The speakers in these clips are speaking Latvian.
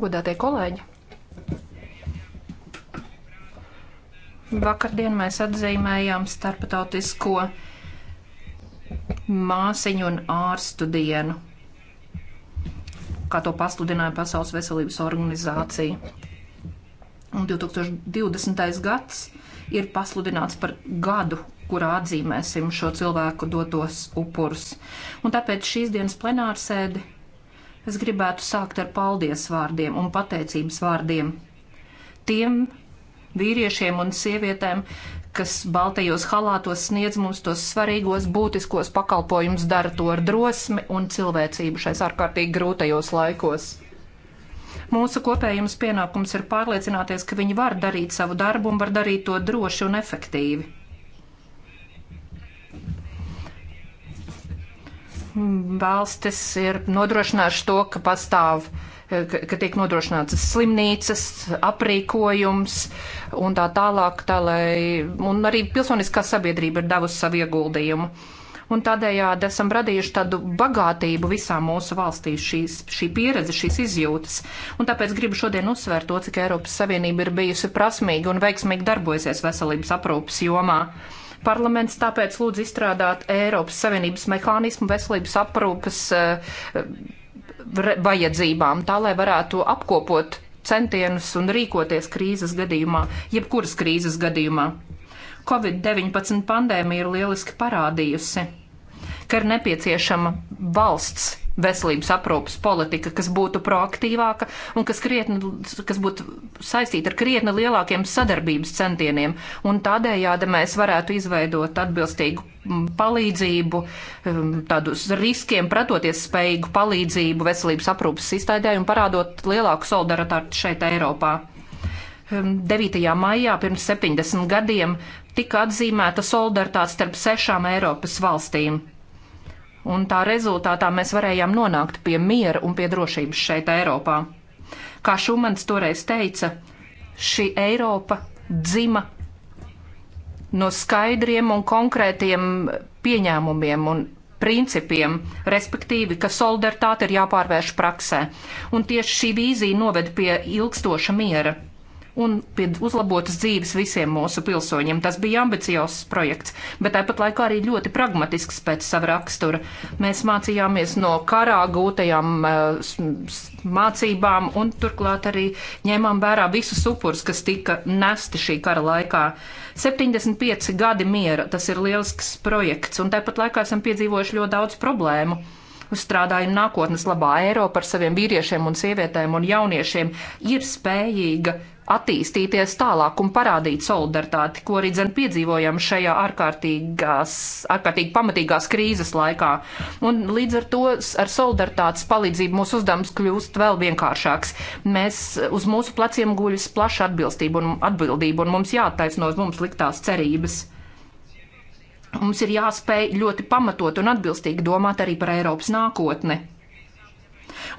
Godātie kolēģi! Vakardien mēs atzīmējām starptautisko māsiņu un ārstu dienu, kā to pasludināja Pasaules veselības organizācija. Un 2020. gads ir pasludināts par gadu, kurā atzīmēsim šo cilvēku dotos upurus. Un tāpēc šīs dienas plenārsēdi Es gribētu sākt ar paldies vārdiem un pateicības vārdiem tiem vīriešiem un sievietēm, kas baltajos halātos sniedz mums tos svarīgos, būtiskos pakalpojumus, dara to ar drosmi un cilvēcību šais ārkārtīgi grūtajos laikos. Mūsu kopējums pienākums ir pārliecināties, ka viņi var darīt savu darbu un var darīt to droši un efektīvi. valstis ir nodrošinājuši to, ka pastāv, ka, ka tiek nodrošinātas slimnīcas, aprīkojums un tā tālāk, tā lai, un arī pilsoniskā sabiedrība ir devusi savu ieguldījumu. Un tādējādi esam radījuši tādu bagātību visā mūsu valstī, šīs, šī pieredze, šīs izjūtas. Un tāpēc gribu šodien uzsvērt to, cik Eiropas Savienība ir bijusi prasmīga un veiksmīgi darbojusies veselības aprūpas jomā. Jo Parlaments tāpēc lūdz izstrādāt Eiropas Savienības mehānismu veselības aprūpas eh, vajadzībām, tā lai varētu apkopot centienus un rīkoties krīzes gadījumā, jebkuras krīzes gadījumā. Covid-19 pandēmija ir lieliski parādījusi ka ir nepieciešama valsts veselības aprūpas politika, kas būtu proaktīvāka un kas, krietni, kas būtu saistīta ar krietni lielākiem sadarbības centieniem. Un tādējādi mēs varētu izveidot atbilstīgu palīdzību, tādus riskiem pretoties spējīgu palīdzību veselības aprūpas sistēdē un parādot lielāku solidaritāti šeit Eiropā. 9. maijā pirms 70 gadiem tika atzīmēta solidaritāte starp sešām Eiropas valstīm Un tā rezultātā mēs varējām nonākt pie miera un pie drošības šeit, Eiropā. Kā Šumans toreiz teica, šī Eiropa dzima no skaidriem un konkrētiem pieņēmumiem un principiem, respektīvi, ka solidaritāte ir jāpārvērš praksē. Un tieši šī vīzija noved pie ilgstoša miera un pie uzlabotas dzīves visiem mūsu pilsoņiem. Tas bija ambiciozs projekts, bet tāpat laikā arī ļoti pragmatisks pēc sava rakstura. Mēs mācījāmies no karā gūtajām eh, mācībām un turklāt arī ņēmām vērā visus upurus, kas tika nesti šī kara laikā. 75 gadi miera, tas ir lielisks projekts, un tāpat laikā esam piedzīvojuši ļoti daudz problēmu strādājam nākotnes labā Eiropa ar saviem vīriešiem un sievietēm un jauniešiem, ir spējīga attīstīties tālāk un parādīt solidaritāti, ko arī dzen piedzīvojam šajā ārkārtīgi pamatīgās krīzes laikā. Un līdz ar to ar solidaritātes palīdzību mūsu uzdevums kļūst vēl vienkāršāks. Mēs uz mūsu pleciem guļas plaša atbilstība un atbildība, un mums jātaisno uz mums liktās cerības. Mums ir jāspēj ļoti pamatot un atbilstīgi domāt arī par Eiropas nākotni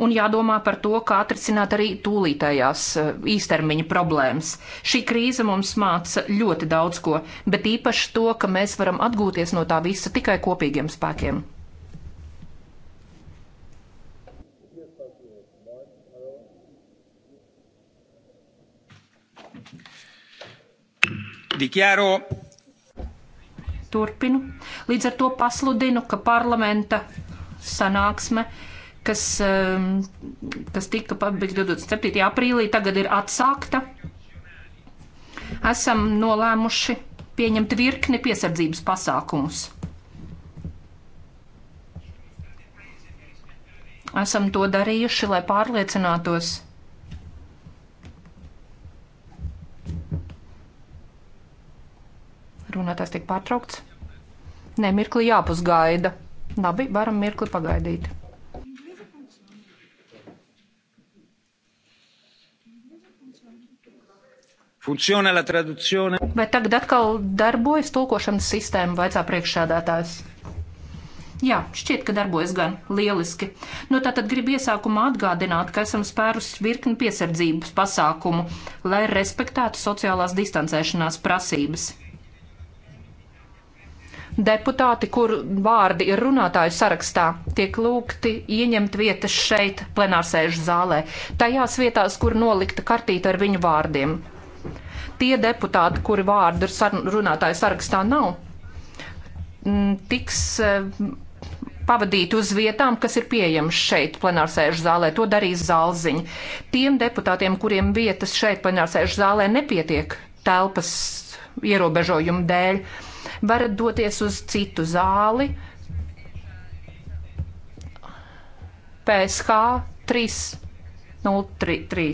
un jādomā par to, kā atrisināt arī tūlītējās eh, īstermiņa problēmas. Šī krīze mums māca ļoti daudz ko, bet īpaši to, ka mēs varam atgūties no tā visa tikai kopīgiem spēkiem. Dichiaro turpinu. Līdz ar to pasludinu, ka parlamenta sanāksme kas, um, kas tika pabeigta 27. aprīlī, tagad ir atsākta. Esam nolēmuši pieņemt virkni piesardzības pasākumus. Esam to darījuši, lai pārliecinātos, runātājs tiek pārtraukts. Nē, mirkli jāpusgaida. Labi, varam mirkli pagaidīt. Funkciona la traduzione. Vai tagad atkal darbojas tulkošanas sistēma, vaicā priekšsēdētājs? Jā, šķiet, ka darbojas gan lieliski. Nu, tātad gribu iesākumā atgādināt, ka esam spērusi virkni piesardzības pasākumu, lai respektētu sociālās distancēšanās prasības. Deputāti, kur vārdi ir runātāju sarakstā, tiek lūgti ieņemt vietas šeit, plenārsēžu zālē, tajās vietās, kur nolikta kartīta ar viņu vārdiem tie deputāti, kuri vārdu runātāju sarakstā nav, mm, tiks e, pavadīti uz vietām, kas ir pieejamas šeit plenārsēžu zālē. To darīs zālziņa. Tiem deputātiem, kuriem vietas šeit plenārsēžu zālē nepietiek telpas ierobežojumu dēļ, varat doties uz citu zāli. PSH 303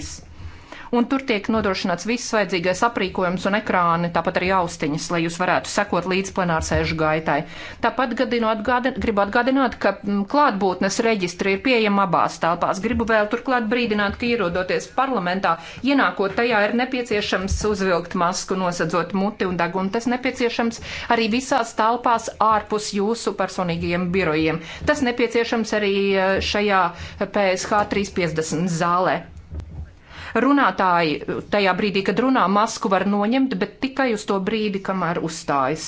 un tur tiek nodrošināts viss vajadzīgais aprīkojums un ekrāni, tāpat arī austiņas, lai jūs varētu sekot līdz plenārsēžu gaitai. Tāpat gadinu, atgādin, gribu atgādināt, ka mm, klātbūtnes reģistri ir pieejami abās telpās. Gribu vēl turklāt brīdināt, ka ierodoties parlamentā, ienākot tajā ir nepieciešams uzvilkt masku, nosedzot muti un degunu. Tas nepieciešams arī visās telpās ārpus jūsu personīgajiem birojiem. Tas nepieciešams arī eh, šajā PSH eh, 350 zālē. Runātāji tajā brīdī, kad runā, masku var noņemt, bet tikai uz to brīdi, kamēr uzstājas.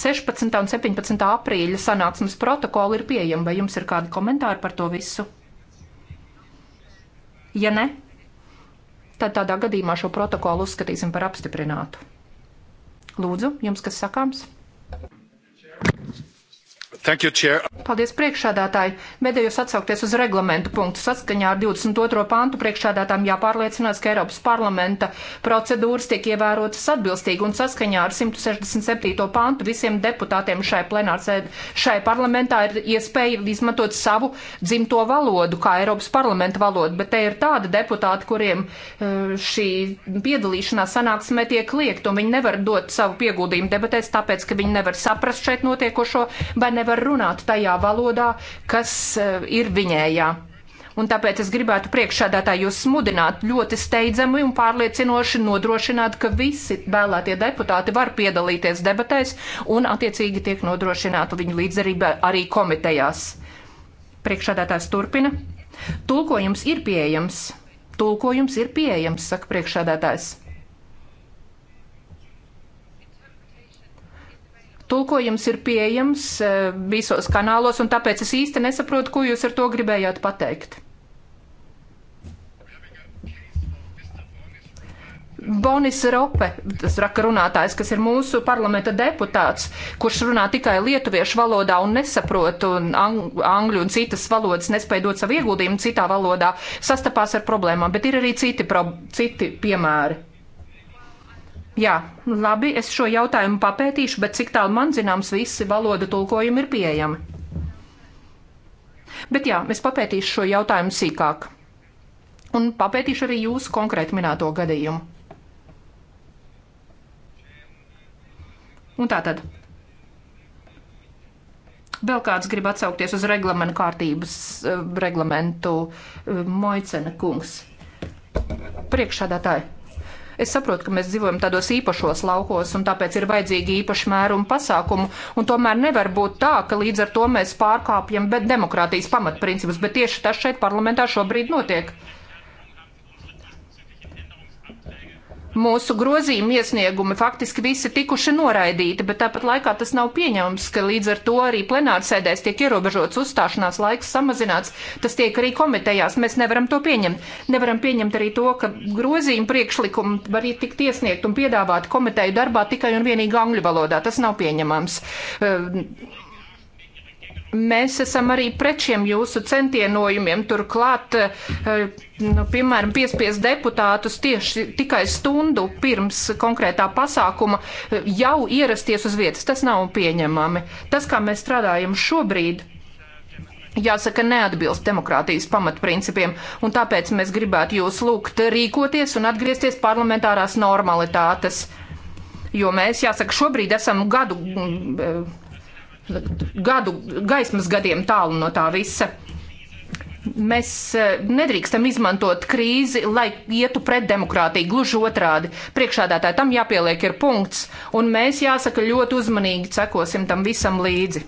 16. un 17. aprīļa sanāksmes protokoli ir pieejami. Vai jums ir kādi komentāri par to visu? Ja ne, tad tādā gadījumā šo protokolu uzskatīsim par apstiprinātu. Lūdzu, jums kas sakāms? Thank you. Thank you, Chair. Paldies priekšādātāji. Medējos atsaukties uz reglamentu punktu. Saskaņā ar 22. pantu priekšādātām jāpārliecinās, ka Eiropas parlamenta procedūras tiek ievērotas atbilstīgi un saskaņā ar 167. pantu visiem deputātiem šai plenārsēd šai parlamentā ir iespēja izmantot savu dzimto valodu, kā Eiropas parlamenta valodu, bet te ir tāda deputāta, kuriem e, šī piedalīšanās sanāksmē tiek liekt un viņi nevar dot savu pieguldījumu debatēs, tāpēc, ka viņi nevar saprast šeit notiekošo vai nevar nevar runāt tajā valodā, kas eh, ir viņējā. Un tāpēc es gribētu priekšādātāju jūs smudināt ļoti steidzami un pārliecinoši nodrošināt, ka visi vēlētie deputāti var piedalīties debatēs un attiecīgi tiek nodrošināta viņu līdzdarība arī komitejās. Priekšādātājs turpina. Tulkojums ir pieejams. Tulkojums ir pieejams, saka priekšādātājs. Tulkojums ir pieejams e, visos kanālos, un tāpēc es īsti nesaprotu, ko jūs ar to gribējāt pateikt. Bonis Rope, tas raka runātājs, kas ir mūsu parlamenta deputāts, kurš runā tikai lietuviešu valodā un nesaprot un angļu un citas valodas, nespēj dot savu ieguldījumu citā valodā, sastapās ar problēmām, bet ir arī citi, pro, citi piemēri. Jā, labi, es šo jautājumu papētīšu, bet cik tālu man zināms, visi valoda tulkojumi ir pieejami. Bet jā, es papētīšu šo jautājumu sīkāk. Un papētīšu arī jūsu konkrēti minēto gadījumu. Un tā tad. Vēl kāds grib atsaukties uz eh, reglamentu kārtības reglamentu eh, Moicena kungs. Priekšādātāji. Es saprotu, ka mēs dzīvojam tādos īpašos laukos, un tāpēc ir vajadzīgi īpaši mēru un pasākumu, un tomēr nevar būt tā, ka līdz ar to mēs pārkāpjam demokrātijas pamatprincipus, bet tieši tas šeit parlamentā šobrīd notiek. Mūsu grozījumi iesniegumi faktiski visi tikuši noraidīti, bet tāpat laikā tas nav pieņemams, ka līdz ar to arī plenārsēdēs tiek ierobežots uzstāšanās laiks samazināts, tas tiek arī komitejās, mēs nevaram to pieņemt. Nevaram pieņemt arī to, ka grozījumi priekšlikumi var tikt iesniegt un piedāvāt komiteju darbā tikai un vienīgi angļu valodā, tas nav pieņemams. Uh, Mēs esam arī pret šiem jūsu centienojumiem. Turklāt, eh, nu, piemēram, piespies deputātus tieši tikai stundu pirms konkrētā pasākuma eh, jau ierasties uz vietas. Tas nav pieņemami. Tas, kā mēs strādājam šobrīd, jāsaka, neatbilst demokrātijas pamatprincipiem, un tāpēc mēs gribētu jūs lūgt rīkoties un atgriezties parlamentārās normalitātes. Jo mēs, jāsaka, šobrīd esam gadu mm, gadu, gaismas gadiem tālu no tā visa. Mēs eh, nedrīkstam izmantot krīzi, lai ietu pret demokrātiju. Gluži otrādi, priekšādātāji tam jāpieliek ir punkts, un mēs jāsaka ļoti uzmanīgi sekosim tam visam līdzi.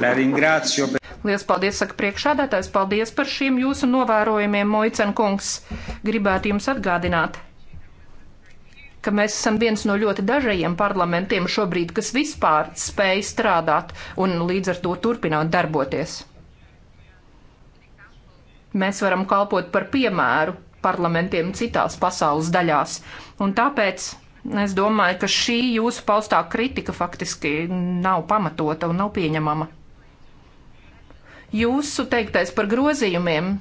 Lielas paldies, saka priekšādātājs, paldies par šiem jūsu novērojumiem, Moicen kungs. Gribētu jums atgādināt, ka mēs esam viens no ļoti dažajiem parlamentiem šobrīd, kas vispār spēj strādāt un līdz ar to turpināt darboties. Mēs varam kalpot par piemēru parlamentiem citās pasaules daļās, un tāpēc es domāju, ka šī jūsu paustā kritika faktiski nav pamatota un nav pieņemama. Jūsu teiktais par grozījumiem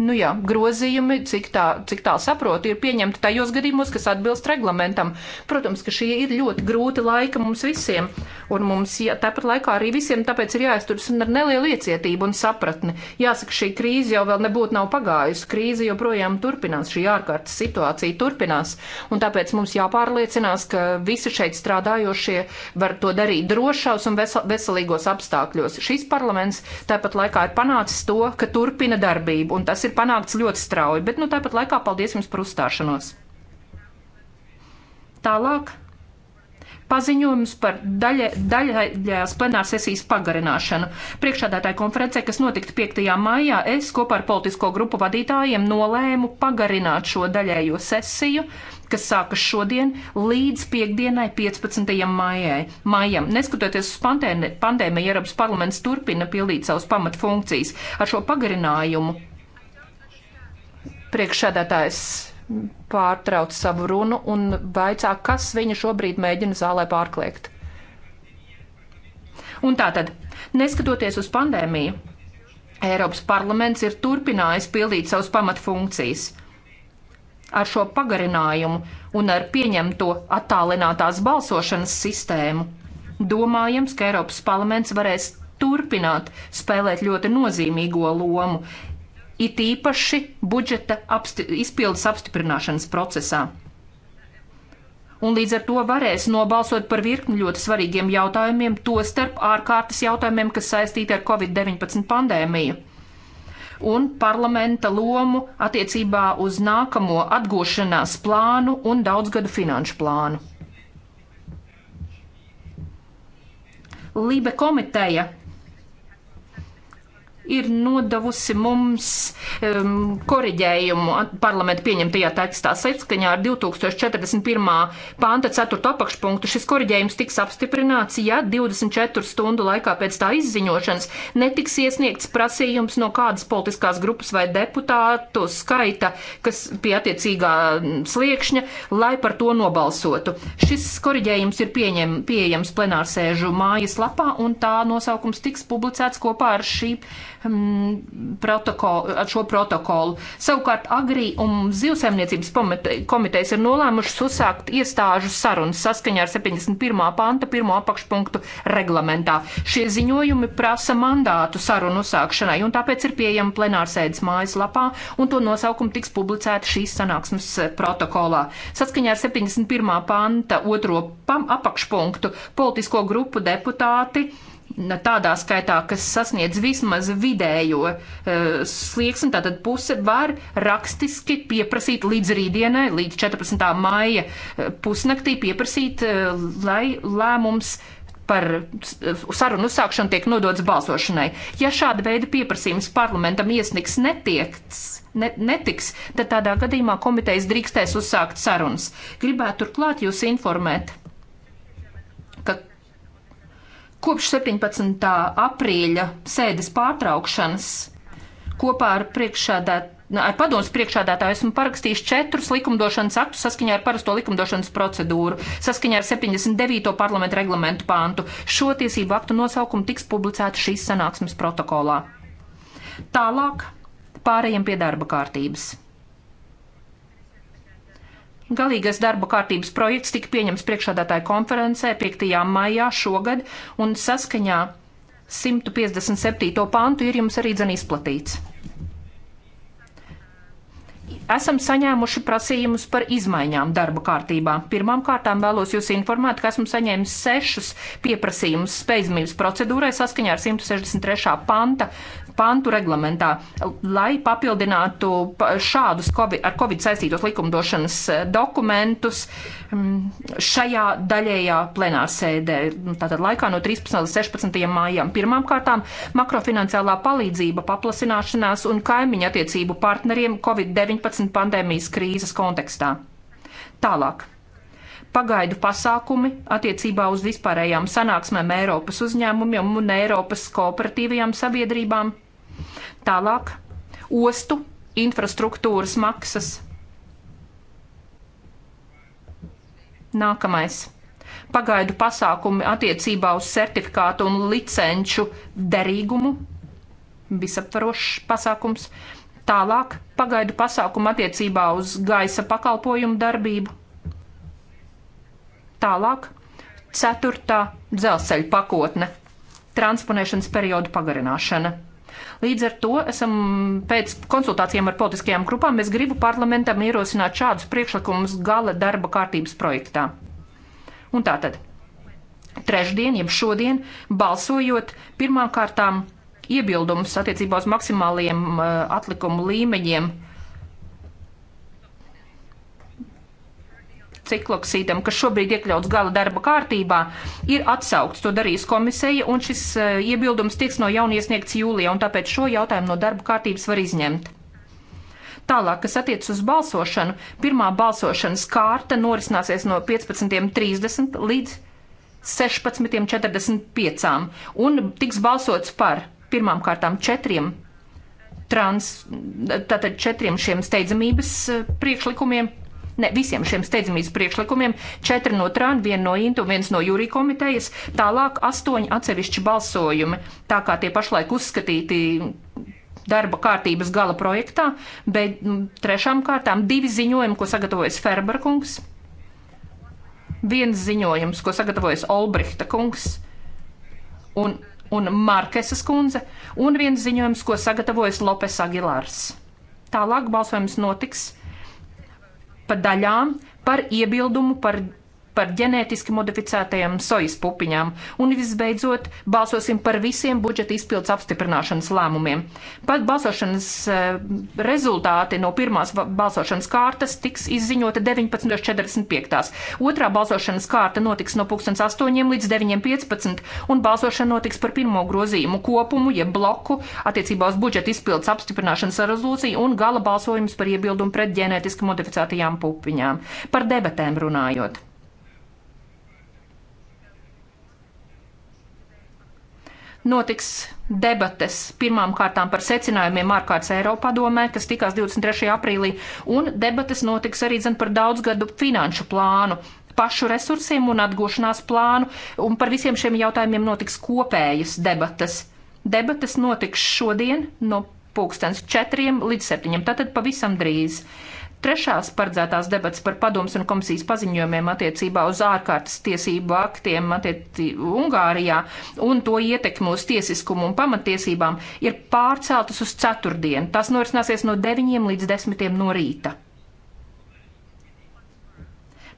Nu jā, grozījumi, cik tā, cik tā saprotu, ir pieņemti tajos gadījumos, kas atbilst reglamentam. Protams, ka šī ir ļoti grūta laika mums visiem, un mums jā, tāpat laikā arī visiem tāpēc ir jāizturas ar nelielu iecietību un sapratni. Jāsaka, šī krīze jau vēl nebūtu nav pagājusi, krīze joprojām turpinās, šī ārkārtas situācija turpinās, un tāpēc mums jāpārliecinās, ka visi šeit strādājošie var to darīt drošos un vesel veselīgos apstākļos. Šis parlaments tāpat laikā ir panācis to, ka turpina darbību, un tas ir ir panākts ļoti strauji, bet nu, tāpat laikā paldies jums par uzstāšanos. Tālāk paziņojums par daļa, daļās plenāras sesijas pagarināšanu. Priekšādātāja konferencē, kas notika 5. maijā, es kopā ar politisko grupu vadītājiem nolēmu pagarināt šo daļējo sesiju, kas sākas šodien līdz piekdienai 15. Maijai. maijam. Neskatoties uz pandēmiju, Eiropas parlaments turpina pildīt savus pamatfunkcijas ar šo pagarinājumu Priekšsēdētājs pārtrauc savu runu un vaicā, kas viņu šobrīd mēģina zālē pārkliegt. Un tātad, neskatoties uz pandēmiju, Eiropas parlaments ir turpinājis pildīt savus pamatfunkcijas. Ar šo pagarinājumu un ar pieņemto attālinātās balsošanas sistēmu domājams, ka Eiropas parlaments varēs turpināt spēlēt ļoti nozīmīgo lomu it īpaši budžeta apsti izpildes apstiprināšanas procesā. Un līdz ar to varēs nobalsot par virkni ļoti svarīgiem jautājumiem, tostarp ārkārtas jautājumiem, kas saistīti ar Covid-19 pandēmiju un parlamenta lomu attiecībā uz nākamo atgošanās plānu un daudzgadu finanšu plānu. Lībe komiteja ir nodavusi mums um, koriģējumu parlamentu pieņemtajā tekstā. Saskaņā ar 2041. panta 4. apakšpunktu šis koriģējums tiks apstiprināts, ja 24 stundu laikā pēc tā izziņošanas netiks iesniegts prasījums no kādas politiskās grupas vai deputātu skaita, kas pie attiecīgā sliekšņa, lai par to nobalsotu. Šis koriģējums ir pieņem, pieejams plenārsēžu mājas lapā, un tā nosaukums tiks publicēts kopā ar šī Hmm, protokolu, ar šo protokolu. Savukārt Agri un Zivsaimniecības komitejas ir nolēmušas uzsākt iestāžu sarunas saskaņā ar 71. panta 1. apakšpunktu reglamentā. Šie ziņojumi prasa mandātu sarunu uzsākšanai un tāpēc ir pieejama plenārsēdes mājaslapā un to nosaukumu tiks publicēta šīs sanāksmes eh, protokolā. Saskaņā ar 71. panta otro apakšpunktu politisko grupu deputāti tādā skaitā, kas sasniedz vismaz vidējo uh, slieksni, tātad puse var rakstiski pieprasīt līdz rītdienai, līdz 14. maija uh, pusnaktī pieprasīt, uh, lai lēmums par sarunu uzsākšanu tiek nodots balsošanai. Ja šāda veida pieprasījums parlamentam iesniks netiekts, ne, netiks, tad tādā gadījumā komitejas drīkstēs uzsākt sarunas. Gribētu turklāt jūs informēt Kopš 17. aprīļa sēdes pārtraukšanas kopā ar priekšādātāju ar padomus priekšādātāju esmu parakstījis četrus likumdošanas aktus saskaņā ar parasto likumdošanas procedūru, saskaņā ar 79. parlamentu reglamentu pāntu. Šo tiesību aktu nosaukumu tiks publicēta šīs sanāksmes protokolā. Tālāk pārējiem pie darba kārtības. Galīgais darba kārtības projekts tika pieņemts priekšādātāja konferencē 5. maijā šogad un saskaņā 157. pantu ir jums arī dzen izplatīts. Esam saņēmuši prasījumus par izmaiņām darba kārtībā. Pirmām kārtām vēlos jūs informēt, ka esmu saņēmis sešus pieprasījumus spējumības procedūrai saskaņā ar 163. panta pantu reglamentā, lai papildinātu šādus COVID, ar Covid saistītos likumdošanas eh, dokumentus mm, šajā daļējā plenārsēdē. Tātad laikā no 13. līdz 16. mājām pirmām kārtām makrofinanciālā palīdzība paplasināšanās un kaimiņa attiecību partneriem Covid-19 pandēmijas krīzes kontekstā. Tālāk pagaidu pasākumi attiecībā uz vispārējām sanāksmēm Eiropas uzņēmumiem un Eiropas kooperatīvajām sabiedrībām, Tālāk ostu infrastruktūras maksas. Nākamais pagaidu pasākumi attiecībā uz certifikātu un licenču derīgumu, visaptvarošs pasākums, tālāk pagaidu pasākumu attiecībā uz gaisa pakalpojumu darbību, tālāk ceturtā dzelzceļa pakotne, transponēšanas periodu pagarināšana. Līdz ar to esam pēc konsultācijām ar politiskajām grupām, es gribu parlamentam ierosināt šādus priekšlikumus gala darba kārtības projektā. Un tā tad. Trešdien, jeb šodien, balsojot pirmām kārtām iebildums attiecībā uz maksimāliem uh, eh, atlikumu līmeņiem cikloksīdam, kas šobrīd iekļauts gala darba kārtībā, ir atsaukts. To darīs komisija, un šis e, iebildums tiks no jauna iesniegts jūlijā, un tāpēc šo jautājumu no darba kārtības var izņemt. Tālāk, kas attiecas uz balsošanu, pirmā balsošanas kārta norisināsies no 15.30 līdz 16.45 un tiks balsots par pirmām kārtām četriem trans, tātad četriem šiem steidzamības e, priekšlikumiem ne, visiem šiem steidzamības priekšlikumiem, četri no Trāna, viena no Intu, viens no Jūrī komitejas, tālāk astoņi atsevišķi balsojumi, tā kā tie pašlaik uzskatīti darba kārtības gala projektā, bet trešām kārtām divi ziņojumi, ko sagatavojas Ferberkungs, viens ziņojums, ko sagatavojas Olbrihta kungs un, un Markesas kundze, un viens ziņojums, ko sagatavojas Lopes Agilārs. Tālāk balsojums notiks pa daļām par iebildumu par par ģenētiski modificētajām sojas pupiņām. Un visbeidzot, balsosim par visiem budžeta izpildes apstiprināšanas lēmumiem. Pat balsošanas eh, rezultāti no pirmās balsošanas kārtas tiks izziņota 19.45. Otrā balsošanas kārta notiks no 2008 līdz 9.15 un balsošana notiks par pirmo grozījumu kopumu, jeb ja bloku attiecībā uz budžeta izpildes apstiprināšanas rezolūciju un gala balsojums par iebildumu pret ģenētiski modificētajām pupiņām. Par debatēm runājot. notiks debates pirmām kārtām par secinājumiem ārkārtas Eiropadomē, kas tikās 23. aprīlī, un debates notiks arī zin, par daudzgadu finanšu plānu pašu resursiem un atgūšanās plānu, un par visiem šiem jautājumiem notiks kopējas debatas. Debates notiks šodien no pulkstens četriem līdz septiņiem, tātad pavisam drīz. Uh, Trešās paredzētās debats par padomus un komisijas paziņojumiem attiecībā uz ārkārtas tiesību aktiem Ungārijā un to ietekmu uz tiesiskumu un pamatiesībām ir pārceltas uz ceturtdienu. Tas norisināsies no 9 līdz 10 no rīta.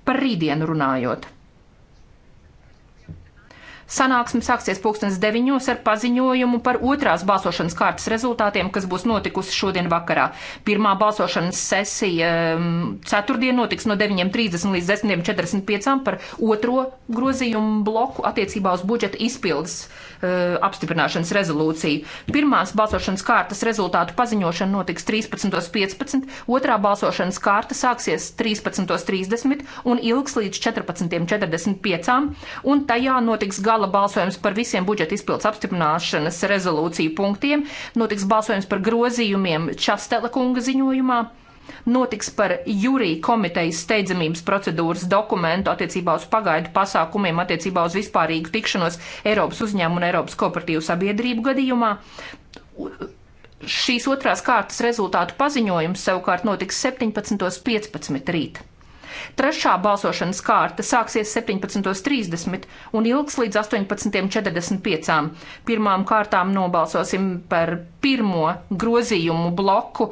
Par rītdienu runājot. Sanāksme sāksies pulkstens deviņos ar paziņojumu par otrās balsošanas kārtas rezultātiem, kas būs notikusi šodien vakarā. Pirmā balsošanas sesija um, ceturtdien notiks no 9.30 līdz 10.45 par otro grozījumu bloku attiecībā uz budžeta izpildes Eh, apstiprināšanas rezolūciju. Pirmās balsošanas kārtas rezultātu paziņošana notiks 13.15, otrā balsošanas kārta sāksies 13.30 un ilgs līdz 14.45, un tajā notiks gala balsojums par visiem budžeta izpildes apstiprināšanas rezolūciju punktiem, notiks balsojums par grozījumiem Častela kunga ziņojumā notiks par jūrija komitejas steidzamības procedūras dokumentu attiecībā uz pagaidu pasākumiem, attiecībā uz vispārīgu tikšanos Eiropas uzņēmumu un Eiropas kooperatīvu sabiedrību gadījumā. Šīs otrās kārtas rezultātu paziņojums savukārt notiks 17.15 rīt. Trešā balsošanas kārta sāksies 17.30 un ilgs līdz 18.45. Pirmām kārtām nobalsosim par pirmo grozījumu bloku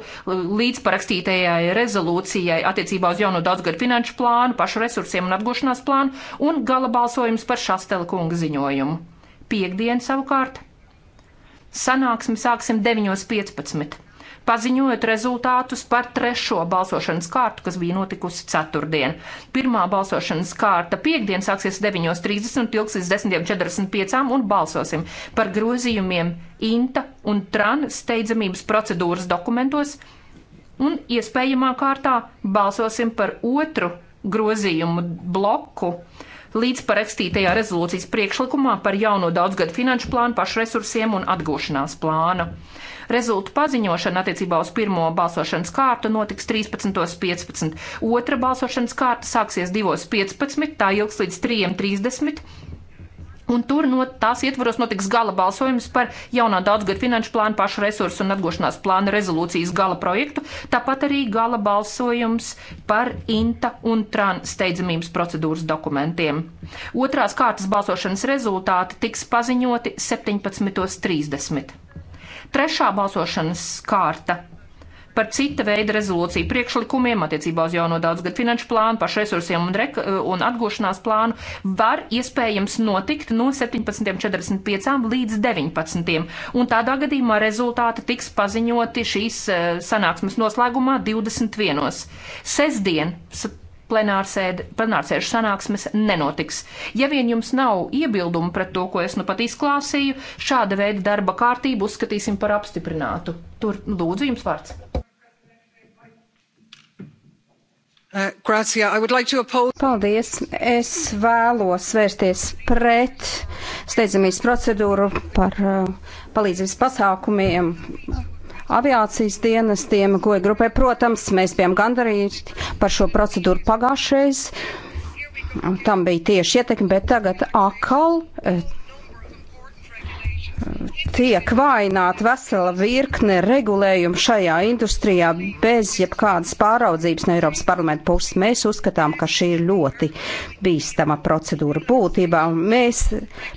līdz parakstītajai rezolūcijai attiecībā uz jauno daudzgadu finanšu plānu, pašu resursiem un apgūšanās plānu un gala balsojums par Šastela kunga ziņojumu. Piektdien savukārt sanāksmi sāksim 9.15 paziņojot rezultātus par trešo balsošanas kārtu, kas bija notikusi ceturtdien. Pirmā balsošanas kārta piekdien sāksies 9.30, ilgs līdz 10.45 un balsosim par grozījumiem INTA un TRAN steidzamības procedūras dokumentos un iespējamā kārtā balsosim par otru grozījumu bloku līdz parakstītajā rezolūcijas priekšlikumā par jauno daudzgadu finanšu plānu, pašresursiem un atgūšanās plānu. Rezultu paziņošana attiecībā uz pirmo balsošanas kārtu notiks 13.15. Otra balsošanas kārta sāksies 2.15, tā ilgs līdz 3.30. Un tur no tās ietvaros notiks gala balsojums par jaunā daudzgad finanšu plānu, pašu resursu un atgošanās plāna rezolūcijas gala projektu, tāpat arī gala balsojums par INTA un TRAN steidzamības procedūras dokumentiem. Otrās kārtas balsošanas rezultāti tiks paziņoti 17.30. Trešā balsošanas kārta par cita veida rezolūciju priekšlikumiem attiecībā uz jauno daudzgadu finanšu plānu, pašresursiem un, un atgūšanās plānu var iespējams notikt no 17.45 līdz 19. Un tādā gadījumā rezultāti tiks paziņoti šīs eh, sanāksmes noslēgumā 21. Sesdien plenārsēžu sanāksmes nenotiks. Ja vien jums nav iebildumu pret to, ko es nu pat izklāsīju, šāda veida darba kārtību uzskatīsim par apstiprinātu. Tur nu, lūdzu jums vārds. Uh, Grazie, like oppose... Paldies. Es vēlos vērsties pret steidzamības procedūru par uh, palīdzības pasākumiem aviācijas dienestiem, ko ir grupai. Protams, mēs bijām gandarīti par šo procedūru pagājušreiz. Tam bija tieši ietekmi, bet tagad akal. Eh, tiek vaināta vesela virkne regulējumu šajā industrijā bez jebkādas pāraudzības no Eiropas parlamenta puses. Mēs uzskatām, ka šī ir ļoti bīstama procedūra būtībā. Mēs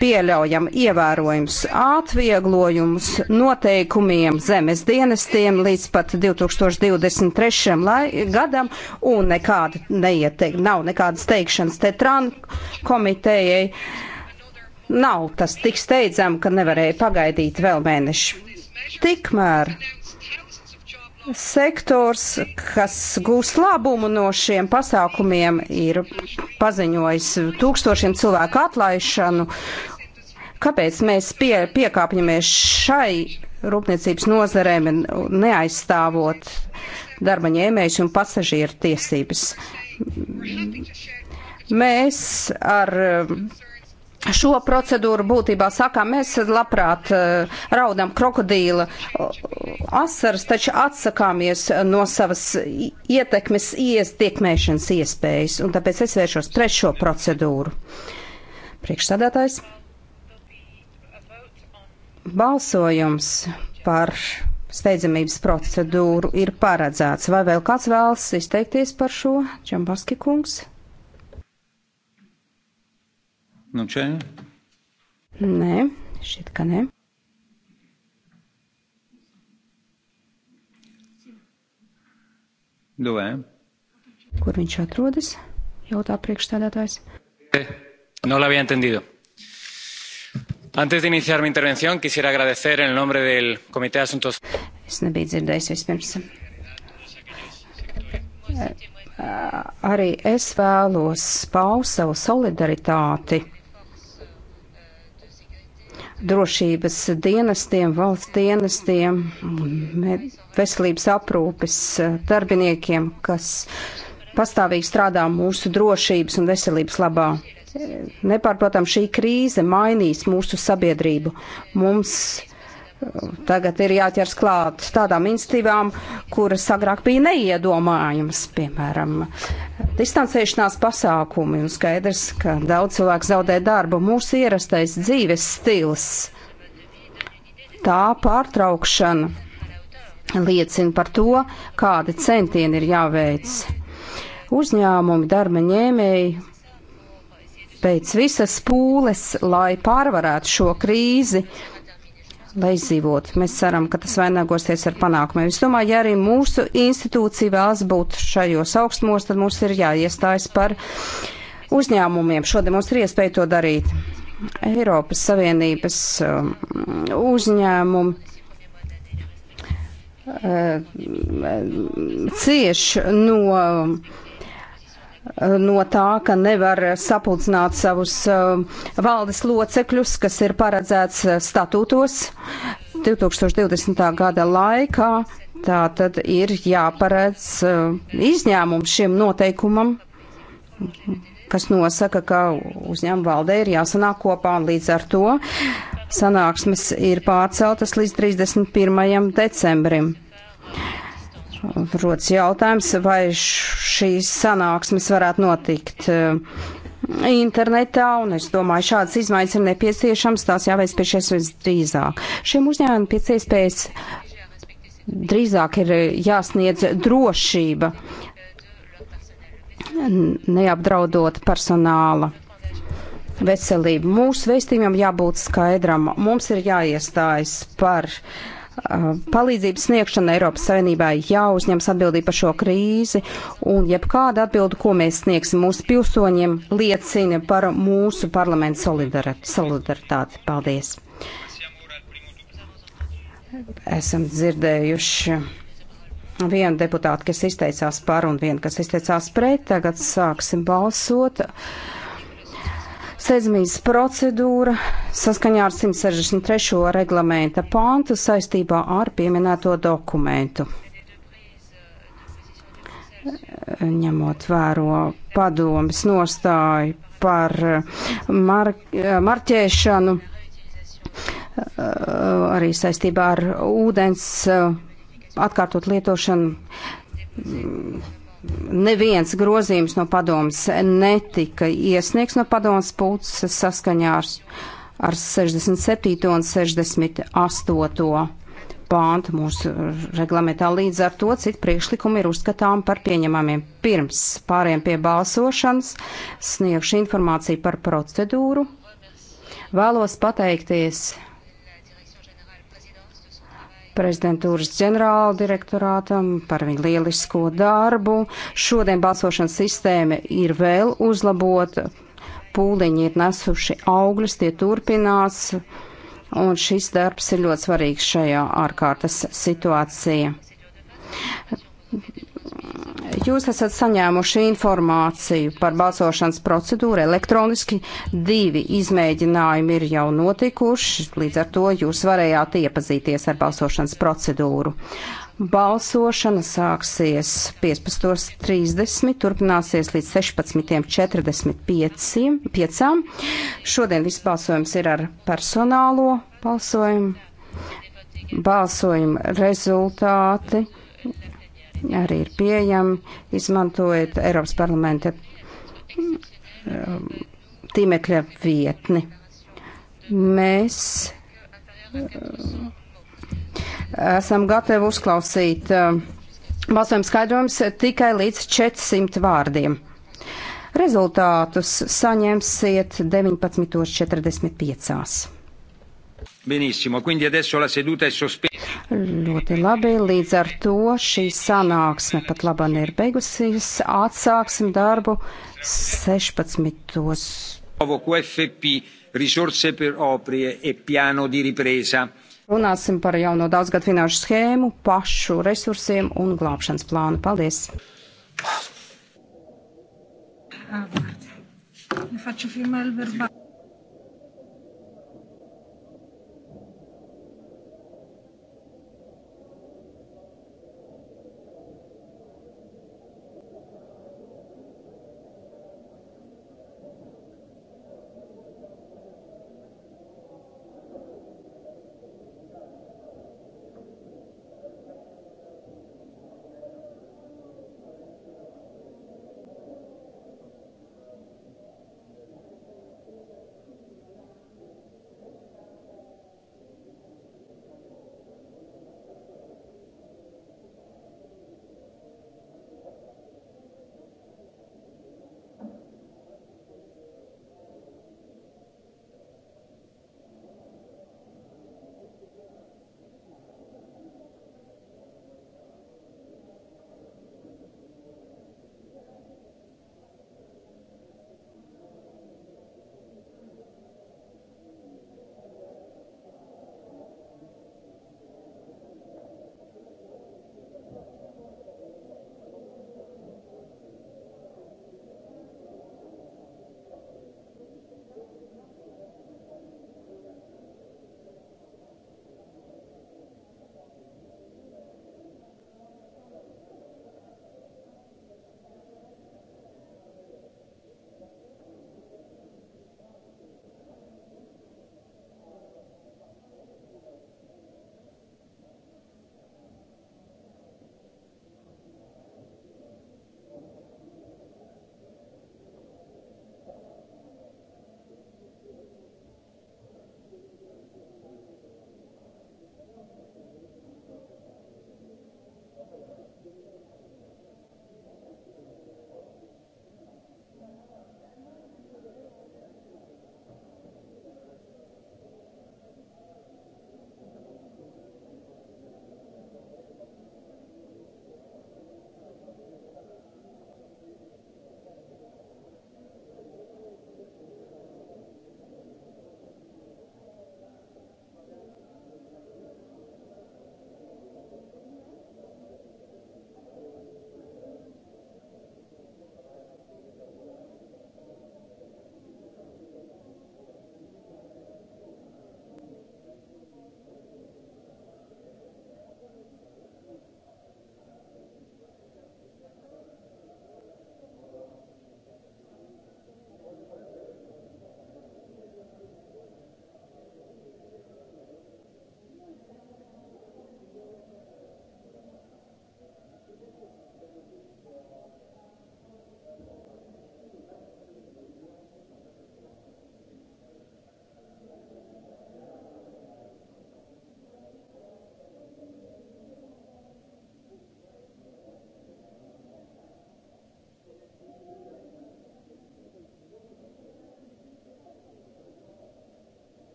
pieļaujam ievērojums atvieglojumus noteikumiem zemes dienestiem līdz pat 2023. Lai, gadam un nekāda neieteik, nav nekādas teikšanas te tran komitejai Nav tas tik steidzam, ka nevarēja pagaidīt vēl mēneši. Tikmēr sektors, kas gūs labumu no šiem pasākumiem, ir paziņojis tūkstošiem cilvēku atlaišanu. Kāpēc mēs pie, piekāpjamies šai rūpniecības nozarēm neaizstāvot darba ņēmējus un pasažieru tiesības? Mēs ar šo procedūru būtībā sakām, mēs labprāt eh, raudam krokodīla eh, asaras, taču atsakāmies no savas ietekmes iestiekmēšanas iespējas, un tāpēc es vēršos pret šo procedūru. Priekšsādātājs. Balsojums par steidzamības procedūru ir paredzēts. Vai vēl kāds vēlas izteikties par šo? Čambaski kungs. Nu, čia? Nē, šit ka nē. Duvē. Kur viņš atrodas? Jautā priekšstādātājs. Eh, no la había entendido. Antes de iniciar mi intervención, quisiera agradecer en nombre del Comité de Asuntos. Es nebiju dzirdējis vispirms. Eh, eh, arī es vēlos paust savu solidaritāti drošības dienestiem, valsts dienestiem, veselības aprūpes eh, darbiniekiem, kas pastāvīgi strādā mūsu drošības un veselības labā. Eh, nepārprotam, šī krīze mainīs mūsu sabiedrību. Mums Tagad ir jāķers klāt tādām institīvām, kuras agrāk bija neiedomājams, piemēram, distancēšanās pasākumi. Un skaidrs, ka daudz cilvēku zaudē darbu. Mūsu ierastais dzīves stils, tā pārtraukšana liecina par to, kādi centieni ir jāveic. Uzņēmumi, darba ņēmēji pēc visas pūles, lai pārvarētu šo krīzi lai izdzīvotu. Mēs ceram, ka tas vainagosies ar panākumiem. Es domāju, ja arī mūsu institūcija vēlas būt šajos augstumos, tad mums ir jāiestājas par uzņēmumiem. Šodien mums ir iespēja to darīt. Eiropas Savienības um, uzņēmumi uh, um, cieši no no tā, ka nevar sapulcināt savus eh, valdes locekļus, kas ir paredzēts eh, statūtos 2020. gada laikā. Tā tad ir jāparedz eh, izņēmums šiem noteikumam, kas nosaka, ka uzņēmuma valdē ir jāsanāk kopā un līdz ar to sanāksmes ir pārceltas līdz 31. decembrim rodas jautājums, vai šīs sanāksmes varētu notikt e, internetā, un es domāju, šādas izmaiņas ir nepieciešams, tās jāveic pie šiem visdrīzāk. Šiem uzņēmumiem pēc iespējas drīzāk ir jāsniedz drošība, neapdraudot personāla veselību. Mūsu veistījumam jābūt skaidram. Mums ir jāiestājas par uh, Uh, palīdzības sniegšana Eiropas Savienībai jāuzņems atbildība par šo krīzi, un jebkāda atbildi, ko mēs sniegsim mūsu pilsoņiem, liecina par mūsu parlamentu solidaritāti. Paldies! Esam dzirdējuši vienu deputātu, kas izteicās par un vienu, kas izteicās pret. Tagad sāksim balsot. Uh, Steidzamības procedūra saskaņā ar 163. reglamenta pāntu saistībā ar pieminēto dokumentu. Ņemot vēro padomas nostāju par eh, mar eh, marķēšanu, eh, arī saistībā ar ūdens atkārtot lietošanu neviens grozījums no padomas netika iesniegts no padomas puses saskaņā ar, ar 67. un 68. pāntu mūsu reglamentā. Līdz ar to citi priekšlikumi ir uzskatām par pieņemamiem. Pirms pāriem pie balsošanas sniegšu informāciju par procedūru. Vēlos pateikties prezidentūras ģenerāla direktorātam par viņu lielisko darbu. Šodien balsošanas sistēma ir vēl uzlabota. Pūliņi ir nesuši augļus, tie turpinās. Un šis darbs ir ļoti svarīgs šajā ārkārtas situācijā Jūs esat saņēmuši informāciju par balsošanas procedūru elektroniski. Divi izmēģinājumi ir jau notikuši, līdz ar to jūs varējāt iepazīties ar balsošanas procedūru. Balsošana sāksies 15.30, turpināsies līdz 16.45. Šodien viss balsojums ir ar personālo balsojumu. Balsojuma rezultāti arī ir pieejami, izmantojot Eiropas parlamenta um, tīmekļa vietni. Mēs uh, esam gatavi uzklausīt um, balsojumu skaidrojums tikai līdz 400 vārdiem. Rezultātus saņemsiet 19.45. Benissimo, quindi adesso la seduta è sospesa. Ļoti labi, līdz ar to šī sanāksme pat laban ir beigusies. Atsāksim darbu 16. E Runāsim par jauno daudzgad finanšu schēmu, pašu resursiem un glābšanas plānu. Paldies! Ah, guarda, ne faccio firmare il verbale.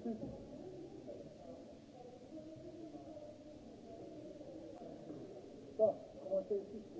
Stop. I want to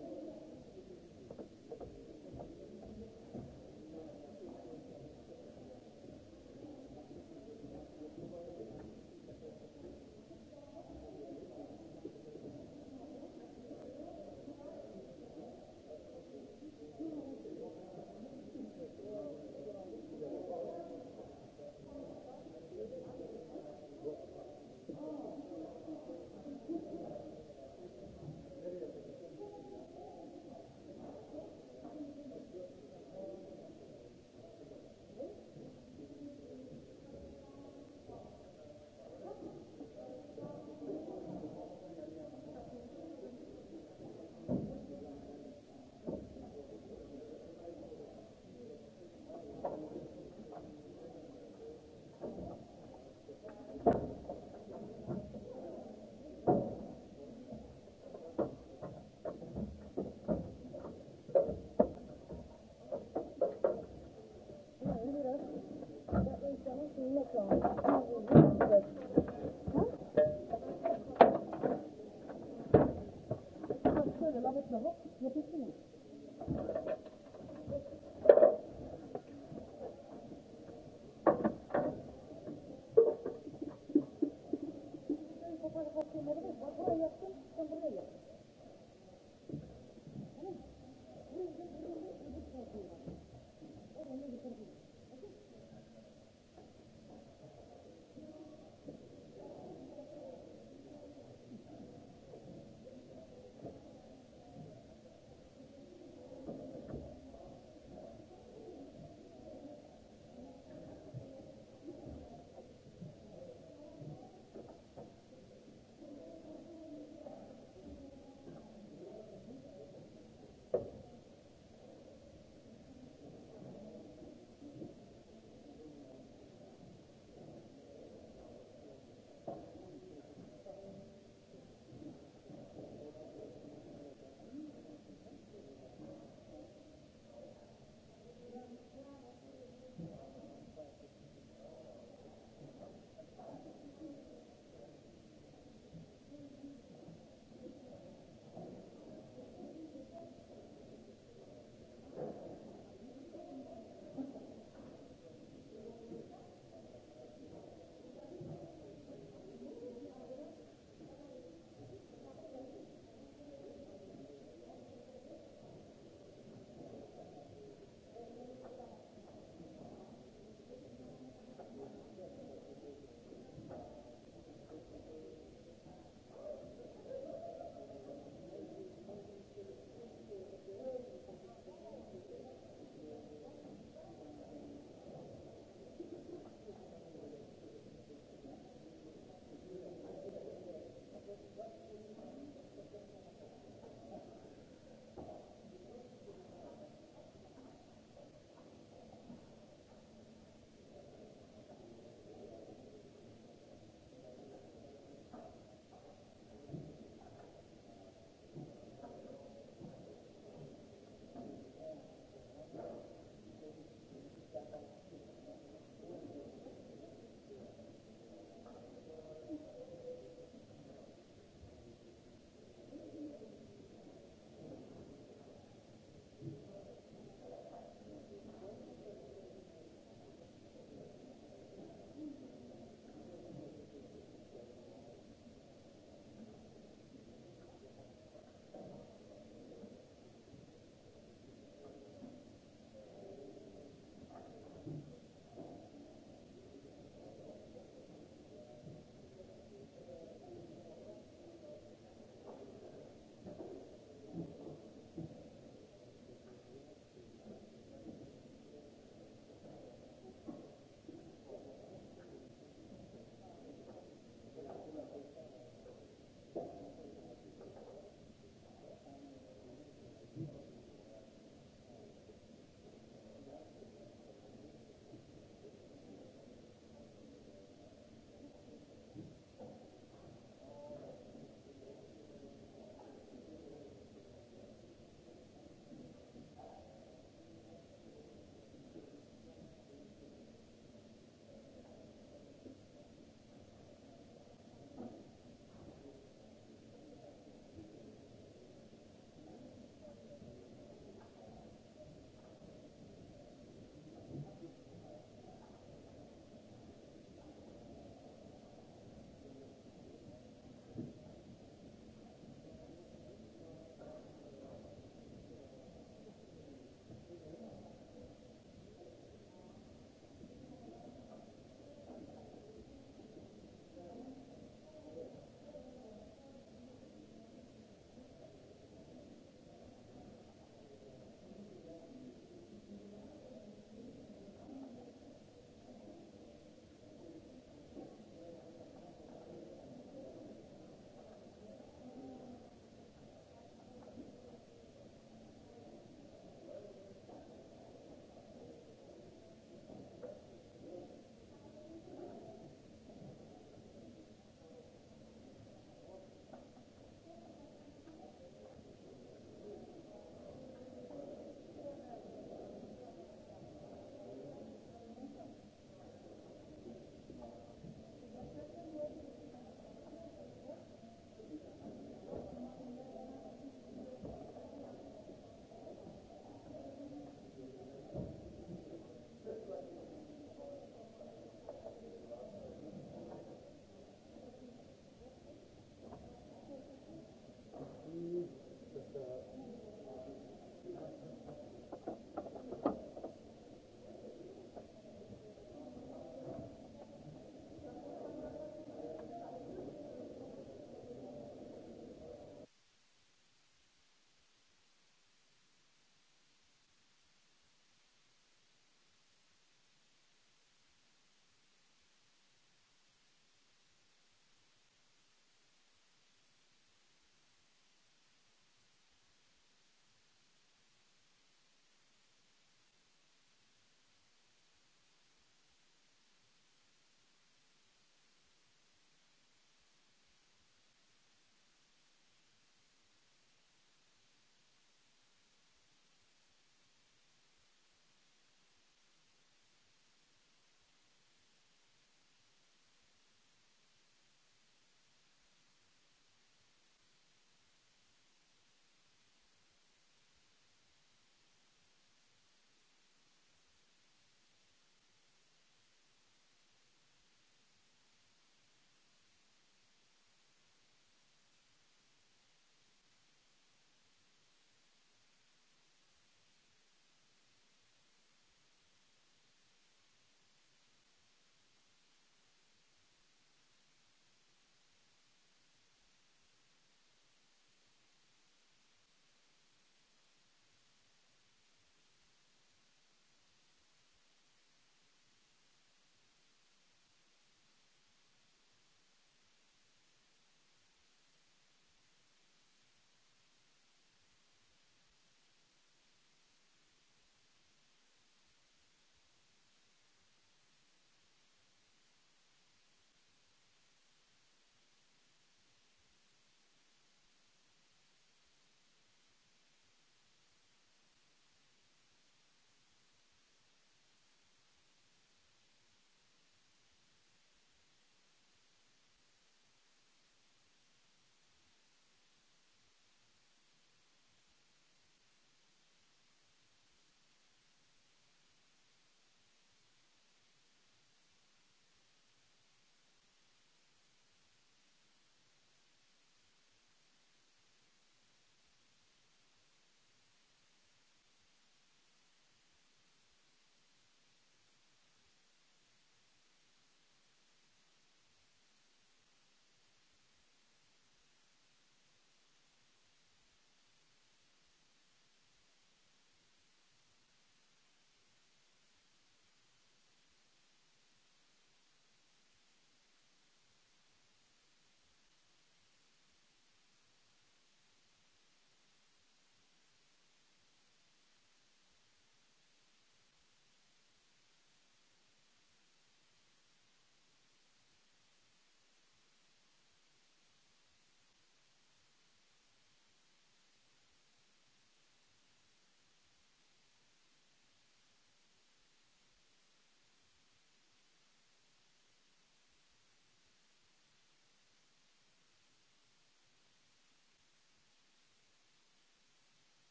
Look on.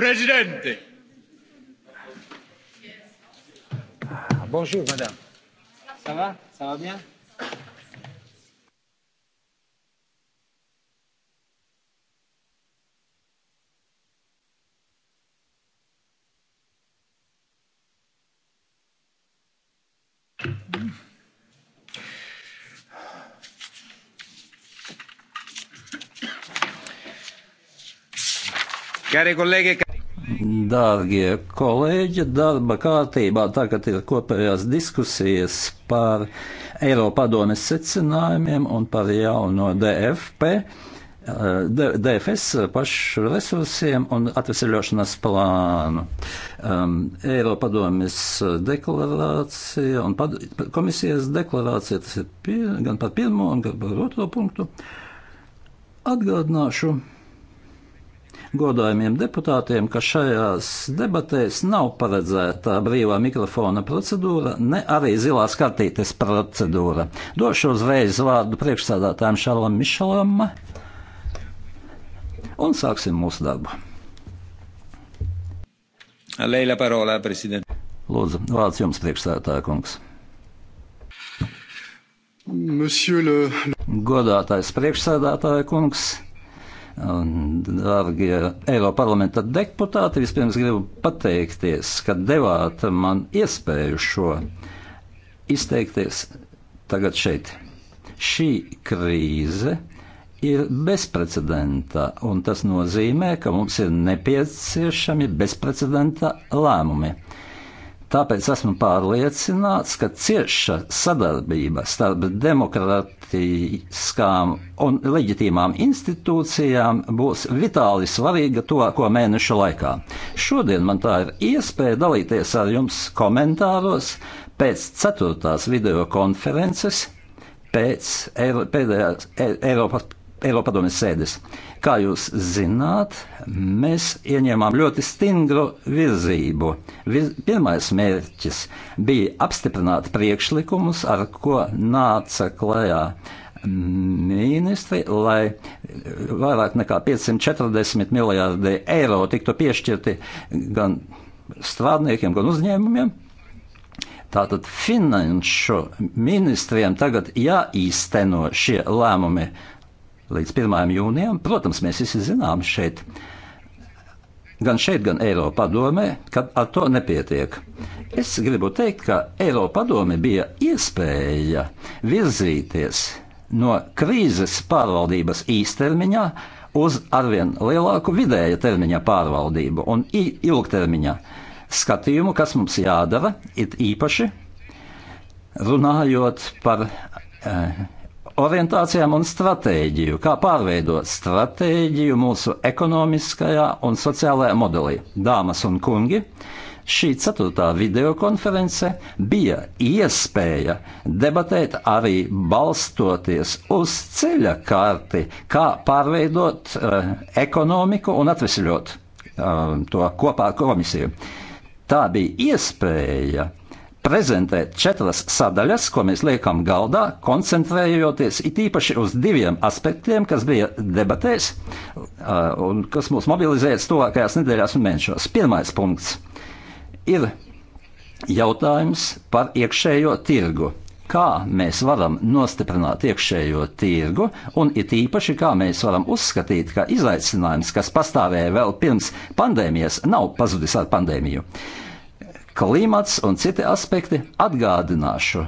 Presidente. Ah, bonjour, madame. Ça va Ça va bien care colleghe e Dārgie kolēģi, darba kārtībā tagad ir kopējās diskusijas par Eiropadomes secinājumiem un par jauno DFP, eh, DFS pašu resursiem un atvesaļošanas plānu. Um, Eiropadomes deklarācija un pad, komisijas deklarācija, tas ir pir, gan par pirmo, gan par otro punktu. Atgādināšu godājumiem deputātiem, ka šajās debatēs nav paredzēta brīvā mikrofona procedūra, ne arī zilās kartītes procedūra. Došu uzreiz vārdu priekšsādātājiem Šarlam Mišelam un sāksim mūsu darbu. Leila Parola, prezident. Lūdzu, vārds jums priekšsētāja kungs. Le... Godātais priekšsēdētāja kungs, Dārgie Eiroparlamenta deputāti, vispirms gribu pateikties, ka devāt man iespēju šo izteikties tagad šeit. Šī krīze ir bezprecedenta, un tas nozīmē, ka mums ir nepieciešami bezprecedenta lēmumi. Tāpēc esmu pārliecināts, ka cieša sadarbība starp demokrātiskām un leģitīmām institūcijām būs vitāli svarīga tuvāko mēnešu laikā. Šodien man tā ir iespēja dalīties ar jums komentāros pēc ceturtās video konferences, pēc Eiro, pēdējās e- Eiropas Eiropadomes sēdes. Kā jūs zināt, mēs ieņēmām ļoti stingru virzību. Vir pirmais mērķis bija apstiprināt priekšlikumus, ar ko nāca klajā ministri, lai vairāk nekā 540 miljārdi eiro tiktu piešķirti gan strādniekiem, gan uzņēmumiem. Tātad finanšu ministriem tagad jāīsteno šie lēmumi līdz 1. jūnijam. Protams, mēs visi zinām šeit, gan šeit, gan Eiropā domē, ka ar to nepietiek. Es gribu teikt, ka Eiropā domē bija iespēja virzīties no krīzes pārvaldības īstermiņā uz arvien lielāku vidēja termiņa pārvaldību un ilgtermiņa skatījumu, kas mums jādara, it īpaši runājot par e, orientācijām un stratēģiju, kā pārveidot stratēģiju mūsu ekonomiskajā un sociālajā modelī. Dāmas un kungi, šī ceturtā videokonference bija iespēja debatēt arī balstoties uz ceļa karti, kā pārveidot uh, ekonomiku un atvesļot uh, to kopā ar komisiju. Tā bija iespēja prezentēt četras sadaļas, ko mēs liekam galdā, koncentrējoties it īpaši uz diviem aspektiem, kas bija debatēs un kas mūs mobilizēs tuvākajās nedēļās un mēnešos. Pirmais punkts ir jautājums par iekšējo tirgu. Kā mēs varam nostiprināt iekšējo tirgu, un it īpaši kā mēs varam uzskatīt, ka izaicinājums, kas pastāvēja vēl pirms pandēmijas, nav pazudis ar pandēmiju. Uh, klimats un citi aspekti. Atgādināšu,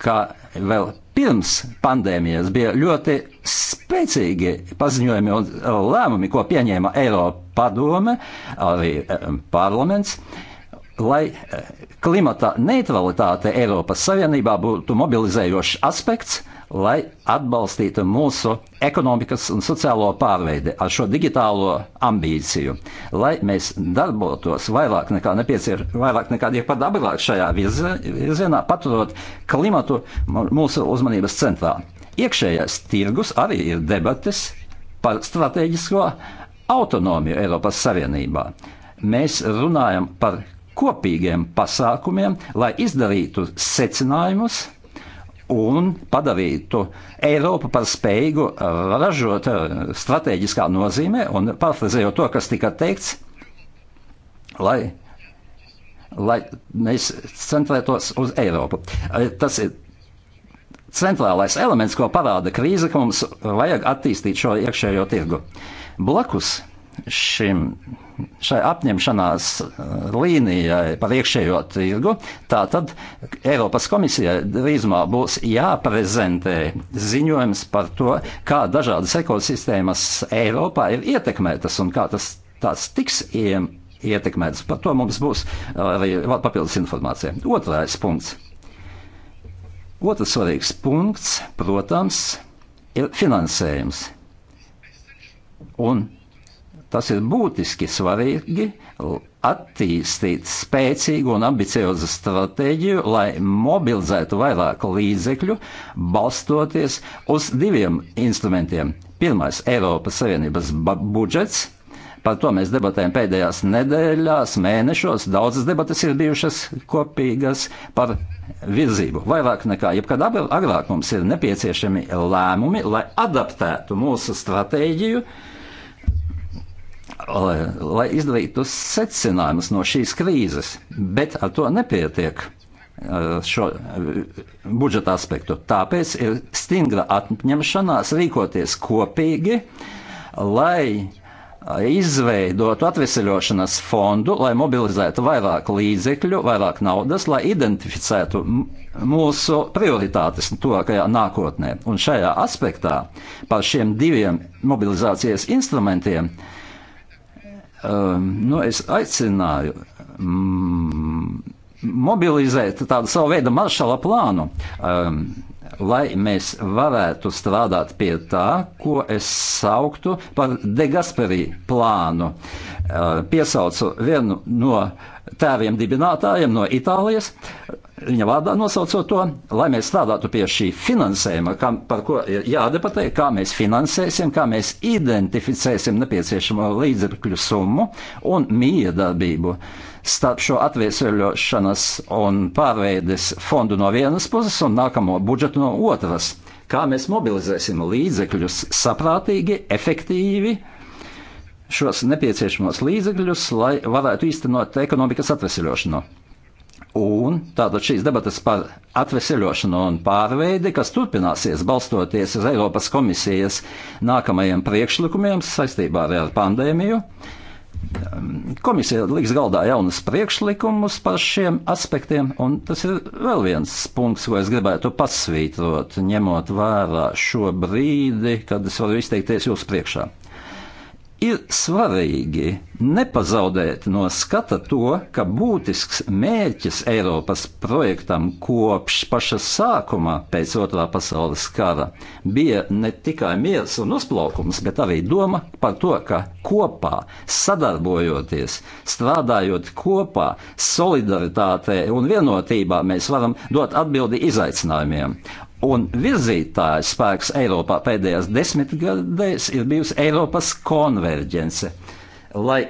ka vēl pirms pandēmijas bija ļoti spēcīgi paziņojumi un lēmumi, ko pieņēma Eiropa padome, arī eh, parlaments, lai eh, klimata neutralitāte Eiropas Savienībā būtu mobilizējošs aspekts lai atbalstītu mūsu ekonomikas un sociālo pārveidi ar šo digitālo ambīciju, lai mēs darbotos vairāk nekā nepieciešams, vairāk nekā ir pat labāk šajā virzienā, paturot klimatu mūsu uzmanības centrā. Iekšējais tirgus arī ir debates par strateģisko autonomiju Eiropas Savienībā. Mēs runājam par kopīgiem pasākumiem, lai izdarītu secinājumus un padarītu Eiropu par spēju ražot eh, strateģiskā nozīmē, un parafrazējot to, kas tika teikts, lai, lai mēs centrētos uz Eiropu. Eh, tas ir centrālais elements, ko parāda krīze, ka mums vajag attīstīt šo iekšējo tirgu. Blakus šim, šai apņemšanās eh, līnijai par iekšējo tirgu, tātad Eiropas komisijai drīzumā būs jāprezentē ziņojums par to, kā dažādas ekosistēmas Eiropā ir ietekmētas un kā tas tās tiks ietekmētas. Par to mums būs eh, arī papildus informācija. Otrais punkts. Otrs svarīgs punkts, protams, ir finansējums. Un Tas ir būtiski svarīgi attīstīt spēcīgu un ambiciozu stratēģiju, lai mobilizētu vairāk līdzekļu, balstoties uz diviem instrumentiem. Pirmais - Eiropas Savienības budžets. Par to mēs debatējam pēdējās nedēļās, mēnešos. Daudzas debatas ir bijušas kopīgas par virzību. Vairāk nekā jebkad agrāk mums ir nepieciešami lēmumi, lai adaptētu mūsu stratēģiju uh, lai, lai izdarītu secinājumus no šīs krīzes, bet ar to nepietiek uh, šo uh, budžeta aspektu. Tāpēc ir stingra apņemšanās rīkoties kopīgi, lai uh, izveidotu atveseļošanas fondu, lai mobilizētu vairāk līdzekļu, vairāk naudas, lai identificētu mūsu prioritātes tuvākajā nākotnē. Un šajā aspektā par šiem diviem mobilizācijas instrumentiem uh, um, nu, es aicināju um, mobilizēt tādu savu veidu maršala plānu. Um, lai mēs varētu strādāt pie tā, ko es sauktu par degasperī plānu. Uh, piesaucu vienu no tēviem dibinātājiem no Itālijas, viņa vārdā nosaucot to, lai mēs strādātu pie šī finansējuma, kā, par ko ir jādebatē, kā mēs finansēsim, kā mēs identificēsim nepieciešamo līdzekļu summu un miedarbību starp šo atveseļošanas un pārveides fondu no vienas puses un nākamo budžetu no otras. Kā mēs mobilizēsim līdzekļus saprātīgi, efektīvi šos nepieciešamos līdzekļus, lai varētu īstenot ekonomikas atveseļošanu. Un tātad šīs debatas par atveseļošanu un pārveidi, kas turpināsies balstoties uz Eiropas komisijas nākamajiem priekšlikumiem saistībā ar pandēmiju. Um, komisija liks galdā jaunas priekšlikumus par šiem aspektiem, un tas ir vēl viens punkts, ko es gribētu pasvītrot, ņemot vērā šo brīdi, kad es varu izteikties jūsu priekšā. Ir svarīgi nepazaudēt no skata to, ka būtisks mērķis Eiropas projektam kopš paša sākuma pēc otrā pasaules kara bija ne tikai miers un uzplaukums, bet arī doma par to, ka kopā, sadarbojoties, strādājot kopā, solidaritātē un vienotībā mēs varam dot atbildi izaicinājumiem. Un virzītājs spēks Eiropā pēdējās desmitgadēs ir bijusi Eiropas konverģence, lai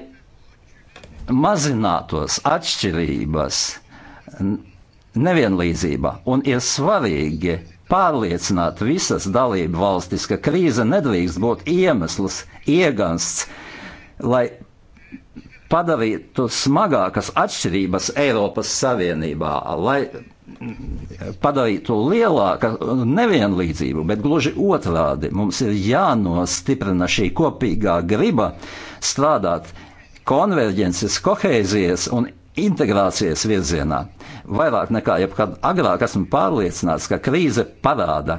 mazinātos atšķirības, nevienlīdzība. Un ir svarīgi pārliecināt visas dalību valstis, ka krīze nedrīkst būt iemesls, iegansts, lai padarītu smagākas atšķirības Eiropas Savienībā, lai mm, padarītu lielāku nevienlīdzību, bet gluži otrādi mums ir jānostiprina šī kopīgā griba strādāt konverģences, kohēzijas un integrācijas virzienā. Vairāk nekā jebkad agrāk esmu pārliecināts, ka krīze parāda,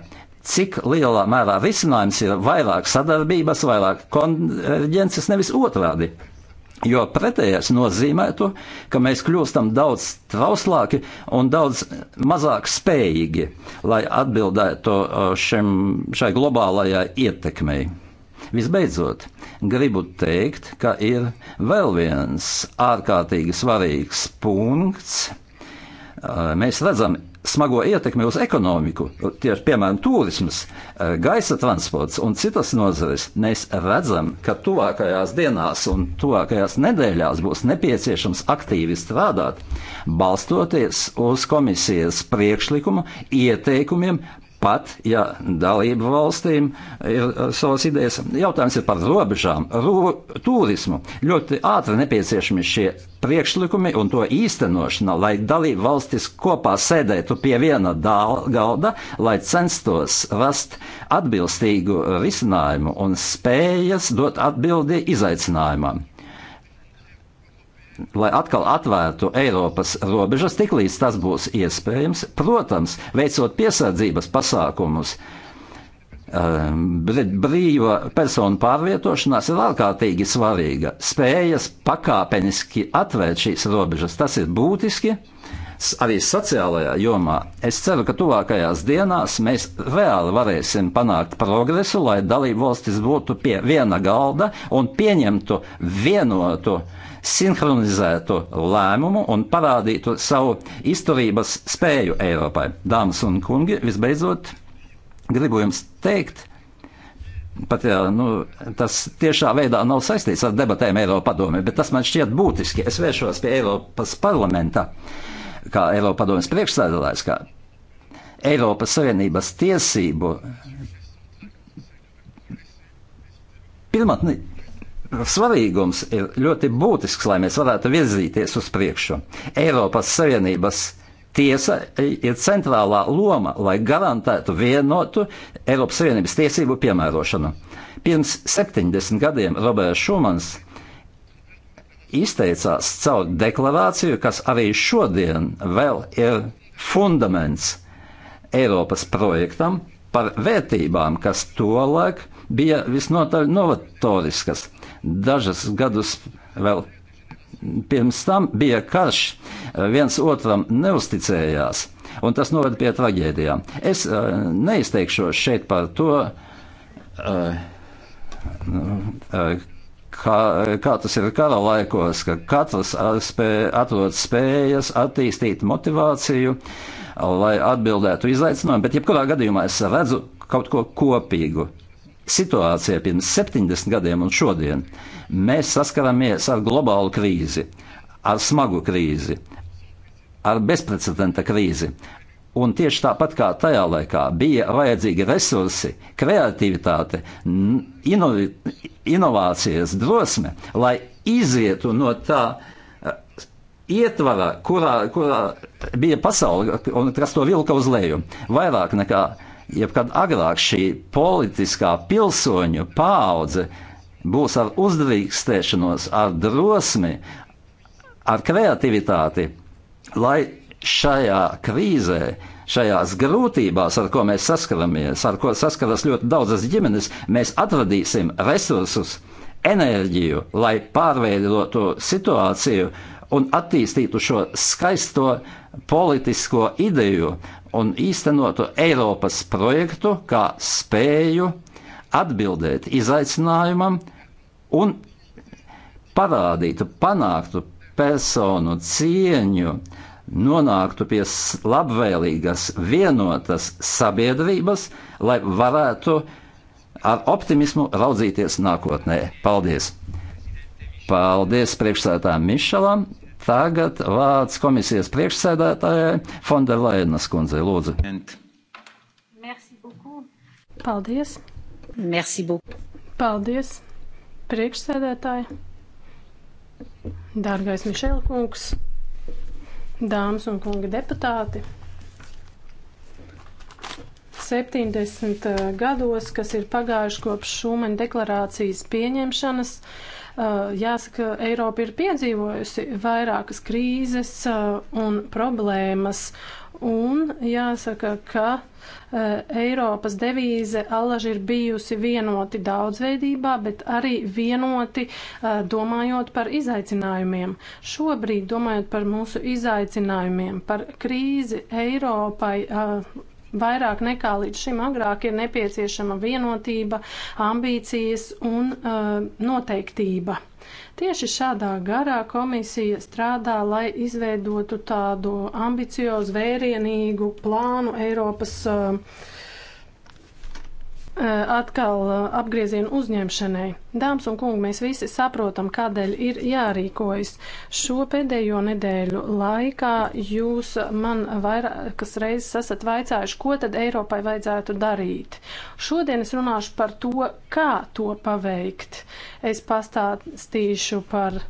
cik lielā mērā risinājums ir vairāk sadarbības, vairāk konverģences, nevis otrādi. Jo pretējais nozīmētu, ka mēs kļūstam daudz trauslāki un daudz mazāk spējīgi, lai atbildētu uh, šim, šai globālajai ietekmei. Visbeidzot, gribu teikt, ka ir vēl viens ārkārtīgi svarīgs punkts Eh, mēs redzam smago ietekmi uz ekonomiku, tieši piemēram turismas, eh, gaisa transports un citas nozares. Mēs redzam, ka tuvākajās dienās un tuvākajās nedēļās būs nepieciešams aktīvi strādāt, balstoties uz komisijas priekšlikumu, ieteikumiem pat ja dalību valstīm ir uh, savas idejas. Jautājums ir par robežām, ro, turismu. Ļoti ātri nepieciešami šie priekšlikumi un to īstenošana, lai dalību valstis kopā sēdētu pie viena galda, lai censtos rast atbilstīgu risinājumu un spējas dot atbildi izaicinājumam lai atkal atvērtu Eiropas robežas, tiklīdz tas būs iespējams, protams, veicot piesardzības pasākumus. Um, brīva persona pārvietošanās ir ārkārtīgi svarīga. Spējas pakāpeniski atvērt šīs robežas, tas ir būtiski arī sociālajā jomā. Es ceru, ka tuvākajās dienās mēs reāli varēsim panākt progresu, lai dalību valstis būtu pie viena galda un pieņemtu vienotu uh, sinhronizētu lēmumu un parādītu savu izturības spēju Eiropai. Dāmas un kungi, visbeidzot, gribu jums teikt, Pat, jā, nu, tas tiešā veidā nav saistīts ar debatēm Eiropa padomē, bet tas man šķiet būtiski. Es vēršos pie Eiropas parlamenta, kā Eiropa padomes priekšsēdētājs, kā Eiropas Savienības tiesību pirmatni, svarīgums ir ļoti būtisks, lai mēs varētu virzīties uz priekšu. Eiropas Savienības tiesa ir centrālā loma, lai garantētu vienotu Eiropas Savienības tiesību piemērošanu. Pirms 70 gadiem Roberts Šumans izteicās caur deklarāciju, kas arī šodien vēl ir fundaments Eiropas projektam par vērtībām, kas tolaik bija visnotaļ novatoriskas. Dažas gadus vēl pirms tam bija karš, viens otram neusticējās, un tas noveda pie traģēdijām. Es uh, neizteikšos šeit par to, uh, uh, kā, kā tas ir kara laikos, ka katrs spē, atrod spējas attīstīt motivāciju, lai atbildētu izaicinājumiem, bet jebkurā gadījumā es redzu kaut ko kopīgu situācija pirms 70 gadiem un šodien, mēs saskaramies ar globālu krīzi, ar smagu krīzi, ar bezprecedenta krīzi. Un tieši tāpat kā tajā laikā bija vajadzīgi resursi, kreativitāte, inovi, inovācijas, drosme, lai izietu no tā eh, ietvara, kurā, kurā bija pasaule un kas to vilka uz leju. Vairāk nekā jebkad agrāk šī politiskā pilsoņu paudze būs ar uzdrīkstēšanos, ar drosmi, ar kreativitāti, lai šajā krīzē, šajās grūtībās, ar ko mēs saskaramies, ar ko saskaras ļoti daudzas ģimenes, mēs atradīsim resursus, enerģiju, lai pārveidotu situāciju un attīstītu šo skaisto politisko ideju, un īstenotu Eiropas projektu kā spēju atbildēt izaicinājumam un parādītu, panāktu personu cieņu, nonāktu pie labvēlīgas, vienotas sabiedrības, lai varētu ar optimismu raudzīties nākotnē. Paldies! Paldies priekšsētām Mišelam, Tagad vārds komisijas priekšsēdētājai Fonderlainas kundzei lūdzu. Paldies! Merci beaucoup! Paldies, priekšsēdētāji! Dārgais Mišela kungs, dāmas un kungi deputāti! 70 gados, kas ir pagājuši kopš Šūmaņa deklarācijas pieņemšanas, uh, Eh, jāsaka, Eiropa ir piedzīvojusi vairākas krīzes eh, un problēmas. Un jāsaka, ka e, Eiropas devīze allaži ir bijusi vienoti daudzveidībā, bet arī vienoti e, domājot par izaicinājumiem. Šobrīd, domājot par mūsu izaicinājumiem, par krīzi Eiropai, e, Vairāk nekā līdz šim agrāk ir nepieciešama vienotība, ambīcijas un uh, noteiktība. Tieši šādā garā komisija strādā, lai izveidotu tādu ambiciozu, vērienīgu plānu Eiropas uh, Eh, atkal eh, apgriezienu uzņemšanai. Dāmas un kungi, mēs visi saprotam, kādēļ ir jārīkojas. Šo pēdējo nedēļu laikā jūs man vairākas reizes esat vaicājuši, ko tad Eiropai vajadzētu darīt. Šodien es runāšu par to, kā to paveikt. Es pastāstīšu par.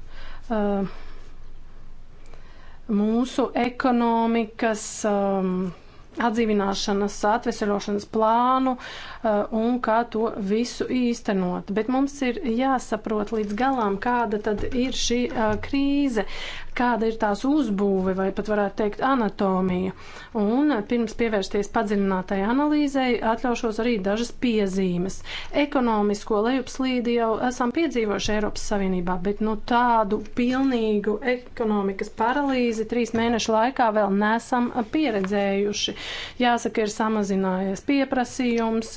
Uh, mūsu ekonomikas um, atdzīvināšanas, atveseļošanas plānu eh, un kā to visu īstenot. Bet mums ir jāsaprot līdz galām, kāda tad ir šī eh, krīze kāda ir tās uzbūve vai pat varētu teikt anatomija. Un pirms pievērsties padziļinātai analīzei, atļaušos arī dažas piezīmes. Ekonomisko lejupslīdi jau esam piedzīvojuši Eiropas Savienībā, bet nu tādu pilnīgu ekonomikas paralīzi trīs mēnešu laikā vēl nesam pieredzējuši. Jāsaka, ir samazinājies pieprasījums,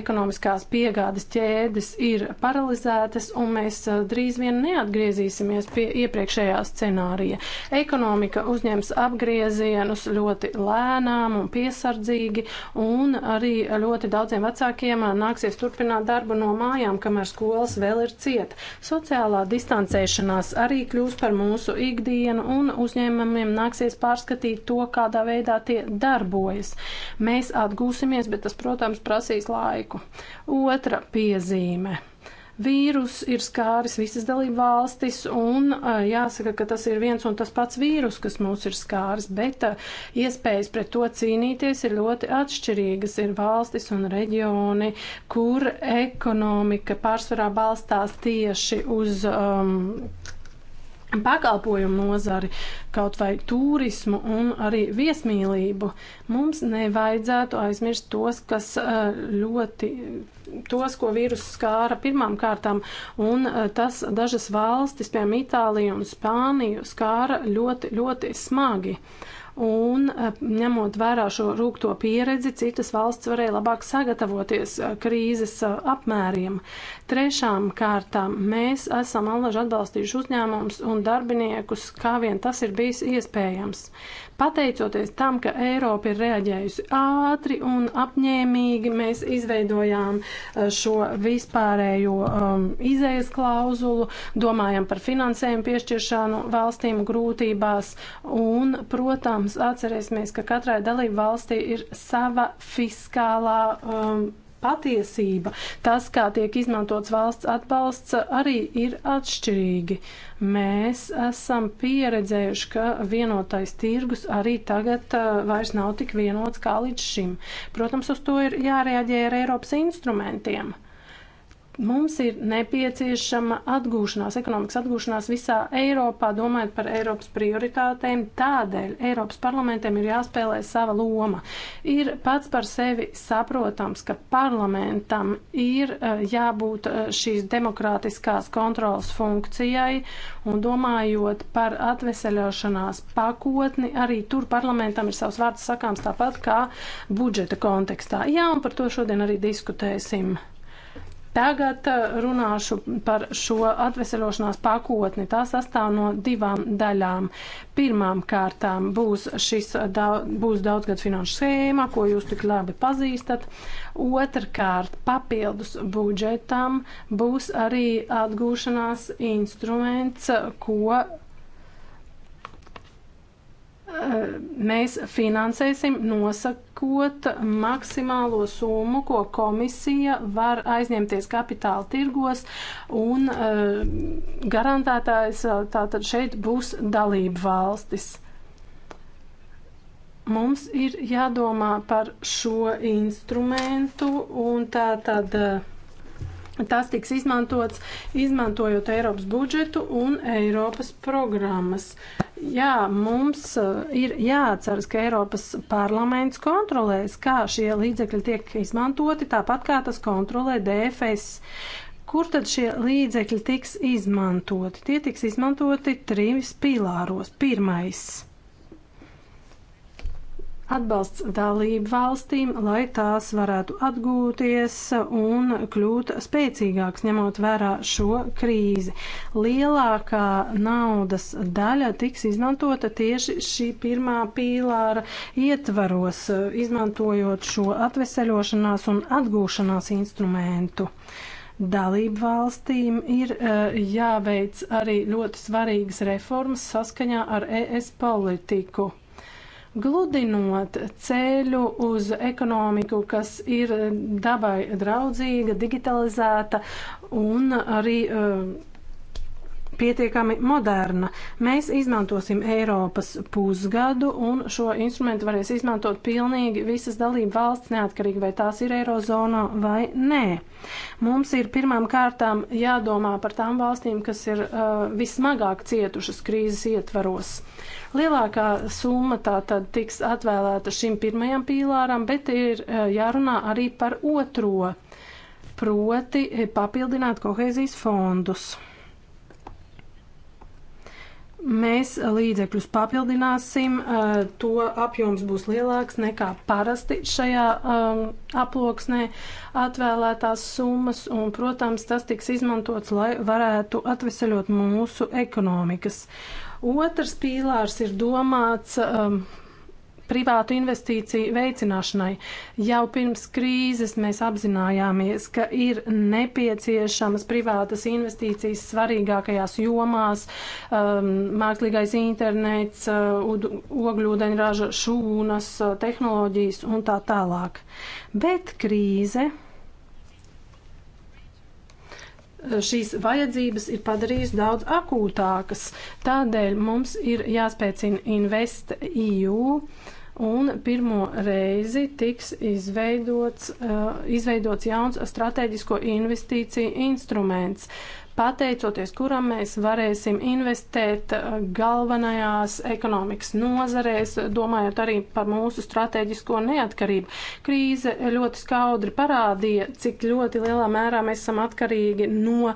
ekonomiskās piegādes ķēdes ir paralizētas un mēs drīz vien neatgriezīsimies pie iepriekšējā scenārija scenārija. Ekonomika uzņems apgriezienus ļoti lēnām un piesardzīgi, un arī ļoti daudziem vecākiem nāksies turpināt darbu no mājām, kamēr skolas vēl ir ciet. Sociālā distancēšanās arī kļūs par mūsu ikdienu, un uzņēmumiem nāksies pārskatīt to, kādā veidā tie darbojas. Mēs atgūsimies, bet tas, protams, prasīs laiku. Otra piezīme. Vīrus ir skāris visas dalību valstis, un jāsaka, ka tas ir viens un tas pats vīrus, kas mūs ir skāris, bet iespējas pret to cīnīties ir ļoti atšķirīgas. Ir valstis un reģioni, kur ekonomika pārsvarā balstās tieši uz. Um, pakalpojumu nozari, kaut vai turismu un arī viesmīlību. Mums nevajadzētu aizmirst tos, kas eh, ļoti, tos, ko vīrus skāra pirmām kārtām, un eh, tas dažas valstis, piemēram, Itāliju un Spāniju, skāra ļoti, ļoti smagi. Uh, un eh, ņemot vērā šo rūkto pieredzi, citas valsts varēja labāk sagatavoties eh, krīzes eh, apmēriem. Trešām kārtām mēs esam allaž atbalstījuši uzņēmums un darbiniekus, kā vien tas ir bijis iespējams. Pateicoties tam, ka Eiropa ir reaģējusi ātri un apņēmīgi, mēs izveidojām eh, šo vispārējo um, izējas klauzulu, domājam par finansējumu piešķiršanu valstīm grūtībās un, protams, atcerēsimies, ka katrai dalību valstī ir sava fiskālā um, patiesība. Tas, kā tiek izmantots valsts atbalsts, arī ir atšķirīgi. Mēs esam pieredzējuši, ka vienotais tirgus arī tagad uh, vairs nav tik vienots kā līdz šim. Protams, uz to ir jārēģē ar Eiropas instrumentiem. Mums ir nepieciešama atgūšanās, ekonomikas atgūšanās visā Eiropā, domājot par Eiropas prioritātēm. Tādēļ Eiropas parlamentiem ir jāspēlē sava loma. Ir pats par sevi saprotams, ka parlamentam ir eh, jābūt eh, šīs demokrātiskās kontrolas funkcijai, un domājot par atveseļošanās pakotni, arī tur parlamentam ir savs vārds sakāms tāpat kā budžeta kontekstā. Jā, un par to šodien arī diskutēsim. Tagad eh, runāšu par šo atveseļošanās pakotni. Tā sastāv no divām daļām. Pirmām kārtām būs, šis, eh, būs daudzgad finanšu schēma, ko jūs tik labi pazīstat. Otrkārt, papildus budžetam būs arī atgūšanās instruments, ko mēs finansēsim nosakot maksimālo summu, ko komisija var aizņemties kapitāla tirgos, un eh, garantētājs eh, tātad šeit būs dalību valstis. Mums ir jādomā par šo instrumentu un tātad. Uh, Tas tiks izmantots, izmantojot Eiropas budžetu un Eiropas programmas. Jā, mums eh, ir jāatceras, ka Eiropas parlaments kontrolēs, kā šie līdzekļi tiek izmantoti, tāpat kā tas kontrolē DFS. Kur tad šie līdzekļi tiks izmantoti? Tie tiks izmantoti trīs pīlāros. Pirmais atbalsts dalību valstīm, lai tās varētu atgūties un kļūt spēcīgāks, ņemot vērā šo krīzi. Lielākā naudas daļa tiks izmantota tieši šī pirmā pīlāra ietvaros, izmantojot šo atveseļošanās un atgūšanās instrumentu dalību valstīm ir e, jāveic arī ļoti svarīgas reformas saskaņā ar ES politiku gludinot ceļu uz ekonomiku, kas ir dabai draudzīga, digitalizēta un arī uh, pietiekami moderna. Mēs izmantosim Eiropas pusgadu un šo instrumentu varēs izmantot pilnīgi visas dalību valsts, neatkarīgi vai tās ir Eirozonā vai nē. Mums ir pirmām kārtām jādomā par tām valstīm, kas ir uh, vismagāk cietušas krīzes ietvaros. Lielākā summa tā tad tiks atvēlēta šim pirmajam pīlāram, bet ir uh, jārunā arī par otro, proti eh, papildināt kohēzijas fondus. Mēs līdzekļus papildināsim, eh, to apjoms būs lielāks nekā parasti šajā um, aploksnē atvēlētās summas, un, protams, tas tiks izmantots, lai varētu atveseļot mūsu ekonomikas. Otrs pīlārs ir domāts um, privātu investīciju veicināšanai. Jau pirms krīzes mēs apzinājāmies, ka ir nepieciešamas privātas investīcijas svarīgākajās jomās um, - mākslīgais internets, uh, ogļūdeņraža šūnas, uh, tehnoloģijas un tā tālāk. Bet krīze uh, šīs vajadzības ir padarījis daudz akūtākas. Tādēļ mums ir jāspēcina Invest EU. Uh, un pirmo reizi tiks izveidots, uh, izveidots jauns strateģisko investīciju instruments pateicoties kuram mēs varēsim investēt uh, galvenajās ekonomikas nozarēs, domājot arī par mūsu strateģisko neatkarību. Krīze ļoti skaudri parādīja, cik ļoti lielā mērā mēs esam atkarīgi no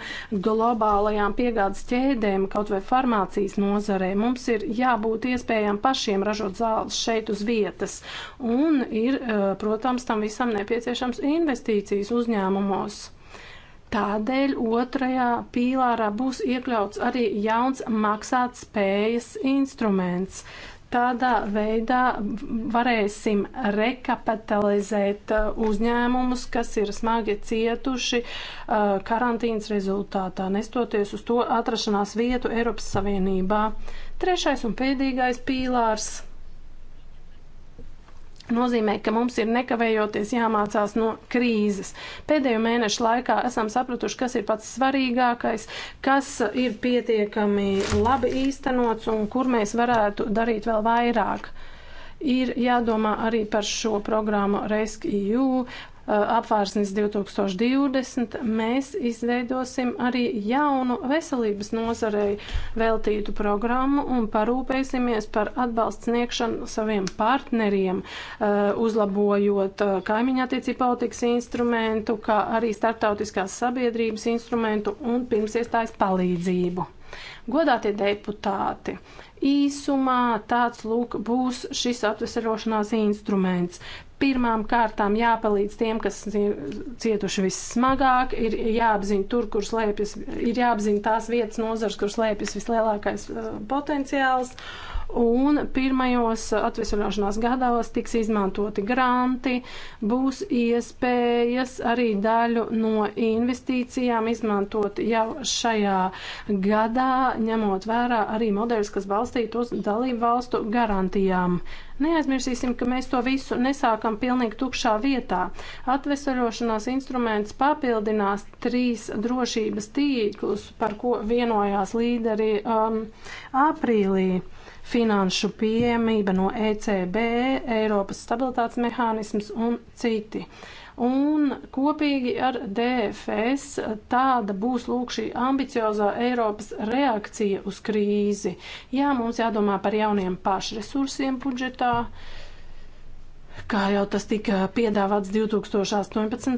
globālajām piegādes ķēdēm, kaut vai farmācijas nozarē. Mums ir jābūt iespējām pašiem ražot zāles šeit uz vietas. Un ir, uh, protams, tam visam nepieciešams investīcijas uzņēmumos. Tādēļ otrajā pīlārā būs iekļauts arī jauns maksāt spējas instruments. Tādā veidā varēsim rekapitalizēt uh, uzņēmumus, kas ir smagi cietuši uh, karantīnas rezultātā, nestoties uz to atrašanās vietu Eiropas Savienībā. Trešais un pēdīgais pīlārs nozīmē, ka mums ir nekavējoties jāmācās no krīzes. Pēdējo mēnešu laikā esam sapratuši, kas ir pats svarīgākais, kas ir pietiekami labi īstenots un kur mēs varētu darīt vēl vairāk. Ir jādomā arī par šo programmu RESCU, Eh, apvārsnes 2020, mēs izveidosim arī jaunu veselības nozarei veltītu programmu un parūpēsimies par atbalstu sniegšanu saviem partneriem, eh, uzlabojot eh, kaimiņa attiecību politikas instrumentu, kā arī startautiskās sabiedrības instrumentu un pirmsiestājas palīdzību. Godātie deputāti, īsumā tāds lūk būs šis atvesarošanās instruments. Pirmām kārtām jāpalīdz tiem, kas cietuši vissmagāk, ir jāapzina tur, kur slēpjas, ir jāapzina tās vietas nozars, kur slēpjas vislielākais uh, potenciāls. Uh, un pirmajos atvesaļošanās gadās tiks izmantoti granti, būs iespējas arī daļu no investīcijām izmantot jau šajā gadā, ņemot vērā arī modeļus, kas balstīt uz dalību valstu garantijām. Neaizmirsīsim, ka mēs to visu nesākam pilnīgi tukšā vietā. Atvesaļošanās instruments papildinās trīs drošības tīklus, par ko vienojās līderi um, aprīlī finanšu pieejamība no ECB, Eiropas stabilitātes mehānisms un citi. Un kopīgi ar DFS tāda būs lūk šī ambiciozā Eiropas reakcija uz krīzi. Jā, mums jādomā par jauniem pašresursiem budžetā. Uh, kā jau tas tika piedāvāts 2018.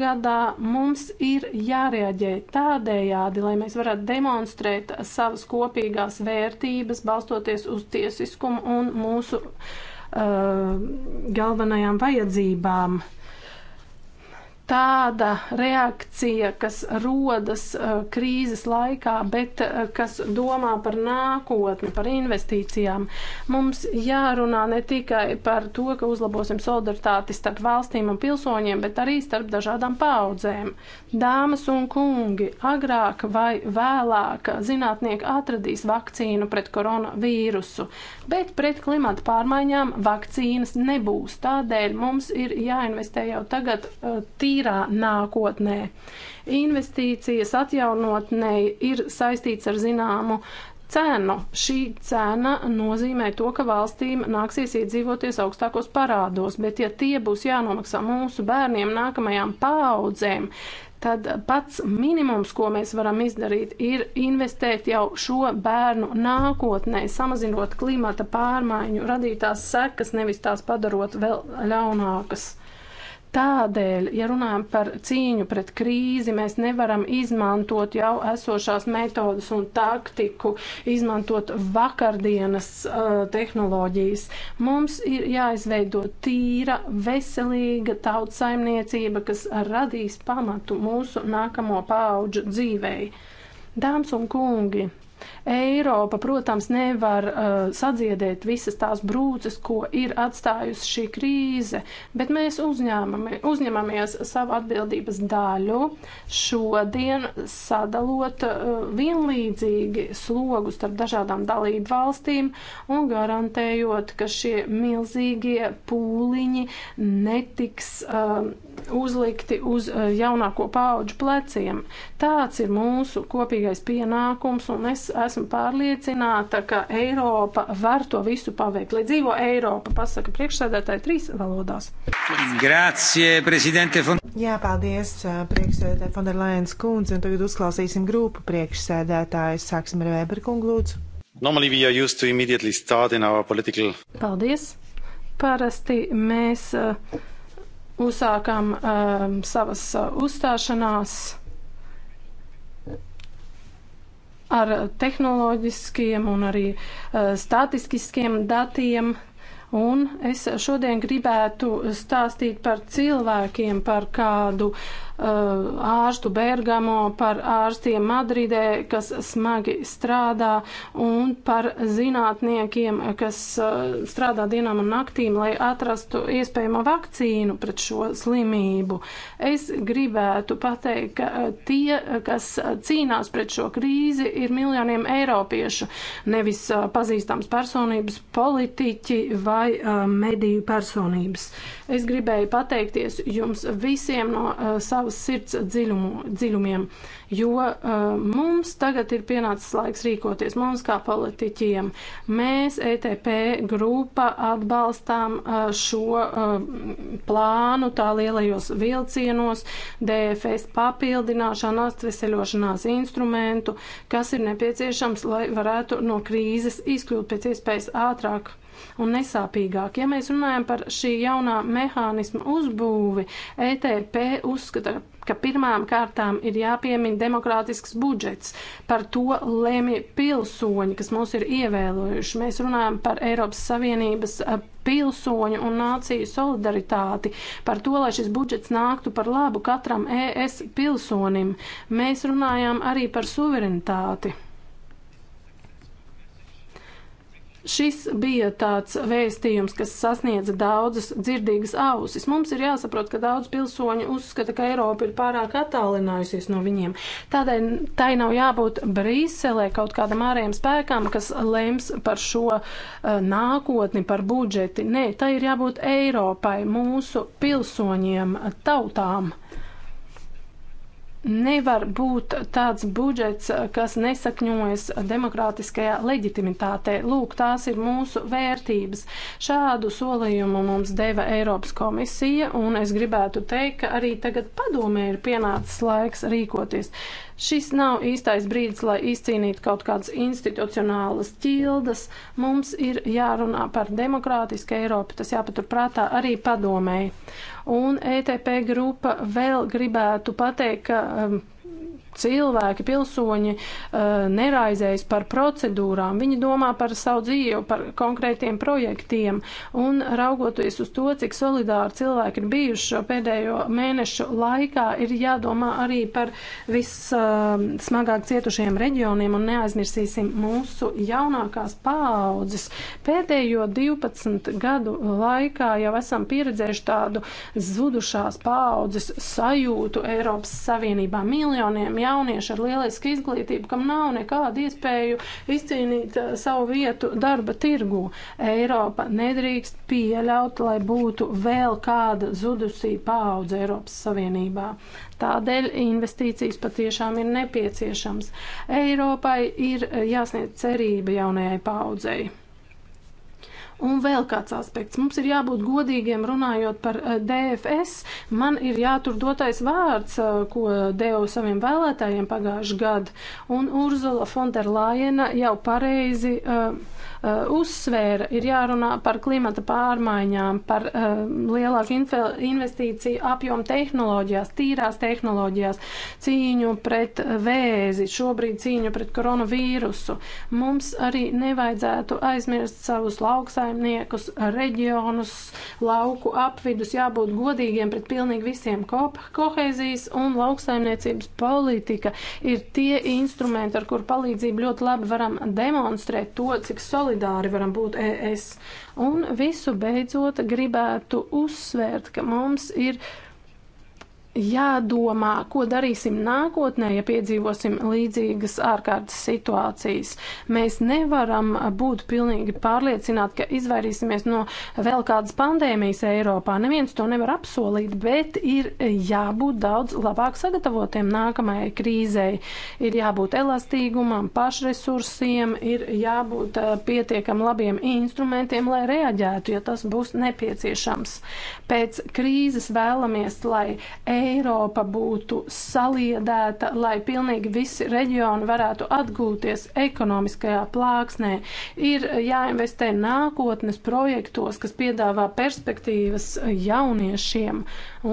gadā, mums ir jārēģē tādējādi, lai mēs varētu demonstrēt savas kopīgās vērtības, balstoties uz tiesiskumu un mūsu uh, galvenajām vajadzībām. Uh, tāda reakcija, kas rodas uh, krīzes laikā, bet uh, kas domā par nākotni, par investīcijām. Mums jārunā ne tikai par to, ka uzlabosim solidaritāti starp valstīm un pilsoņiem, bet arī starp dažādām paudzēm. Dāmas un kungi, agrāk vai vēlāk zinātnieki atradīs vakcīnu pret koronavīrusu, bet pret klimata pārmaiņām vakcīnas nebūs. Tādēļ mums ir jāinvestē jau tagad uh, tīri tīrā nākotnē. Investīcijas atjaunotnei ir saistīts ar zināmu cenu. Šī cena nozīmē to, ka valstīm nāksies iedzīvoties augstākos parādos, bet ja tie būs jānomaksā mūsu bērniem nākamajām paaudzēm, tad pats minimums, ko mēs varam izdarīt, ir investēt jau šo bērnu nākotnē, samazinot klimata pārmaiņu radītās sekas, nevis tās padarot vēl ļaunākas. Tādēļ, ja runājam par cīņu pret krīzi, mēs nevaram izmantot jau esošās metodas un taktiku, izmantot vakardienas uh, tehnoloģijas. Mums ir jāizveido tīra, veselīga tautsaimniecība, kas radīs pamatu mūsu nākamo paauģu dzīvei. Dāmas un kungi! Eiropa, protams, nevar uh, sadziedēt visas tās brūces, ko ir atstājusi šī krīze, bet mēs uzņemamies savu atbildības daļu šodien sadalot uh, vienlīdzīgi slogus starp dažādām dalību valstīm un garantējot, ka šie milzīgie pūliņi netiks. Uh, uzlikti uz eh, jaunāko paauģu pleciem. Tāds ir mūsu kopīgais pienākums, un es esmu pārliecināta, ka Eiropa var to visu paveikt. Lai dzīvo Eiropa, pasaka priekšsēdētāji trīs valodās. Grācie, prezidente Fon. Jā, paldies, eh, priekšsēdētāji Fonderlainas kundze, un tagad uzklausīsim grupu priekšsēdētāju. Sāksim ar Vēberkungu lūdzu. Normally we are used to immediately start in our political. Paldies. Parasti mēs uh, uzsākam um, savas uh, uzstāšanās ar tehnoloģiskiem un arī uh, statistiskiem datiem. Un es šodien gribētu stāstīt par cilvēkiem, par kādu uh, Uh, ārstu Bergamo, par ārstiem Madridē, kas smagi strādā, un par zinātniekiem, kas uh, strādā dienām un naktīm, lai atrastu iespējamo vakcīnu pret šo slimību. Es gribētu pateikt, ka uh, tie, kas cīnās pret šo krīzi, ir miljoniem eiropiešu, nevis pazīstams personības, politiķi vai mediju personības. Es gribēju pateikties jums visiem no savas savas sirds dziļumu, dziļumiem, jo uh, mums tagad ir pienācis laiks rīkoties, mums kā politiķiem. Mēs, ETP grupa, atbalstām uh, šo uh, plānu tā lielajos vilcienos, DFS papildināšanu, atveseļošanās instrumentu, kas ir nepieciešams, lai varētu no krīzes izkļūt pēc iespējas ātrāk un nesāpīgāk. Ja mēs runājam par šī jaunā mehānisma uzbūvi, ETP uzskata, ka pirmām kārtām ir jāpiemina demokrātisks budžets. Par to lemj pilsoņi, kas mūs ir ievēlojuši. Mēs runājam par Eiropas Savienības pilsoņu un nāciju solidaritāti, par to, lai šis budžets nāktu par labu katram ES pilsonim. Mēs runājam arī par suverenitāti. Šis bija tāds vēstījums, kas sasniedza daudzas dzirdīgas ausis. Mums ir jāsaprot, ka daudz pilsoņu uzskata, ka Eiropa ir pārāk attālinājusies no viņiem. Tādēļ tai nav jābūt Brīselē kaut kādam ārējiem spēkam, kas lems par šo uh, nākotni, par budžeti. Nē, tai ir jābūt Eiropai, mūsu pilsoņiem, tautām. Uh, Nevar būt tāds budžets, kas nesakņojas demokrātiskajā leģitimitātē. Lūk, tās ir mūsu vērtības. Šādu solījumu mums deva Eiropas komisija, un es gribētu teikt, ka arī tagad padomē ir pienācis laiks rīkoties. Šis nav īstais brīdis, lai izcīnītu kaut kādas institucionālas ķildas. Mums ir jārunā par demokrātisku Eiropu, tas jāpaturprātā arī padomēji. Un ETP grupa vēl gribētu pateikt, ka um, cilvēki, pilsoņi eh, neraizējas par procedūrām, viņi domā par savu dzīvi, par konkrētiem projektiem un raugoties uz to, cik solidāri cilvēki ir bijuši šo pēdējo mēnešu laikā, ir jādomā arī par vissmagāk cietušajiem reģioniem un neaizmirsīsim mūsu jaunākās paaudzes. Pēdējo 12 gadu laikā jau esam pieredzējuši tādu zudušās paaudzes sajūtu Eiropas Savienībā miljoniem piemēram, jaunieši ar lielisku izglītību, kam nav nekādu iespēju izcīnīt eh, savu vietu darba tirgu. Eiropa nedrīkst pieļaut, lai būtu vēl kāda zudusī paudze Eiropas Savienībā. Tādēļ investīcijas patiešām ir nepieciešams. Eiropai ir eh, jāsniedz cerība jaunajai paudzei. Un vēl kāds aspekts. Mums ir jābūt godīgiem runājot par eh, DFS. Man ir jātur dotais vārds, eh, ko devu saviem vēlētājiem pagājuši gadu. Un Urzula Fonderlājena jau pareizi. Uh, Eh, uzsvēra, ir jārunā par klimata pārmaiņām, par eh, lielāku investīciju apjomu tehnoloģijās, tīrās tehnoloģijās, cīņu pret vēzi, šobrīd cīņu pret koronavīrusu. Mums arī nevajadzētu aizmirst savus lauksaimniekus, reģionus, lauku apvidus, jābūt godīgiem pret pilnīgi visiem kohēzijas un lauksaimniecības politika ir tie instrumenti, ar kur palīdzību ļoti labi varam demonstrēt to, cik solidārīgi solidāri varam būt ES. Un visu beidzot gribētu uzsvērt, ka mums ir jādomā, ko darīsim nākotnē, ja piedzīvosim līdzīgas ārkārtas situācijas. Mēs nevaram būt pilnīgi pārliecināti, ka izvairīsimies no vēl kādas pandēmijas Eiropā. Neviens to nevar apsolīt, bet ir jābūt daudz labāk sagatavotiem nākamajai krīzei. Ir jābūt elastīgumam, pašresursiem, ir jābūt eh, pietiekam labiem instrumentiem, lai reaģētu, ja tas būs nepieciešams. Pēc krīzes vēlamies, lai Eiropa Eiropa būtu saliedēta, lai pilnīgi visi reģioni varētu atgūties ekonomiskajā plāksnē. Ir jāinvestē nākotnes projektos, kas piedāvā perspektīvas jauniešiem,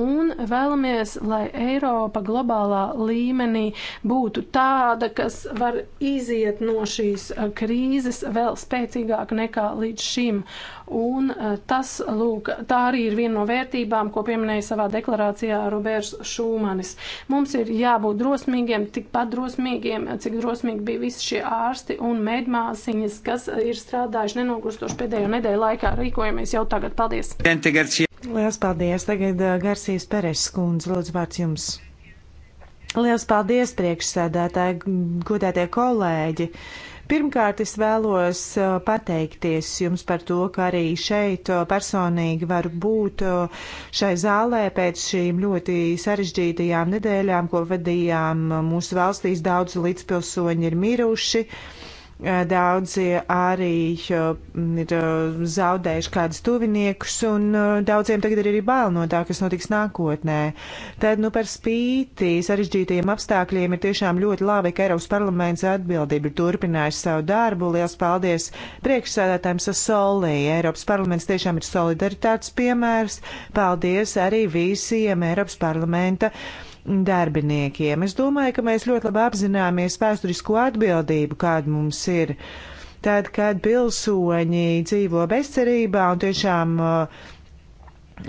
un vēlamies, lai Eiropa globālā līmenī būtu tāda, kas var iziet no šīs krīzes vēl spēcīgāk nekā līdz šim. Un eh, tas, lūk, tā arī ir viena no vērtībām, ko pieminēja savā deklarācijā Roberts Šūmanis. Mums ir jābūt drosmīgiem, tikpat drosmīgiem, cik drosmīgi bija visi šie ārsti un medmāsiņas, kas ir strādājuši nenogurstoši pēdējo nedēļu laikā. Rīkojamies jau tagad. Paldies! Lielas paldies! Tagad eh, Garsijas Pereses kundze, lūdzu, vārds jums! Lielas paldies, priekšsēdētāji, godētie kolēģi! Uh, Pirmkārt, es vēlos uh, pateikties jums par to, ka arī šeit uh, personīgi var būt uh, šai zālē pēc šīm ļoti sarežģītajām nedēļām, ko vadījām mūsu valstīs. Daudz līdzpilsoņi ir miruši. Uh, Daudzi arī mm, ir zaudējuši kādus tuviniekus, un daudziem tagad ir arī bail no tā, kas notiks nākotnē. Tad, nu, par spīti sarežģītajiem apstākļiem ir tiešām ļoti labi, ka Eiropas parlaments atbildība ir turpinājusi savu darbu. Lielas paldies priekšsēdētājiem Sasolī. Eiropas parlaments tiešām ir solidaritātes piemērs. Paldies arī visiem Eiropas parlamenta. Uh, darbiniekiem. Es domāju, ka mēs ļoti labi apzināmies vēsturisko atbildību, kāda mums ir. Tad, kad pilsoņi dzīvo bezcerībā un tiešām uh,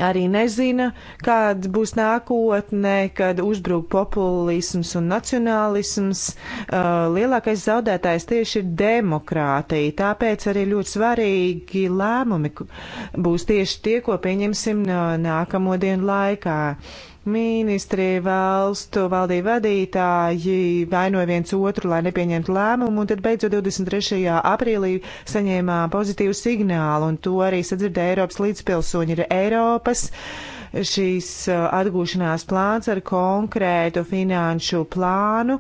arī nezina, kāda būs nākotne, kad uzbrūk populisms un nacionālisms, uh, lielākais zaudētājs tieši ir demokrātija. Tāpēc arī ļoti svarīgi lēmumi būs tieši tie, ko pieņemsim uh, nākamo dienu laikā ministri, valstu valdību vadītāji vainoja viens otru, lai nepieņemtu lēmumu, un tad beidzot 23. aprīlī saņēmām pozitīvu signālu, un to arī sadzirdēja Eiropas līdzpilsoņi. Ir Eiropas uh, šīs atgūšanās plāns ar konkrētu finanšu plānu,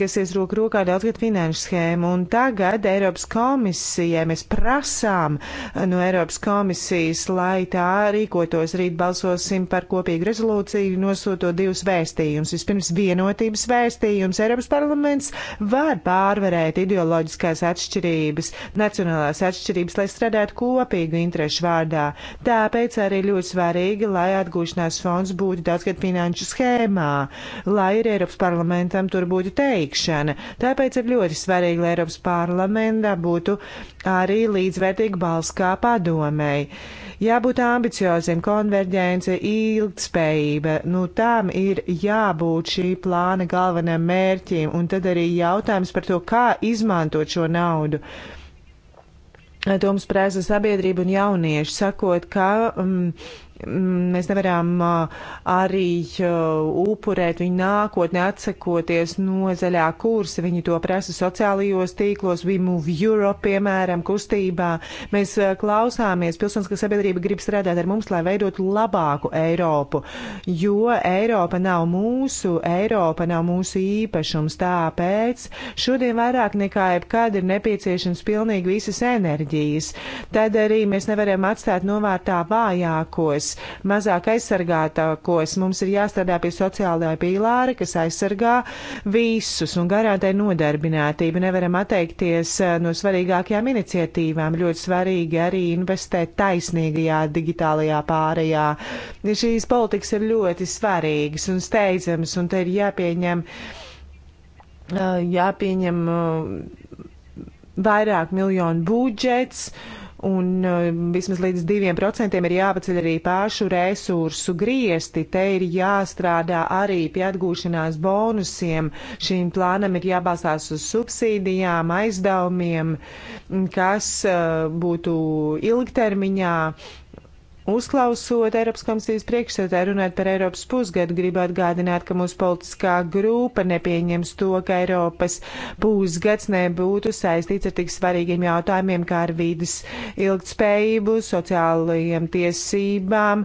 kas ies roku rokā daudzgad finanšu schēmu. Un tagad Eiropas komisijai mēs prasām no Eiropas komisijas, lai tā rīkotos. Rīt balsosim par kopīgu rezolūciju, nosūtot divus vēstījumus. Vispirms vienotības vēstījums. Eiropas parlaments var pārvarēt ideoloģiskās atšķirības, nacionālās atšķirības, lai strādātu kopīgu interešu vārdā. Tāpēc arī ļoti svarīgi, lai atgūšanās fonds būtu daudzgad finanšu schēmā, lai ir Eiropas parlamentam tur būtu teikšana. Tāpēc ir ļoti svarīgi, lai Eiropas parlamentā būtu arī līdzvērtīga balss kā padomēji. Jābūt ambicioziem, konverģence, ilgtspējība, nu tām ir jābūt šī plāna galvenam mērķim, un tad arī jautājums par to, kā izmantot šo naudu. To mums prasa sabiedrība un jaunieši, sakot, ka. Um, mm, Mēs nevaram arī upurēt viņu nākotnē, atsakoties no zaļā kursa. Viņi to prasa sociālajos tīklos, We Move Europe, piemēram, kustībā. Mēs klausāmies, pilsoniskā sabiedrība grib strādāt ar mums, lai veidotu labāku Eiropu, jo Eiropa nav mūsu, Eiropa nav mūsu īpašums. Tāpēc šodien vairāk nekā jebkad ir nepieciešams pilnīgi visas enerģijas. Tad arī mēs nevaram atstāt novārtā vājākos vismazāk aizsargātākos. Mums ir jāstrādā pie sociālā pīlāra, kas aizsargā visus un garantē nodarbinātību. Nevaram atteikties eh, no svarīgākajām iniciatīvām. Ļoti svarīgi arī investēt taisnīgajā digitālajā pārējā. Šīs politikas ir ļoti svarīgas un steidzamas, un te ir jāpieņem. Eh, jāpieņem eh, vairāk miljonu budžets, uh, Un eh, vismaz līdz 2% ir jāpaceļ arī pašu resursu griesti. Te ir jāstrādā arī pie atgūšanās bonusiem. Šīm plānam ir jābalstās uz subsīdijām, aizdevumiem, kas eh, būtu ilgtermiņā Uzklausot Eiropas komisijas priekšsēdētāju runāt par Eiropas pusgadu, gribu atgādināt, ka mūsu politiskā grupa nepieņems to, ka Eiropas pusgads nebūtu saistīts ar tik svarīgiem jautājumiem kā ar vīdas ilgtspējību, sociālajiem tiesībām.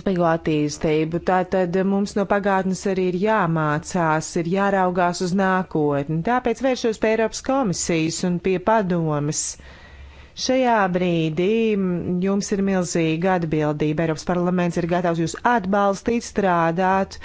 Spēju attīstību. Tātad mums no pagātnes arī ir jāmācās, ir jāraugās uz nākotni. Tāpēc vēršos pie Eiropas komisijas un pie padomas. Uh, Šajā brīdī jums ir milzīga atbildība. Eiropas parlaments ir gatavs jūs atbalstīt, strādāt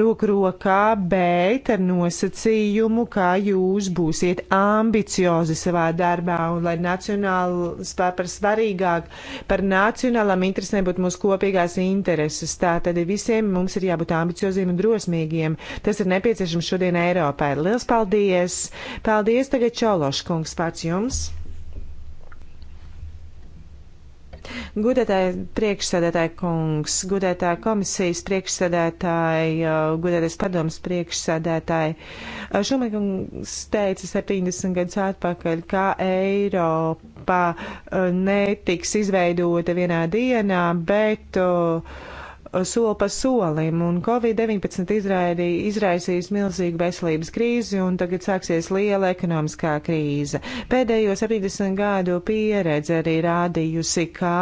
roku rokā, bet ar nosacījumu, ka jūs būsiet ambiciozi savā darbā un lai nacionāls par svarīgāk par nacionālām interesēm būtu mūsu kopīgās intereses. Tātad visiem mums ir jābūt ambicioziem un drosmīgiem. Tas ir nepieciešams šodien Eiropai. Liels paldies! Paldies tagad Čološkungs pats jums! Gudētāji priekšsēdētāji kungs, gudētāja komisijas priekšsēdētāji, gudētais padomas priekšsēdētāji. Šumakungs teica 70 gadus atpakaļ, ka Eiropa netiks izveidota vienā dienā, bet uh, soli pa solim, un Covid-19 izraidīja, izraisīs milzīgu veselības krīzi, un tagad sāksies liela ekonomiskā krīze. Pēdējo 70 gadu pieredze arī rādījusi, kā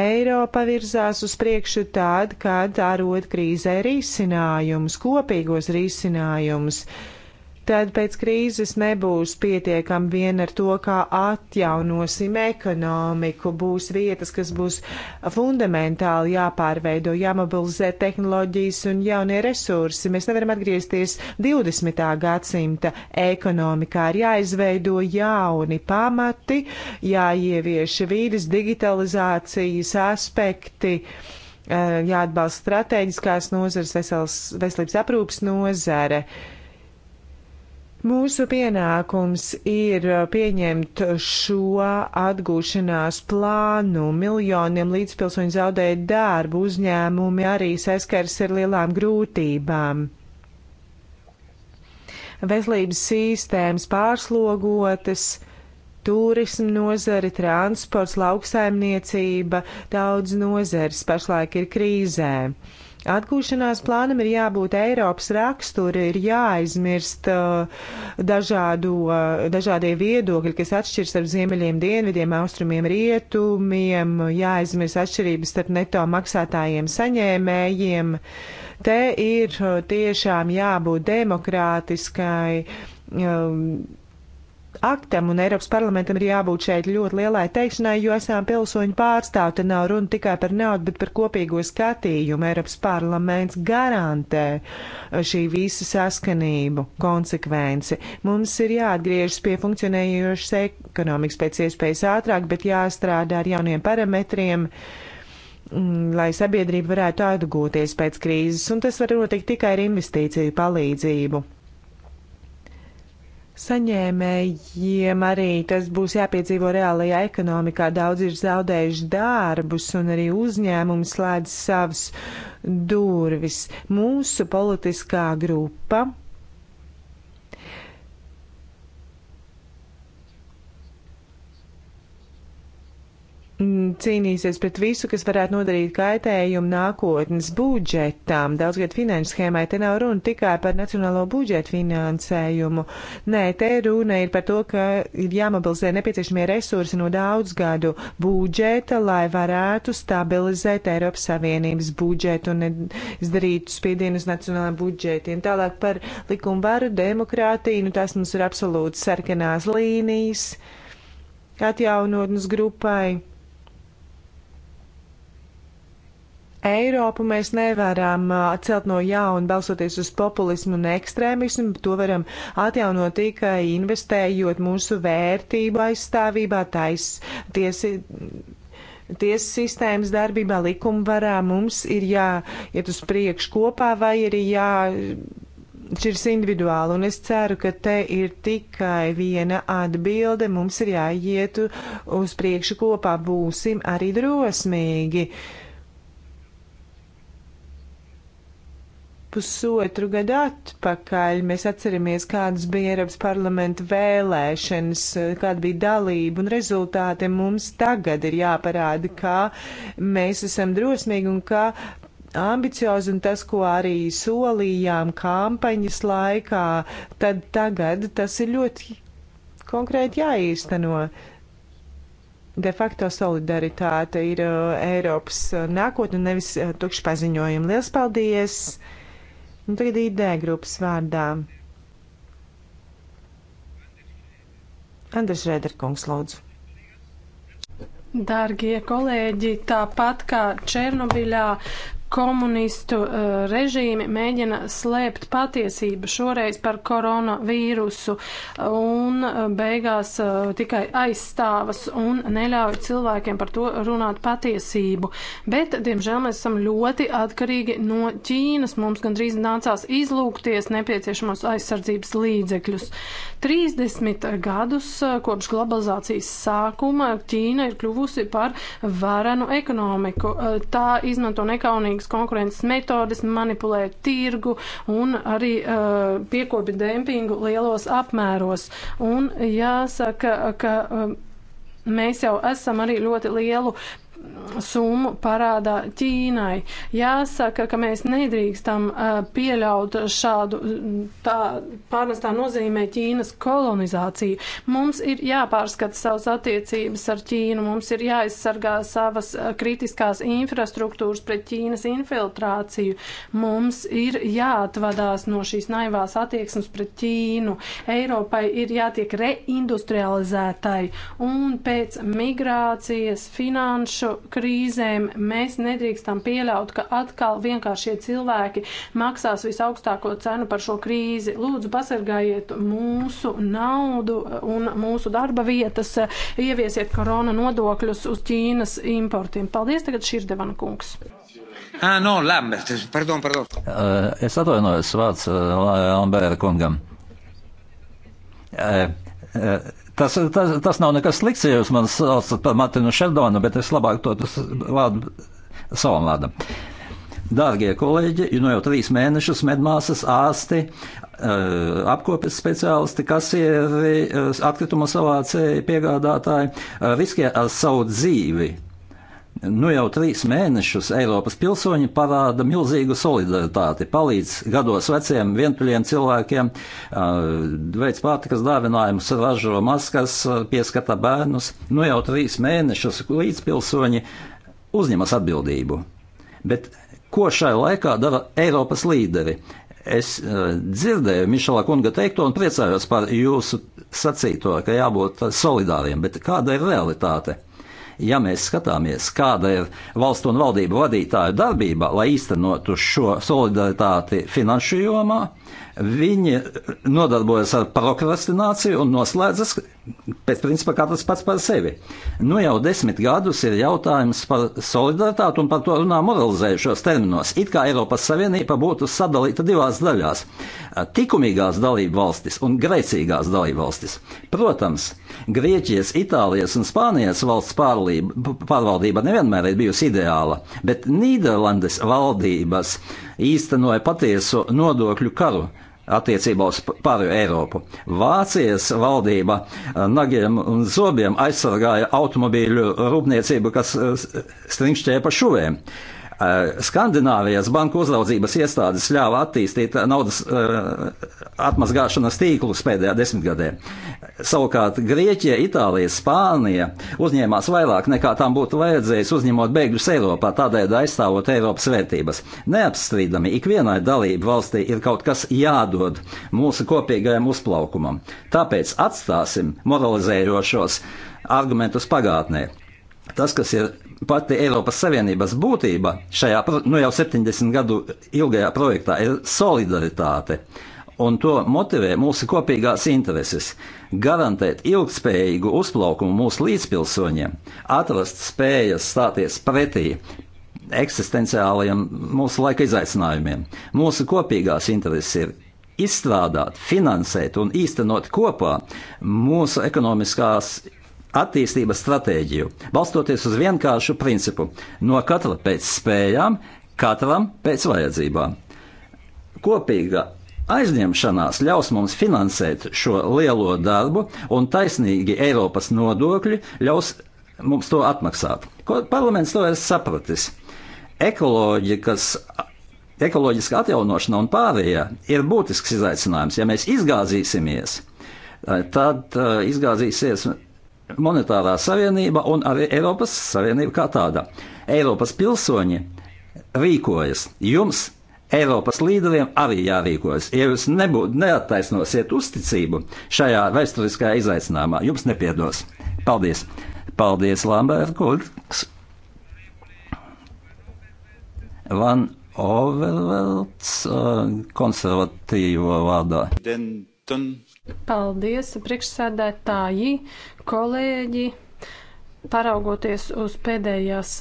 Eiropa virzās uz priekšu tad, kad ārot krīzē risinājumus, kopīgos risinājumus. Uh, tad pēc krīzes nebūs pietiekami vien ar to, kā atjaunosim ekonomiku. Būs vietas, kas būs fundamentāli jāpārveido, jāmobilizē tehnoloģijas un jaunie resursi. Mēs nevaram atgriezties 20. gadsimta ekonomikā. Ir jāizveido jauni pamati, jāievieš vīdes digitalizācijas aspekti eh, jāatbalsta strateģiskās nozares, veselības aprūpas nozare. Uh, Mūsu pienākums ir uh, pieņemt šo atgūšanās plānu. Miljoniem līdzpilsoņu zaudēja darbu, uzņēmumi arī saskars ar lielām grūtībām. Veselības sistēmas pārslogotas, turisma nozari, transports, lauksaimniecība, daudz nozares pašlaik ir krīzē. Atgūšanās plānam ir jābūt Eiropas rakstura, ir jāaizmirst uh, dažādu, uh, dažādie viedokļi, kas atšķirs ar ziemeļiem, dienvidiem, austrumiem, rietumiem, jāaizmirst atšķirības starp neto maksātājiem, saņēmējiem. Te ir uh, tiešām jābūt demokrātiskai. Uh, aktam un Eiropas parlamentam ir jābūt šeit ļoti lielai teikšanai, jo esam pilsoņu pārstāvi. Te nav runa tikai par naudu, bet par kopīgo skatījumu. Eiropas parlaments garantē šī visa saskanību, konsekvenci. Mums ir jāatgriežas pie funkcionējošas ekonomikas pēc iespējas ātrāk, bet jāstrādā ar jauniem parametriem mm, lai sabiedrība varētu atgūties pēc krīzes, un tas var notikt tikai ar investīciju palīdzību saņēmējiem arī tas būs jāpiedzīvo reālajā ekonomikā. Daudz ir zaudējuši darbus un arī uzņēmumi slēdz savas durvis. Mūsu politiskā grupa Mm, cīnīsies pret visu, kas varētu nodarīt kaitējumu nākotnes budžetām. Daudzgad finanšu schēmai te nav runa tikai par nacionālo budžetu finansējumu. Nē, te runa ir par to, ka ir jāmobilizē nepieciešamie resursi no daudzgadu budžeta, lai varētu stabilizēt Eiropas Savienības budžetu un izdarīt spiedienu uz nacionālajiem budžetiem. Tālāk par likumu varu, demokrātiju, nu tās mums ir absolūti sarkanās līnijas atjaunotnes grupai Eiropu mēs nevaram uh, atcelt no jauna, balsoties uz populismu un ekstrēmismu. To varam atjaunot tikai investējot mūsu vērtību aizstāvībā, tais, tiesi, tiesas sistēmas darbībā, likumvarā. Mums ir jāiet uz priekšu kopā vai arī jā. Šis ir individuāli, un es ceru, ka te ir tikai viena atbilde. Mums ir jāiet uz priekšu kopā, būsim arī drosmīgi. Uh, pusotru gadu atpakaļ. Mēs atceramies, kādas bija Eiropas parlamenta vēlēšanas, kāda bija dalība un rezultāti. Mums tagad ir jāparāda, kā mēs esam drosmīgi un kā ambiciozi un tas, ko arī solījām kampaņas laikā, tad tagad tas ir ļoti konkrēti jāīsteno. De facto solidaritāte ir uh, Eiropas uh, nākotne, nevis uh, tukšpaziņojumi. Lielas paldies! Un nu, tagad ID grupas vārdā. Andrēs Rēderkungs, lūdzu. Dārgie kolēģi, tāpat kā Černobiļā, komunistu uh, režīmi mēģina slēpt patiesību šoreiz par koronavīrusu un uh, beigās uh, tikai aizstāvas un neļauj cilvēkiem par to runāt patiesību. Bet, diemžēl, mēs esam ļoti atkarīgi no Ķīnas. Mums gandrīz nācās izlūkties nepieciešamos aizsardzības līdzekļus. 30 gadus kopš globalizācijas sākuma Ķīna ir kļuvusi par varenu ekonomiku. Tā izmanto nekaunīgi negodīgas konkurences metodes, manipulē tirgu un arī uh, piekopi dempingu lielos apmēros. Un jāsaka, ka. Uh, Mēs jau esam arī ļoti lielu summu parādā Ķīnai. Jāsaka, ka mēs nedrīkstam uh, pieļaut šādu mm, tā pārnestā nozīmē Ķīnas kolonizāciju. Mums ir jāpārskata savas attiecības ar Ķīnu, mums ir jāizsargā savas uh, kritiskās infrastruktūras pret Ķīnas infiltrāciju, mums ir jāatvadās no šīs naivās attieksmes pret Ķīnu. Eiropai ir jātiek reindustrializētai un pēc migrācijas, finanšu krīzēm, mēs nedrīkstam pieļaut, ka atkal vienkāršie cilvēki maksās visaugstāko cenu par šo krīzi. Lūdzu, pasargājiet mūsu naudu un mūsu darba vietas, ieviesiet korona nodokļus uz Ķīnas importiem. Paldies, tagad Širdevan kungs. Ah, no, Lambert, pardon, pardon. Eh, es atvainojos vārds eh, Lamberta kungam eh, Tas, tas, tas nav nekas slikts, ja jūs man saucat par Matinu Šerdonu, bet es labāk to vārdu savam vārdam. Dārgie kolēģi, nu jau trīs mēnešus medmāsas, ārsti, eh, apkopes speciālisti, kasieri, eh, atkritumu savācēji, piegādātāji eh, riskē ar savu dzīvi Nu jau trīs mēnešus Eiropas pilsoņi parāda milzīgu solidaritāti, palīdz gados veciem, vientuļiem cilvēkiem, veic pārtikas dāvinājumus, ražo maskas, pieskata bērnus. Nu jau trīs mēnešus līdz pilsoņi uzņemas atbildību. Bet ko šai laikā dara Eiropas līderi? Es dzirdēju Mišela kunga teikto un priecājos par jūsu sacīto, ka jābūt solidāriem, bet kāda ir realitāte? ja mēs skatāmies, kāda ir valstu un valdību vadītāju darbība, lai īstenotu šo solidaritāti finanšu jomā, Viņi nodarbojas ar prokrastināciju un noslēdzas pēc principa katrs pats par sevi. Nu jau desmit gadus ir jautājums par solidaritāti un par to runā moralizējušos terminos. It kā Eiropas Savienība būtu sadalīta divās daļās - tikumīgās dalību valstis un grēcīgās dalību valstis. Protams, Grieķijas, Itālijas un Spānijas valsts pārlība, pārvaldība nevienmēr ir bijusi ideāla, bet Nīderlandes valdības īstenoja patiesu nodokļu karu attiecībā uz pārējo Eiropu. Vācijas valdība eh, nagiem un zobiem aizsargāja automobīļu rūpniecību, kas eh, stringšķēja pa šuvēm. Uh, Eh, Skandināvijas banku uzraudzības iestādes ļāva attīstīt eh, naudas uh, atmazgāšanas tīklus pēdējā desmitgadē. Savukārt Grieķija, Itālija, Spānija uzņēmās vairāk nekā tām būtu vajadzējis uzņemot bēgļus Eiropā, tādēļ aizstāvot Eiropas vērtības. Neapstrīdami ikvienai dalību valstī ir kaut kas jādod mūsu kopīgajam uzplaukumam. Tāpēc atstāsim moralizējošos argumentus pagātnē. Tas, kas ir pati Eiropas Savienības būtība šajā nu, jau 70 gadu ilgajā projektā ir solidaritāte. Un to motivē mūsu kopīgās intereses - garantēt ilgspējīgu uzplaukumu mūsu līdzpilsoņiem, atrast spējas stāties pretī eksistenciālajiem mūsu laika izaicinājumiem. Mūsu kopīgās intereses ir izstrādāt, finansēt un īstenot kopā mūsu ekonomiskās attīstības stratēģiju, balstoties uz vienkāršu principu - no katra pēc spējām, katram pēc vajadzībām. Kopīga aizņemšanās ļaus mums finansēt šo lielo darbu, un taisnīgi Eiropas nodokļi ļaus mums to atmaksāt. Ko parlaments to ir sapratis? Ekoloģikas ekoloģiska atjaunošana un pārējā ir būtisks izaicinājums. Ja mēs izgāzīsimies, tad eh, izgāzīsies monetārā savienība un arī Eiropas Savienība kā tāda. Eiropas pilsoņi rīkojas. Jums, Eiropas līderiem, arī jārīkojas. Ja jūs nebū, neattaisnosiet uzticību šajā vēsturiskajā izaicinājumā, jums nepiedos. Paldies! Paldies, Lamberta Kungs! Van Overvelts, eh, konservatīvo vārdā. Paldies, priekšsēdētāji, kolēģi, paraugoties uz pēdējās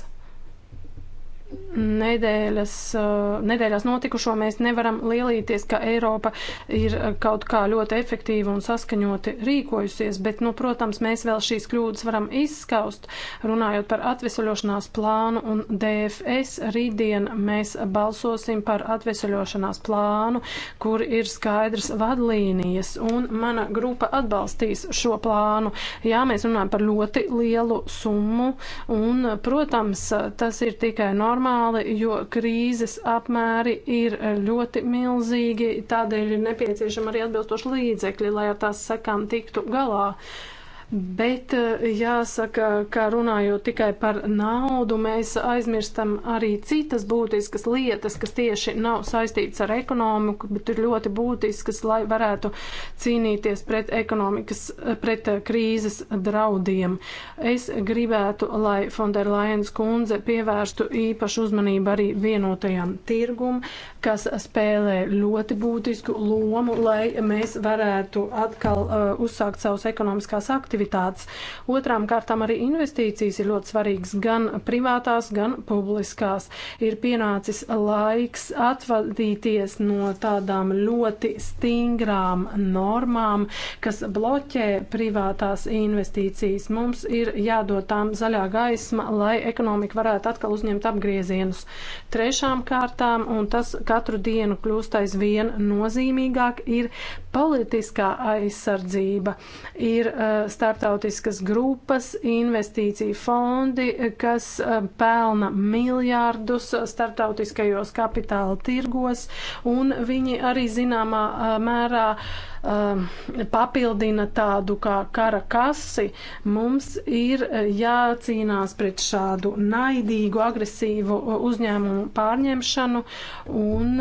nedēļas, eh, nedēļās notikušo mēs nevaram lielīties, ka Eiropa ir eh, kaut kā ļoti efektīvi un saskaņoti rīkojusies, bet, nu, protams, mēs vēl šīs kļūdas varam izskaust, runājot par atvesaļošanās plānu un DFS. Rītdien mēs balsosim par atvesaļošanās plānu, kur ir skaidrs vadlīnijas, un mana grupa atbalstīs šo plānu. Jā, mēs runājam par ļoti lielu summu, un, protams, tas ir tikai normāli normāli, jo krīzes apmēri ir ļoti milzīgi, tādēļ ir nepieciešama arī atbilstoši līdzekļi, lai ar tās sekām tiktu galā. Uh, Bet eh, jāsaka, ka runājot tikai par naudu, mēs aizmirstam arī citas būtiskas lietas, kas tieši nav saistītas ar ekonomiku, bet ir ļoti būtiskas, lai varētu cīnīties pret ekonomikas, pret eh, krīzes draudiem. Es gribētu, lai Fonderlainas kundze pievērstu īpašu uzmanību arī vienotajam tirgum, kas spēlē ļoti būtisku lomu, lai mēs varētu atkal uh, uzsākt savus ekonomiskās aktivitātes aktivitātes. Otrām kārtām arī investīcijas ir ļoti svarīgas gan privātās, gan publiskās. Ir pienācis laiks atvadīties no tādām ļoti stingrām normām, kas bloķē privātās investīcijas. Mums ir jādod tām zaļā gaisma, lai ekonomika varētu atkal uzņemt apgriezienus. Trešām kārtām, un tas katru dienu kļūst aizvien nozīmīgāk, ir Politiskā aizsardzība ir uh, starptautiskas grupas, investīcija fondi, kas uh, pelna miljārdus starptautiskajos kapitāla tirgos, un viņi arī zināmā uh, mērā um, papildina tādu kā kara kasi, mums ir jācīnās pret šādu naidīgu, agresīvu uzņēmumu pārņemšanu un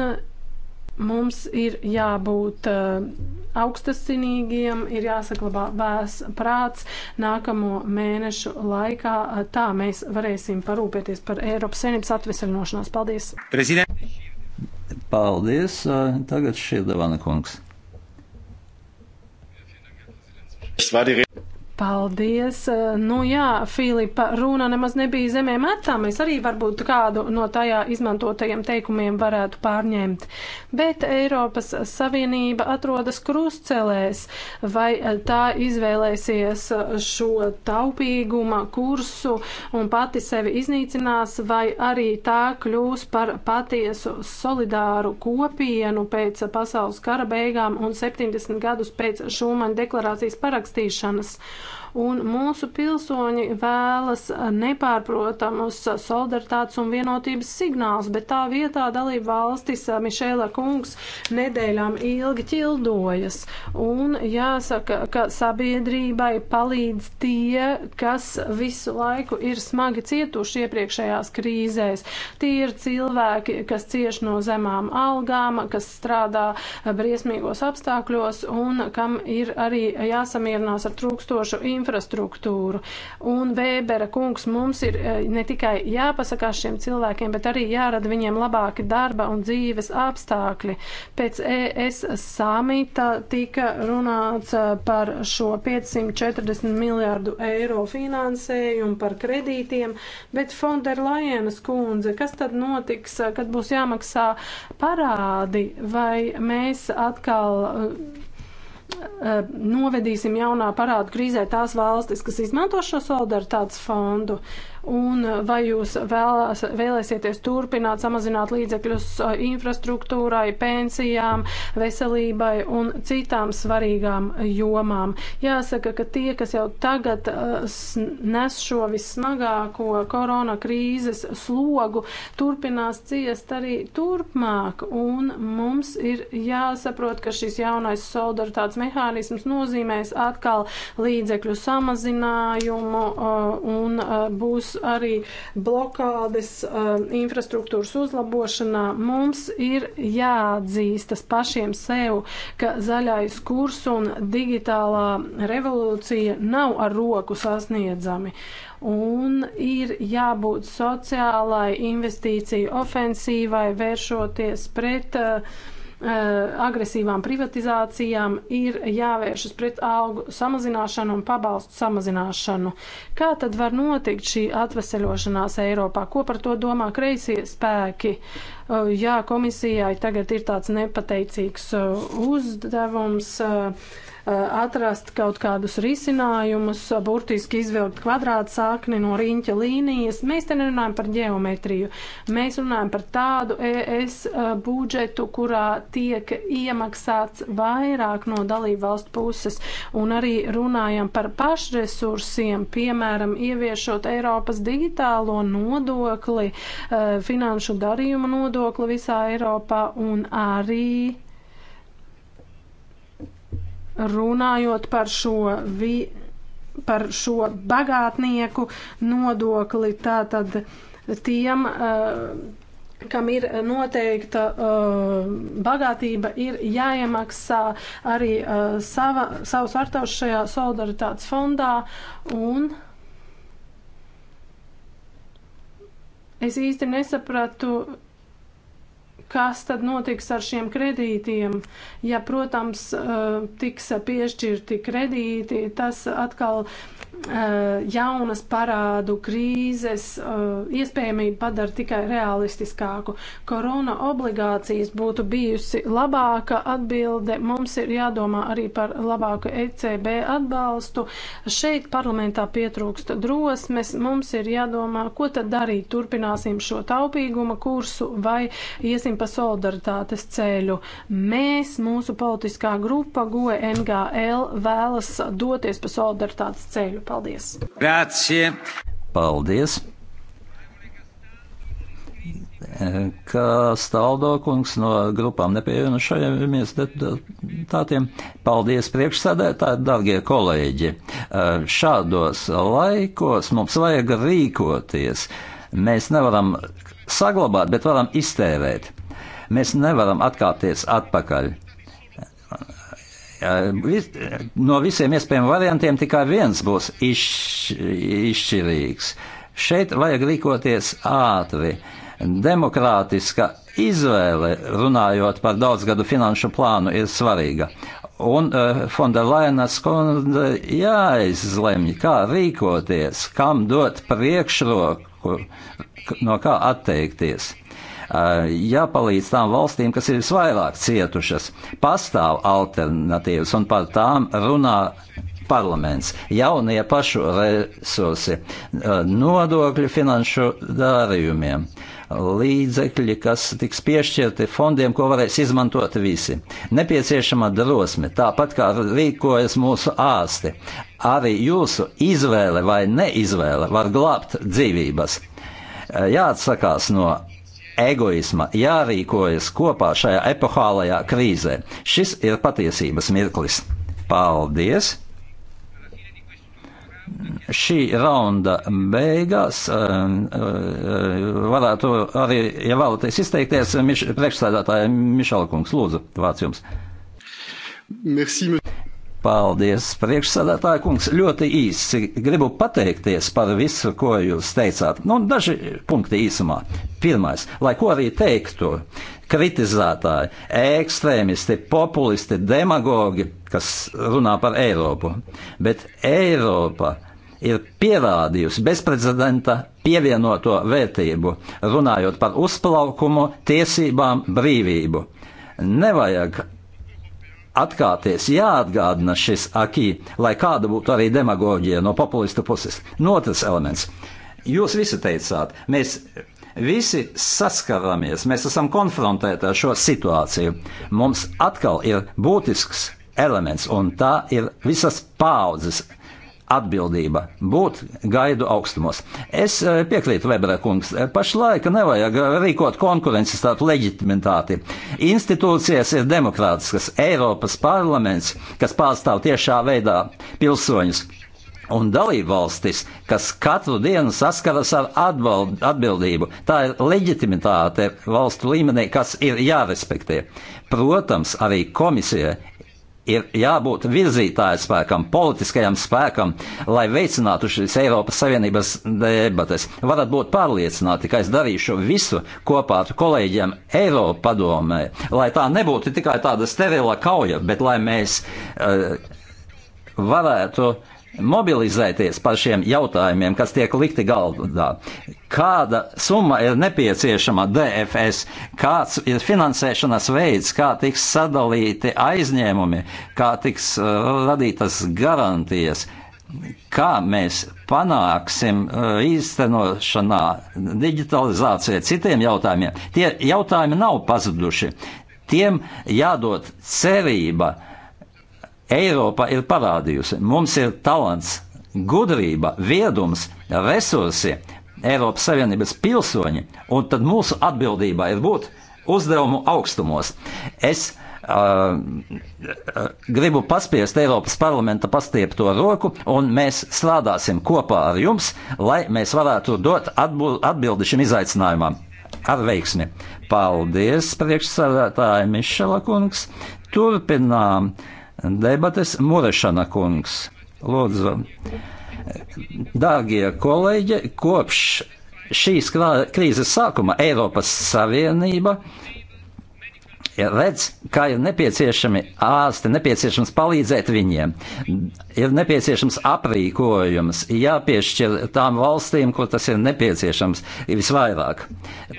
Mums ir jābūt uh, eh, augstasinīgiem, ir jāsaklabā vēs prāts. Nākamo mēnešu laikā uh, tā mēs varēsim parūpēties par Eiropas Savienības atvesaļošanos. Paldies! Prezident. Paldies! Uh, tagad Širdavana kungs. Paldies! Eh, nu jā, Filipa, runa nemaz nebija zemē matām. Es arī varbūt kādu no tajā izmantotajiem teikumiem varētu pārņemt. Bet Eiropas Savienība atrodas krustcelēs. Vai eh, tā izvēlēsies eh, šo taupīguma kursu un pati sevi iznīcinās, vai arī tā kļūs par patiesu solidāru kopienu pēc pasaules kara beigām un 70 gadus pēc Šūmaņa deklarācijas parakstīšanas? un mūsu pilsoņi vēlas nepārprotamus solidaritātes un vienotības signālus, bet tā vietā dalība valstis Mišēla kungs nedēļām ilgi ķildojas. Un jāsaka, ka sabiedrībai palīdz tie, kas visu laiku ir smagi cietuši iepriekšējās krīzēs. Tie ir cilvēki, kas cieš no zemām algām, kas strādā briesmīgos apstākļos un kam ir arī jāsamierinās ar trūkstošu informāciju infrastruktūru. Un Vēbera kungs mums ir eh, ne tikai jāpasakās šiem cilvēkiem, bet arī jārada viņiem labāki darba un dzīves apstākļi. Pēc ES samita tika runāts eh, par šo 540 miljārdu eiro finansējumu, par kredītiem, bet Fonderlajenas kundze, kas tad notiks, eh, kad būs jāmaksā parādi, vai mēs atkal Eh, novedīsim jaunā parādu krīzē tās valstis, kas izmanto šo solidaritātes fondu un vai jūs vēlās, vēlēsieties turpināt samazināt līdzekļus uh, infrastruktūrai, pensijām, veselībai un citām svarīgām jomām. Jāsaka, ka tie, kas jau tagad uh, nes šo vissmagāko korona krīzes slogu, turpinās ciest arī turpmāk, un mums ir jāsaprot, ka šis jaunais solidaritātes mehānisms nozīmēs atkal līdzekļu samazinājumu uh, un būs darbus arī blokādes um, infrastruktūras uzlabošanā. Mums ir jāatzīstas pašiem sev, ka zaļais kurs un digitālā revolūcija nav ar roku sasniedzami un ir jābūt sociālai investīciju ofensīvai, vēršoties pret uh, Eh, agresīvām privatizācijām ir jāvēršas pret algu samazināšanu un pabalstu samazināšanu. Kā tad var notikt šī atveseļošanās Eiropā? Ko par to domā kreisie spēki? Eh, jā, komisijai tagad ir tāds nepateicīgs eh, uzdevums Eh, atrast kaut kādus risinājumus, burtiski izvilkt kvadrātu sākni no riņķa līnijas. Mēs te nerunājam par ģeometriju, mēs runājam par tādu ES eh, budžetu, kurā tiek iemaksāts vairāk no dalību valstu puses, un arī runājam par pašresursiem, piemēram, ieviešot Eiropas digitālo nodokli, eh, finanšu darījumu nodokli visā Eiropā un arī runājot par šo, vi, par šo bagātnieku nodokli, tātad tiem, eh, kam ir noteikta eh, bagātība, ir jāiemaksā arī eh, sava, savus artaus šajā solidaritātes fondā un. Es īsti nesapratu, kas tad notiks ar šiem kredītiem. Ja, protams, eh, tiks piešķirti kredīti, tas atkal Eh, jaunas parādu krīzes eh, iespējamību padara tikai realistiskāku. Korona obligācijas būtu bijusi labāka atbilde. Mums ir jādomā arī par labāku ECB atbalstu. Šeit parlamentā pietrūkst drosmes. Mums ir jādomā, ko tad darīt. Turpināsim šo taupīguma kursu vai iesim pa solidaritātes ceļu. Mēs, mūsu politiskā grupa GOE NGL, vēlas doties pa solidaritātes ceļu. Paldies! Grācie! Paldies! kā staldokungs no grupām nepievienošajamies deputātiem. Paldies priekšsādētāji, darbie kolēģi. Šādos laikos mums vajag rīkoties. Mēs nevaram saglabāt, bet varam iztērēt. Mēs nevaram atkāpties atpakaļ vis, no visiem iespējamiem variantiem tikai viens būs izš, izšķirīgs. Šeit vajag rīkoties ātri. Demokrātiska izvēle, runājot par daudzgadu finanšu plānu, ir svarīga. Un uh, eh, Fonda Lainas kundze jāizlemj, kā rīkoties, kam dot priekšroku, no kā atteikties. Uh, Eh, jāpalīdz tām valstīm, kas ir visvairāk cietušas. Pastāv alternatīvas, un par tām runā parlaments, jaunie pašu resursi, eh, nodokļu finanšu darījumiem, līdzekļi, kas tiks piešķirti fondiem, ko varēs izmantot visi. Nepieciešama drosme, tāpat kā rīkojas mūsu ārsti. Arī jūsu izvēle vai neizvēle var glābt dzīvības. Eh, jāatsakās no egoisma, jārīkojas kopā šajā epohālajā krīzē. Šis ir patiesības mirklis. Paldies! Šī raunda beigās eh, eh, varētu arī, ja vēlaties izteikties, priekšstādātāja Mišalkungs, lūdzu, vārds jums. Merci, Paldies, priekšsēdētāja kungs. Ļoti īsi gribu pateikties par visu, ko jūs teicāt. Nu, daži punkti īsumā. Pirmais, lai ko arī teiktu, kritizētāji, ekstrēmisti, populisti, demagogi, kas runā par Eiropu. Bet Eiropa ir pierādījusi bezprecedenta pievienoto vērtību, runājot par uzplaukumu, tiesībām, brīvību. Nevajag atkāpties, jāatgādina šis akī, lai kāda būtu arī demagoģija no populistu puses. Otrs elements. Jūs visi teicāt, mēs visi saskaramies, mēs esam konfrontēti ar šo situāciju. Mums atkal ir būtisks elements, un tā ir visas paudzes atbildība būt gaidu augstumos. Es e, piekrītu Weberē kungs, e, pašlaik nevajag rīkot konkurenci starp leģitimitāti. Institūcijas ir demokrātiskas, Eiropas parlaments, kas pārstāv tiešā veidā pilsoņus un dalībvalstis, kas katru dienu saskaras ar atbald, atbildību. Tā ir leģitimitāte valstu līmenī, kas ir jārespektē. Protams, arī komisija ir jābūt virzītāju spēkam, politiskajam spēkam, lai veicinātu šīs Eiropas Savienības debates. Varat būt pārliecināti, ka es darīšu visu kopā ar kolēģiem Eiropa padomē, lai tā nebūtu tikai tāda sterila kauja, bet lai mēs uh, varētu uh, mobilizēties par šiem jautājumiem, kas tiek likti galdā. Kāda summa ir nepieciešama DFS, kāds ir finansēšanas veids, kā tiks sadalīti aizņēmumi, kā tiks uh, radītas garantijas, kā mēs panāksim uh, īstenošanā digitalizācija citiem jautājumiem. Tie jautājumi nav pazuduši. Tiem jādod cerība Eiropa ir parādījusi, mums ir talants, gudrība, viedums, resursi, Eiropas Savienības pilsoņi, un tad mūsu atbildībā ir būt uzdevumu augstumos. Es Uh, gribu paspiest Eiropas parlamenta pastiepto roku, un mēs strādāsim kopā ar jums, lai mēs varētu dot atbildi šim izaicinājumam. Ar veiksmi! Paldies, priekšsādātāji Mišela kungs! Turpinām! Uh, debates Murešana kungs. Lūdzu, dārgie kolēģi, kopš šīs krīzes sākuma Eiropas Savienība ja redz, kā ir nepieciešami ārsti, nepieciešams palīdzēt viņiem, ir nepieciešams aprīkojums, jāpiešķir tām valstīm, kur tas ir nepieciešams visvairāk.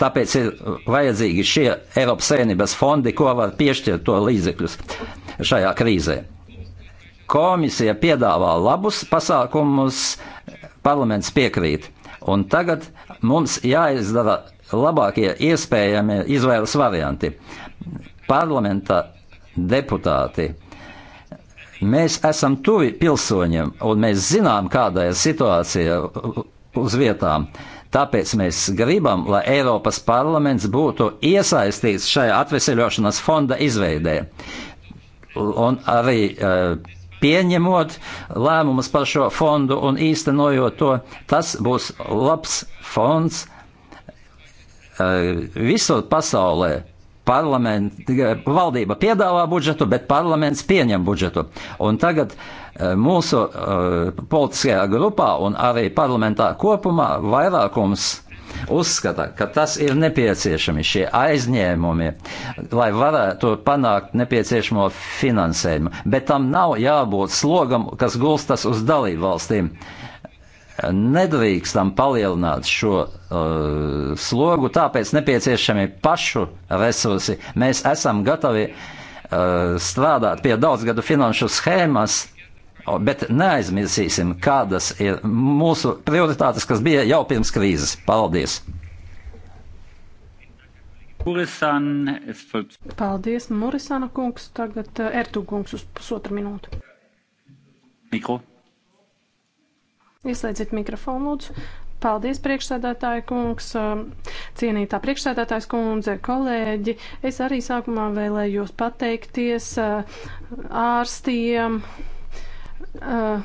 Tāpēc ir vajadzīgi šie Eiropas Savienības fondi, ko var piešķirt to līdzekļus šajā krīzē. Komisija piedāvā labus pasākumus, parlaments piekrīt, un tagad mums jāizdara labākie iespējamie izvēles varianti. Parlamenta deputāti. Mēs esam tuvi pilsoņiem, un mēs zinām, kāda ir situācija uz vietām. Tāpēc mēs gribam, lai Eiropas parlaments būtu iesaistīts šajā atveseļošanas fonda izveidē un arī uh, pieņemot lēmumus par šo fondu un īstenojot to, tas būs labs fonds e, visur pasaulē. Parlament, e, valdība piedāvā budžetu, bet parlaments pieņem budžetu. Un tagad mūsu uh, politiskajā grupā un arī parlamentā kopumā vairākums uh, uzskata, ka tas ir nepieciešami šie aizņēmumi, lai varētu panākt nepieciešamo finansējumu, bet tam nav jābūt slogam, kas gulstas uz dalību valstīm. Nedrīkstam palielināt šo uh, slogu, tāpēc nepieciešami pašu resursi. Mēs esam gatavi uh, strādāt pie daudzgadu finanšu schēmas, Bet neaizmirsīsim, kādas ir mūsu prioritātes, kas bija jau pirms krīzes. Paldies! Paldies, Morisāna kungs. Tagad eh, Ertu kungs uz pusotru minūtu. Mikro. Ieslēdziet mikrofonu, lūdzu. Paldies, priekšsēdētāja kungs, eh, cienītā priekšsēdētājas kundze, kolēģi. Es arī sākumā vēlējos pateikties eh, ārstiem. Uh, uh,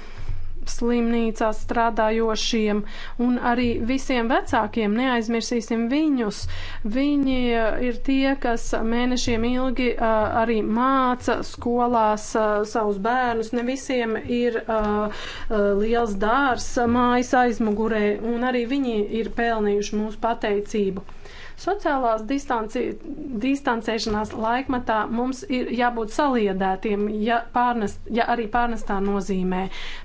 slimnīcās strādājošiem un arī visiem vecākiem. Neaizmirsīsim viņus. Viņi uh, ir tie, kas mēnešiem ilgi uh, arī māca skolās uh, savus bērnus. Ne visiem ir uh, uh liels dārs uh, mājas aizmugurē, un arī viņi ir pelnījuši mūsu pateicību. Sociālās distancēšanās laikmatā mums ir jābūt saliedētiem, ja, pārnest, ja arī pārnestā nozīmē.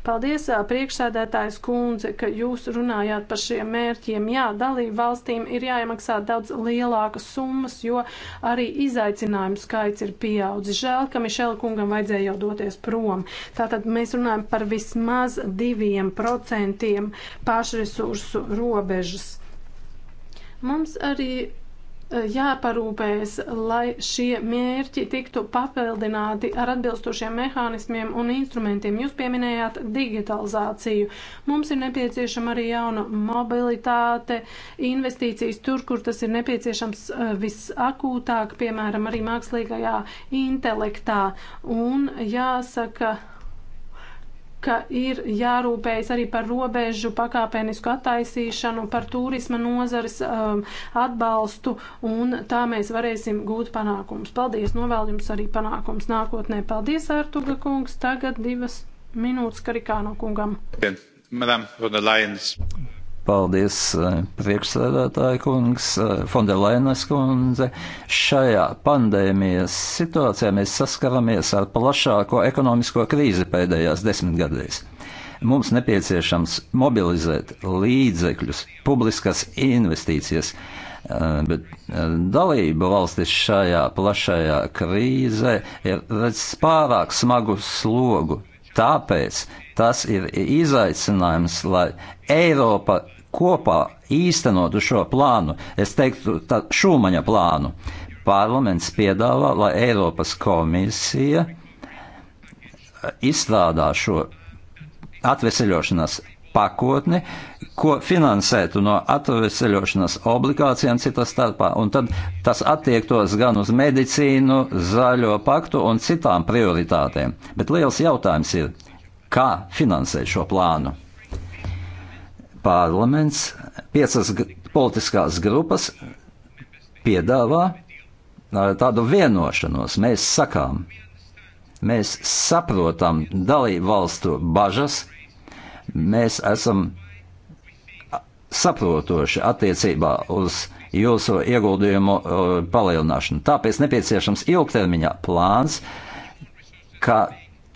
Paldies, priekšsēdētājs kundze, ka jūs runājāt par šiem mērķiem. Jā, dalību valstīm ir jāiemaksā daudz lielākas summas, jo arī izaicinājumu skaits ir pieaudzis. Žēl, ka Mišela kungam vajadzēja jau doties prom. Tātad mēs runājam par vismaz diviem procentiem pašresursu robežas. Mums arī eh, jāparūpējas, lai šie mērķi tiktu papildināti ar atbilstošiem mehānismiem un instrumentiem. Jūs pieminējāt digitalizāciju. Mums ir nepieciešama arī jauna mobilitāte, investīcijas tur, kur tas ir nepieciešams eh, visakūtāk, piemēram, arī mākslīgajā intelektā. Un jāsaka, ka ir jārūpējas arī par robežu pakāpenisku attaisīšanu, par turisma nozares um, atbalstu, un tā mēs varēsim gūt panākumus. Paldies, novēl jums arī panākums nākotnē. Paldies, Ērtuga kungs. Tagad divas minūtes Karikāno kungam. Madam von der Leyen. Paldies, eh, priekšsēdētāja kungs, eh, Fondelainas kundze. Šajā pandēmijas situācijā mēs saskaramies ar plašāko ekonomisko krīzi pēdējās desmitgadēs mums nepieciešams mobilizēt līdzekļus, publiskas investīcijas, eh, bet dalība valstis šajā plašajā krīzē ir redz pārāk smagu slogu. Tāpēc tas ir izaicinājums, lai Eiropa kopā īstenotu šo plānu, es teiktu, tā šūmaņa plānu, parlaments piedāvā, lai Eiropas komisija eh, izstrādā šo atveseļošanās pakotni, ko finansētu no atveseļošanas obligācijām citā starpā, un tad tas attiektos gan uz medicīnu, zaļo paktu un citām prioritātēm. Bet liels jautājums ir, kā finansēt šo plānu? Parlaments, piecas politiskās grupas piedāvā tādu vienošanos. Mēs sakām, mēs saprotam dalību valstu bažas, mēs esam saprotoši attiecībā uz jūsu ieguldījumu uh, palielināšanu. Tāpēc nepieciešams ilgtermiņā plāns, kā,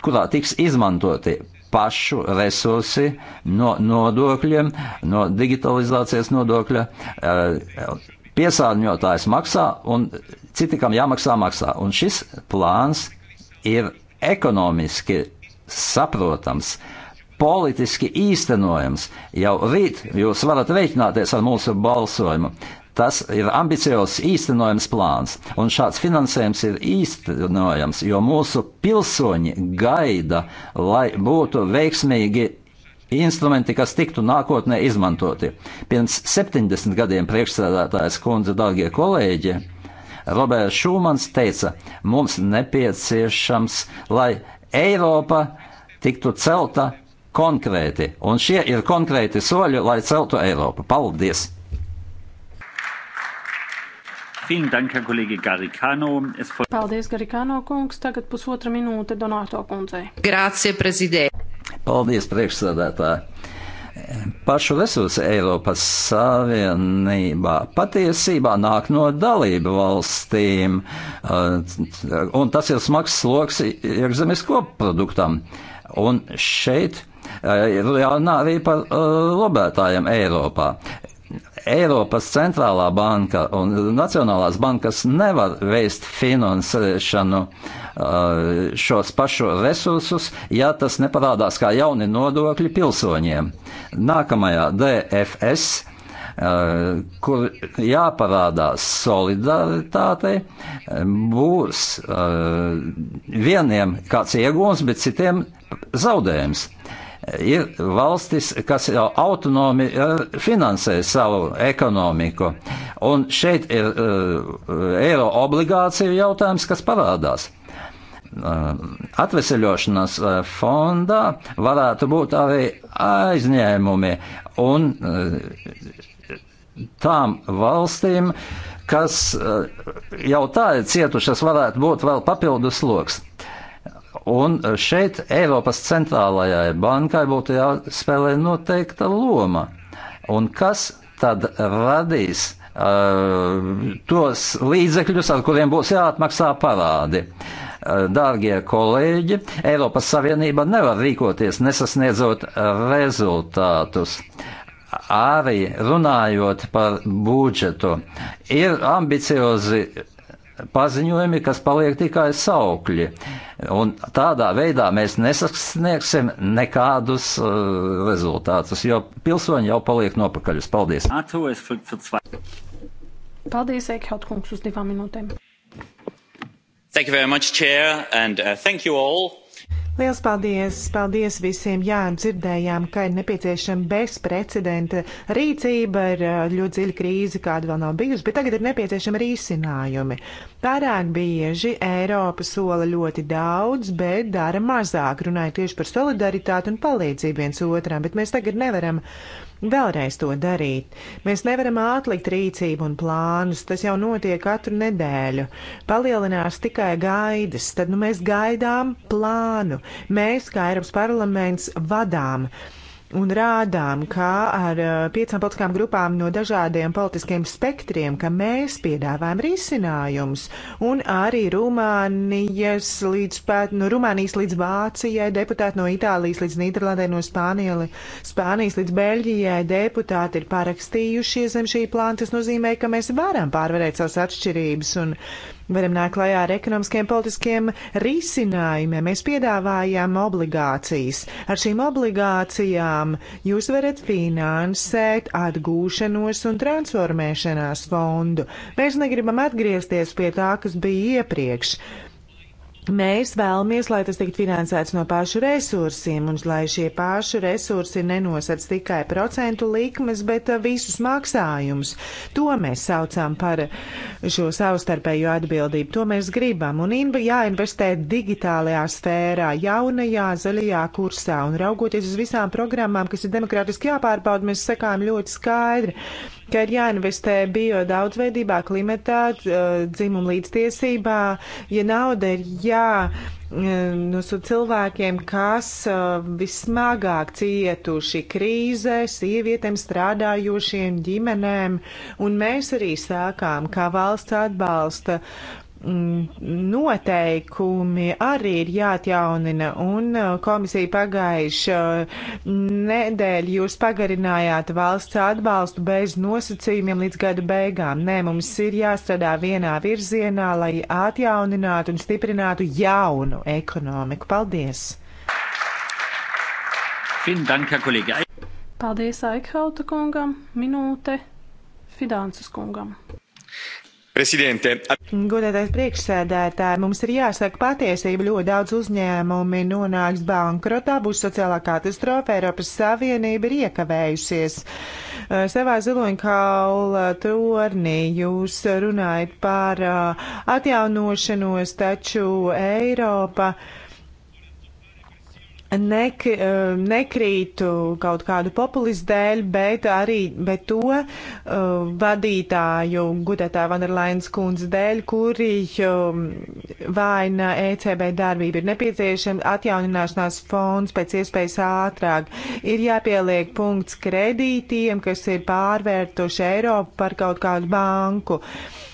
kurā tiks izmantoti pašu resursi no nodokļiem, no digitalizācijas nodokļa. Eh, piesārņotājs maksā un citi, kam jāmaksā, maksā. Un šis plāns ir ekonomiski saprotams politiski īstenojams. Jau rīt jūs varat reiķināties ar mūsu balsojumu. Tas ir ambiciozs īstenojams plāns, un šāds finansējums ir īstenojams, jo mūsu pilsoņi gaida, lai būtu veiksmīgi instrumenti, kas tiktu nākotnē izmantoti. Pirms 70 gadiem priekšsēdētājs kundze, dārgie kolēģi, Roberts Šumans teica, mums nepieciešams, lai Eiropa tiktu celta konkrēti, un šie ir konkrēti soļi, lai celtu Eiropu. Paldies! Paldies, Garikāno kungs. Tagad pusotra minūte Donāto kundzei. Grācie, prezidē. Paldies, priekšsādātāji. Pašu resursu Eiropas Savienībā patiesībā nāk no dalību valstīm, eh, un tas ir smags sloks iekšzemes kopproduktam. Un šeit eh, Jārunā arī par eh, lobētājiem Eiropā. Eiropas centrālā banka un nacionālās bankas nevar veist finansēšanu uh, šos pašu resursus, ja tas neparādās kā jauni nodokļi pilsoņiem. Nākamajā DFS uh, kur jāparādās solidaritātei, būs uh, vieniem kāds iegūms, bet citiem zaudējums ir valstis, kas jau autonomi eh, finansē savu ekonomiku. Un šeit ir eh, eiro obligāciju jautājums, kas parādās eh, atveseļošanās fondā varētu būt arī aizņēmumi un tām valstīm, kas jau tā ir cietušas, varētu būt vēl papildus sloks. Un e, šeit Eiropas centrālajai bankai būtu jāspēlē noteikta loma. Un kas tad radīs uh, tos līdzekļus, ar kuriem būs jāatmaksā parādi? Uh, dārgie kolēģi, Eiropas Savienība nevar rīkoties nesasniedzot rezultātus arī runājot par budžetu, ir ambiciozi paziņojumi, kas paliek tikai saukļi. Un tādā veidā mēs nesasniegsim nekādus uh, rezultātus, jo pilsoņi jau paliek nopakaļus. Paldies! Paldies, Eikhaut kungs, uz divām minūtēm. Thank you very much, Chair, and uh, thank you all. Liels paldies! Paldies visiem! Jā, dzirdējām, ka ir nepieciešama bezprecedenta rīcība, ir ļoti dziļa krīze, kāda vēl nav bijusi, bet tagad ir nepieciešama risinājumi. Pārāk bieži Eiropa sola ļoti daudz, bet dara mazāk, runāja tieši par solidaritāti un palīdzību viens otram, bet mēs tagad nevaram vēlreiz to darīt. Mēs nevaram atlikt rīcību un plānus, tas jau notiek katru nedēļu. Palielinās tikai gaidas, tad nu mēs gaidām plānu. Mēs, kā Eiropas parlaments, vadām. Uh, un rādām, kā ar eh, piecām politiskām grupām no dažādiem politiskiem spektriem, ka mēs piedāvājam risinājumus. Un arī Rumānijas līdz, pat, no nu, Rumānijas līdz Vācijai, deputāti no Itālijas līdz Nīderlandē, no Spānijai, Spānijas līdz Beļģijai deputāti ir parakstījušies zem šī plāna. Tas nozīmē, ka mēs varam pārvarēt savas atšķirības un Varam nākt klajā ar ekonomiskiem politiskiem risinājumiem. Mēs piedāvājām obligācijas. Ar šīm obligācijām jūs varat finansēt atgūšanos un transformēšanās fondu. Mēs negribam atgriezties pie tā, kas bija iepriekš. Mēs vēlamies, lai tas tiktu finansēts no pašu resursiem, un lai šie paši resursi nenosac tikai procentu likmes, bet uh, visus maksājumus. To mēs saucam par šo savstarpējo atbildību. To mēs gribam, un inv jāinvestē digitālajā sfērā, jaunajā zaļajā kursā, un raugoties uz visām programmām, kas ir demokrātiski jāpārbauda, mēs sakām ļoti skaidri ka ir jāinvestē bio daudzveidībā, klimatā, eh, dzimumu līdztiesībā, ja nauda ir jā. Eh, nu, cilvēkiem, kas eh, vismagāk cietuši krīzē, sievietēm strādājošiem ģimenēm, un mēs arī sākām, kā valsts atbalsta uh, Mm, noteikumi arī ir jāatjaunina, un uh, komisija pagājušā uh, nedēļa jūs pagarinājāt valsts atbalstu bez nosacījumiem līdz gada beigām. Nē, mums ir jāstrādā vienā virzienā, lai atjauninātu un stiprinātu jaunu ekonomiku. Paldies! Paldies Aikhauta kungam, minūte Fidānces kungam. Presidente. Godētais priekšsēdētāji, mums ir jāsaka patiesība. Ļoti daudz uzņēmumi nonāks bankrotā, būs sociālā katastrofa, Eiropas Savienība ir iekavējusies. Uh, savā ziloņkaula tornī jūs runājat par uh, atjaunošanos, taču Eiropa. Uh, nek, eh, nekrītu kaut kādu populistu dēļ, bet arī bet to uh, vadītāju Gudetā Vanderlainas kundze dēļ, kuri um, eh, vaina ECB darbību ir nepieciešama atjaunināšanās fonds pēc iespējas ātrāk. Ir jāpieliek punkts kredītiem, kas ir pārvērtuši Eiropu par kaut kādu banku. Uh,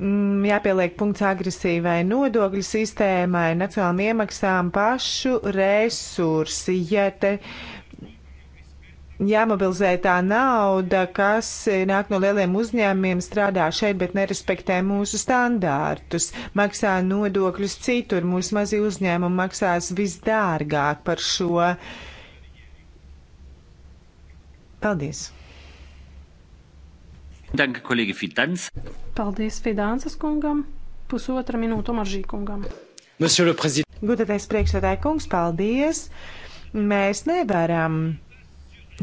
Mm, jāpieliek punkts agresīvai nodokļu sistēmai, nacionālām iemaksām pašu resursi. Ja te, jāmobilizē tā nauda, kas nāk no lieliem uzņēmumiem, strādā šeit, bet nerespektē mūsu standārtus, maksā nodokļus citur. Mūsu mazie uzņēmumi maksās visdārgāk par šo. Paldies! Danke, kolēģi Fidans. Paldies Fidansas kungam. Pusotra minūte Omaržī kungam. Gudatais priekšsēdētāji kungs, paldies. Mēs nevaram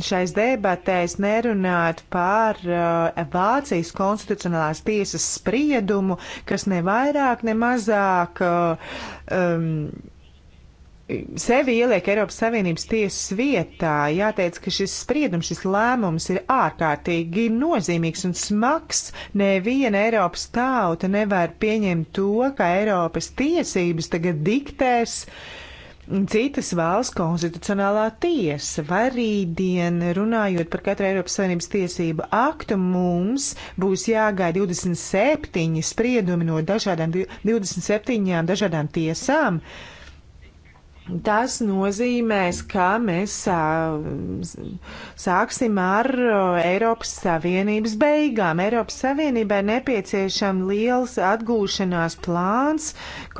šais debatēs nerunāt par uh, Vācijas konstitucionālās tiesas spriedumu, kas ne vairāk, ne mazāk. Uh, um, sevi ieliek Eiropas Savienības tiesas vietā. Jāteic, ka šis spriedums, šis lēmums ir ārkārtīgi nozīmīgs un smags. Neviena Eiropas tauta nevar pieņemt to, ka Eiropas tiesības tagad diktēs. Citas valsts konstitucionālā tiesa vai rītdien, runājot par katru Eiropas Savienības tiesību aktu, mums būs jāgaida 27 spriedumi no dažādām, 27 dažādām tiesām. Uh, Tas nozīmēs, ka mēs sāksim ar Eiropas Savienības beigām. Eiropas Savienībai nepieciešama liels atgūšanās plāns,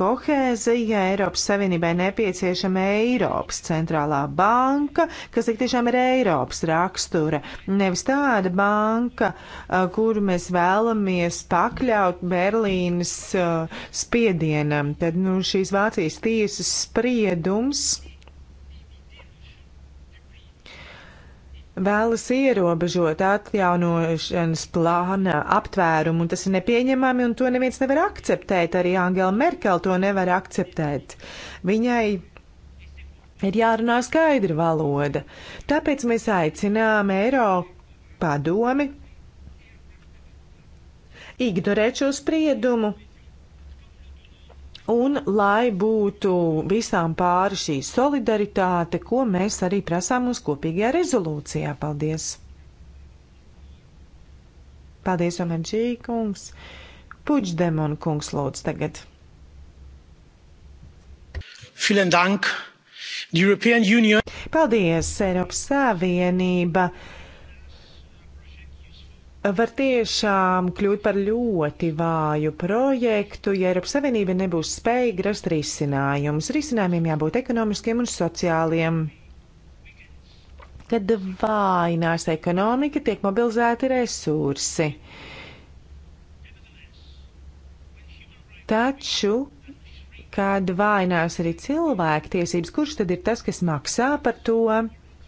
kohēzija, Eiropas Savienībai nepieciešama Eiropas centrālā banka, kas tik tiešām ir Eiropas rakstura. Nevis tāda banka, kuru mēs vēlamies pakļaut Berlīnas spiedienam. Tad, nu, šīs Vācijas tiesas spriedu jums vēlas ierobežot atjaunošanas plāna aptvērumu, un tas ir nepieņemami, un to neviens nevar akceptēt. Arī Angela Merkel to nevar akceptēt. Viņai ir jārunā skaidra valoda. Tāpēc mēs aicinām Eiro padomi ignorēt šo spriedumu un lai būtu visām pāri šī solidaritāte, ko mēs arī prasām uz kopīgajā rezolūcijā. Paldies! Paldies, Omerģī kungs! Puģdemon kungs lūdz tagad. Vielen Dank! Paldies, Eiropas Savienība! var tiešām kļūt par ļoti vāju projektu, ja Eiropas Savienība nebūs spējīga rast risinājumus. Risinājumiem jābūt ekonomiskiem un sociāliem. Kad vājinās ekonomika, tiek mobilizēti resursi. Taču, kad vājinās arī cilvēktiesības, kurš tad ir tas, kas maksā par to?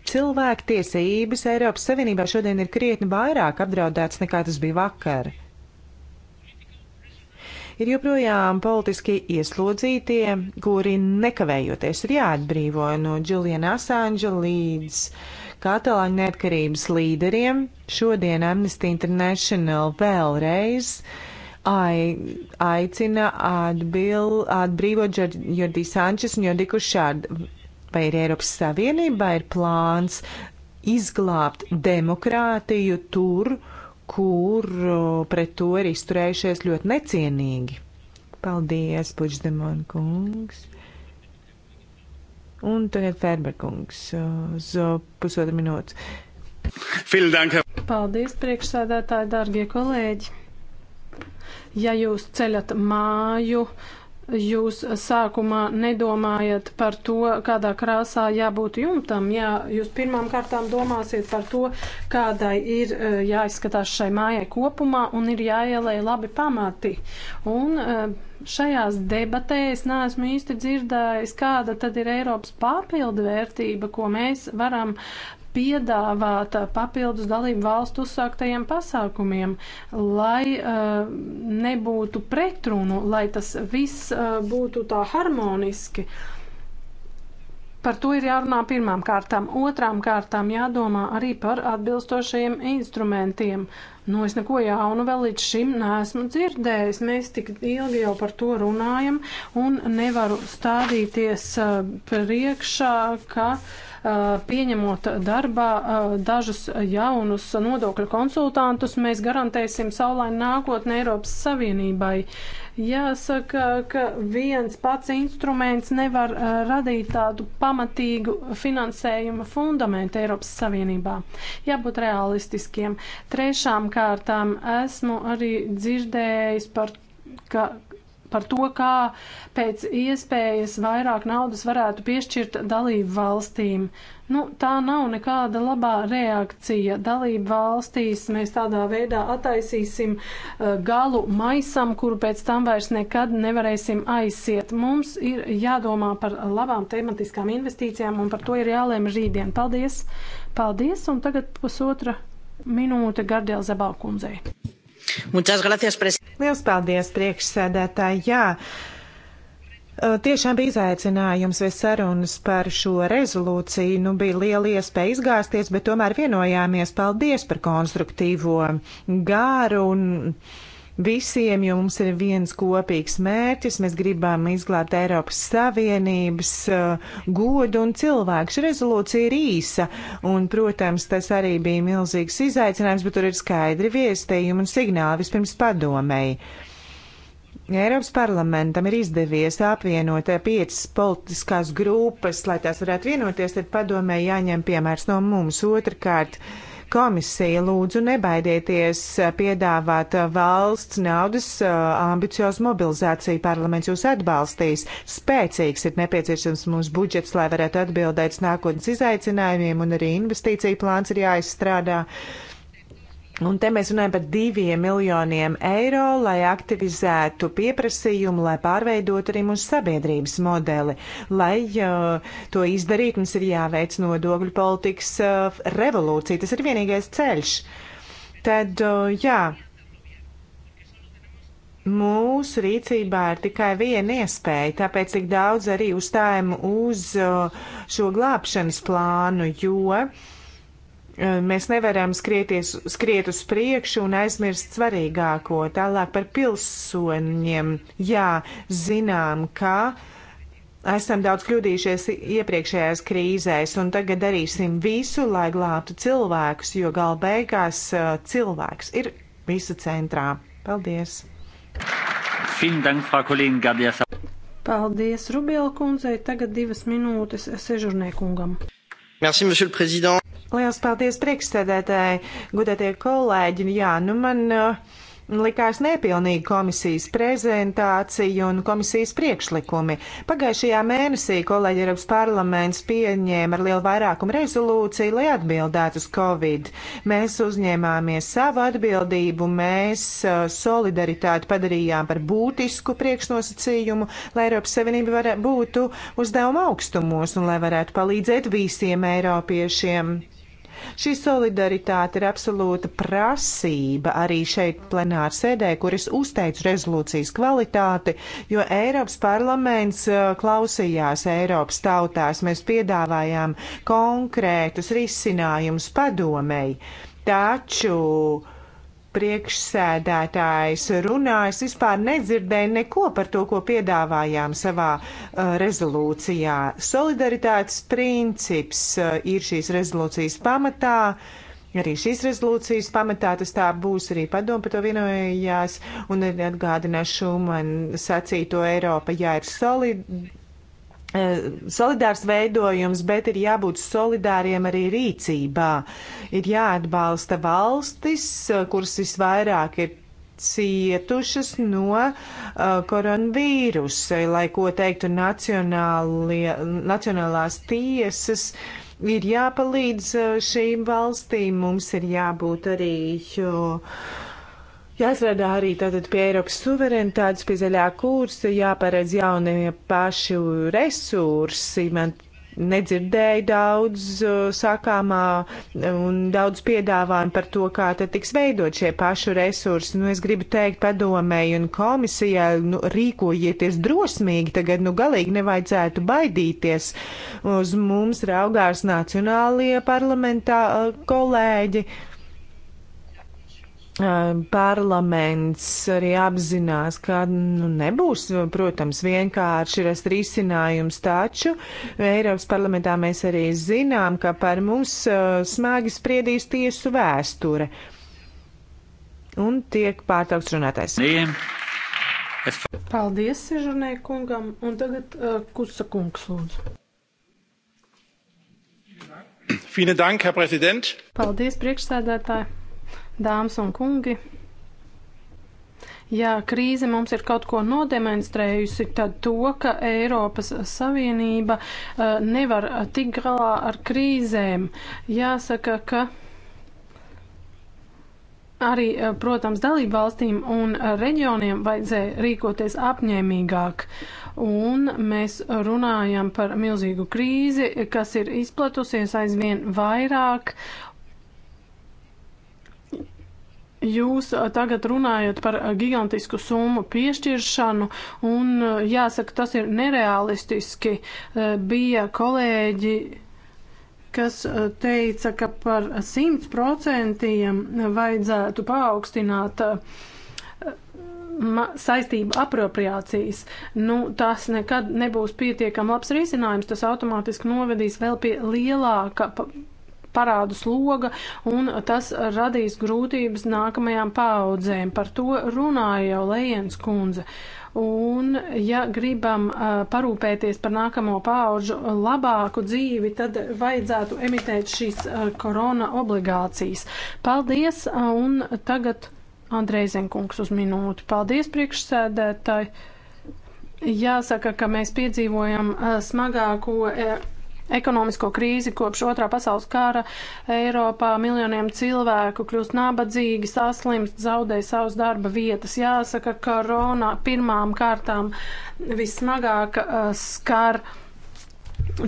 cilvēktiesības Eiropas Savienībā šodien ir krietni vairāk apdraudēts nekā tas bija vakar. Ir joprojām politiski ieslodzītie, kuri nekavējoties ir jāatbrīvo no Juliana Assange līdz Katalāņu neatkarības līderiem. Šodien Amnesty International vēlreiz ai, aicina atbil, atbrīvot Jordi Sančes un Jordi Kušārdu vai ir Eiropas Savienībā ir plāns izglābt demokrātiju tur, kur pret to ir izturējušies ļoti necienīgi. Paldies, Puģdemon kungs. Un tagad Ferberkungs uz pusotru minūtu. Paldies, priekšsēdētāji, dārgie kolēģi! Ja jūs ceļat māju, uh, jūs sākumā nedomājat par to, kādā krāsā jābūt jumtam. Jā, jūs pirmām kārtām domāsiet par to, kādai ir eh, jāizskatās šai mājai kopumā un ir jāielē labi pamati. Un, eh, Šajās debatēs neesmu īsti dzirdējis, kāda tad ir Eiropas papildu vērtība, ko mēs varam piedāvāt papildus dalību valstu uzsāktajiem pasākumiem, lai uh, nebūtu pretrunu, lai tas viss uh, būtu tā harmoniski. Par to ir jārunā pirmām kārtām, otrām kārtām jādomā arī par atbilstošajiem instrumentiem. Nu, es neko jaunu vēl līdz šim neesmu dzirdējis. Mēs tik ilgi jau par to runājam un nevaru stādīties uh, priekšā, ka. Uh, Uh, pieņemot darbā uh, dažus jaunus nodokļu konsultantus, mēs garantēsim saulainu nākotni Eiropas Savienībai. Jāsaka, ka viens pats instruments nevar uh, radīt tādu pamatīgu finansējuma fundamentu Eiropas Savienībā. Jābūt realistiskiem. Trešām kārtām esmu arī dzirdējis par ka par to, kā pēc iespējas vairāk naudas varētu piešķirt dalību valstīm. Nu, tā nav nekāda labā reakcija. Dalību valstīs mēs tādā veidā attaisīsim uh, galu maisam, kuru pēc tam vairs nekad nevarēsim aizsiet. Mums ir jādomā par labām tematiskām investīcijām, un par to ir jālēma rītdien. Paldies! Paldies! Un tagad pusotra minūte Gardiela Zabalkundzei. Lielas paldies, priekšsēdētāji! Jā. Eh, tiešām bija izaicinājums vai sarunas par šo rezolūciju. Nu, bija liela iespēja izgāzties, bet tomēr vienojāmies. Paldies par konstruktīvo gāru un. Un visiem, jo mums ir viens kopīgs mērķis. Mēs gribam izglābt Eiropas Savienības uh, godu un cilvēku. Šī rezolūcija ir īsa, un, protams, tas arī bija milzīgs izaicinājums, bet tur ir skaidri viestējumi un signāli vispirms padomēji. Eiropas parlamentam ir izdevies apvienot eh, piecas politiskās grupas, lai tās varētu vienoties, tad padomē jāņem piemērs no mums. Otrakārt, uh, Komisija lūdzu nebaidieties piedāvāt valsts naudas uh, ambiciozu mobilizāciju. Parlaments jūs atbalstīs. Spēcīgs ir nepieciešams mūsu budžets, lai varētu atbildēt nākotnes izaicinājumiem, un arī investīcija plāns ir jāizstrādā. Uh, Un te mēs runājam par diviem miljoniem eiro, lai aktivizētu pieprasījumu, lai pārveidotu arī mūsu sabiedrības modeli. Lai uh, to izdarītu, mums ir jāveic nodokļu politikas uh, revolūcija. Tas ir vienīgais ceļš. Tad, uh, jā, mūsu rīcībā ir tikai viena iespēja, tāpēc tik daudz arī uzstājumu uz uh, šo glābšanas plānu, jo. Uh, Mēs nevaram skrieties, skriet uz priekšu un aizmirst svarīgāko. Tālāk par pilsoņiem. Jā, zinām, ka esam daudz kļūdījušies iepriekšējās krīzēs, un tagad darīsim visu, lai glābtu cilvēkus, jo gala beigās uh, cilvēks ir visa centrā. Paldies! Paldies, Rubiela kundzei. Tagad divas minūtes sežurniekungam. Merci, monsieur le président. Liels paldies priekšsēdētāji, gudētie kolēģi. Nu jā, nu man. Uh, likās nepilnīga komisijas prezentācija un komisijas priekšlikumi. Pagājušajā mēnesī kolēģi Eiropas parlaments pieņēma ar lielu vairākumu rezolūciju, lai atbildētu uz Covid. Mēs uzņēmāmies savu atbildību, mēs uh, solidaritāti padarījām par būtisku priekšnosacījumu, lai Eiropas Savienība var, būtu uzdevuma augstumos un lai varētu palīdzēt visiem eiropiešiem. Šī solidaritāte ir absolūta prasība arī šeit plenāra sēdē, kur es uzteicu rezolūcijas kvalitāti, jo Eiropas parlaments uh, klausījās Eiropas tautās. Mēs piedāvājām konkrētus risinājumus padomēji. Taču priekšsēdētājs runāja, es vispār nedzirdēju neko par to, ko piedāvājām savā uh, rezolūcijā. Solidaritātes princips uh, ir šīs rezolūcijas pamatā. Arī šīs rezolūcijas pamatā tas tā būs, arī padomu par to vienojās, un atgādināšu man sacīto Eiropa, jā, ir solid, E, solidārs veidojums, bet ir jābūt solidāriem arī rīcībā. Ir jāatbalsta valstis, e, kuras visvairāk ir cietušas no uh, koronavīrusa, lai ko teiktu nacionālās tiesas. Ir jāpalīdz šīm valstīm, mums ir jābūt arī. Uh, Jāstrādā arī tātad pie Eiropas suverenitātes, pie zaļā kursa, jāparedz jaunie paši resursi. Man nedzirdēja daudz sakāmā un daudz piedāvājumu par to, kā tad tiks veidot šie pašu resursi. Nu, es gribu teikt padomēju un komisijai, nu, rīkojieties drosmīgi, tagad nu galīgi nevajadzētu baidīties. Uz mums raugās nacionālie parlamentā kolēģi. Uh, Eh, parlaments arī apzinās, ka nu, nebūs, protams, vienkārši rast risinājums, taču Eiropas parlamentā mēs arī zinām, ka par mums eh, smagi spriedīs tiesu vēsture. Un tiek pārtraukts runātais. Paldies, Sežanē kungam, un tagad uh, Kusa kungs lūdzu. Vielen Dank, Herr Präsident. Paldies, priekšsēdētāji dāmas un kungi. Ja krīze mums ir kaut ko nodemonstrējusi, tad to, ka Eiropas Savienība uh, nevar tik galā ar krīzēm, jāsaka, ka arī, eh, protams, dalību valstīm un reģioniem vajadzēja rīkoties apņēmīgāk. Un mēs runājam par milzīgu krīzi, kas ir izplatusies aizvien vairāk, Jūs tagad runājat par gigantisku summu piešķiršanu, un jāsaka, tas ir nereālistiski. Bija kolēģi, kas teica, ka par 100% vajadzētu paaugstināt saistību apropriācijas. Nu, tas nekad nebūs pietiekam labs risinājums, tas automātiski novedīs vēl pie lielāka parādu sloga, un tas radīs grūtības nākamajām paaudzēm. Par to runāja jau Lējens kundze. Un, ja gribam uh, parūpēties par nākamo paaužu labāku dzīvi, tad vajadzētu emitēt šīs uh, korona obligācijas. Paldies, un tagad Andrejzenkungs uz minūti. Paldies, priekšsēdētāji. Jāsaka, ka mēs piedzīvojam uh, smagāko. Uh, ekonomisko krīzi kopš otrā pasaules kara Eiropā miljoniem cilvēku kļūst nabadzīgi, saslimst, zaudē savas darba vietas. Jāsaka, ka korona pirmām kārtām vismagāk uh, skar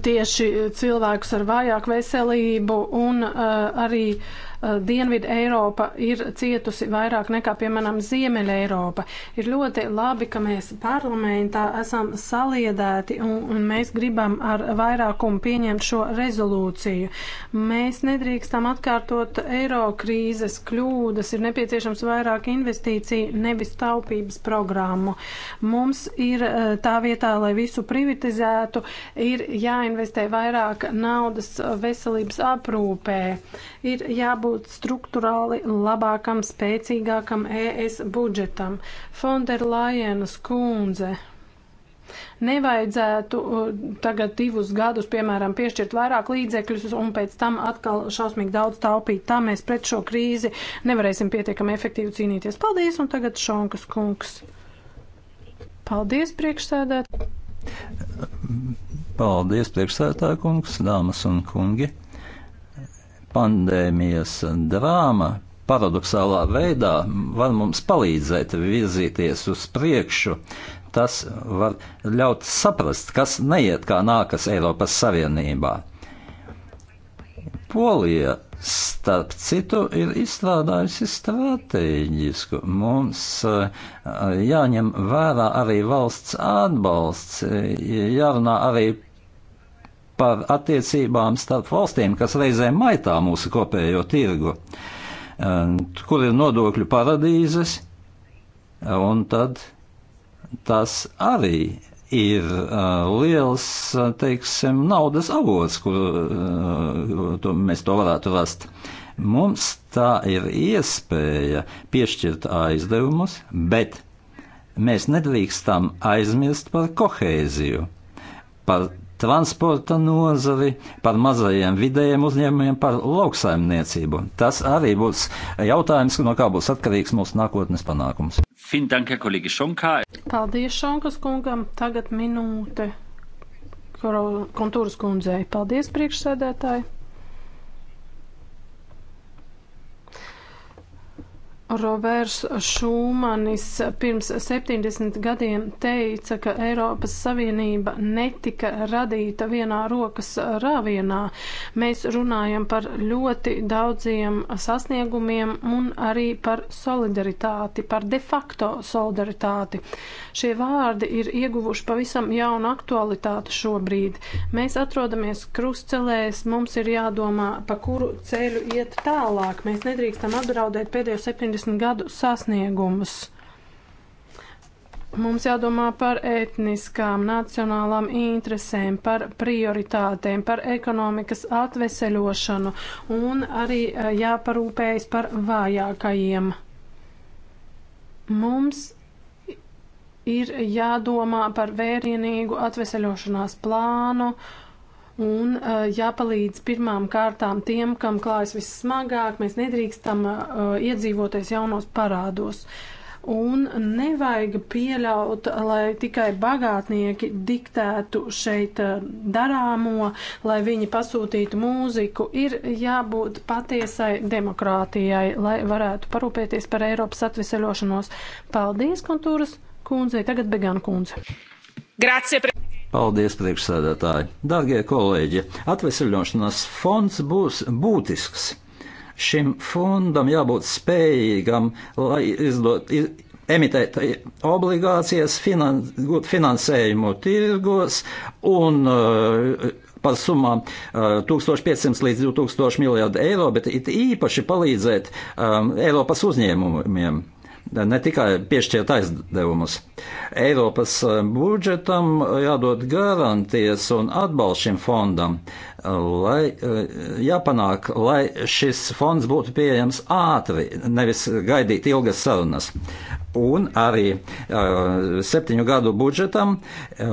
tieši cilvēkus ar vājāku veselību un uh, arī uh, Eh, Dienvidu Eiropa ir cietusi vairāk nekā, piemēram, Ziemeļa Eiropa. Ir ļoti labi, ka mēs parlamentā esam saliedēti un, un mēs gribam ar vairākumu pieņemt šo rezolūciju. Mēs nedrīkstam atkārtot eiro krīzes kļūdas, ir nepieciešams vairāk investīciju, nevis taupības programmu. Mums ir eh, tā vietā, lai visu privatizētu, ir jāinvestē vairāk naudas veselības aprūpē. Ir jābūt jābūt struktūrāli labākam, spēcīgākam ES budžetam. Fonderlajenas kundze. Nevajadzētu uh, tagad divus gadus, piemēram, piešķirt vairāk līdzekļus un pēc tam atkal šausmīgi daudz taupīt. Tā mēs pret šo krīzi nevarēsim pietiekami efektīvi cīnīties. Paldies, un tagad Šonkas kungs. Paldies, priekšsēdētāji. Paldies, priekšsēdētāji kungs, dāmas un kungi pandēmijas drāma paradoxālā veidā var mums palīdzēt virzīties uz priekšu. Tas var ļaut saprast, kas neiet kā nākas Eiropas Savienībā. Polija, starp citu, ir izstrādājusi stratēģisku. Mums eh, jāņem vērā arī valsts atbalsts, eh, jārunā arī par attiecībām starp valstīm, kas reizēm maitā mūsu kopējo tirgu, kur ir nodokļu paradīzes, un tad tas arī ir uh, liels, uh, teiksim, naudas avots, kur uh, to, mēs to varētu rast. Mums tā ir iespēja piešķirt aizdevumus, bet mēs nedrīkstam aizmirst par kohēziju, par transporta nozari, par mazajiem vidējiem uzņēmumiem, par lauksaimniecību. Tas arī būs jautājums, no kā būs atkarīgs mūsu nākotnes panākums. Paldies Šonkas kungam. Tagad minūte kontūras kundzei. Paldies priekšsēdētāji. Roberts Šūmanis pirms 70 gadiem teica, ka Eiropas Savienība netika radīta vienā rokas rāvienā. Mēs runājam par ļoti daudziem sasniegumiem un arī par solidaritāti, par de facto solidaritāti. Šie vārdi ir ieguvuši pavisam jaunu aktualitāti šobrīd. Mēs atrodamies krustcelēs, mums ir jādomā, pa kuru ceļu iet tālāk. Mēs nedrīkstam apdraudēt pēdējo 70 50 gadu sasniegumus. Mums jādomā par etniskām, nacionālām interesēm, par prioritātēm, par ekonomikas atveseļošanu un arī eh, jāparūpējas par vājākajiem. Mums ir jādomā par vērienīgu atveseļošanās plānu, uh, un uh, jāpalīdz pirmām kārtām tiem, kam klājas vissmagāk. Mēs nedrīkstam uh, iedzīvoties jaunos parādos. Un nevajag pieļaut, lai tikai bagātnieki diktētu šeit uh, darāmo, lai viņi pasūtītu mūziku. Ir jābūt patiesai demokrātijai, lai varētu parūpēties par Eiropas atveseļošanos. Paldies, kontūras kundzei, tagad Begana kundze. Grazie, Paldies, priekšsēdētāji! Dārgie kolēģi, atvesļošanās fonds būs būtisks. Šim fondam jābūt spējīgam, lai izdot, emitēt obligācijas, finan, gūt finansējumu tirgos un uh, par summām uh, 1500 līdz 2000 miljardu eiro, bet it īpaši palīdzēt um, Eiropas uzņēmumiem ne tikai piešķirt aizdevumus. Eiropas eh, budžetam jādod garantijas un atbalsts šim fondam, lai eh, jāpanāk, lai šis fonds būtu pieejams ātri, nevis gaidīt ilgas sarunas. Un arī uh, septiņu gadu budžetam uh,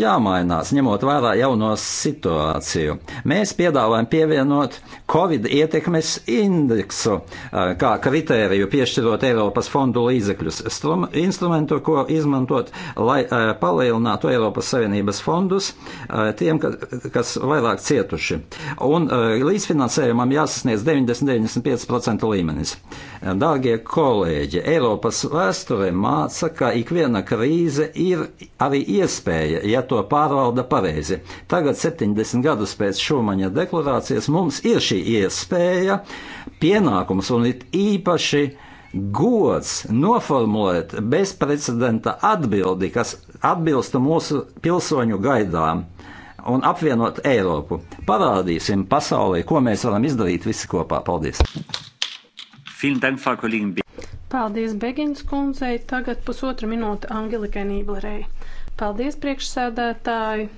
jāmainās, ņemot vērā jauno situāciju. Mēs piedāvājam pievienot Covid ietekmes indeksu uh, kā kritēriju piešķirot Eiropas fondu līdzekļus, strum, instrumentu, ko izmantot, lai uh, palielinātu Eiropas Savienības fondus uh, tiem, kas, kas vairāk cieta cietuši. Un e, līdzfinansējumam jāsasniedz 90-95% līmenis. E, dārgie kolēģi, Eiropas vēsture māca, ka ikviena krīze ir arī iespēja, ja to pārvalda pareizi. Tagad, 70 gadus pēc Šumaņa deklarācijas, mums ir šī iespēja, pienākums un it īpaši gods noformulēt bezprecedenta atbildi, kas atbilst mūsu pilsoņu gaidām un apvienot Eiropu. Parādīsim pasaulē, ko mēs varam izdarīt visi kopā. Paldies! Paldies, Begins kundzei. Tagad pusotra minūte Angelikai Nīblerei. Paldies, priekšsēdētāji!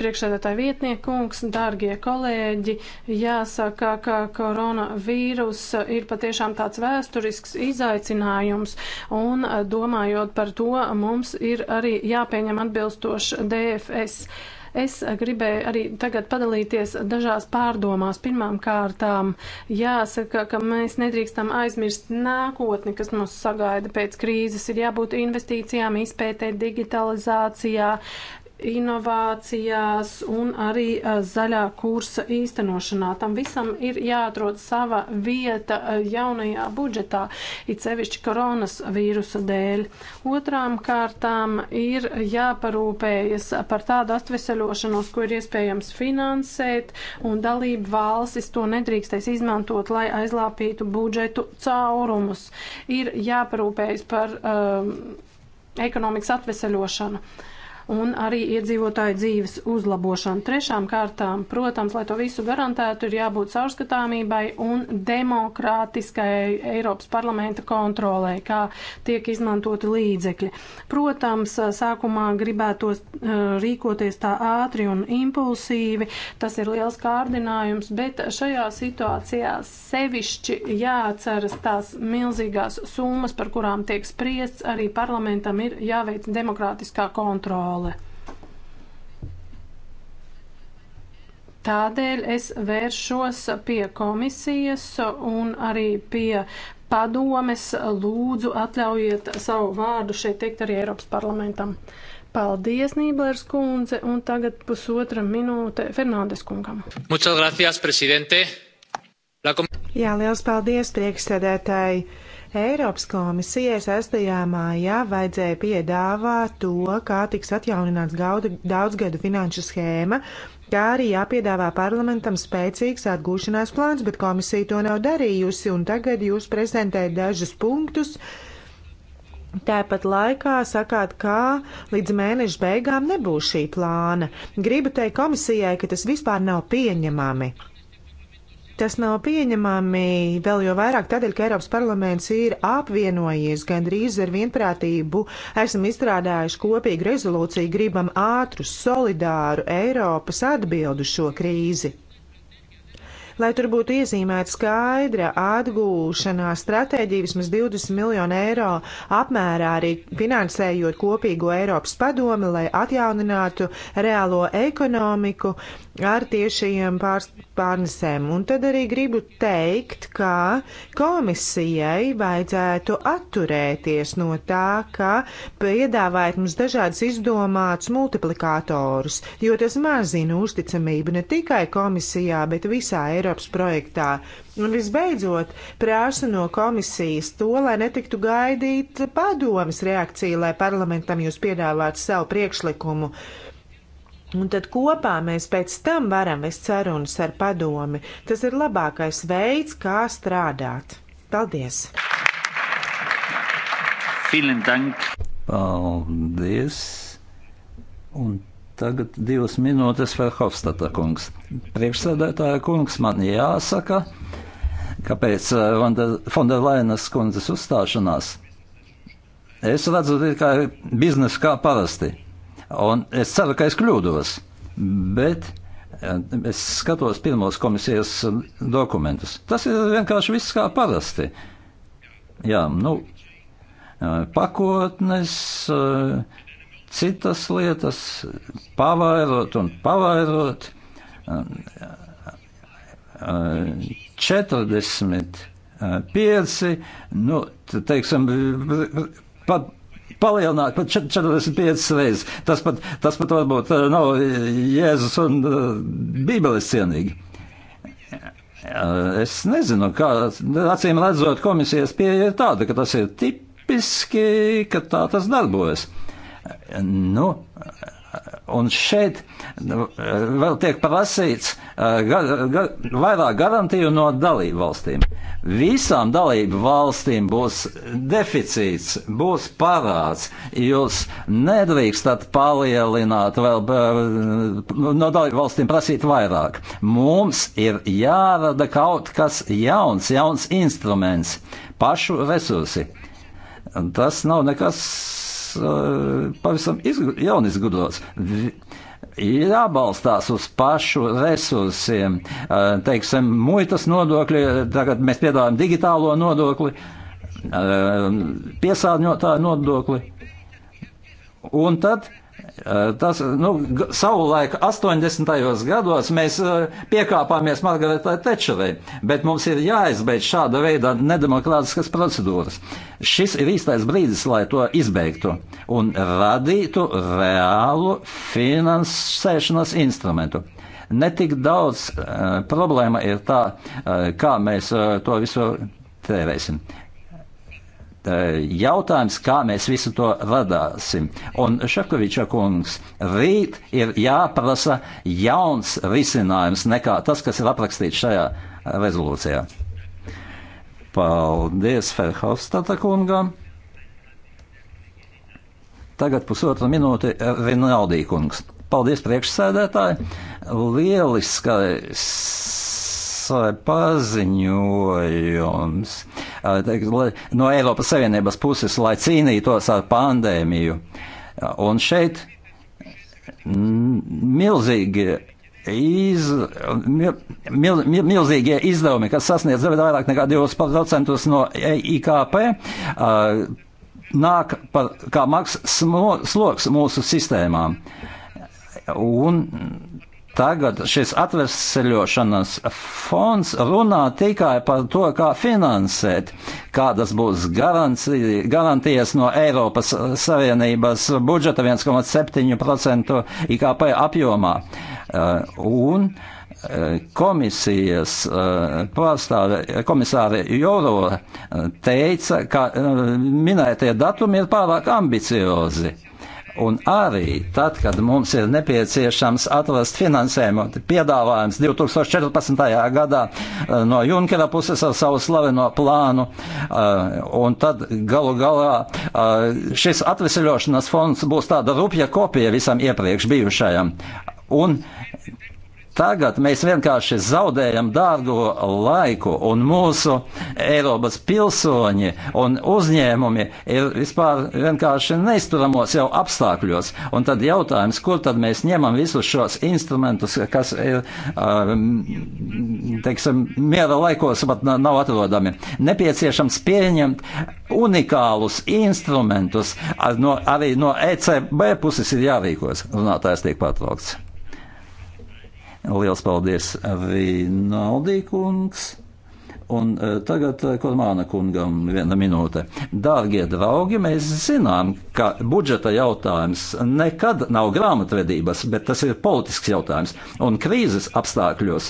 priekšsēdētāja vietniekungs, dārgie kolēģi, jāsaka, ka koronavīrus ir patiešām tāds vēsturisks izaicinājums, un eh, domājot par to, mums ir arī jāpieņem atbilstoši DFS. Es gribēju arī tagad padalīties dažās pārdomās. Pirmām kārtām jāsaka, ka mēs nedrīkstam aizmirst nākotni, kas mūs sagaida pēc krīzes. Ir jābūt investīcijām, izpētē, digitalizācijā, inovācijās un arī zaļā kursa īstenošanā. Tam visam ir jāatrod sava vieta jaunajā budžetā, it sevišķi koronas vīrusa dēļ. Otrām kārtām ir jāparūpējas par tādu atveseļošanos, ko ir iespējams finansēt, un dalību valstis to nedrīkstēs izmantot, lai aizlāpītu budžetu caurumus. Ir jāparūpējas par um, ekonomikas atveseļošanu. Uh, un arī iedzīvotāju dzīves uzlabošanu. Trešām kārtām, protams, lai to visu garantētu, ir jābūt caurskatāmībai un demokrātiskai Eiropas parlamenta kontrolē, kā tiek izmantoti līdzekļi. Protams, sākumā gribētos eh, rīkoties tā ātri un impulsīvi, tas ir liels kārdinājums, bet šajā situācijā sevišķi jāatceras tās milzīgās summas, par kurām tiek spriests, arī parlamentam ir jāveic demokrātiskā kontrola pasaule. Tādēļ es vēršos pie komisijas un arī pie padomes lūdzu atļaujiet savu vārdu šeit teikt arī Eiropas parlamentam. Paldies, Nīblers kundze, un tagad pusotra minūte Fernandes kungam. Muchas gracias, presidente. La... Jā, liels paldies, priekšsēdētāji. Eiropas komisijai 6. mājā vajadzēja piedāvāt to, kā tiks atjaunināts daudzgadu finanšu schēma, kā arī jāpiedāvā parlamentam spēcīgs atgūšanās plāns, bet komisija to nav darījusi, un tagad jūs prezentējat dažus punktus, Tāpat laikā sakāt, ka līdz mēneša beigām nebūs šī plāna. Gribu teikt komisijai, ka tas vispār nav pieņemami. Tas nav pieņemami vēl jo vairāk tādēļ, ka Eiropas parlaments ir apvienojies gandrīz ar vienprātību. Esam izstrādājuši kopīgu rezolūciju, gribam ātru, solidāru Eiropas atbildu šo krīzi. Lai tur būtu iezīmēta skaidra atgūšanā stratēģija vismaz 20 miljonu eiro apmērā arī finansējot kopīgo Eiropas padomi, lai atjauninātu reālo ekonomiku ar tiešajiem pārst pārnesēm. Un tad arī gribu teikt, ka komisijai vajadzētu atturēties no tā, ka piedāvājat mums dažādas izdomātas multiplikātorus, jo tas mazina uzticamību ne tikai komisijā, bet visā Eiropas projektā. Un visbeidzot, prāsa no komisijas to, lai netiktu gaidīt padomas reakcija, lai parlamentam jūs piedāvātu savu priekšlikumu. Uh, Un tad kopā mēs pēc tam varam vest sarunas ar padomi. Tas ir labākais veids, kā strādāt. Paldies! Paldies! Un tagad divas minūtes Verhofstata kungs. Priekšsēdētāja kungs man jāsaka, kāpēc Fondelainas eh, kundzes uzstāšanās. Es redzu tikai biznesu kā parasti Un es ceru, ka es kļūdos, bet eh, es skatos pirmos komisijas eh, dokumentus. Tas ir vienkārši viss kā parasti. Jā, nu, eh, pakotnes, citas lietas, pavairot un pavairot. 45, nu, teiksim, pat palielināt pat 45 reizes. Tas pat, tas pat varbūt eh, nav eh, Jēzus un eh, Bībeles cienīgi. Es nezinu, kā acīm redzot, komisijas pieeja ir tāda, ka tas ir tipiski, ka tā tas darbojas. Nu, Un šeit nu, vēl tiek prasīts gar, gar, vairāk garantiju no dalību valstīm. Visām dalību valstīm būs deficīts, būs parāds. Jūs nedrīkstat palielināt vēl no dalību valstīm prasīt vairāk. Mums ir jārada kaut kas jauns, jauns instruments, pašu resursi. Tas nav nekas Eh, pavisam jaunizgudrots ir jābalstās uz pašu resursiem. Eh, teiksim, muitas nodokļi, tagad mēs piedāvājam digitālo nodokli, eh, piesārņotāju nodokli. Un tad Eh, tas, nu, savulaik 80. gados mēs eh, piekāpāmies Margaretai Tečerai, bet mums ir jāizbeidz šāda veida nedemokrātiskas procedūras. Šis ir īstais brīdis, lai to izbeigtu un radītu reālu finansēšanas instrumentu. Netik daudz uh, problēma ir tā, uh, kā mēs uh, to visu tērēsim. Eh, jautājums, kā mēs visu to vadāsim. Un Šefkoviča kungs, rīt ir jāprasa jauns risinājums nekā tas, kas ir aprakstīts šajā rezolūcijā. Paldies Ferhofstata kungam. Tagad pusotra minūte eh, Rinaldī kungs. Paldies priekšsēdētāji. Lieliskais paziņojums no Eiropas Savienības puses, lai cīnītos ar pandēmiju. Un šeit milzīgi iz, mil, mil, milzīgie izdevumi, kas sasniedz vairāk nekā 2% no e IKP, uh, nāk par, kā maks sloks mūsu sistēmām. Un Tagad šis atvesaļošanas fonds runā tikai par to, kā finansēt, kādas būs garantijas no Eiropas Savienības budžeta 1,7% IKP apjomā. Eh, un eh, komisijas eh, pārstāve, komisāre Joro teica, ka minētie datumi ir pārāk ambiciozi. Un arī tad, kad mums ir nepieciešams atrast finansējumu, piedāvājums 2014. gadā eh, no Junkera puses ar savu slaveno plānu, eh, un tad galu galā eh, šis atvesļošanas fonds būs tāda rupja kopija visam iepriekš bijušajam. Un Tagad mēs vienkārši zaudējam dārgo laiku, un mūsu Eiropas pilsoņi un uzņēmumi ir vispār vienkārši neizturamos jau apstākļos. Un tad jautājums, kur tad mēs ņemam visus šos instrumentus, kas ir, um, teiksim, miera laikos pat nav atrodami. Nepieciešams pieņemt unikālus instrumentus, ar, no, arī no ECB puses ir jārīkos. Runātājs tiek pārtraukts. Liels paldies Vīnaldī kungs! Un eh, tagad eh, Kormāna kungam viena minūte. Dārgie draugi, mēs zinām, ka budžeta jautājums nekad nav grāmatvedības, bet tas ir politisks jautājums. Un krīzes apstākļos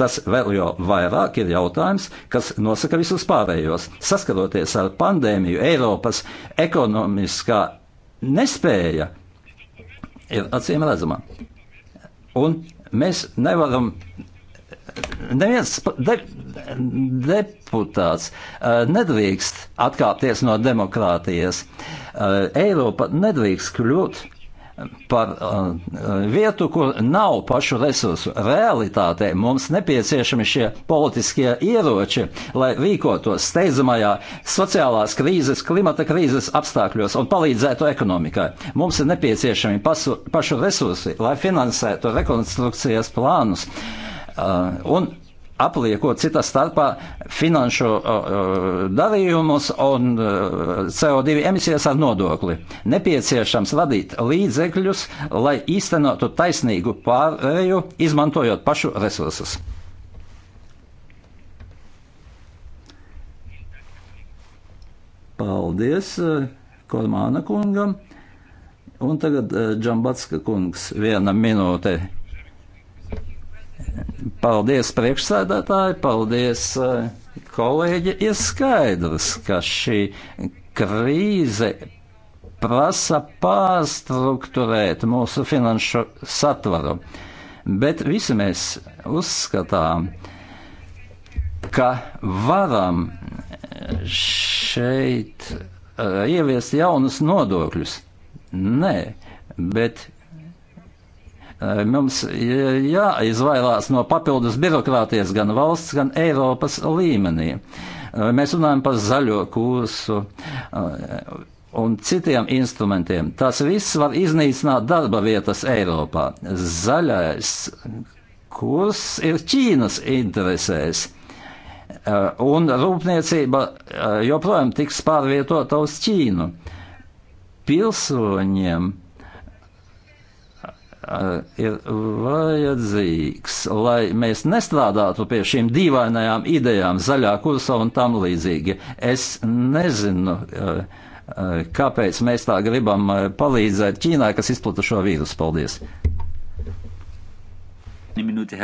tas vēl jau vairāk ir jautājums, kas nosaka visus pārējos. Saskaroties ar pandēmiju, Eiropas ekonomiskā nespēja ir acīm redzama. Un Mēs nevaram neviens de, deputāts uh, nedrīkst atkāpties no demokrātijas. Uh, Eiropa nedrīkst kļūt par uh, uh, vietu, kur nav pašu resursu. Realitātē mums nepieciešami šie politiskie ieroči, lai rīkotos steidzamajā sociālās krīzes, klimata krīzes apstākļos un palīdzētu ekonomikai. Mums ir nepieciešami pasu, pašu resursi, lai finansētu rekonstrukcijas plānus. Uh, un apliekot citas starpā finanšu darījumus un CO2 emisijas ar nodokli. Nepieciešams radīt līdzekļus, lai īstenotu taisnīgu pārēju, izmantojot pašu resursus. Paldies e, Kormāna kungam. Un tagad e, Džambatska kungs viena minūte. Paldies priekšsēdētāji, paldies eh, kolēģi. Ir skaidrs, ka šī krīze prasa pārstruktūrēt mūsu finanšu satvaru. Bet visi mēs uzskatām, ka varam eh, šeit eh, ieviest jaunus nodokļus. Nē, bet Eh, mums jāizvairās no papildus birokrātijas gan valsts, gan Eiropas līmenī. Eh, mēs runājam par zaļo kursu eh, un citiem instrumentiem. Tas viss var iznīcināt darba vietas Eiropā. Zaļais kurs ir Ķīnas interesēs, un rūpniecība joprojām tiks pārvietota uz Ķīnu. Pilsoņiem Eh, ir vajadzīgs, lai mēs nestrādātu pie šīm dīvainajām idejām, zaļā kursa un tam līdzīgi. Es nezinu, eh, eh, kāpēc mēs tā gribam palīdzēt Ķīnai, kas izplata šo vīrusu. Paldies! Minūte,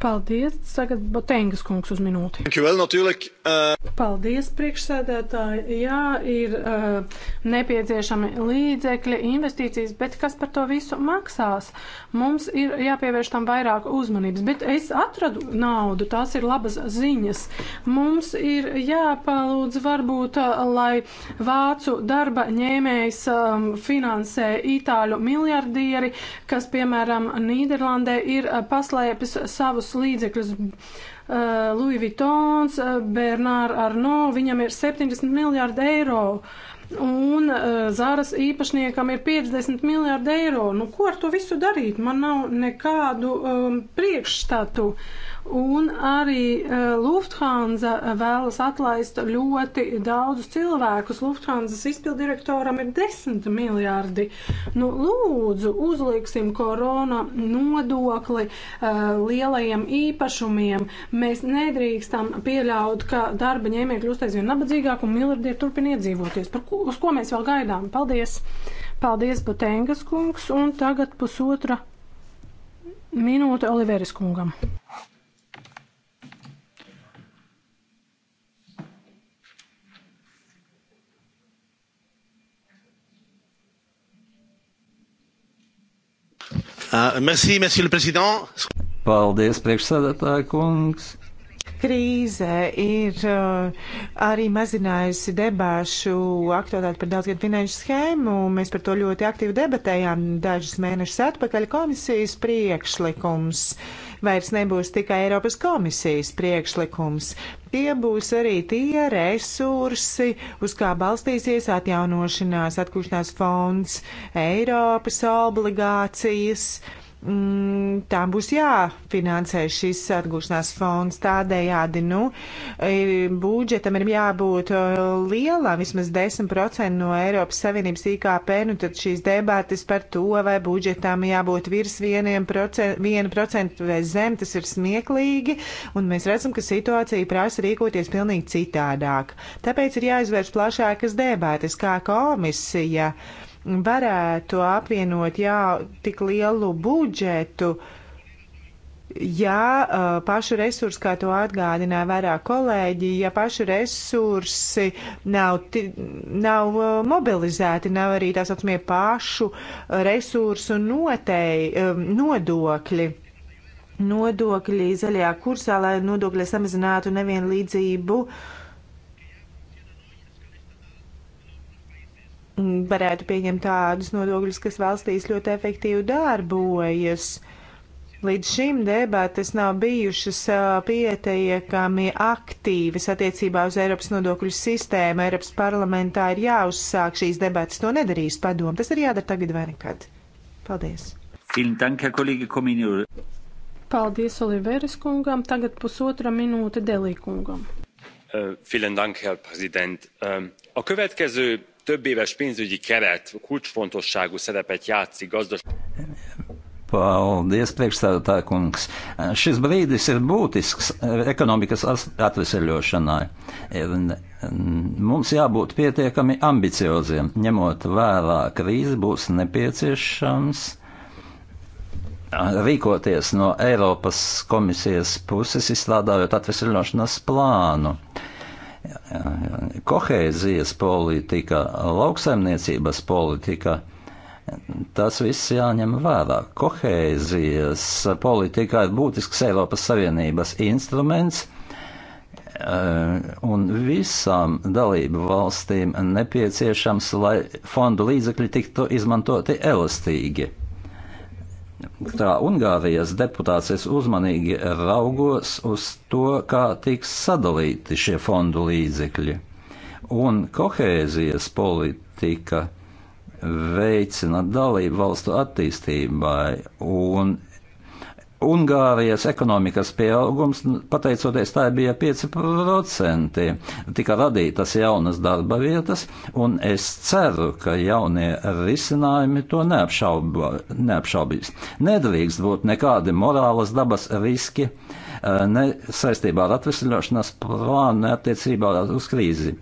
Paldies! Tagad Botengas kungs uz minūti. Uh, Paldies, priekšsēdētāji! Jā, ir uh, nepieciešami līdzekļi, investīcijas, bet kas par to visu maksās? Mums ir jāpievērš tam vairāk uzmanības, bet es atradu naudu, tās ir labas ziņas. Mums ir jāpalūdz varbūt, uh, lai vācu darba ņēmējs um, finansē itāļu miljardieri, kas, piemēram, Nīderlandē ir uh, pasaules paslēpis savus līdzekļus. Uh, Louis Vuittons, uh, Bernārs Arno, viņam ir 70 miljārdi eiro. Un uh, Zāras īpašniekam ir 50 miljārdi eiro. Nu, ko ar to visu darīt? Man nav nekādu um, priekšstatu. Uh, Un arī uh, Lufthansa eh, vēlas atlaist ļoti daudzus cilvēkus. Lufthansas izpildirektoram ir desmit miljardi. Nu, lūdzu, uzliksim korona nodokli uh, lielajiem īpašumiem. Mēs nedrīkstam pieļaut, ka darba ņēmēji kļūst aizvien nabadzīgāk un miljardieri turpin iedzīvoties. Par ko, uz ko mēs vēl gaidām? Paldies! Paldies, Butengas kungs! Un tagad pusotra minūte Oliveris kungam. Ah, merci, monsieur le président. Paldies, priekšsēdētāja kungs. Krīze ir uh, arī mazinājusi debāšu aktualitāti par daudzgad finanšu schēmu. Mēs par to ļoti aktīvi debatējām dažus mēnešus atpakaļ komisijas priekšlikums vairs nebūs tikai Eiropas komisijas priekšlikums. Tie būs arī tie resursi, uz kā balstīsies atjaunošanās, atkušanās fonds, Eiropas obligācijas. Uh, mm, tām būs jāfinansē šis atgūšanās fonds. Tādējādi nu, e, budžetam ir jābūt e, lielam, vismaz 10% no Eiropas Savienības IKP. Nu, tad šīs debātas par to, vai budžetam jābūt virs 1% vai zem, tas ir smieklīgi. Un mēs redzam, ka situācija prasa rīkoties pilnīgi citādāk. Tāpēc ir jāizvērš plašākas debātas, kā komisija. Yeah varētu apvienot jā, tik lielu budžetu, ja pašu resursi, kā to atgādināja vairāk kolēģi, ja pašu resursi nav, nav mobilizēti, nav arī tās atsmie pašu resursu notei, nodokļi nodokļi zaļajā kursā, lai nodokļi samazinātu nevienlīdzību varētu pieņemt tādus nodokļus, kas valstīs ļoti efektīvi darbojas. Līdz šim debates nav bijušas pietiekami aktīvas attiecībā uz Eiropas nodokļu sistēmu. Eiropas parlamentā ir jāuzsāk šīs debates. To nedarīs padomu. Tas ir jādara tagad vai nekad. Paldies! Paldies Oliveres kungam. Tagad pusotra minūte Delī kungam. Uh, vielen Dank, Herr Präsident. Uh, a következő többéves pénzügyi keret kulcsfontosságú szerepet játszik gazdasági. Paldies, priekšstādātā kungs. Šis brīdis ir būtisks ekonomikas atveseļošanai. Mums jābūt pietiekami ambicioziem, ņemot vērā krīzi būs nepieciešams rīkoties no Eiropas komisijas puses, izstrādājot atveseļošanas plānu. Uh, kohēzijas politika, lauksaimniecības politika. Tas viss jāņem vērā. Kohēzijas politika ir būtisks Eiropas Savienības instruments, eh, un visām dalību valstīm nepieciešams, lai fondu līdzekļi tiktu izmantoti elastīgi kā Ungārijas deputāts es uzmanīgi raugos uz to, kā tiks sadalīti šie fondu līdzekļi. Un kohēzijas politika veicina dalību valstu attīstībai, un Ungārijas ekonomikas pieaugums, pateicoties tā, bija 5%. Tika radītas jaunas darba vietas, un es ceru, ka jaunie risinājumi to neapšauba, neapšaubīs. Nedrīkst būt nekādi morālas dabas riski eh, ne saistībā ar atvesļošanās plānu, ne attiecībā uz krīzi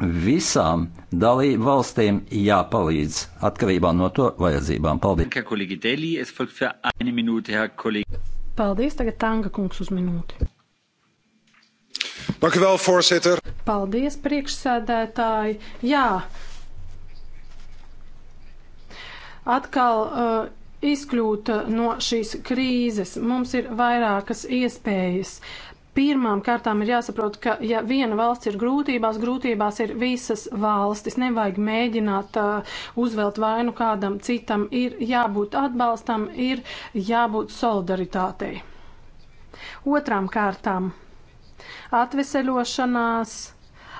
visām dalību valstīm jāpalīdz atkarībā no to vajadzībām. Paldies! Paldies, tagad Tanga kungs uz minūti. Dank u wel, voorzitter. Paldies, priekšsēdētāji. Jā, atkal uh, izkļūt no šīs krīzes. Mums ir vairākas iespējas. Uh, Pirmām kārtām ir jāsaprot, ka ja viena valsts ir grūtībās, grūtībās ir visas valstis. Nevajag mēģināt uh, uzvelt vainu kādam citam. Ir jābūt atbalstam, ir jābūt solidaritātei. Otrām kārtām - atveseļošanās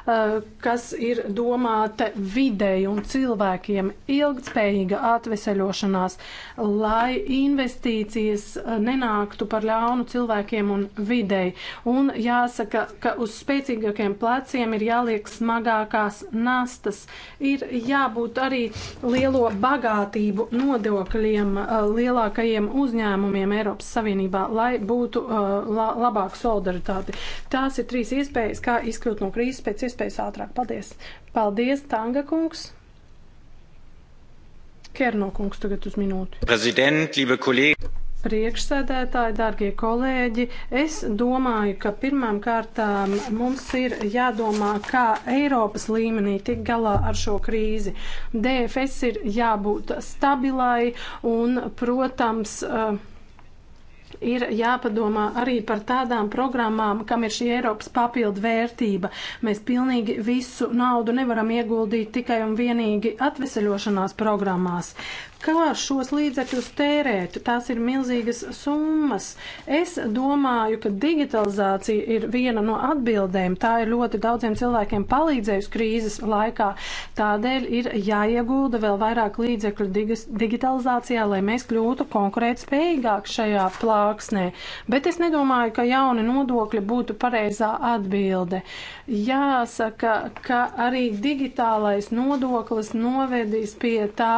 Eh, kas ir domāta videi un cilvēkiem ilgtspējīga atveseļošanās, lai investīcijas eh, nenāktu par ļaunu cilvēkiem un videi. Un jāsaka, ka uz spēcīgākiem pleciem ir jāliek smagākās nastas, ir jābūt arī lielo bagātību nodokļiem eh, lielākajiem uzņēmumiem Eiropas Savienībā, lai būtu la labāka solidaritāte. Tās ir trīs iespējas, kā izkļūt no krīzes pēc iespējas iespējas ātrāk. Paldies! Paldies, Tanga kungs! Kerno kungs tagad uz minūti. Prezident, liebe kolēģi! Priekšsēdētāji, dārgie kolēģi, es domāju, ka pirmām kārtām mums ir jādomā, kā Eiropas līmenī tik galā ar šo krīzi. DFS ir jābūt stabilai un, protams, uh, ir jāpadomā arī par tādām programmām, kam ir šī Eiropas papildu vērtība. Mēs pilnīgi visu naudu nevaram ieguldīt tikai un vienīgi atveseļošanās programmās kā šos līdzekļus tērēt. Tās ir milzīgas summas. Es domāju, ka digitalizācija ir viena no atbildēm. Tā ir ļoti daudziem cilvēkiem palīdzējusi krīzes laikā. Tādēļ ir jāiegulda vēl vairāk līdzekļu digitalizācijā, lai mēs kļūtu konkurētspējīgāk šajā plāksnē. Bet es nedomāju, ka jauni nodokļi būtu pareizā atbilde. Jāsaka, ka arī digitālais nodoklis novedīs pie tā,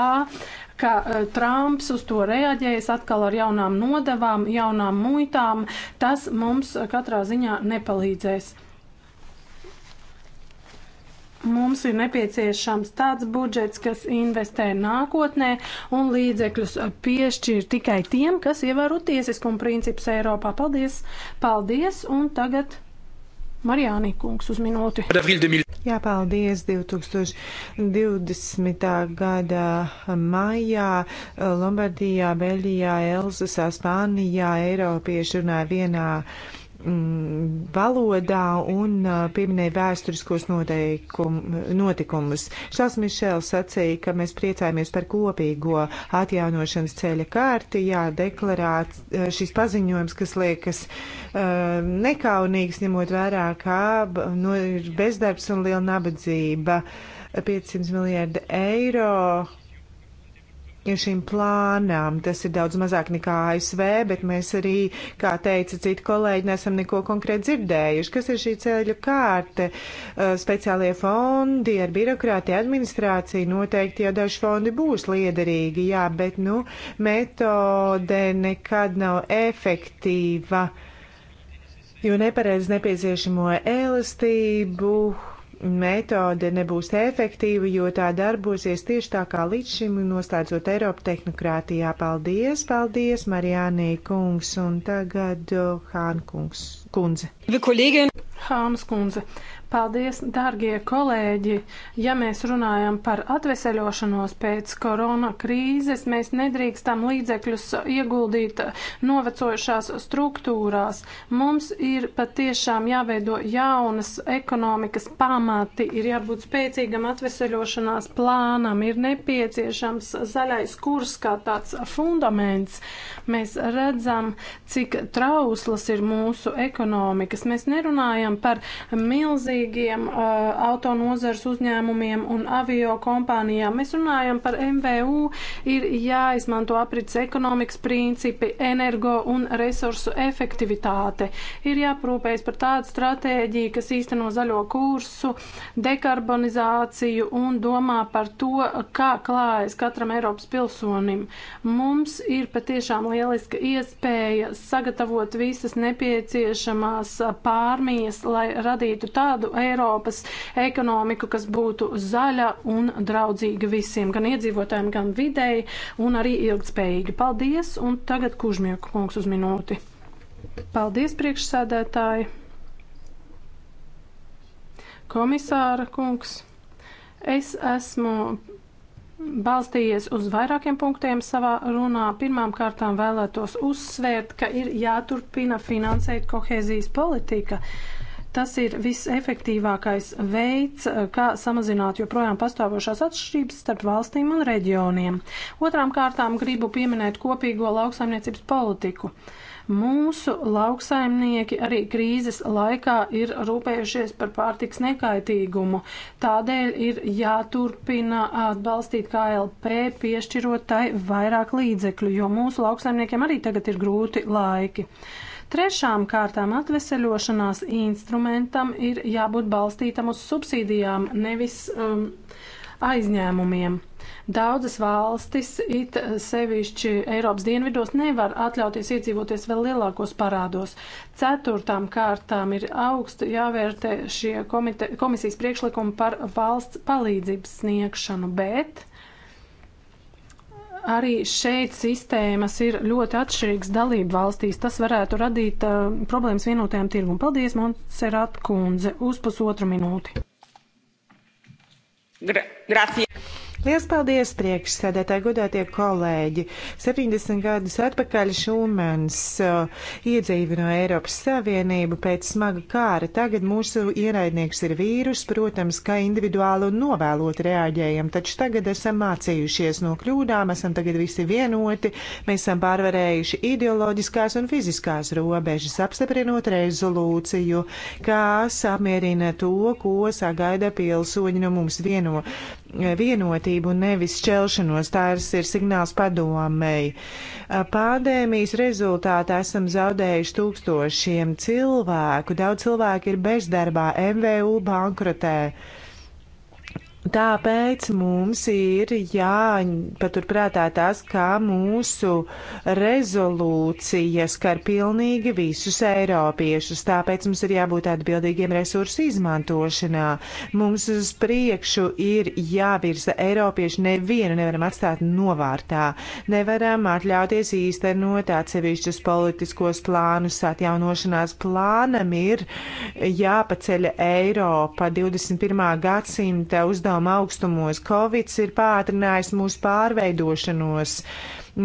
ka e, Trumps uz to reaģējas atkal ar jaunām nodevām, jaunām muitām. Tas mums katrā ziņā nepalīdzēs. Mums ir nepieciešams tāds budžets, kas investē nākotnē un līdzekļus piešķir tikai tiem, kas ievēro tiesiskumu principus Eiropā. Paldies! Paldies! Un tagad Marijāni kungs uz minūti. Jā, paldies. 2020. gada maijā eh, Lombardijā, Beļģijā, Elzasā, Spānijā Eiropieši runāja vienā valodā un uh, pieminēja vēsturiskos notikumus. Šāds Mišēls sacīja, ka mēs priecājamies par kopīgo atjaunošanas ceļa kārti, jā, deklarāt uh, šis paziņojums, kas liekas uh, nekaunīgs, ņemot vērā, kā no, nu, ir bezdarbs un liela nabadzība. 500 miljardi eiro šim plānam. Tas ir daudz mazāk nekā ASV, bet mēs arī, kā teica citi kolēģi, nesam neko konkrēti dzirdējuši. Kas ir šī ceļu kārte? Uh, speciālie fondi ar birokrātiju administrāciju noteikti jau daži fondi būs liederīgi, jā, bet, nu, metode nekad nav efektīva, jo nepareiz nepieciešamo elastību metode nebūs efektīva, jo tā darbosies tieši tā kā līdz šim, noslēdzot Eiropu tehnokrātijā. Paldies, paldies, Marijānī kungs un tagad uh, Hānkungs kundze. Hāmas kundze. Paldies, dārgie kolēģi! Ja mēs runājam par atveseļošanos pēc korona krīzes, mēs nedrīkstam līdzekļus ieguldīt novecojušās struktūrās. Mums ir patiešām jāveido jaunas ekonomikas pamati, ir jābūt spēcīgam atveseļošanās plānam, ir nepieciešams zaļais kurs kā tāds fundaments. Mēs redzam, cik trauslas ir mūsu ekonomikas ekonomikas. Mēs nerunājam par milzīgiem uh, autonozars uzņēmumiem un avio kompānijām. Mēs runājam par MVU, ir jāizmanto aprits ekonomikas principi, energo un resursu efektivitāte. Ir jāprūpējas par tādu stratēģiju, kas īsteno zaļo kursu, dekarbonizāciju un domā par to, kā klājas katram Eiropas pilsonim. Mums ir patiešām lieliska iespēja sagatavot visas nepieciešamas nepieciešamās pārmijas, lai radītu tādu Eiropas ekonomiku, kas būtu zaļa un draudzīga visiem, gan iedzīvotājiem, gan videi, un arī ilgspējīga. Paldies, un tagad Kužmieku kungs uz minūti. Paldies, priekšsēdētāji. Komisāra kungs, es esmu balstījies uz vairākiem punktiem savā runā. Pirmām kārtām vēlētos uzsvērt, ka ir jāturpina finansēt kohēzijas politika. Tas ir visefektīvākais veids, kā samazināt joprojām pastāvošās atšķirības starp valstīm un reģioniem. Otrām kārtām gribu pieminēt kopīgo lauksaimniecības politiku. Uh, Mūsu lauksaimnieki arī krīzes laikā ir rūpējušies par pārtiks nekaitīgumu. Tādēļ ir jāturpina atbalstīt KLP, piešķirot tai vairāk līdzekļu, jo mūsu lauksaimniekiem arī tagad ir grūti laiki. Trešām kārtām atveseļošanās instrumentam ir jābūt balstītam uz subsīdijām, nevis um, aizņēmumiem. Daudzas valstis, it sevišķi Eiropas dienvidos, nevar atļauties iedzīvoties vēl lielākos parādos. Ceturtām kārtām ir augstu jāvērtē šie komite, komisijas priekšlikumi par valsts palīdzības sniegšanu, bet arī šeit sistēmas ir ļoti atšķirīgas dalību valstīs. Tas varētu radīt uh, problēmas vienotajam tirgum. Paldies, Montserrat kundze, uz pusotru minūti. Gra gracias. Lielas paldies, priekšsēdētāji, godātie kolēģi! 70 gadus atpakaļ Šumans uh, iedzīvināja Eiropas Savienību pēc smaga kāra. Tagad mūsu ienaidnieks ir vīrus, protams, ka individuāli un novēlot reaģējam, taču tagad esam mācījušies no kļūdām, esam tagad visi vienoti, mēs esam pārvarējuši ideoloģiskās un fiziskās robežas, apstiprinot rezolūciju, kas apmierina to, ko sagaida pilsoņi no mums vieno vienotību un nevis šķelšanos. Tās ir signāls padomēji. Pandēmijas rezultātā esam zaudējuši tūkstošiem cilvēku. Daudz cilvēku ir bezdarbā, MVU bankrotē. Tāpēc mums ir jāpaturprātā tas, kā mūsu rezolūcija skar pilnīgi visus eiropiešus. Tāpēc mums ir jābūt atbildīgiem resursu izmantošanā. Mums uz priekšu ir jāvirza eiropieši. Nevienu nevaram atstāt novārtā. Nevaram atļauties īstenot atsevišķus politiskos plānus. Atjaunošanās plānam ir jāpaceļ Eiropa 21. gadsimta uzdevuma ozona augstumos. Covid ir pātrinājis mūsu pārveidošanos.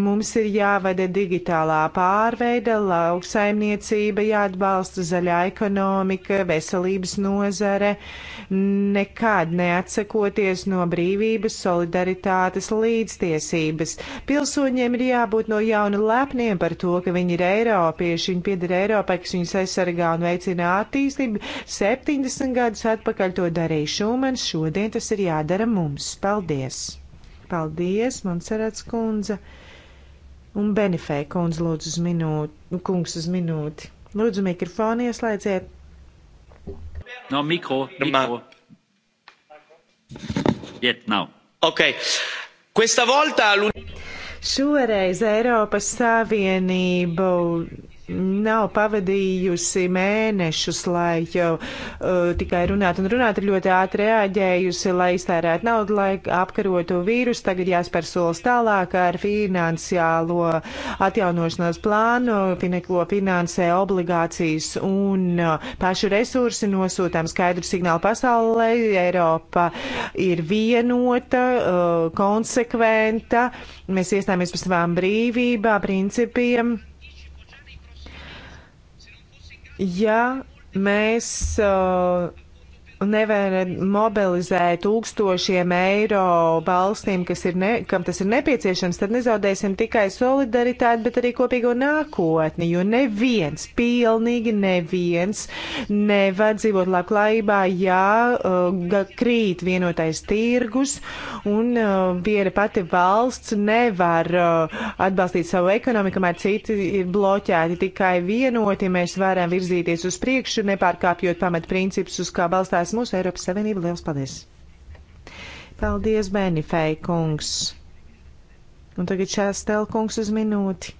Mums ir jāvada digitālā pārveida, lauksaimniecība, jāatbalsta zaļā ekonomika, veselības nozare. Uh, nekad neatsakoties no brīvības, solidaritātes, līdztiesības. Pilsoņiem ir jābūt no jauna lepniem par to, ka viņi ir Eiropieši, viņi piedara Eiropai, kas viņus aizsargā un veicina attīstību. 70 gadus atpakaļ to darīja Šumans, šodien tas ir jādara mums. Paldies! Paldies, Monserats kundze! Un Benifē kundze lūdzu uz minūti, kungs uz minūti. Lūdzu, mikrofonu ieslēdziet! No, micro, micro. Yet, now. Ok. Questa volta... Šoreiz Eiropas Savienību nav pavadījusi mēnešus, lai jau, uh, tikai runātu un runātu, ir ļoti ātri reaģējusi, lai iztērētu naudu, lai apkarotu vīrusu. Tagad jāspēr solis tālāk ar finansiālo atjaunošanās plānu, ko finansē obligācijas un uh, pašu resursi. Nosūtām skaidru signālu pasaulē. Eiropa ir vienota, uh, konsekventa. Mēs iestājāmies par savām brīvībām, principiem ja mēs uh, nevar mobilizēt tūkstošiem eiro valstīm, ne, kam tas ir nepieciešams, tad nezaudēsim tikai solidaritāti, bet arī kopīgo nākotni, jo neviens, pilnīgi neviens nevar dzīvot labklājībā, ja uh, krīt vienotais tirgus un uh, viena pati valsts nevar uh, atbalstīt savu ekonomiku, kamēr citi ir bloķēti tikai vienoti, mēs varam virzīties uz priekšu, nepārkāpjot pamatprincipus, uz kā balstās aizsargās mūsu Eiropas Savienību. Lielas paldies! Paldies, Benifei kungs! Un tagad šās telkungs uz minūti.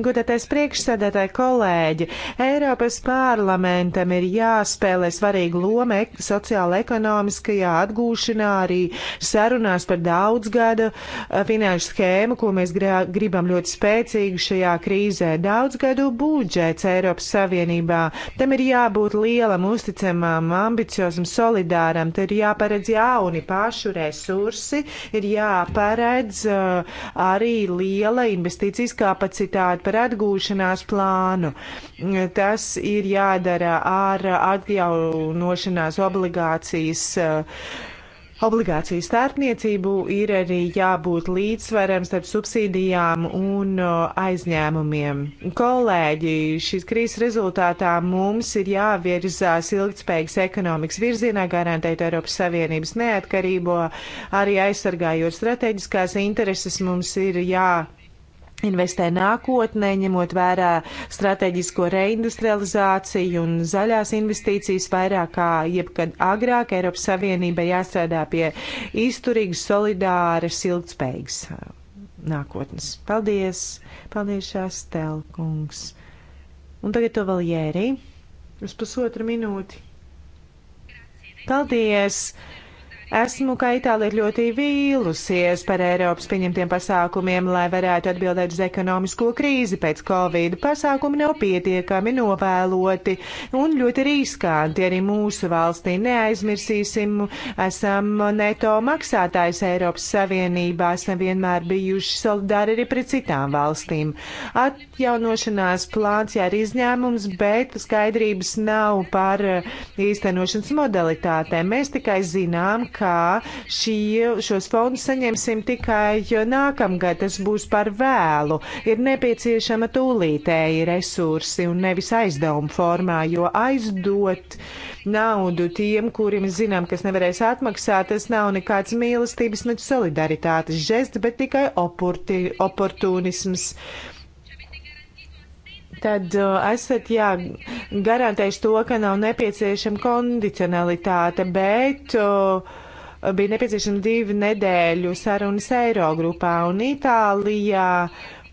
Godātais priekšsēdētāji kolēģi, Eiropas parlamentam ir jāspēlē svarīga loma ek sociāla-ekonomiskajā atgūšanā, arī sarunās par daudzgada eh, finanšu schēmu, ko mēs gribam ļoti spēcīgu šajā krīzē. Daudzgadu budžets Eiropas Savienībā. Tam ir jābūt lielam, uzticamam, ambiciozam, solidāram. Te ir jāparedz jauni pašu resursi, ir jāparedz uh, arī liela investīcijas kapacitāte runājot par atgūšanās plānu, tas ir jādara ar atjaunošanās obligācijas eh, obligāciju starpniecību ir arī jābūt līdzsveram starp subsīdijām un eh, aizņēmumiem. Kolēģi, šīs krīzes rezultātā mums ir jāvirzās ilgtspējīgas ekonomikas virzienā, garantēt Eiropas Savienības neatkarību, arī aizsargājot strateģiskās intereses mums ir jā investē nākotnē, ņemot vērā strateģisko reindustrializāciju un zaļās investīcijas vairāk kā jebkad agrāk Eiropas Savienībai jāstrādā pie izturīgas, solidāras, ilgspējīgas nākotnes. Paldies! Paldies, Šastelkungs! Un tagad to vēl jērī uz pusotru minūti. Paldies! Paldies. Esmu kā itāliet ļoti vīlusies par Eiropas pieņemtiem pasākumiem, lai varētu atbildēt uz ekonomisko krīzi pēc Covid. Pasākumi nav pietiekami novēloti un ļoti riskanti arī mūsu valstī. Neaizmirsīsim, esam neto maksātājs Eiropas Savienībā, esam vienmēr bijuši solidāri arī pret citām valstīm. Atjaunošanās plāns jā ir izņēmums, bet skaidrības nav par īstenošanas modalitātēm. Mēs tikai zinām, ka ka šī, šos fondus saņemsim tikai nākamgad, tas būs par vēlu. Ir nepieciešama tūlītēji resursi un nevis aizdevuma formā, jo aizdot naudu tiem, kuriem zinām, kas nevarēs atmaksāt, tas nav nekāds mīlestības, ne solidaritātes žests, bet tikai oporti, oportunisms tad uh, esat jā, garantējuši to, ka nav nepieciešama kondicionalitāte, bet uh, bija nepieciešama divu nedēļu sarunas Eirogrupā un Itālijā.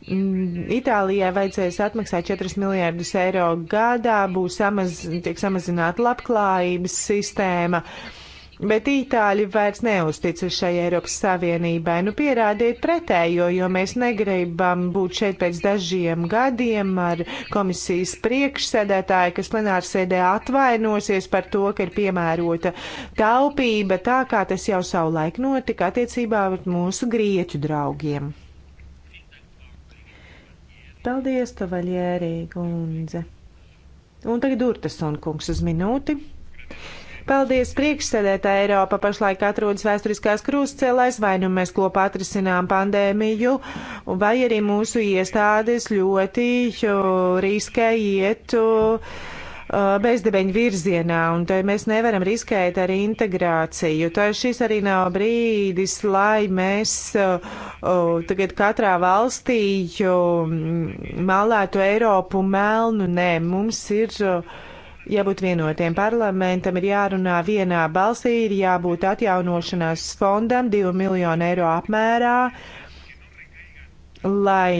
Mm, Itālijai vajadzēs atmaksāt 4 miljārdus eiro gadā, būs samaz, tiek samazināta labklājības sistēma. Uh, Bet Itāļi vairs neusticas šai Eiropas Savienībai. Nu, pierādiet pretējo, jo mēs negribam būt šeit pēc dažiem gadiem ar komisijas priekšsēdētāju, kas plenārsēdē atvainosies par to, ka ir piemērota taupība tā, kā tas jau savulaik notika attiecībā ar mūsu grieķu draugiem. Paldies, Tavaļērī, kundze. Un tagad Urtas un kungs uz minūti. Paldies priekšsēdētāja Eiropa pašlaik atrodas vēsturiskās krustcelēs, vai nu mēs kopā atrisinām pandēmiju, vai arī mūsu iestādes ļoti riskē iet bezdebeņu virzienā, un te mēs nevaram riskēt ar integrāciju. Tā šis arī nav brīdis, lai mēs uh, tagad katrā valstī uh, malētu Eiropu melnu. Nē, mums ir. Uh, jābūt vienotiem. Parlamentam ir jārunā vienā balsī, ir jābūt atjaunošanās fondam 2 miljonu eiro apmērā, lai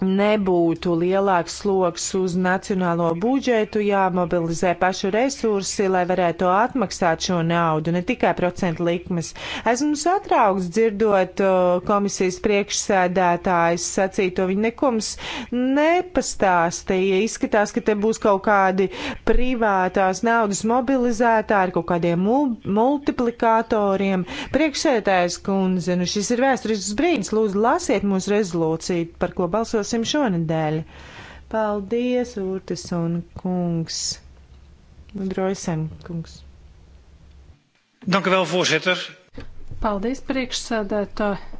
nebūtu lielāks sloks uz nacionālo budžetu, jāmobilizē pašu resursi, lai varētu atmaksāt šo naudu, ne tikai procentu likmes. Esmu satraukts dzirdot komisijas priekšsēdētājs sacīto, viņi neko mums nepastāstīja. Izskatās, ka te būs kaut kādi privātās naudas mobilizētāji ar kaut kādiem mul multiplikatoriem. Priekšsēdētājs kundze, nu šis ir vēsturisks brīdis, lūdzu lasiet mūsu rezolūciju, par ko balsos balsosim šonadēļ. Paldies, Urtis un kungs. Droisen kungs. Dank u wel, voorzitter. Paldies, priekšsēdētāji.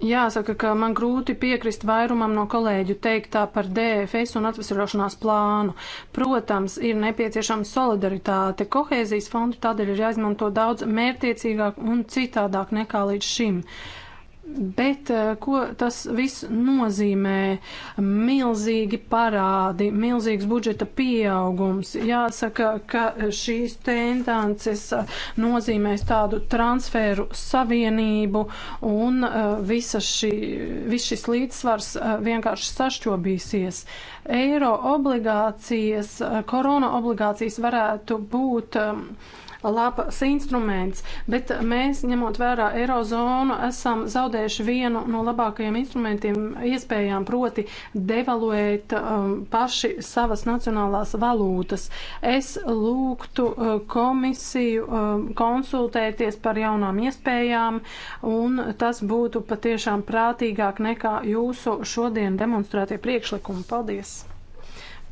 Jāsaka, ka man grūti piekrist vairumam no kolēģu teiktā par DFS un atvesarošanās plānu. Protams, ir nepieciešama solidaritāte. Kohēzijas fondu tādēļ ir jāizmanto daudz mērtiecīgāk un citādāk nekā līdz šim. Uh, Bet eh, ko tas viss nozīmē? Milzīgi parādi, milzīgs budžeta pieaugums. Jāsaka, ka šīs tendences eh, nozīmēs tādu transferu savienību un eh, visa šī, viss šis līdzsvars vienkārši sašķobīsies. Eiro obligācijas, korona obligācijas varētu būt labs instruments, bet mēs, ņemot vērā eirozonu, esam zaudējuši vienu no labākajiem instrumentiem iespējām, proti devaluēt um, paši savas nacionālās valūtas. Es lūgtu uh, komisiju um, konsultēties par jaunām iespējām, un tas būtu patiešām prātīgāk nekā jūsu šodien demonstrētie priekšlikumi. Paldies!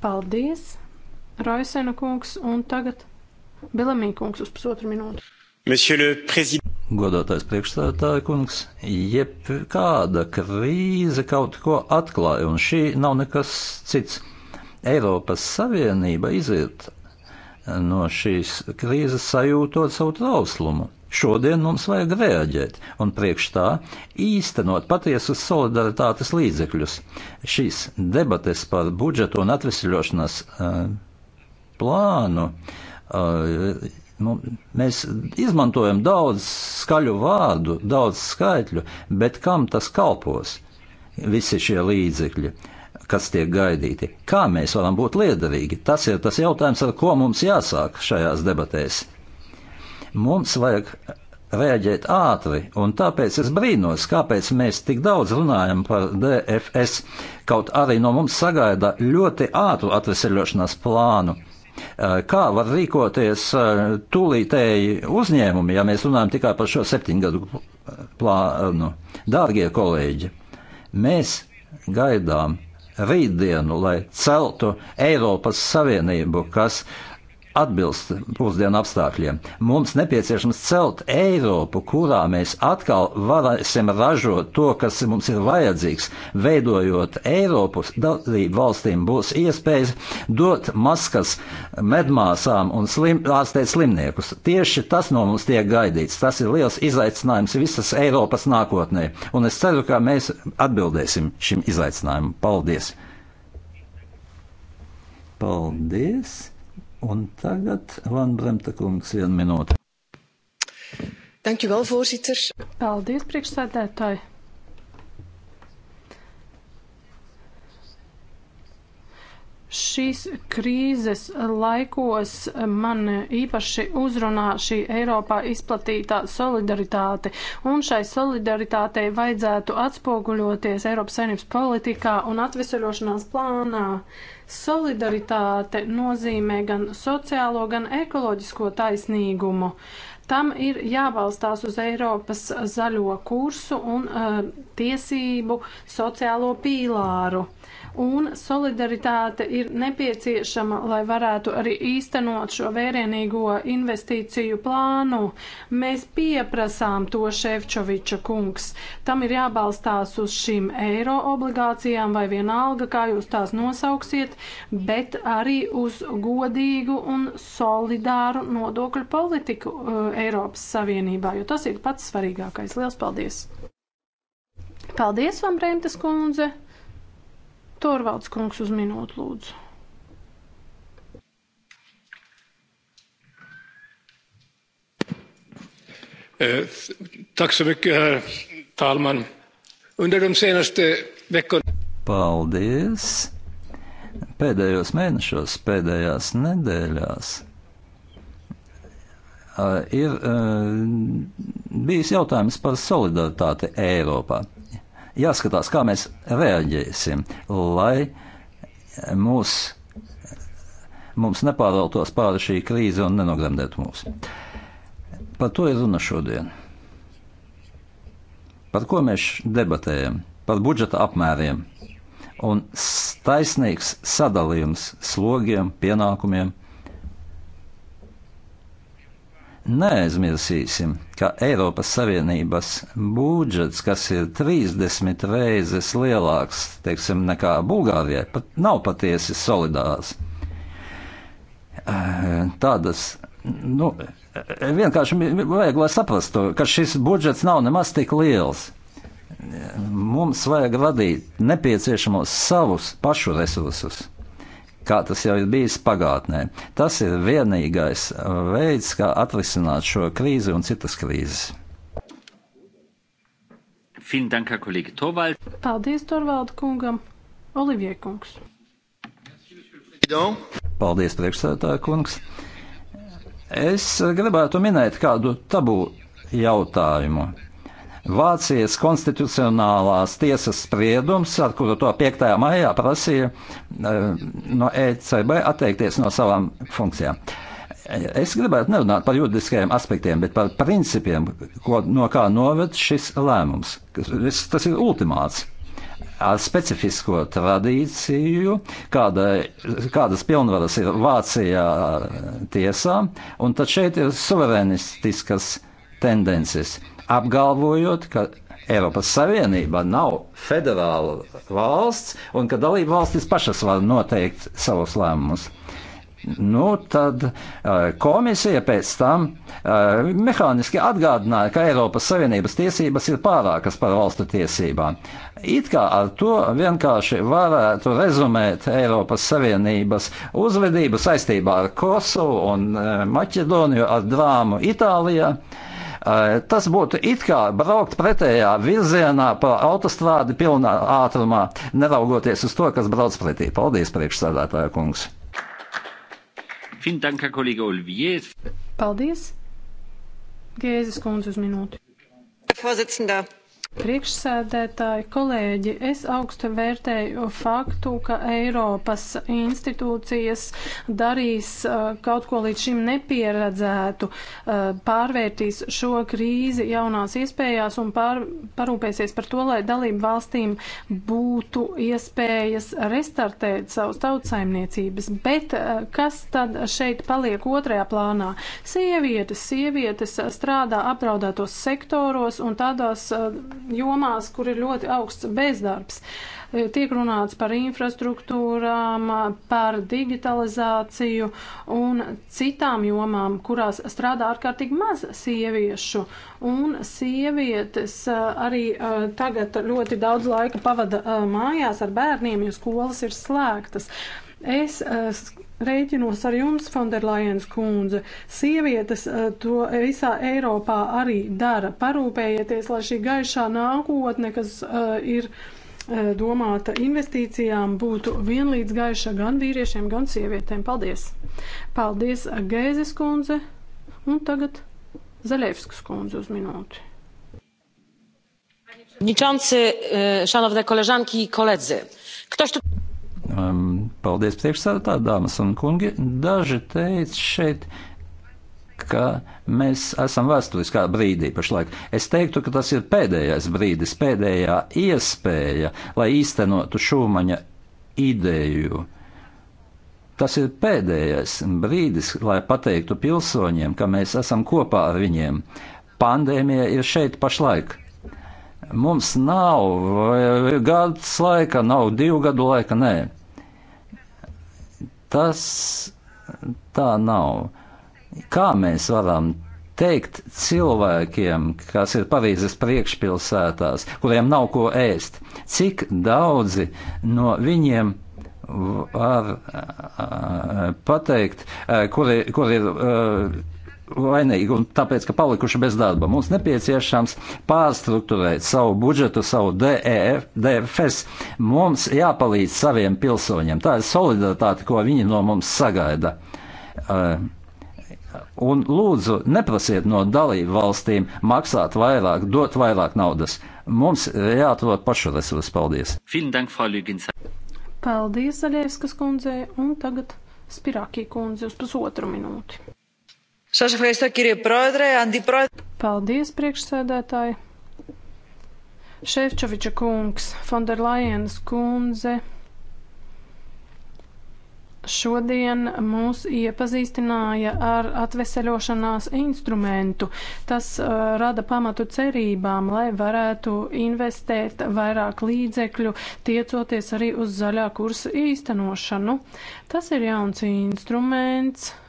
Paldies, Raisena kungs, un tagad Belamī kungs uz pusotru minūtu. Godātais priekšstādātāja kungs, jebkāda krīze kaut ko atklāja, un šī nav nekas cits. Eiropas Savienība iziet no šīs krīzes sajūtot savu trauslumu. Šodien mums vajag reaģēt un priekš tā īstenot patiesus solidaritātes līdzekļus. Šīs debates par budžetu un atvesļošanas uh, plānu uh, Nu, mēs izmantojam daudz skaļu vārdu, daudz skaitļu, bet kam tas kalpos? Visi šie līdzekļi, kas tiek gaidīti. Kā mēs varam būt liederīgi? Tas ir tas jautājums, ar ko mums jāsāk šajās debatēs. Mums vajag rēģēt ātri, un tāpēc es brīnos, kāpēc mēs tik daudz runājam par DFS, kaut arī no mums sagaida ļoti ātru atveseļošanās plānu. Eh, kā var rīkoties eh, tūlītēji uzņēmumi, ja mēs runājam tikai par šo septiņgadu plānu? Dārgie kolēģi, mēs gaidām rītdienu, lai celtu Eiropas Savienību, kas atbilst pusdienu apstākļiem. Mums nepieciešams celt Eiropu, kurā mēs atkal varēsim ražot to, kas mums ir vajadzīgs. Veidojot Eiropu, dalību valstīm būs iespējas dot maskas medmāsām un slim, ārstēt slimniekus. Tieši tas no mums tiek gaidīts. Tas ir liels izaicinājums visas Eiropas nākotnē, un es ceru, ka mēs atbildēsim šim izaicinājumam. Paldies! Paldies! Un tagad Van Bremta kungs vienu minūti. Dankjewel, voorzitter. Paldies, priekšsēdētāji. Šīs krīzes laikos man īpaši uzrunā šī Eiropā izplatītā solidaritāte, un šai solidaritātei vajadzētu atspoguļoties Eiropas saimnības politikā un atvesaļošanās plānā. Uh, Solidaritāte nozīmē gan sociālo, gan ekoloģisko taisnīgumu. Tam ir jābalstās uz Eiropas zaļo kursu un uh, tiesību sociālo pīlāru un solidaritāte ir nepieciešama, lai varētu arī īstenot šo vērienīgo investīciju plānu. Mēs pieprasām to Ševčoviča kungs. Tam ir jābalstās uz šīm eiro obligācijām vai vienalga, kā jūs tās nosauksiet, bet arī uz godīgu un solidāru nodokļu politiku eh, Eiropas Savienībā, jo tas ir pats svarīgākais. Liels paldies! Paldies, Vambrēmtes kundze! Torvalds kungs uz minūtu lūdzu. Eh, Tack så mycket, herr talman. Under de senaste veckorna... Paldies! Pēdējos mēnešos, pēdējās nedēļās eh, ir eh, bijis jautājums par solidaritāti Eiropā jāskatās, kā mēs reaģēsim, lai mūs, mums nepārvaltos pāri šī krīze un nenogremdētu mūs. Par to ir runa šodien. Par ko mēs debatējam? Par budžeta apmēriem un taisnīgs sadalījums slogiem, pienākumiem – neaizmirsīsim, ka Eiropas Savienības budžets, kas ir 30 reizes lielāks, teiksim, nekā Bulgārijai, pat nav patiesi solidārs. Eh, tādas, nu, eh, vienkārši vajag, lai saprastu, ka šis budžets nav nemaz tik liels. Mums vajag radīt nepieciešamos savus pašu resursus kā tas jau ir bijis pagātnē. Tas ir vienīgais veids, kā atrisināt šo krīzi un citas krīzes. Paldies, Torvalda kungam, Olivier kungs. Paldies, priekšsētāja kungs. Es gribētu minēt kādu tabu jautājumu. Vācijas konstitucionālās tiesas spriedums, ar kuru to 5. maijā prasīja eh, no ECB atteikties no savām funkcijām. Es gribētu nerunāt par juridiskajiem aspektiem, bet par principiem, ko, no kā noved šis lēmums. Tas, tas ir ultimāts ar specifisko tradīciju, kāda, kādas pilnvaras ir Vācijā tiesā, un tad šeit ir suverenistiskas tendences apgalvojot, ka Eiropas Savienība nav federāla valsts un ka dalība valstis pašas var noteikt savus lēmumus. Nu, tad uh, komisija pēc tam uh, mehāniski atgādināja, ka Eiropas Savienības tiesības ir pārākas par valstu tiesībām. It kā ar to vienkārši varētu rezumēt Eiropas Savienības uzvedību saistībā ar Kosovu un uh, Maķedoniju, ar drāmu Itālijā. Uh, Tas būtu it kā braukt pretējā virzienā pa autostrādi pilnā ātrumā, neraugoties uz to, kas brauc pretī. Paldies, priekšsādātāja kungs! Paldies! Gēzes kundze uz minūti. Vorsitzender, Priekšsēdētāji, kolēģi, es augstu vērtēju faktu, ka Eiropas institūcijas darīs uh, kaut ko līdz šim nepieredzētu, uh, pārvērtīs šo krīzi jaunās iespējās un pār, parūpēsies par to, lai dalību valstīm būtu iespējas restartēt savus tautsaimniecības. Bet uh, kas tad šeit paliek otrajā plānā? Sievietes, sievietes strādā apdraudētos sektoros un tādos jomās, kur ir ļoti augsts bezdarbs. E, Tiek runāts par infrastruktūrām, par digitalizāciju un citām jomām, kurās strādā ārkārtīgi maz sieviešu. Un sievietes e, arī e, tagad ļoti daudz laika pavada mājās ar bērniem, jo skolas ir slēgtas. Es rēķinos ar jums, Fonderlajens kundze. Sievietes eh, to visā Eiropā arī dara. Parūpējieties, lai šī gaišā nākotne, kas eh, ir eh, domāta investīcijām, būtu vienlīdz gaiša gan vīriešiem, gan sievietēm. Paldies! Paldies, Gēzes kundze! Un tagad Zaļevskas kundze uz minūti. Niczący, e, szanowne koleżanki i koledzy. Ktoś tu... Um, paldies priekšsēdētāji, dāmas un kungi. Daži teica šeit, ka mēs esam vēsturiskā brīdī pašlaik. Es teiktu, ka tas ir pēdējais brīdis, pēdējā iespēja, lai īstenotu šūmaņa ideju. Tas ir pēdējais brīdis, lai pateiktu pilsoņiem, ka mēs esam kopā ar viņiem. Pandēmija ir šeit pašlaik. Mums nav gads laika, nav divu gadu laika, nē. Tas tā nav. Kā mēs varam teikt cilvēkiem, kas ir Parīzes priekšpilsētās, kuriem nav ko ēst, cik daudzi no viņiem var pateikt, kuri, kuri ir vainīgi un tāpēc, ka palikuši bez darba. Mums nepieciešams pārstruktūrēt savu budžetu, savu DEF, DFS. Mums jāpalīdz saviem pilsoņiem. Tā ir solidaritāte, ko viņi no mums sagaida. Eh, un lūdzu, neprasiet no dalību valstīm maksāt vairāk, dot vairāk naudas. Mums jāatrod pašu resursu. Paldies! Paldies, Zaļievskas kundzei, un tagad Spirākī kundze uz pusotru minūti. Paldies, priekšsēdētāji! Šefčoviča kungs, Fonderlajenas kundze šodien mūs iepazīstināja ar atveseļošanās instrumentu. Tas uh, rada pamatu cerībām, lai varētu investēt vairāk līdzekļu, tiecoties arī uz zaļā kursa īstenošanu. Tas ir jauns instruments. Uh,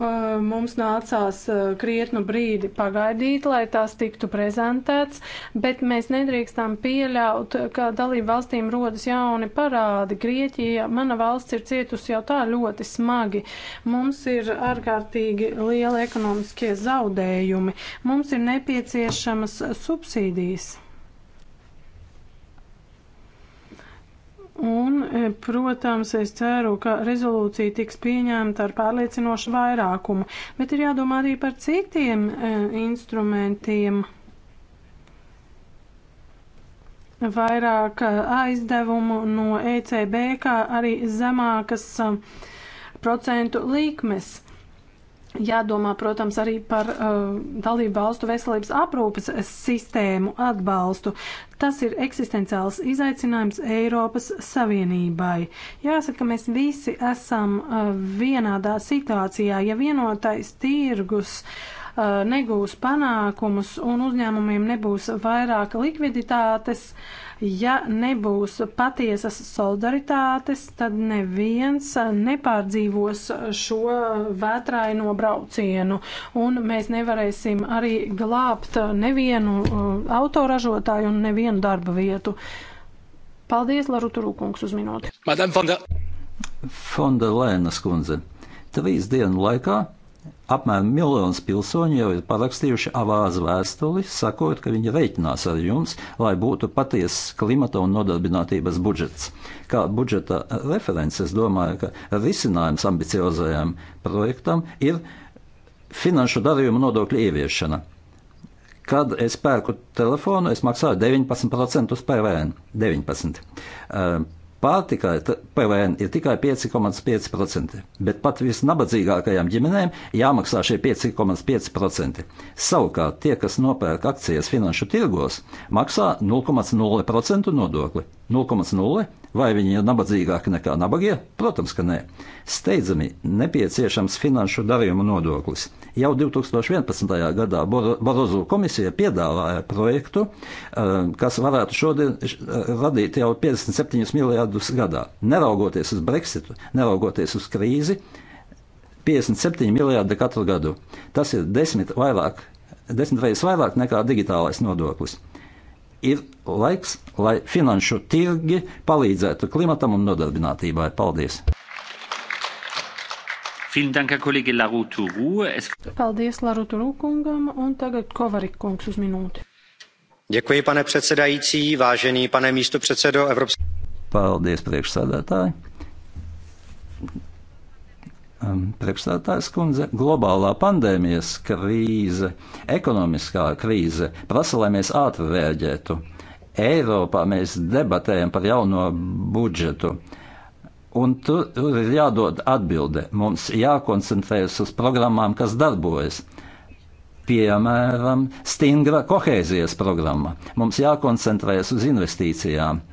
mums nācās krietnu brīdi pagaidīt, lai tās tiktu prezentēts, bet mēs nedrīkstam pieļaut, ka dalību valstīm rodas jauni parādi. Grieķija, mana valsts, ir cietusi jau tā ļoti smagi. Mums ir ārkārtīgi lieli ekonomiskie zaudējumi. Mums ir nepieciešamas subsīdijas. Un, e, protams, es ceru, ka rezolūcija tiks pieņemta ar pārliecinošu vairākumu, bet ir jādomā arī par citiem e, instrumentiem. Vairāk e, aizdevumu no ECB, kā arī zemākas e, procentu likmes. Jādomā, protams, arī par uh, dalību valstu veselības aprūpas sistēmu atbalstu. Tas ir eksistenciāls izaicinājums Eiropas Savienībai. Jāsaka, mēs visi esam uh, vienādā situācijā, ja vienotais tirgus uh, negūs panākumus un uzņēmumiem nebūs vairāk likviditātes. Uh, Ja nebūs patiesas solidaritātes, tad neviens nepārdzīvos šo vētraino braucienu, un mēs nevarēsim arī glābt nevienu uh, autoražotāju un nevienu darba vietu. Paldies, Laru Turūkungs, uz minūti. Madam Fonda. Fonda Lēnas kundze, tevīs dienu laikā Apmēram miljons pilsoņu jau ir parakstījuši avāzu vēstuli, sakot, ka viņi reiķinās ar jums, lai būtu patiesas klimata un nodarbinātības budžets. Kā budžeta referents, es domāju, ka risinājums ambiciozajam projektam ir finanšu darījumu nodokļu ieviešana. Kad es pērku telefonu, es maksāju 19% uz PVN. 19. Uh, pārtikai PVN ir tikai 5,5%, bet pat visnabadzīgākajām ģimenēm jāmaksā šie 5,5%. Savukārt tie, kas nopērk akcijas finanšu tirgos, maksā 0,0% nodokli. 0,0, vai viņi ir nabadzīgāki nekā nabagie? Protams, ka nē. Steidzami nepieciešams finanšu darījumu nodoklis. Jau 2011. gadā Barozu komisija piedāvāja projektu, eh, kas varētu šodien eh, radīt jau 57 miljardus gadā. Neraugoties uz Brexitu, neraugoties uz krīzi, 57 miljardi katru gadu. Tas ir desmit, vairāk, desmit reizes vairāk nekā digitālais nodoklis ir laiks, lai finanšu tirgi palīdzētu klimatam un nodarbinātībai. Paldies! Paldies Laruturu kungam un tagad Kovarik kungs uz minūti. Děkuji, pane předsedající, vážený pane místopředsedo Evropské. Paldies, priekšsēdētāji. Um, priekšstādātājs kundze, globālā pandēmijas krīze, ekonomiskā krīze prasa, lai mēs ātri rēģētu. Eiropā mēs debatējam par jauno budžetu. Un tur, tur ir jādod atbilde. Mums jākoncentrējas uz programmām, kas darbojas. Piemēram, stingra kohēzijas programma. Mums jākoncentrējas uz investīcijām.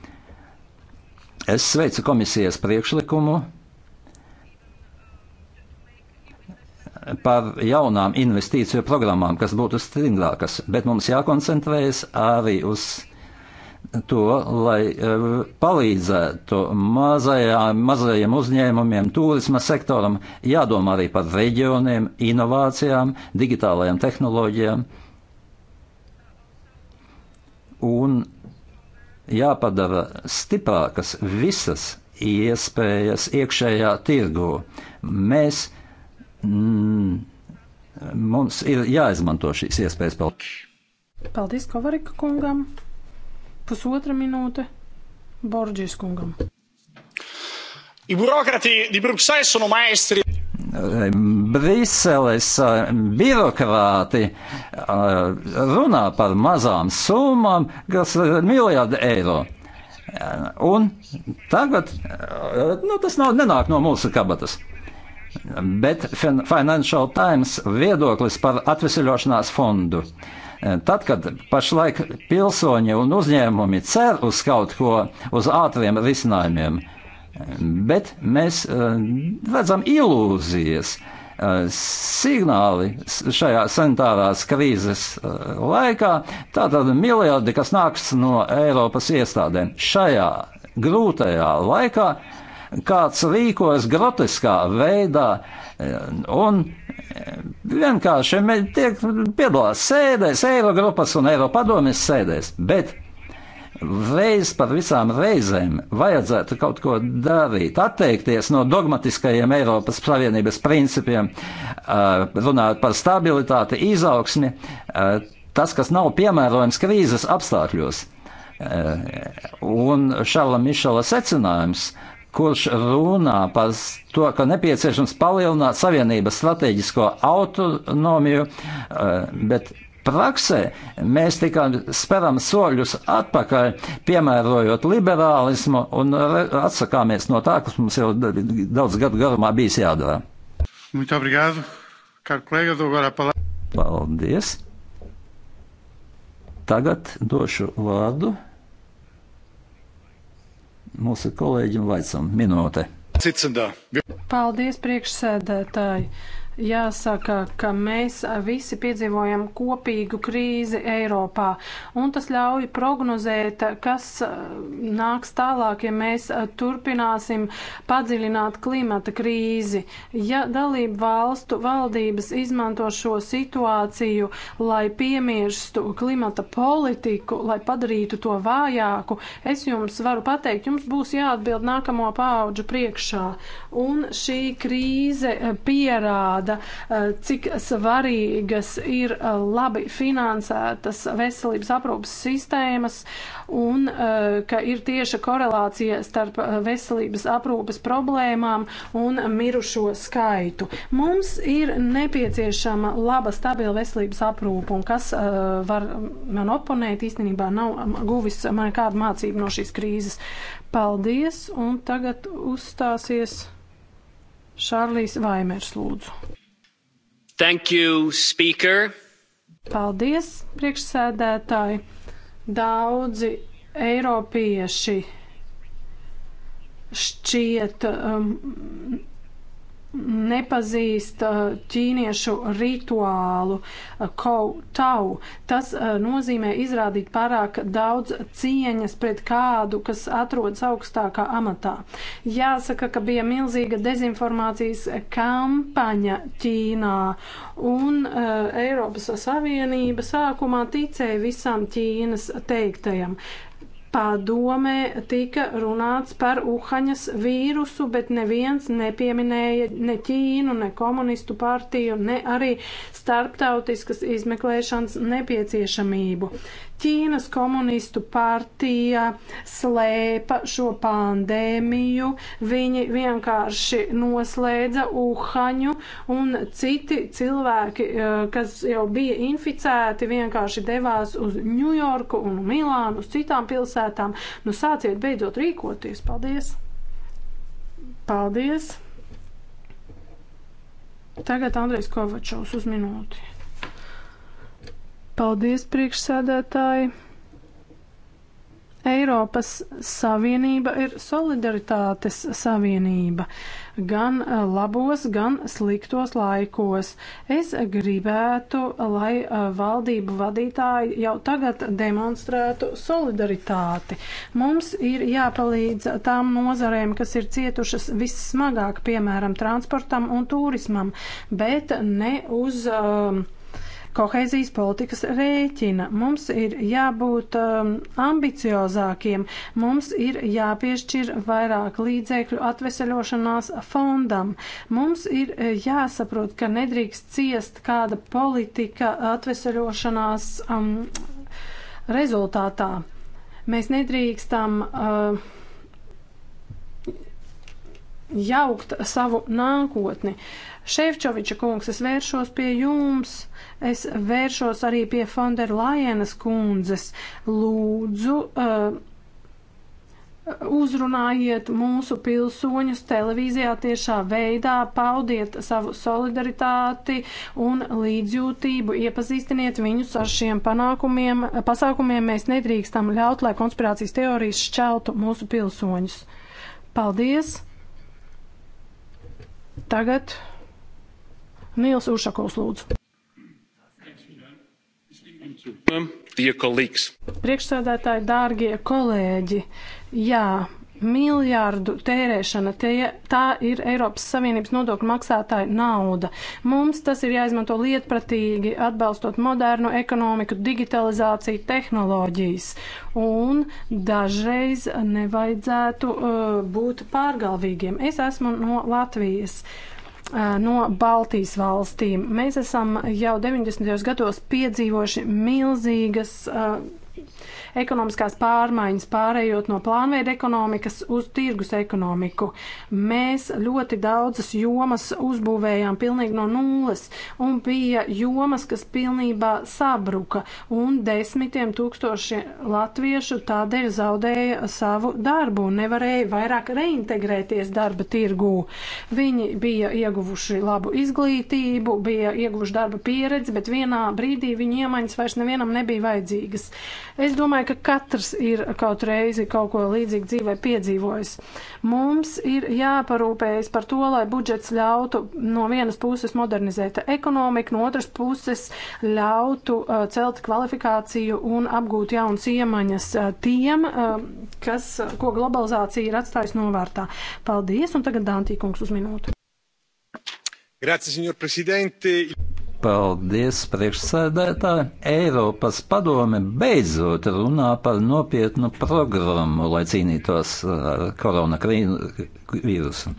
Es sveicu komisijas priekšlikumu par jaunām investīciju programmām, kas būtu stingrākas, bet mums jākoncentrējas arī uz to, lai eh, palīdzētu mazajā, mazajiem uzņēmumiem, turisma sektoram, jādomā arī par reģioniem, inovācijām, digitālajām tehnoloģijām un jāpadara stiprākas visas iespējas iekšējā tirgu. Mēs mm, mums ir jāizmanto šīs iespējas. Paldies, Paldies Kovarika kungam. Pusotra minūte Borģijas kungam. I burokrati di Bruxelles sono maestri. Briseles eh, birokrāti eh, runā par mazām summām, kas ir miljardi eiro. Eh, un tagad nu, tas nav, nenāk no mūsu kabatas bet Financial Times viedoklis par atvesaļošanās fondu. Eh, tad, kad pašlaik pilsoņi un uzņēmumi cer uz kaut ko, uz ātriem risinājumiem, eh, bet mēs eh, redzam ilūzijas, signāli šajā sanitārās krīzes laikā, tātad miljardi, kas nāks no Eiropas iestādēm šajā grūtajā laikā, uh, kāds rīkojas groteskā veidā e, un e, vienkārši tiek piedalās sēdēs, Eiro grupas un Eiro padomjas sēdēs. Bet reiz par visām reizēm vajadzētu kaut ko darīt, atteikties no dogmatiskajiem Eiropas Savienības principiem, e, runāt par stabilitāti, izaugsmi, tas, kas nav piemērojams krīzes apstākļos. Un Šarla Mišela secinājums kurš runā par to, ka nepieciešams palielināt Savienības strateģisko autonomiju, eh, bet praksē mēs tikai speram soļus atpakaļ, piemērojot liberālismu un atsakāmies no tā, kas mums jau daudz gadu garumā bijis jādara. Muito obrigado, caro colega, dou agora a palavra. Paldies. Tagad došu vārdu Mūsu kolēģim Vaicam minūte. Paldies, priekšsēdētāji! Jāsaka, ka mēs visi piedzīvojam kopīgu krīzi Eiropā, un tas ļauj prognozēt, kas uh, nāks tālāk, ja mēs uh, turpināsim padziļināt klimata krīzi. Ja dalību valstu valdības izmanto šo situāciju, lai piemirstu klimata politiku, lai padarītu to vājāku, es jums varu pateikt, jums būs jāatbild nākamo paudžu priekšā. Un šī krīze uh, pierāda, parāda, eh, cik svarīgas ir eh, labi finansētas veselības aprūpas sistēmas un eh, ka ir tieša korelācija starp veselības aprūpas problēmām un mirušo skaitu. Mums ir nepieciešama laba, stabila veselības aprūpa, un kas var man oponēt, īstenībā nav um, guvis man kādu mācību no šīs krīzes. Paldies, un tagad uzstāsies Šārlīs Vaimers lūdzu. Thank you, speaker. Paldies, priekšsēdētāji. Daudzi eiropieši šķiet um, nepazīst uh, ķīniešu rituālu uh, kau-tau. Tas uh, nozīmē izrādīt pārāk daudz cieņas pret kādu, kas atrodas augstākā amatā. Jāsaka, ka bija milzīga dezinformācijas kampaņa Ķīnā, un Eiropas Savienība sākumā ticēja visam Ķīnas teiktajam padomē tika runāts par Uhaņas vīrusu, bet neviens nepieminēja ne Ķīnu, ne komunistu partiju, ne arī starptautiskas izmeklēšanas nepieciešamību. Ķīnas komunistu partija slēpa šo pandēmiju, viņi vienkārši noslēdza uhaņu un citi cilvēki, eh, kas jau bija inficēti, vienkārši devās uz Ņujorku un Milānu, uz citām pilsētām. Nu sāciet beidzot rīkoties. Paldies! Paldies! Tagad Andrejs Kovačovs uz minūti. Paldies, priekšsēdētāji! Eiropas Savienība ir solidaritātes savienība gan eh, labos, gan sliktos laikos. Es gribētu, lai eh, valdību vadītāji jau tagad demonstrētu solidaritāti. Mums ir jāpalīdz tām nozarēm, kas ir cietušas vissmagāk, piemēram, transportam un turismam, bet ne uz. Um, uh, kohēzijas politikas rēķina. Mums ir jābūt um, ambiciozākiem, mums ir jāpiešķir vairāk līdzekļu atveseļošanās fondam. Mums ir eh, jāsaprot, ka nedrīkst ciest kāda politika atveseļošanās um, rezultātā. Mēs nedrīkstam uh, jaukt savu nākotni. Uh, Šefčoviča kungs, es vēršos pie jums, es vēršos arī pie Fonderlajenas kundzes. Lūdzu, uh, uzrunājiet mūsu pilsoņus televīzijā tiešā veidā, paudiet savu solidaritāti un līdzjūtību, iepazīstiniet viņus ar šiem panākumiem, pasākumiem. Mēs nedrīkstam ļaut, lai konspirācijas teorijas šķeltu mūsu pilsoņus. Paldies! Tagad. Nils Uršakovs lūdzu. Priekšsēdētāji, dārgie kolēģi, jā, miljārdu tērēšana, tie, tā ir Eiropas Savienības nodokļu maksātāja nauda. Mums tas ir jāizmanto lietpratīgi, atbalstot modernu ekonomiku, digitalizāciju, tehnoloģijas. Un dažreiz nevajadzētu uh, būt pārgalvīgiem. Es esmu no Latvijas. Uh, Eh, no Baltijas valstīm. Mēs esam jau 90. gados piedzīvojuši milzīgas. Uh, ekonomiskās pārmaiņas, pārējot no plānveida ekonomikas uz tirgus ekonomiku. Mēs ļoti daudzas jomas uzbūvējām pilnīgi no nulles, un bija jomas, kas pilnībā sabruka, un desmitiem tūkstoši latviešu tādēļ zaudēja savu darbu un nevarēja vairāk reintegrēties darba tirgū. Viņi bija ieguvuši labu izglītību, bija ieguvuši darba pieredzi, bet vienā brīdī viņa iemaņas vairs nevienam nebija vajadzīgas. Es domāju, ka katrs ir kaut reizi kaut ko līdzīgu dzīvē piedzīvojis. Mums ir jāparūpējas par to, lai budžets ļautu no vienas puses modernizēt ekonomiku, no otras puses ļautu uh, celt kvalifikāciju un apgūt jaunas iemaņas uh, tiem, uh, kas, uh, ko globalizācija ir atstājusi novārtā. Paldies, un tagad Dantī kungs uz minūtu. Grazie, signor Presidente. Paldies, priekšsēdētāji! Eiropas padome beidzot runā par nopietnu programmu, lai cīnītos ar koronavīrusu.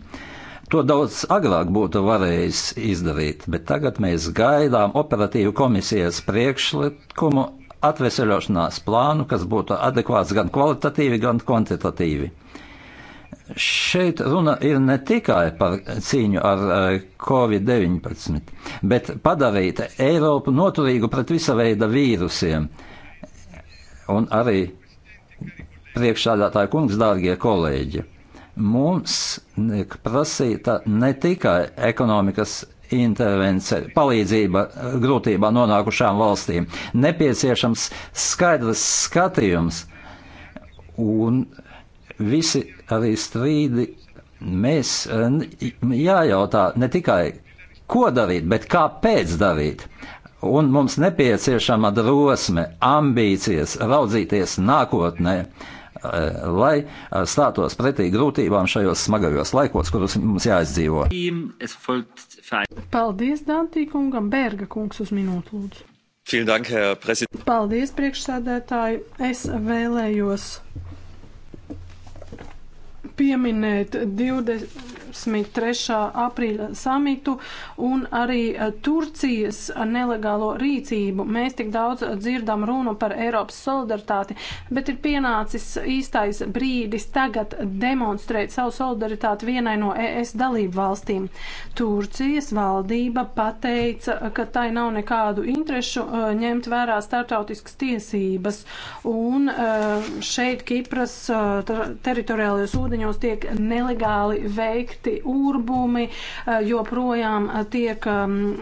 To daudz agrāk būtu varējis izdarīt, bet tagad mēs gaidām operatīvu komisijas priekšlikumu atveseļošanās plānu, kas būtu adekvāts gan kvalitatīvi, gan kvantitatīvi. Šeit runa ir ne tikai par cīņu ar e, Covid-19, bet padarīt Eiropu noturīgu pret visa veida vīrusiem. Un arī priekšsādātāja kungs, dārgie kolēģi, mums prasīta ne tikai ekonomikas intervence, palīdzība grūtībā nonākušām valstīm, nepieciešams skaidrs skatījums un visi arī strīdi mēs jājautā ne tikai, ko darīt, bet kāpēc darīt. Un mums nepieciešama drosme, ambīcijas, raudzīties nākotnē, eh, lai eh, stātos pretī grūtībām šajos smagajos laikos, kurus mums jāizdzīvo. Paldies Dantīkungam, Bērga kungs uz minūtu lūdzu. Dank, Paldies priekšsēdētāji, es vēlējos pieminēt 20. 23. aprīļa samitu un arī eh, Turcijas nelegālo rīcību. Mēs tik daudz dzirdam runu par Eiropas solidaritāti, bet ir pienācis īstais brīdis tagad demonstrēt savu solidaritāti vienai no ES dalību valstīm. Turcijas valdība pateica, ka tai nav nekādu interešu eh, ņemt vērā startautiskas tiesības. Un eh, šeit Kipras teritoriālajos ūdeņos tiek nelegāli veikt slikti urbumi, eh, joprojām eh, tiek mm,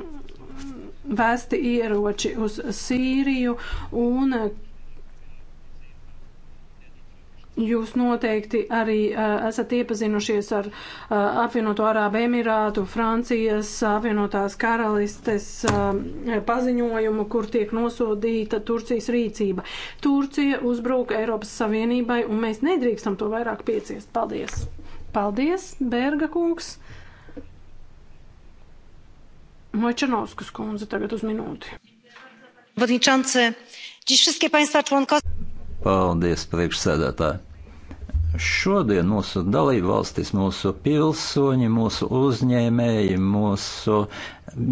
vēsti ieroči uz Sīriju un eh, Jūs noteikti arī uh, esat iepazinušies ar uh, apvienoto Arābu Emirātu, Francijas, apvienotās karalistes uh, paziņojumu, kur tiek nosodīta Turcijas rīcība. Turcija uzbruka Eiropas Savienībai, un mēs nedrīkstam to vairāk pieciest. Paldies! Paldies, Bērga kungs. Mojčanovskas kundze tagad uz minūti. Paldies, priekšsēdētāji. Šodien mūsu dalību valstis, mūsu pilsoņi, mūsu uzņēmēji, mūsu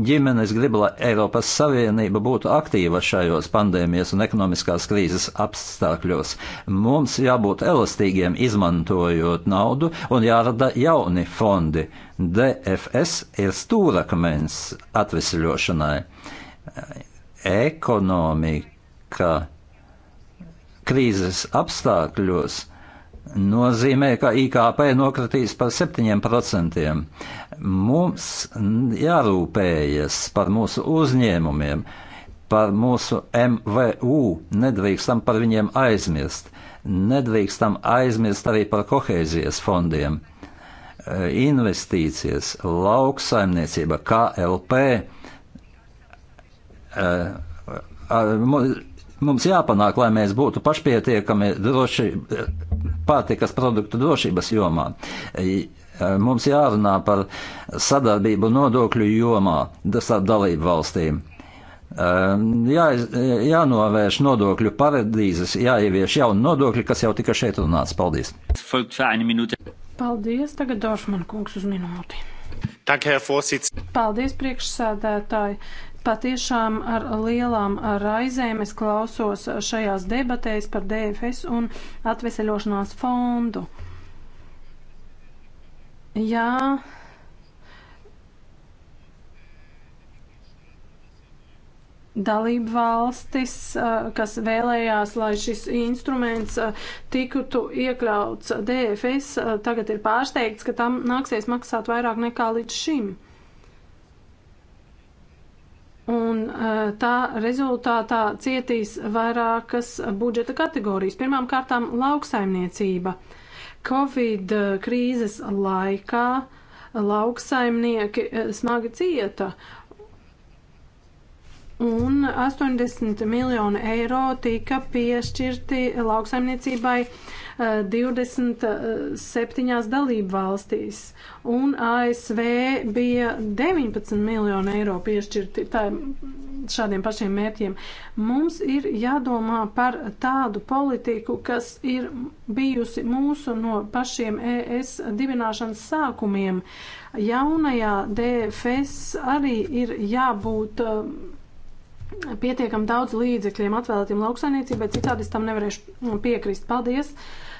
ģimenes grib, lai Eiropas Savienība būtu aktīva šajos pandēmijas un ekonomiskās krīzes apstākļos. Mums jābūt elastīgiem, izmantojot naudu un jārada jauni fondi. DFS ir stūrakmens atvesļošanai. Ekonomika krīzes apstākļos nozīmē, ka IKP nokritīs par 7%. Mums jārūpējas par mūsu uzņēmumiem, par mūsu MVU, nedrīkstam par viņiem aizmirst, nedrīkstam aizmirst arī par kohēzijas fondiem, investīcijas, lauksaimniecība, KLP. Uh, eh, Mums jāpanāk, lai mēs būtu pašpietiekami droši pārtikas produktu drošības jomā. E, mums jārunā par sadarbību nodokļu jomā starp dalību valstīm. E, jā, jānovērš nodokļu paradīzes, jāievieš jauni nodokļi, kas jau tika šeit runāts. Paldies! Paldies! Tagad došu man kungs uz minūti. Paldies, priekšsēdētāji! Patiešām ar lielām raizēm es klausos šajās debatēs par DFS un atveseļošanās fondu. Jā. Dalību valstis, kas vēlējās, lai šis instruments tiktu iekļauts DFS, tagad ir pārsteigts, ka tam nāksies maksāt vairāk nekā līdz šim un eh, tā rezultātā cietīs vairākas budžeta kategorijas. Pirmām kārtām lauksaimniecība. Covid eh, krīzes laikā lauksaimnieki eh, smagi cieta, un 80 miljoni eiro tika piešķirti lauksaimniecībai uh, 27 dalību valstīs, un ASV bija 19 miljoni eiro piešķirti tā, šādiem pašiem mērķiem. Mums ir jādomā par tādu politiku, kas ir bijusi mūsu no pašiem ES dibināšanas sākumiem. Jaunajā DFS arī ir jābūt eh, pietiekam daudz līdzekļiem atvēlētiem lauksainiecībai, citādi es tam nevarēšu mm, piekrist. Paldies!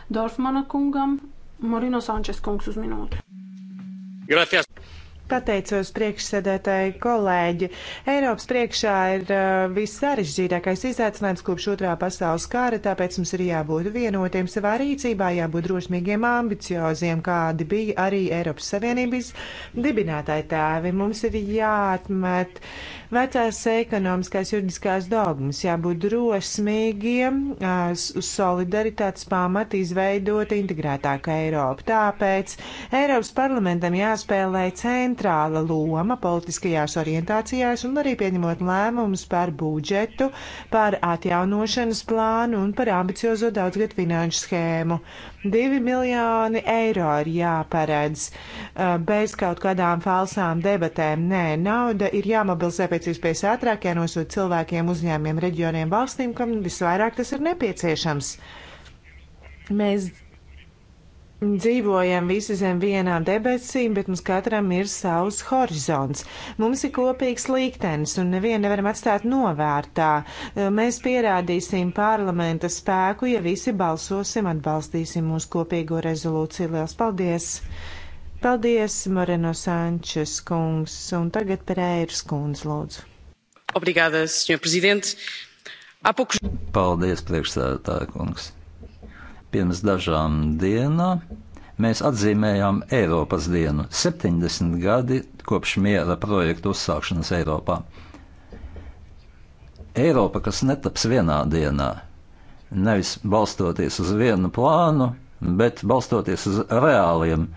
Dorfmana kungam. Morino Sančes kungs uz minūti. Gracias. Pateicos priekšsēdētāji kolēģi. Eiropas priekšā ir uh, vissarežģītākais izaicinājums kopš otrā pasaules kāra, tāpēc mums ir jābūt vienotiem savā rīcībā, jābūt drošmīgiem, ambicioziem, kādi bija arī Eiropas Savienības dibinātāji tēvi. Mums ir jāatmet Vecās ekonomiskās juridiskās dogmas jābūt drosmīgiem uz solidaritātes pamatu izveidot integrētāku Eiropu. Tāpēc Eiropas parlamentam jāspēlē centrāla loma politiskajās orientācijās un arī pieņemot lēmumus par budžetu, par atjaunošanas plānu un par ambiciozo daudzgad finanšu schēmu. 2 miljoni eiro ir jāparedz uh, bez kaut kādām falsām debatēm. Nē, nauda ir jāmobilizē pēc iespējas ātrāk, jānosūt cilvēkiem, uzņēmiem, reģioniem, valstīm, kam visvairāk tas ir nepieciešams. Mēs Dzīvojam visi zem vienām debesīm, bet mums katram ir savs horizonts. Mums ir kopīgs liktenis, un nevienu nevaram atstāt novērtā. Mēs pierādīsim parlamenta spēku, ja visi balsosim, atbalstīsim mūsu kopīgo rezolūciju. Lielas paldies! Paldies, Moreno Sančes kungs, un tagad Pereiras kundz, lūdzu. Obrigada, senjor prezident. Apukš... Paldies, priekšsēdētāja kungs. Pirms dažām dienām mēs atzīmējām Eiropas dienu - 70 gadi kopš miera projekta uzsākšanas Eiropā. Eiropa, kas netaps vienā dienā, nevis balstoties uz vienu plānu, bet balstoties uz reāliem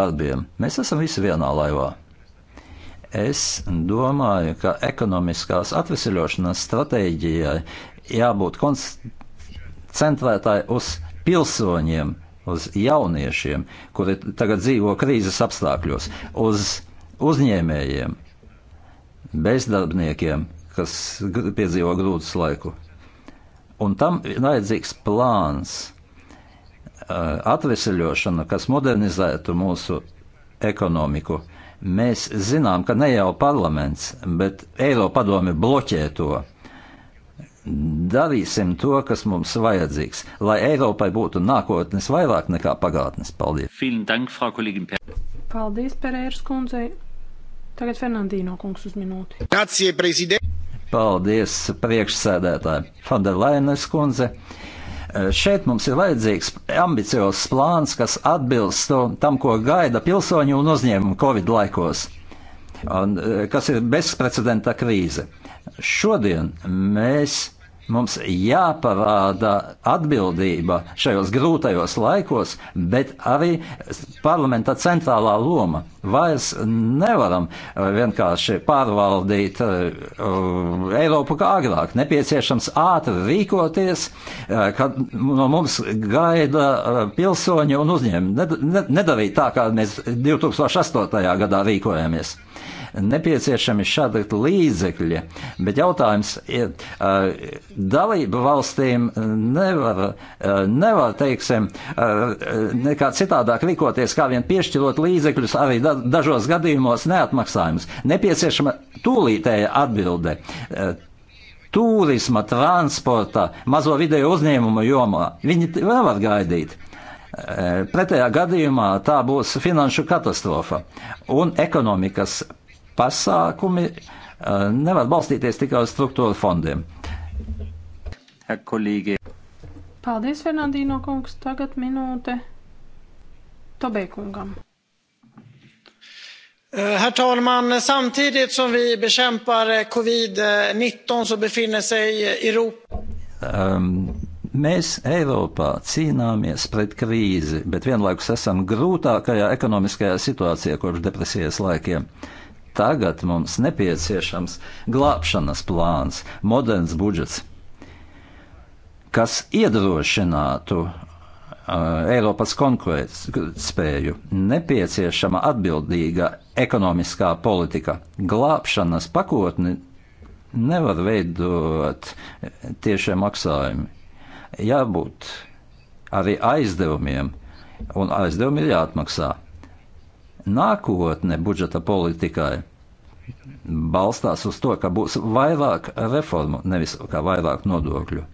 darbiem. Mēs esam visi vienā laivā. Es domāju, ka ekonomiskās atvesaļošanās stratēģijai jābūt konst centrētāji uz pilsoņiem, uz jauniešiem, kuri tagad dzīvo krīzes apstākļos, uz uzņēmējiem, bezdarbniekiem, kas piedzīvo grūtus laiku. Un tam ir vajadzīgs plāns, atveseļošana, kas modernizētu mūsu ekonomiku. Mēs zinām, ka ne jau parlaments, bet Eiropa padome bloķē to darīsim to, kas mums vajadzīgs, lai Eiropai būtu nākotnes vairāk nekā pagātnes. Paldies! Paldies, Pereiras kundzei! Tagad Fernandīno kungs uz minūti. Grazie, prezident! Paldies, priekšsēdētāji! Fanderlainas kundze! E, šeit mums ir vajadzīgs ambiciozs plāns, kas atbilst tam, ko gaida pilsoņi un uzņēmumi Covid laikos, un, e, kas ir bezprecedenta krīze. Šodien mēs Mums jāparāda atbildība šajos grūtajos laikos, bet arī parlamenta centrālā loma. Vairs nevaram eh, vienkārši pārvaldīt uh, Eiropu kā agrāk. Nepieciešams ātri rīkoties, uh, kad no mums gaida uh, pilsoņi un uzņēmumi. Ned, ned, nedarīt tā, kā mēs 2008. gadā rīkojamies nepieciešami šādi līdzekļi, bet jautājums ir, dalība valstīm nevar, nevar teiksim, nekā citādāk rīkoties, kā vien piešķirot līdzekļus arī dažos gadījumos neatmaksājumus. Nepieciešama tūlītēja atbilde turisma, transporta, mazo video uzņēmumu jomā. Viņi vēl var gaidīt. Pretējā gadījumā tā būs finanšu katastrofa un ekonomikas pasākumi eh, nevar balstīties tikai uz struktūra fondiem. Kolīgi. Paldies, Fernandīno kungs. Tagad minūte Tobē kungam. Eh, herr talman! Samtidigt som vi bekämpar eh, covid-19 så befinner sig Europa... Um, mēs Eiropā cīnāmies pret krīzi, bet vienlaikus esam grūtākajā ekonomiskajā situācijā kopš depresijas laikiem. Uh, Tagad mums nepieciešams glābšanas plāns, moderns budžets, kas iedrošinātu Eiropas konkurētspēju, nepieciešama atbildīga ekonomiskā politika. Glābšanas pakotni nevar veidot tiešie maksājumi. Jābūt arī aizdevumiem, un aizdevumi ir jāatmaksā nākotne budžeta politikai balstās uz to, ka būs vairāk reformu, nevis kā vairāk nodokļu.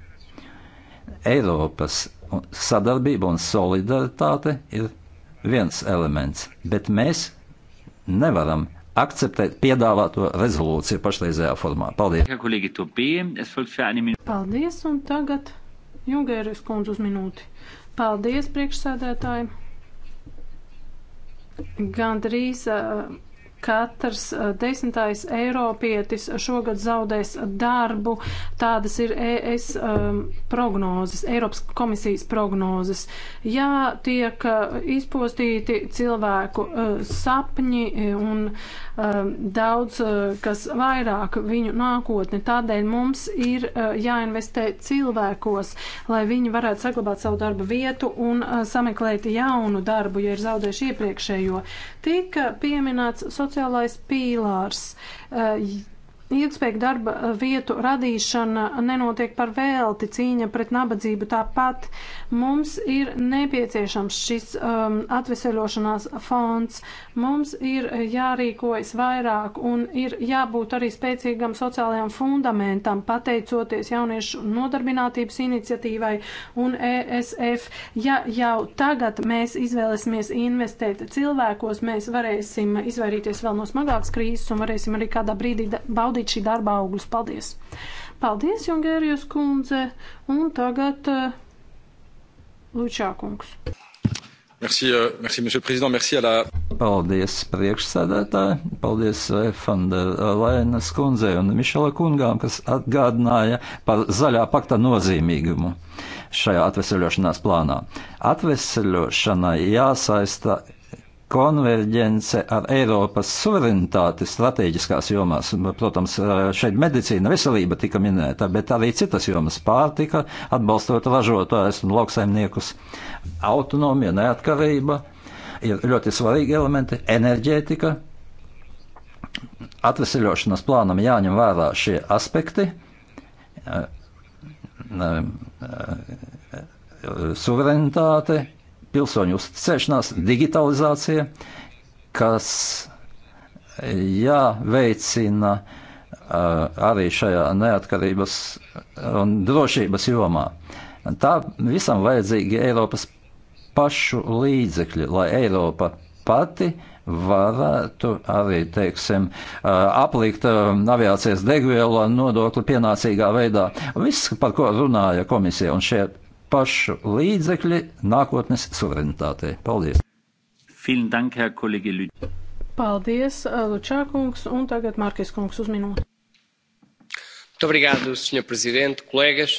Eiropas sadarbība un solidaritāte ir viens elements, bet mēs nevaram akceptēt piedāvāto rezolūciju pašreizējā formā. Paldies! Paldies, un tagad Jungeris kundze uz minūti. Paldies, priekšsēdētāji! Gandrīz katrs desmitais eiropietis šogad zaudēs darbu. Tādas ir ES um, prognozes, Eiropas komisijas prognozes. Jā, tiek uh, izpostīti cilvēku uh, sapņi un uh, Ehm, daudz eh, kas vairāk viņu nākotni. Tādēļ mums ir eh, jāinvestē cilvēkos, lai viņi varētu saglabāt savu darbu vietu un eh, sameklēt jaunu darbu, ja ir zaudējuši iepriekšējo. Tika pieminēts sociālais pīlārs. Uh, Ilgspējīga darba eh, vietu radīšana nenotiek par velti, cīņa pret nabadzību tāpat. Mums ir nepieciešams šis um, atveseļošanās fonds, mums ir jārīkojas vairāk un ir jābūt arī spēcīgam sociālajam fundamentam, pateicoties jauniešu nodarbinātības iniciatīvai un ESF. Ja jau tagad mēs izvēlēsimies investēt cilvēkos, mēs varēsim izvairīties vēl no smagākas krīzes un varēsim arī kādā brīdī baudīt radīt šī darba augļus. Paldies! Paldies, Jungērijas kundze! Un tagad uh, eh, Lučākungs. Merci, eh, merci, monsieur le président. Merci à la. Paldies priekšsēdētāji, paldies Fandelainas eh, kundzei un Mišela kungām, kas atgādināja par zaļā pakta nozīmīgumu šajā atvesļošanās plānā. Atvesļošanai jāsaista konverģence ar Eiropas suverenitāti strateģiskās jomās. Protams, eh, šeit medicīna, veselība tika minēta, bet arī citas jomas - pārtika, atbalstot ražotājus un lauksaimniekus, autonomija, neatkarība ir ļoti svarīgi elementi, enerģētika. Atveseļošanas plānam jāņem vērā šie aspekti eh, eh, suverenitāte, pilsoņu uzticēšanās, digitalizācija, kas jāveicina arī šajā neatkarības un drošības jomā. Tā visam vajadzīgi Eiropas pašu līdzekļi, lai Eiropa pati varētu arī, teiksim, aplikt aviācijas degvielu nodokli pienācīgā veidā. Viss, par ko runāja komisija, un šie pašu līdzekļi nākotnes suverenitātei. Paldies! Dank, Paldies, uh, Lučākungs, un tagad Markis kungs uz minūti. Obrigado, Sr. Presidente, colegas.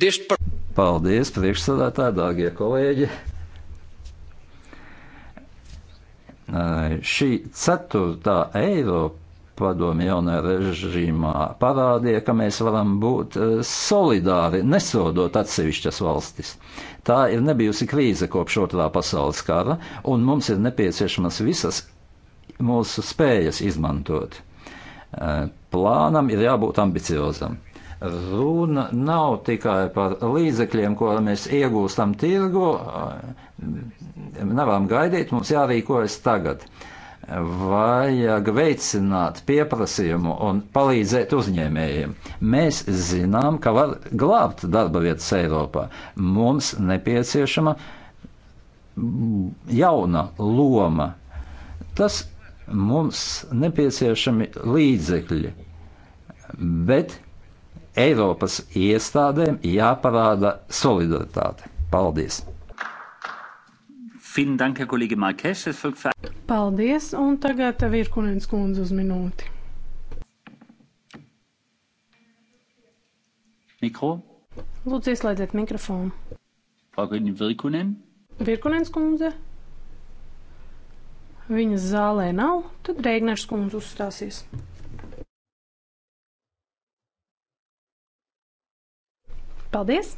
Deste... Paldies, priekšsādātāji, dārgie kolēģi. Šī ceturtā Eiropa padomju jaunā režīmā parādīja, ka mēs varam būt e, solidāri, nesodot atsevišķas valstis. Tā ir nebijusi krīze kopš otrā pasaules kara, un mums ir nepieciešamas visas mūsu spējas izmantot. E, plānam ir jābūt ambiciozam. Runa nav tikai par līdzekļiem, ko mēs iegūstam tirgu, e, nevaram gaidīt, mums jārīkojas tagad. Uh, vajag veicināt pieprasījumu un palīdzēt uzņēmējiem. Mēs zinām, ka var glābt darba vietas Eiropā. Mums nepieciešama jauna loma. Tas mums nepieciešami līdzekļi, bet Eiropas iestādēm jāparāda solidaritāte. Paldies! Paldies, un tagad Virkunens kundze uz minūti. Mikro. Lūdzu, ieslēdziet mikrofonu. Pagaidni Virkunen. Virkunens kundze. Viņas zālē nav, tad Reigners kundze uzstāsies. Paldies!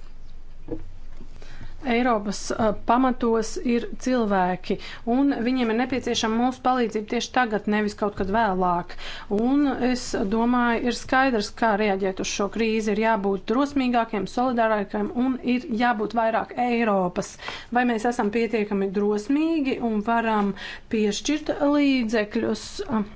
Eiropas uh, pamatos ir cilvēki, un viņiem ir nepieciešama mūsu palīdzība tieši tagad, nevis kaut kad vēlāk. Un es domāju, ir skaidrs, kā reaģēt uz šo krīzi. Ir jābūt drosmīgākiem, solidārākiem un ir jābūt vairāk Eiropas. Vai mēs esam pietiekami drosmīgi un varam piešķirt līdzekļus? Uh,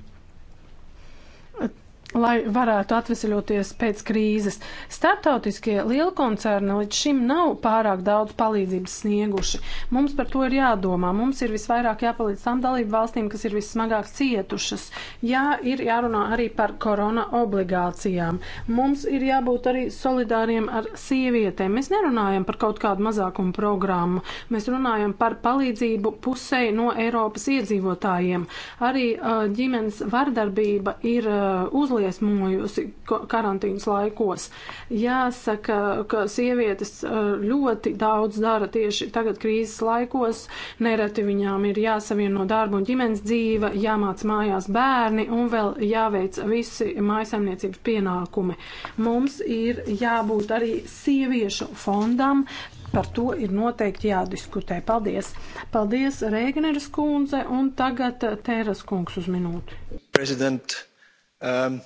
lai varētu atvesaļoties pēc krīzes. Startautiskie lielkoncerni līdz šim nav pārāk daudz palīdzības snieguši. Mums par to ir jādomā. Mums ir visvairāk jāpalīdz tām dalību valstīm, kas ir vismagāk cietušas. Jā, ir jārunā arī par korona obligācijām. Mums ir jābūt arī solidāriem ar sievietēm. Mēs nerunājam par kaut kādu mazākumu programmu. Mēs runājam par palīdzību pusei no Eiropas iedzīvotājiem. Arī uh, ģimenes vardarbība ir uh, uzlīdzība ieliesmojusi karantīnas laikos. Jāsaka, ka sievietes ļoti daudz dara tieši tagad krīzes laikos. Nereti viņām ir jāsavieno darba un ģimenes dzīve, jāmāc mājās bērni un vēl jāveic visi mājasemniecības pienākumi. Mums ir jābūt arī sieviešu fondam, Par to ir noteikti jādiskutē. Paldies! Paldies, Rēgneres kundze, un tagad Tēras kungs uz minūti. Prezident. Um,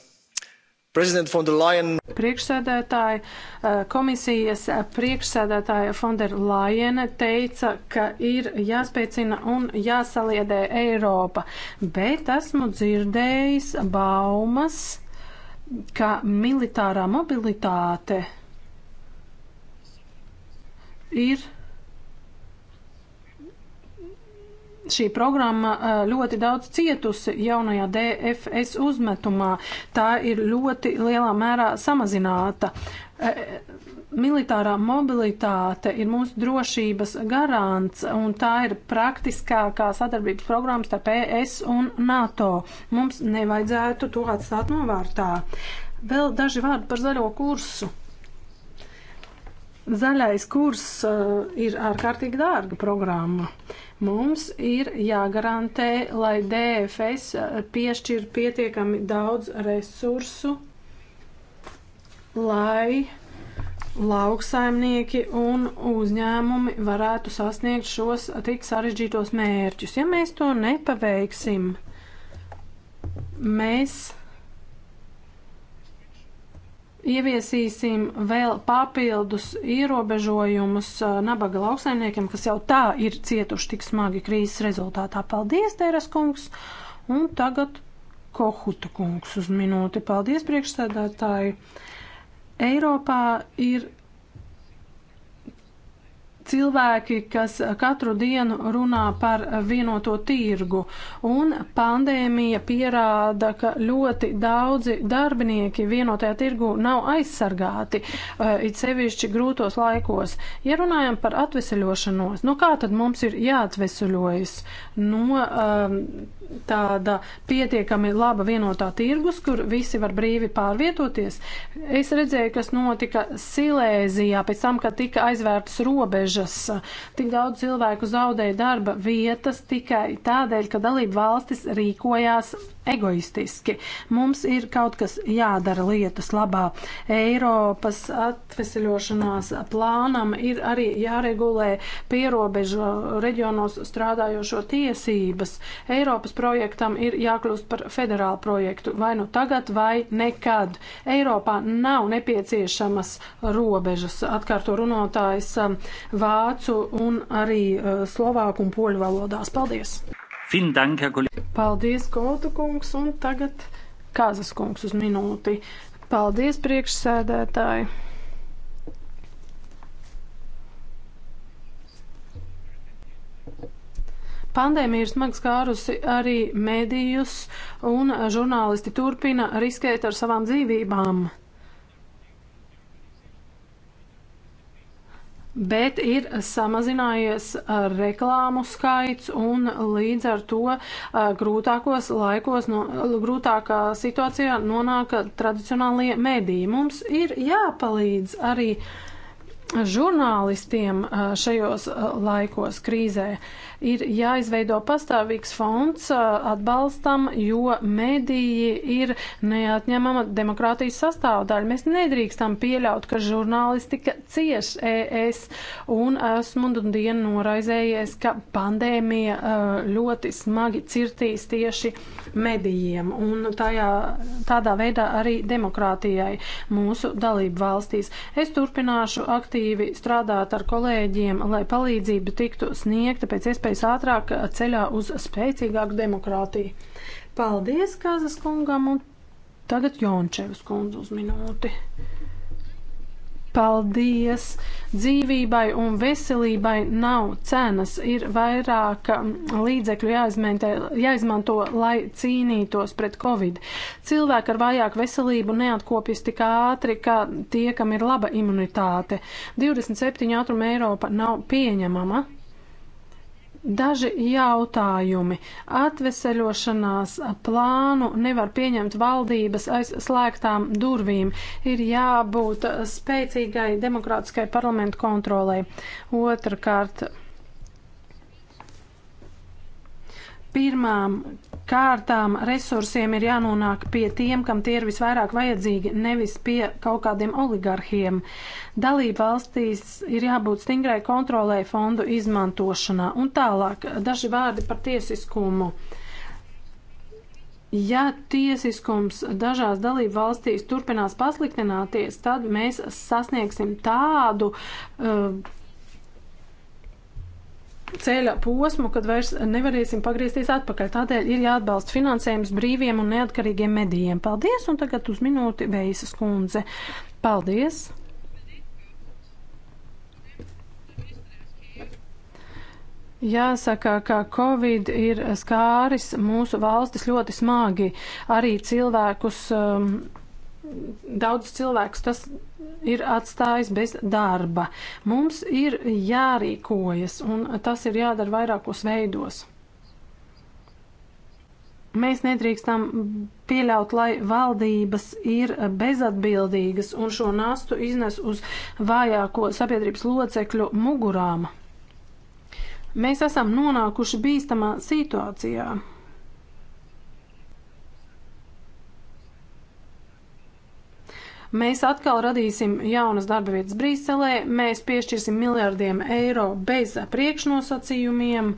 Priekšsēdētāja uh, komisijas priekšsēdētāja Fonderlajene teica, ka ir jāspēcina un jāsaliedē Eiropa, bet esmu dzirdējis baumas, ka militārā mobilitāte ir šī programma ļoti daudz cietusi jaunajā DFS uzmetumā. Tā ir ļoti lielā mērā samazināta. Militārā mobilitāte ir mūsu drošības garants, un tā ir praktiskākā sadarbības programma starp ES un NATO. Mums nevajadzētu to atstāt novārtā. Vēl daži vārdi par zaļo kursu. Zaļais kurs uh, ir ārkārtīgi dārga programma. Mums ir jāgarantē, lai DFS uh, piešķir pietiekami daudz resursu, lai lauksaimnieki un uzņēmumi varētu sasniegt šos tik sarežģītos mērķus. Ja mēs to nepaveiksim, mēs ieviesīsim vēl papildus ierobežojumus uh, nabaga lauksaimniekiem, kas jau tā ir cietuši tik smagi krīzes rezultātā. Paldies, Tēras kungs! Un tagad Kohuta kungs uz minūti. Paldies, priekšsēdētāji! Eiropā ir cilvēki, kas katru dienu runā par vienoto tirgu. Un pandēmija pierāda, ka ļoti daudzi darbinieki vienotajā tirgu nav aizsargāti, eh, it sevišķi grūtos laikos. Ja runājam par atveseļošanos, no nu kā tad mums ir jāatveseļojas? No, nu, um, ehm, tāda pietiekami laba vienotā tirgus, kur visi var brīvi pārvietoties. Es redzēju, kas notika Silēzijā pēc tam, kad tika aizvērtas robežas. Tik daudz cilvēku zaudēja darba vietas tikai tādēļ, ka dalība valstis rīkojās egoistiski. Mums ir kaut kas jādara lietas labā. Eiropas atveseļošanās plānam ir arī jāregulē pierobežu reģionos strādājošo tiesības. Eiropas projektam ir jākļūst par federālu projektu vai nu tagad vai nekad. Eiropā nav nepieciešamas robežas. Atkārto runātājs um, vācu un arī uh, slovāku un poļu valodās. Paldies! Paldies, Kota kungs, un tagad Kazas kungs uz minūti. Paldies, priekšsēdētāji! Pandēmija ir smagi skārusi arī medijus, un žurnālisti turpina riskēt ar savām dzīvībām. bet ir samazinājies uh, reklāmu skaits un līdz ar to uh, grūtākos laikos, no, grūtākā situācijā nonāk tradicionālie mediji. Mums ir jāpalīdz arī uh, žurnālistiem šajos laikos krīzē ir jāizveido pastāvīgs fonds atbalstam, jo mediji ir neatņemama demokrātijas sastāvdaļa. Mēs nedrīkstam pieļaut, ka žurnālistika cieš ES un esmu un nu dienu noraizējies, ka pandēmija ļoti smagi cirtīs tieši medijiem un tajā, tādā veidā arī demokrātijai mūsu dalību valstīs. Es turpināšu aktīvi aktīvi strādāt ar kolēģiem, lai palīdzība tiktu sniegta pēc iespējas ātrāk ceļā uz spēcīgāku demokrātiju. Paldies Kazas kungam un tagad Jončevas kundze uz minūti. Paldies! Dzīvībai un veselībai nav cenas, ir vairāk mm, līdzekļu jāizmanto, lai cīnītos pret covid. Cilvēki ar vājāku veselību neatkopjas tik ātri, kā tie, kam ir laba imunitāte. 27 ātruma Eiropa nav pieņemama. Daži jautājumi. Atveseļošanās plānu nevar pieņemt valdības aiz slēgtām durvīm. Ir jābūt spēcīgai demokrātiskai parlamentu kontrolē. Otrakārt, pirmām kārtām resursiem ir jānonāk pie tiem, kam tie ir visvairāk vajadzīgi, nevis pie kaut kādiem oligarhiem. Dalība valstīs ir jābūt stingrai kontrolē fondu izmantošanā. Un tālāk daži vārdi par tiesiskumu. Ja tiesiskums dažās dalību valstīs turpinās pasliktināties, tad mēs sasniegsim tādu uh, ceļa posmu, kad vairs nevarēsim pagriezties atpakaļ. Tādēļ ir jāatbalsta finansējums brīviem un neatkarīgiem medijiem. Paldies, un tagad uz minūti Veisas kundze. Paldies! Jāsaka, ka Covid ir skāris mūsu valstis ļoti smagi. Arī cilvēkus, um, daudz cilvēkus tas ir atstājis bez darba. Mums ir jārīkojas, un tas ir jādara vairākos veidos. Mēs nedrīkstam pieļaut, lai valdības ir bezatbildīgas un šo nastu iznes uz vājāko sabiedrības locekļu mugurām. Mēs esam nonākuši bīstamā situācijā. Mēs atkal radīsim jaunas darba vietas Brīselē, mēs piešķirsim miljardiem eiro bez priekšnosacījumiem.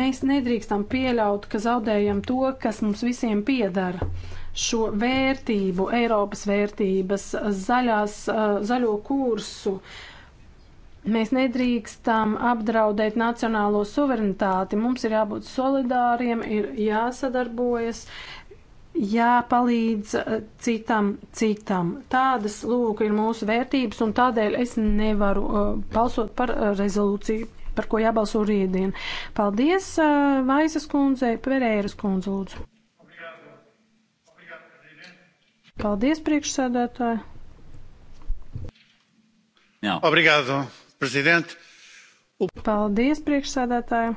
Mēs nedrīkstam pieļaut, ka zaudējam to, kas mums visiem piedara šo vērtību, Eiropas vērtības, zaļās, eh, zaļo kursu. Mēs nedrīkstam apdraudēt nacionālo suverenitāti. Mums ir jābūt solidāriem, ir jāsadarbojas, jāpalīdz eh, citam citam. Tādas lūk ir mūsu vērtības un tādēļ es nevaru uh, balsot par uh, rezolūciju, par ko jābalso rītdien. Paldies uh, Vaisas kundzei, Pereiras kundze lūdzu. Paldies priekšsēdētāji. Jā. Obrigado, prezident. Paldies priekšsēdētāji.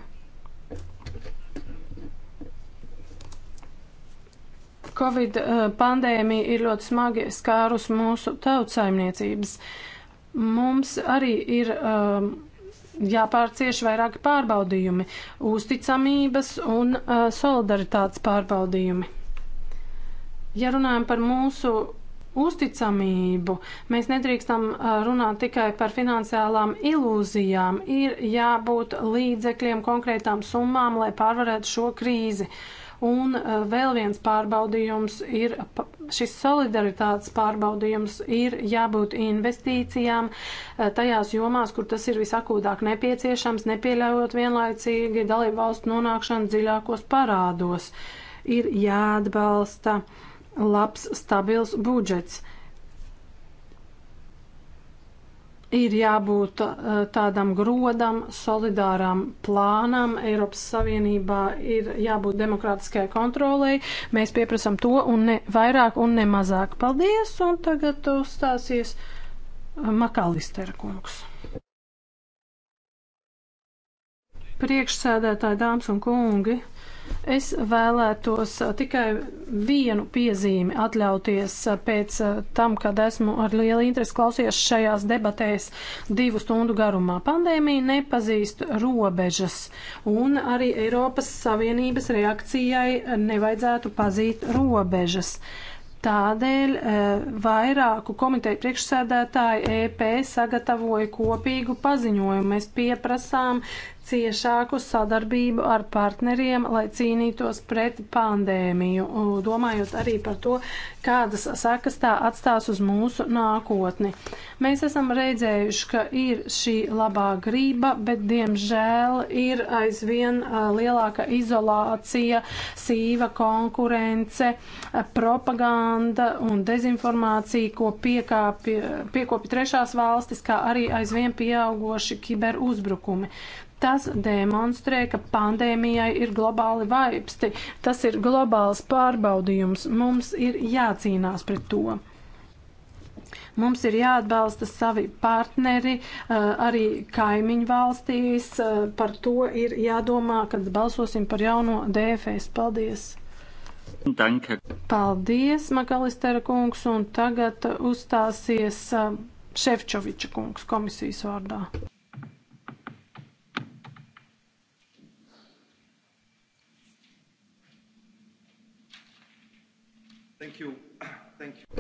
Covid eh, pandēmija ir ļoti smagi skārus mūsu tautsaimniecības. Mums arī ir um, jāpārcieš vairāki pārbaudījumi - uzticamības un uh, solidaritātes pārbaudījumi. Ja runājam par mūsu uzticamību. Mēs nedrīkstam runāt tikai par finansiālām ilūzijām. Ir jābūt līdzekļiem, konkrētām summām, lai pārvarētu šo krīzi. Uh, Un uh, vēl viens pārbaudījums ir, šis solidaritātes pārbaudījums ir jābūt investīcijām uh, tajās jomās, kur tas ir visakūtāk nepieciešams, nepieļaujot vienlaicīgi dalību valstu nonākšanu dziļākos parādos. Ir jāatbalsta labs, stabils budžets ir jābūt eh, tādam grodam, solidāram plānam. Eiropas Savienībā ir jābūt demokrātiskai kontrolei. Mēs pieprasam to un ne vairāk un ne mazāk. Paldies! Un tagad uzstāsies eh, Makalister kungs. Priekšsēdētāji, dāmas un kungi! Es vēlētos uh, tikai vienu piezīmi atļauties uh, pēc uh, tam, kad esmu ar lielu interesi klausies šajās debatēs divu stundu garumā. Pandēmija nepazīst robežas, un arī Eiropas Savienības reakcijai nevajadzētu pazīt robežas. Tādēļ vairāku komiteju priekšsēdētāji EP sagatavoja kopīgu paziņojumu. Mēs pieprasām ciešāku sadarbību ar partneriem, lai cīnītos pret pandēmiju, domājot arī par to, kādas sekas tā atstās uz mūsu nākotni. Mēs esam redzējuši, ka ir šī labā grība, bet diemžēl ir aizvien lielāka izolācija, sīva konkurence, propaganda un dezinformācija, ko piekāpja, piekopja trešās valstis, kā arī aizvien pieaugoši kiberuzbrukumi. Tas demonstrē, ka pandēmijai ir globāli vaipsti, tas ir globāls pārbaudījums, mums ir jācīnās pret to. Mums ir jāatbalsta savi partneri, eh, arī kaimiņu valstīs. Eh, par to ir jādomā, kad balsosim par jauno DFS. Paldies! Danke. Paldies, Makalistera kungs, un tagad uzstāsies eh, Šefčoviča kungs komisijas vārdā.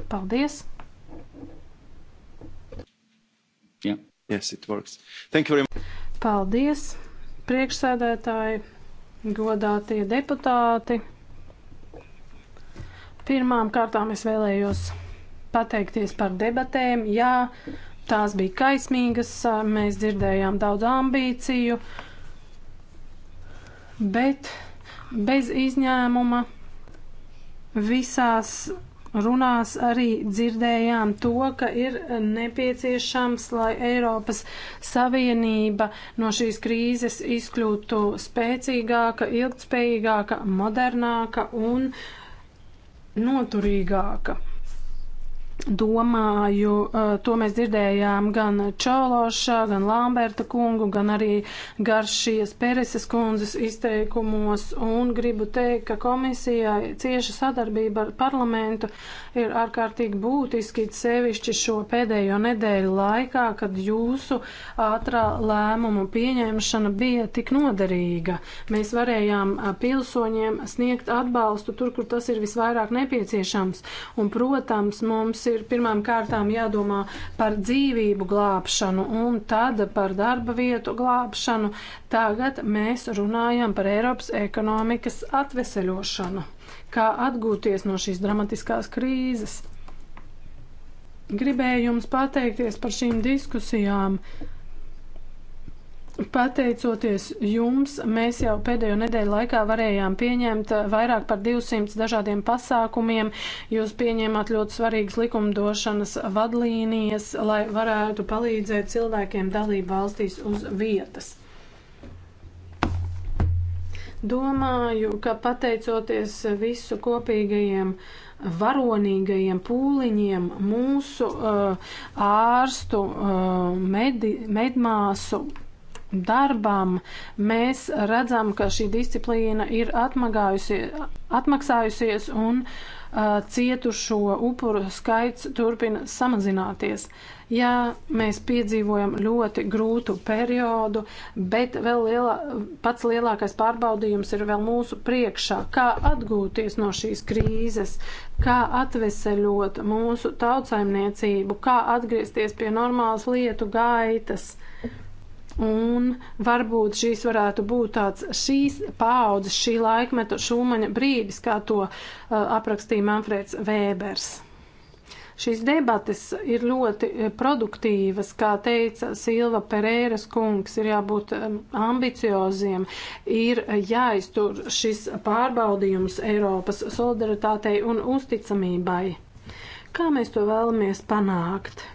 Paldies! Yeah. Yes, it works. Thank you very much. Paldies, priekšsēdētāji, godātie deputāti. Pirmām kārtām es vēlējos pateikties par debatēm. Jā, tās bija kaismīgas, mēs dzirdējām daudz ambīciju, bet bez izņēmuma visās runās arī dzirdējām to, ka ir nepieciešams, lai Eiropas Savienība no šīs krīzes izkļūtu spēcīgāka, ilgtspējīgāka, modernāka un noturīgāka domāju, eh, to mēs dzirdējām gan Čološā, gan Lamberta kungu, gan arī Garšijas Pereses kundzes izteikumos, un gribu teikt, ka komisijai cieša sadarbība ar parlamentu ir ārkārtīgi būtiski, sevišķi šo pēdējo nedēļu laikā, kad jūsu ātrā lēmumu pieņemšana bija tik noderīga. Mēs varējām eh, pilsoņiem sniegt atbalstu tur, kur tas ir visvairāk nepieciešams, un, protams, mums mums ir pirmām kārtām jādomā par dzīvību glābšanu un tad par darba vietu glābšanu. Tagad mēs runājam par Eiropas ekonomikas atveseļošanu, kā atgūties no šīs dramatiskās krīzes. Gribēju jums pateikties par šīm diskusijām. Uh, Pateicoties jums, mēs jau pēdējo nedēļu laikā varējām pieņemt eh, vairāk par 200 dažādiem pasākumiem. Jūs pieņēmāt ļoti svarīgas likumdošanas vadlīnijas, lai varētu palīdzēt cilvēkiem dalību valstīs uz vietas. Domāju, ka pateicoties visu kopīgajiem varonīgajiem pūliņiem mūsu uh, ārstu, uh, medi, medmāsu darbam, mēs redzam, ka šī disciplīna ir atmaksājusies un uh, cietušo upuru skaits turpina samazināties. Jā, mēs piedzīvojam ļoti grūtu periodu, bet vēl lielā, pats lielākais pārbaudījums ir vēl mūsu priekšā. Kā atgūties no šīs krīzes, kā atveseļot mūsu tautsaimniecību, kā atgriezties pie normālas lietu gaitas. Uh, Un varbūt šīs varētu būt tāds šīs paaudzes, šī laikmeta šūmaņa brīdis, kā to uh, aprakstīja Manfreds Vēbers. Šīs debates ir ļoti eh, produktīvas, kā teica Silva Pereiras kungs, ir jābūt um, ambicioziem, ir jāiztur šis pārbaudījums Eiropas solidaritātei un uzticamībai. Kā mēs to vēlamies panākt?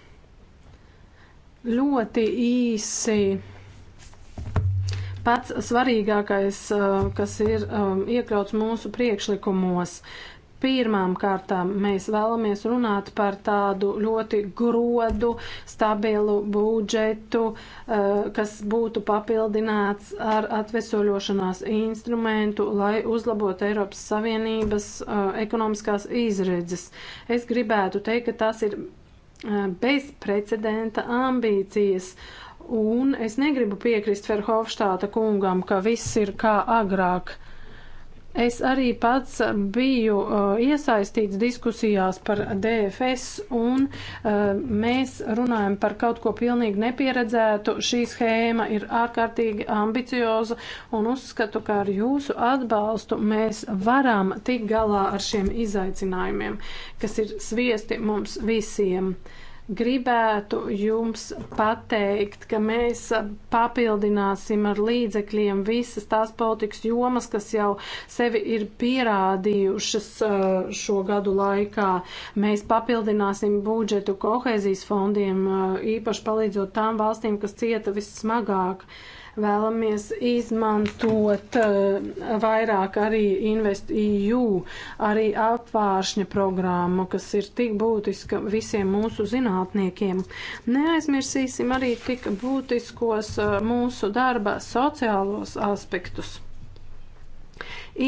Ļoti īsi pats svarīgākais, uh, kas ir um, iekļauts mūsu priekšlikumos. Pirmām kārtām mēs vēlamies runāt par tādu ļoti grodu, stabilu budžetu, uh, kas būtu papildināts ar atvesoļošanās instrumentu, lai uzlabotu Eiropas Savienības uh, ekonomiskās izredzes. Es gribētu teikt, ka tas ir Eh, bezprecedenta ambīcijas. Un es negribu piekrist Verhofstāta kungam, ka viss ir kā agrāk. Es arī pats biju uh, iesaistīts diskusijās par DFS, un uh, mēs runājam par kaut ko pilnīgi nepieredzētu. Šī schēma ir ārkārtīgi ambicioza, un uzskatu, ka ar jūsu atbalstu mēs varam tikt galā ar šiem izaicinājumiem, kas ir sviesti mums visiem. Uh, gribētu jums pateikt, ka mēs papildināsim ar līdzekļiem visas tās politikas jomas, kas jau sevi ir pierādījušas uh, šo gadu laikā. Mēs papildināsim budžetu kohēzijas fondiem, uh, īpaši palīdzot tām valstīm, kas cieta vissmagāk. smagāk Vēlamies izmantot eh, vairāk arī InvestEU, arī apvāršņa programmu, kas ir tik būtiska visiem mūsu zinātniekiem. Neaizmirsīsim arī tik būtiskos eh, mūsu darba sociālos aspektus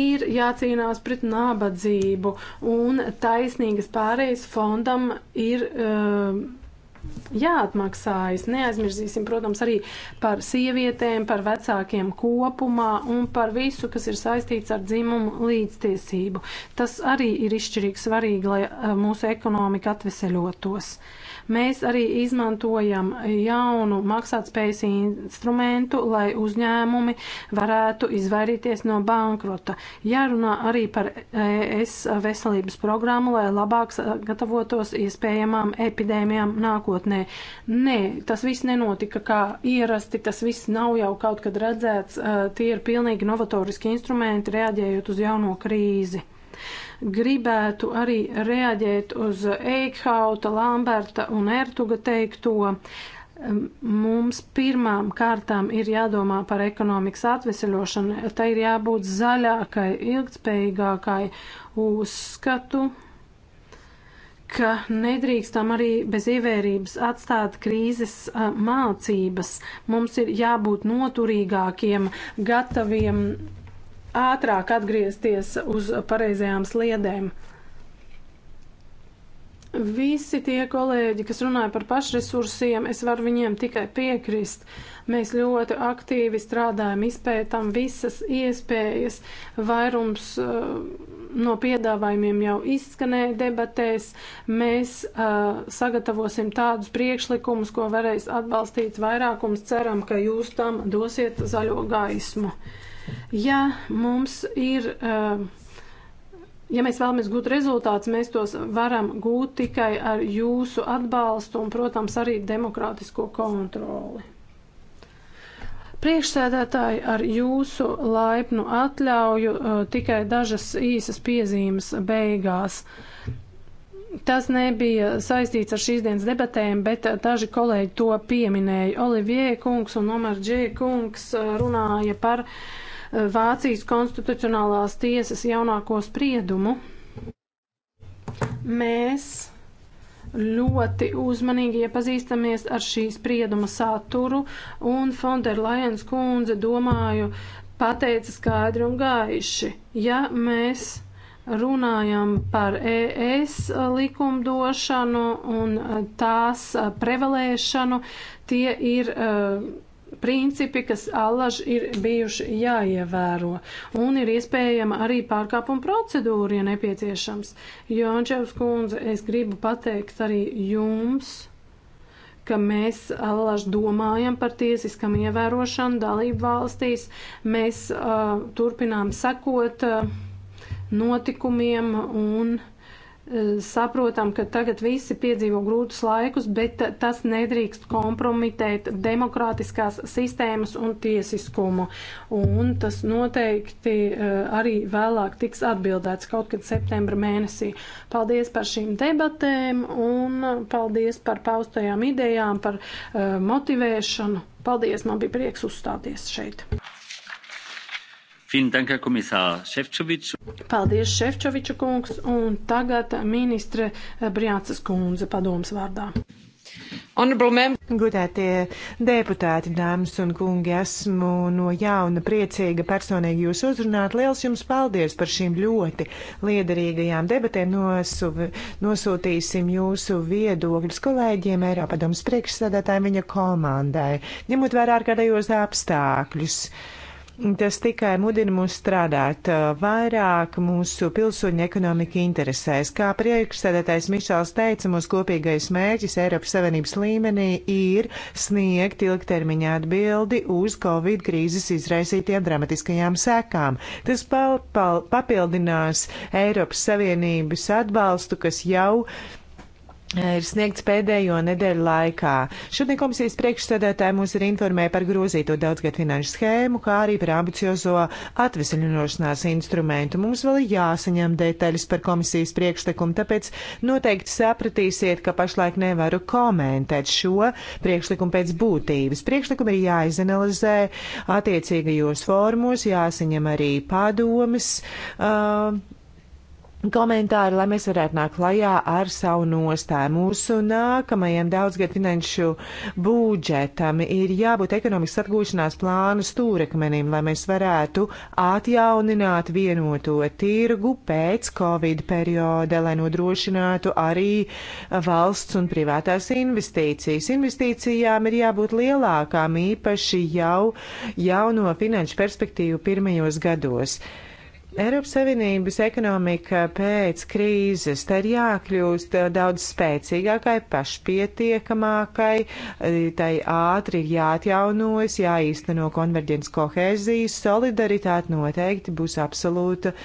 ir jācīnās pret nabadzību, un taisnīgas pārējas fondam ir uh, jāatmaksājas. Neaizmirsīsim, protams, arī par sievietēm, par vecākiem kopumā un par visu, kas ir saistīts ar dzimumu līdztiesību. Tas arī ir izšķirīgi svarīgi, lai eh, mūsu ekonomika atveseļotos. Uh, Mēs arī izmantojam jaunu maksātspējas instrumentu, lai uzņēmumi varētu izvairīties no bankrota. Jārunā arī par ES veselības programmu, lai labāk gatavotos iespējamām epidēmijām nākotnē. Nē, tas viss nenotika kā ierasti, tas viss nav jau kaut kad redzēts, tie ir pilnīgi novatoriski instrumenti, reaģējot uz jauno krīzi gribētu arī reaģēt uz Eikhauta, Lamberta un Ertuga teikto. Mums pirmām kārtām ir jādomā par ekonomikas atveseļošanu. Tai ir jābūt zaļākai, ilgtspējīgākai uzskatu ka nedrīkstam arī bez ievērības atstāt krīzes a, mācības. Mums ir jābūt noturīgākiem, gataviem ātrāk atgriezties uz pareizajām sliedēm. Visi tie kolēģi, kas runāja par pašresursiem, es varu viņiem tikai piekrist. Mēs ļoti aktīvi strādājam, izpētam visas iespējas. Vairums uh, no piedāvājumiem jau izskanēja debatēs. Mēs uh, sagatavosim tādus priekšlikumus, ko varēs atbalstīt vairākums. Ceram, ka jūs tam dosiet zaļo gaismu. Uh, Ja mums ir. Eh, ja mēs vēlamies gūt rezultātus, mēs tos varam gūt tikai ar jūsu atbalstu un, protams, arī demokrātisko kontroli. Priekšsēdētāji, ar jūsu laipnu atļauju eh, tikai dažas īsas piezīmes beigās. Tas nebija saistīts ar šīs dienas debatēm, bet eh, daži kolēģi to pieminēja. Olivier kungs un Omar Dž. kungs runāja par uh, Vācijas konstitucionālās tiesas jaunāko spriedumu, mēs ļoti uzmanīgi iepazīstamies ar šī sprieduma saturu, un Fonderlajens kundze, domāju, pateica skaidri un gaiši, ja mēs runājam par ES likumdošanu un tās prevalēšanu, tie ir uh, principi, kas allaž ir bijuši jāievēro, un ir iespējama arī pārkāpuma procedūra, ja nepieciešams. Jončevs kundze, es gribu pateikt arī jums, ka mēs allaž domājam par tiesiskam ievērošanu dalību valstīs, mēs uh, turpinām sekot uh, notikumiem un saprotam, ka tagad visi piedzīvo grūtus laikus, bet tas nedrīkst kompromitēt demokrātiskās sistēmas un tiesiskumu. Un tas noteikti eh, arī vēlāk tiks atbildēts kaut kad septembra mēnesī. Paldies par šīm debatēm un paldies par paustajām idejām, par eh, motivēšanu. Paldies, man bija prieks uzstāties šeit. Paldies, Šefčoviča kungs, un tagad ministre Briācas kundze padomas vārdā. Gudētie deputāti, dāmas un kungi, esmu no jauna priecīga personīgi jūs uzrunāt. Liels jums paldies par šīm ļoti liederīgajām debatēm. Nosu, nosūtīsim jūsu viedokļus kolēģiem, Eiropadomas priekšsēdētājiem, viņa komandai, ņemot vērā ārkārtējos apstākļus. Uh, Tas tikai mudina mūs strādāt uh, vairāk mūsu pilsoņu ekonomika interesēs. Kā priekšsēdētājs Mišāls teica, mūsu kopīgais mērķis Eiropas Savienības līmenī ir sniegt ilgtermiņā atbildi uz Covid krīzes izraisītiem dramatiskajām sekām. Tas pal pal papildinās Eiropas Savienības atbalstu, kas jau uh, Eh, ir sniegts pēdējo nedēļu laikā. Šodien komisijas priekšsēdētāji mūs ir informēja par grozīto daudzgad finanšu schēmu, kā arī par ambiciozo atvesaļinošanās instrumentu. Mums vēl ir jāsaņem detaļas par komisijas priekšlikumu, tāpēc noteikti sapratīsiet, ka pašlaik nevaru komentēt šo priekšlikumu pēc būtības. Priekšlikumi ir jāizanalizē attiecīgajos formos, jāsaņem arī padomas. Uh, eh, komentāri, lai mēs varētu nākt klajā ar savu nostāju. Mūsu nākamajam daudzgad finanšu būdžetam ir jābūt ekonomikas atgūšanās plānu stūrekmenim, lai mēs varētu atjaunināt vienoto tirgu pēc Covid perioda, lai nodrošinātu arī valsts un privātās investīcijas. Investīcijām ir jābūt lielākām, īpaši jau jauno finanšu perspektīvu pirmajos gados. Eiropas Savienības ekonomika pēc krīzes tā ir jākļūst eh, daudz spēcīgākai, pašpietiekamākai, eh, tai ātri ir jāatjaunojas, jāīsteno konverģents kohēzijas, solidaritāte noteikti būs absolūta uh,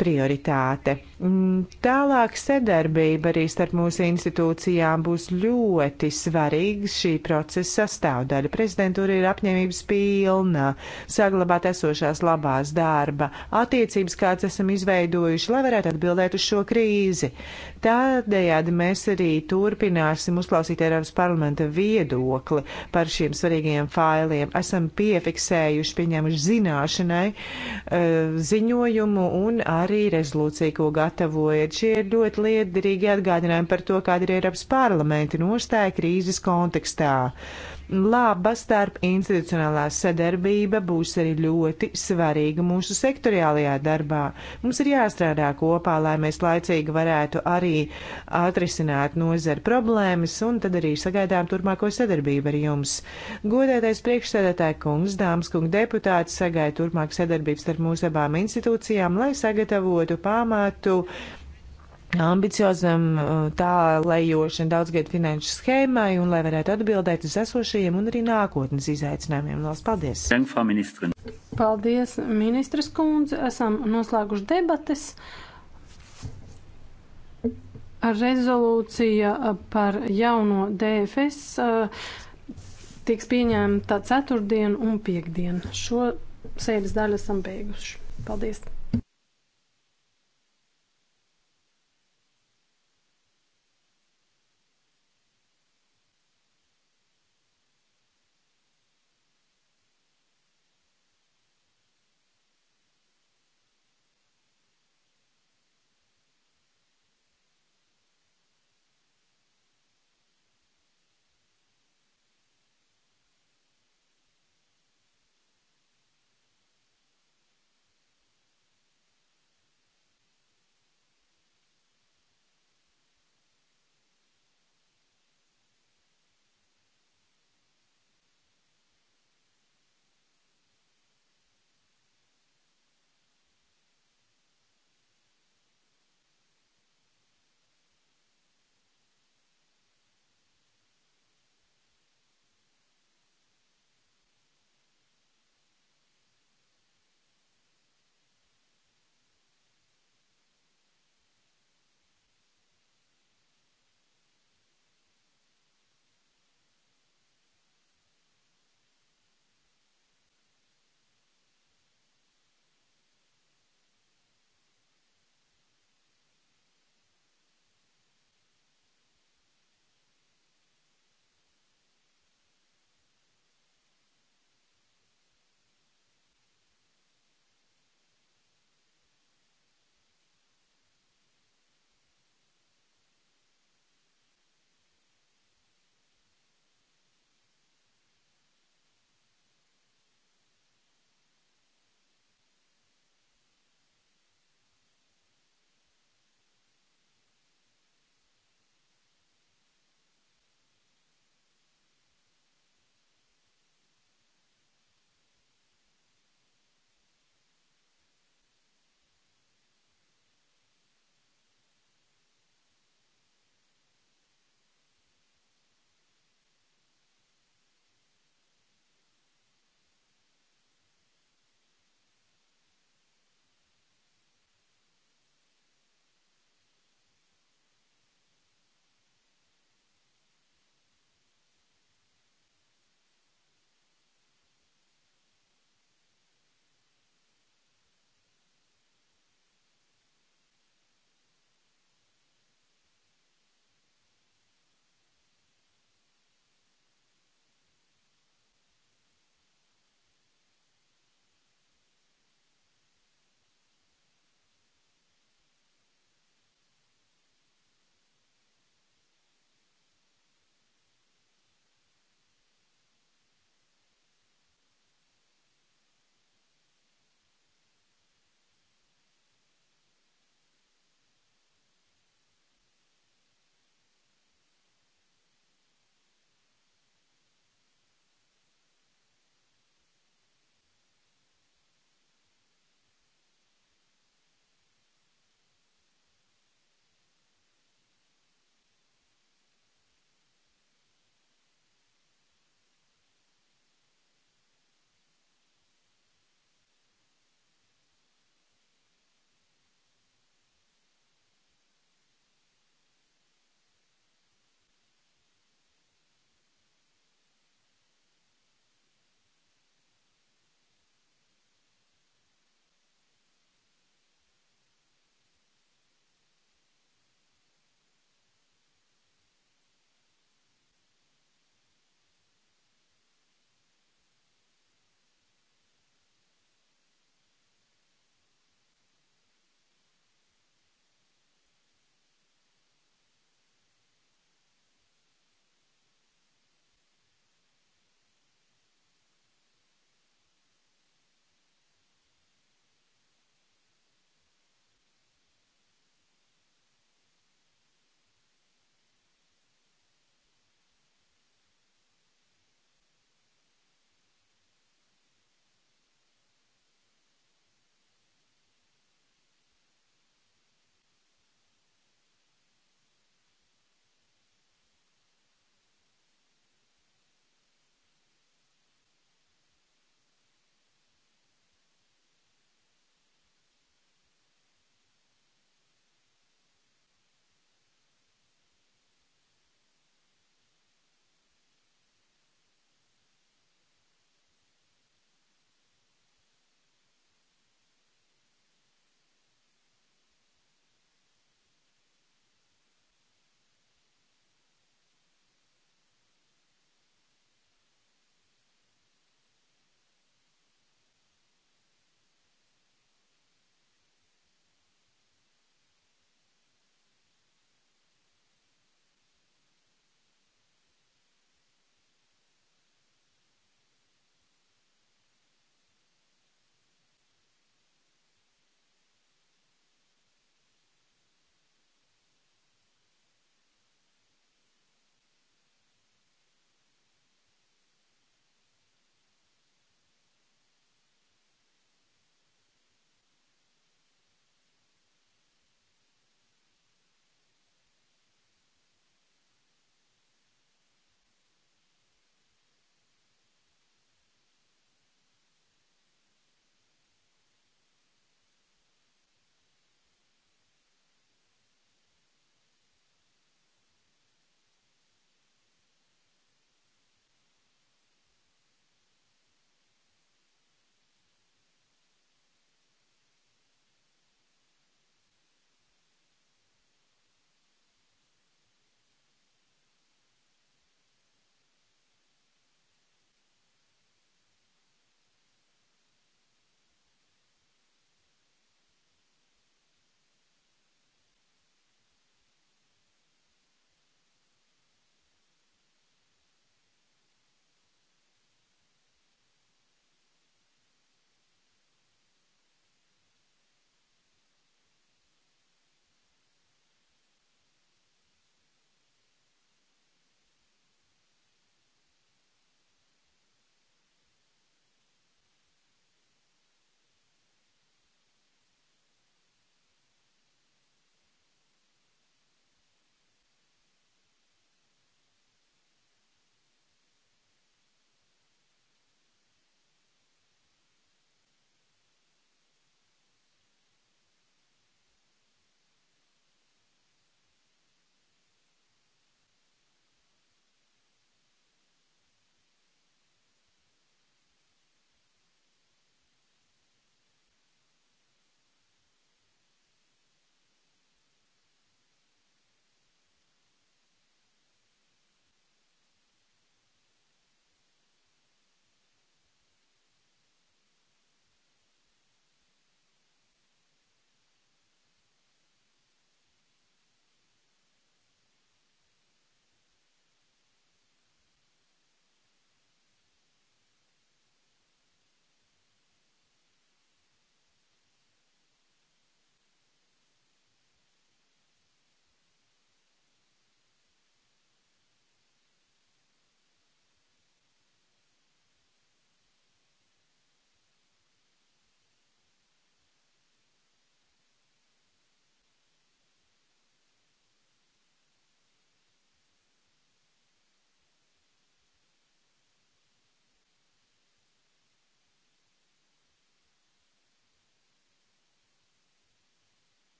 prioritāte. Mm, tālāk sadarbība arī starp mūsu institūcijām būs ļoti svarīga šī procesa sastāvdaļa. Prezidentūra ir apņēmības pilna saglabāt esošās labās darba attiecības, kāds esam izveidojuši, lai varētu atbildēt uz šo krīzi. Tādējādi mēs arī turpināsim uzklausīt Eiropas parlamenta viedokli par šiem svarīgiem failiem. Esam piefiksējuši, pieņēmuši zināšanai eh, ziņojumu un arī rezolūciju, ko gatavojat. Šie ir ļoti liederīgi atgādinājumi par to, kāda ir Eiropas parlamenta nostāja krīzes kontekstā. Laba starp institucionālā sadarbība būs arī ļoti svarīga mūsu sektoriālajā darbā. Mums ir jāstrādā kopā, lai mēs laicīgi varētu arī atrisināt nozer problēmas un tad arī sagaidām turpmāko sadarbību ar jums. Godētais priekšsēdētāji kungs, dāmas kungi deputāti sagaida turpmāk sadarbības starp mūsu abām institūcijām, lai sagatavotu pamatu ambiciozam, uh, tālējošam daudzgad finanšu schēmai un lai varētu atbildēt uz esošajiem un arī nākotnes izaicinājumiem. Lās paldies! Paldies, ministras kundze! Esam noslēguši debates. Rezolūcija uh, par jauno DFS uh, tiks pieņemta ceturtdien un piekdien. Šo sēdes daļu esam beiguši. Paldies!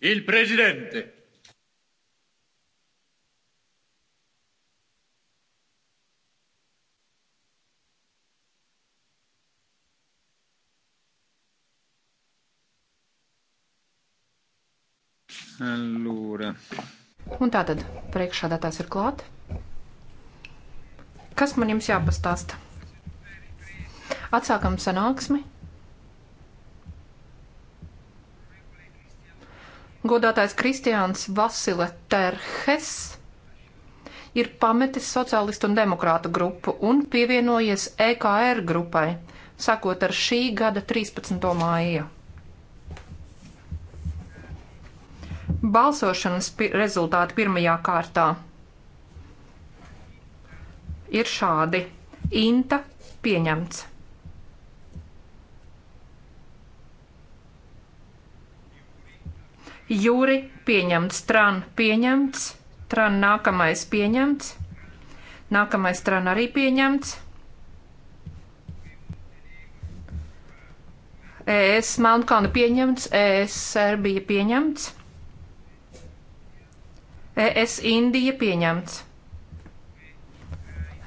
Il presidente. Allora. Un tā tad priekšādātājs ir klāt. Kas man jums jāpastāsta? Atsākam sanāksmi. godātais Kristiāns Vasile Terhes ir pametis sociālistu un demokrātu grupu un pievienojies EKR grupai, sakot ar šī gada 13. māju. Balsošanas pi rezultāti pirmajā kārtā ir šādi. Inta pieņemts. Jūri pieņemts, tran pieņemts, tran nākamais pieņemts, nākamais tran arī pieņemts. ES Melnkalna pieņemts, ES Serbija pieņemts, ES Indija pieņemts,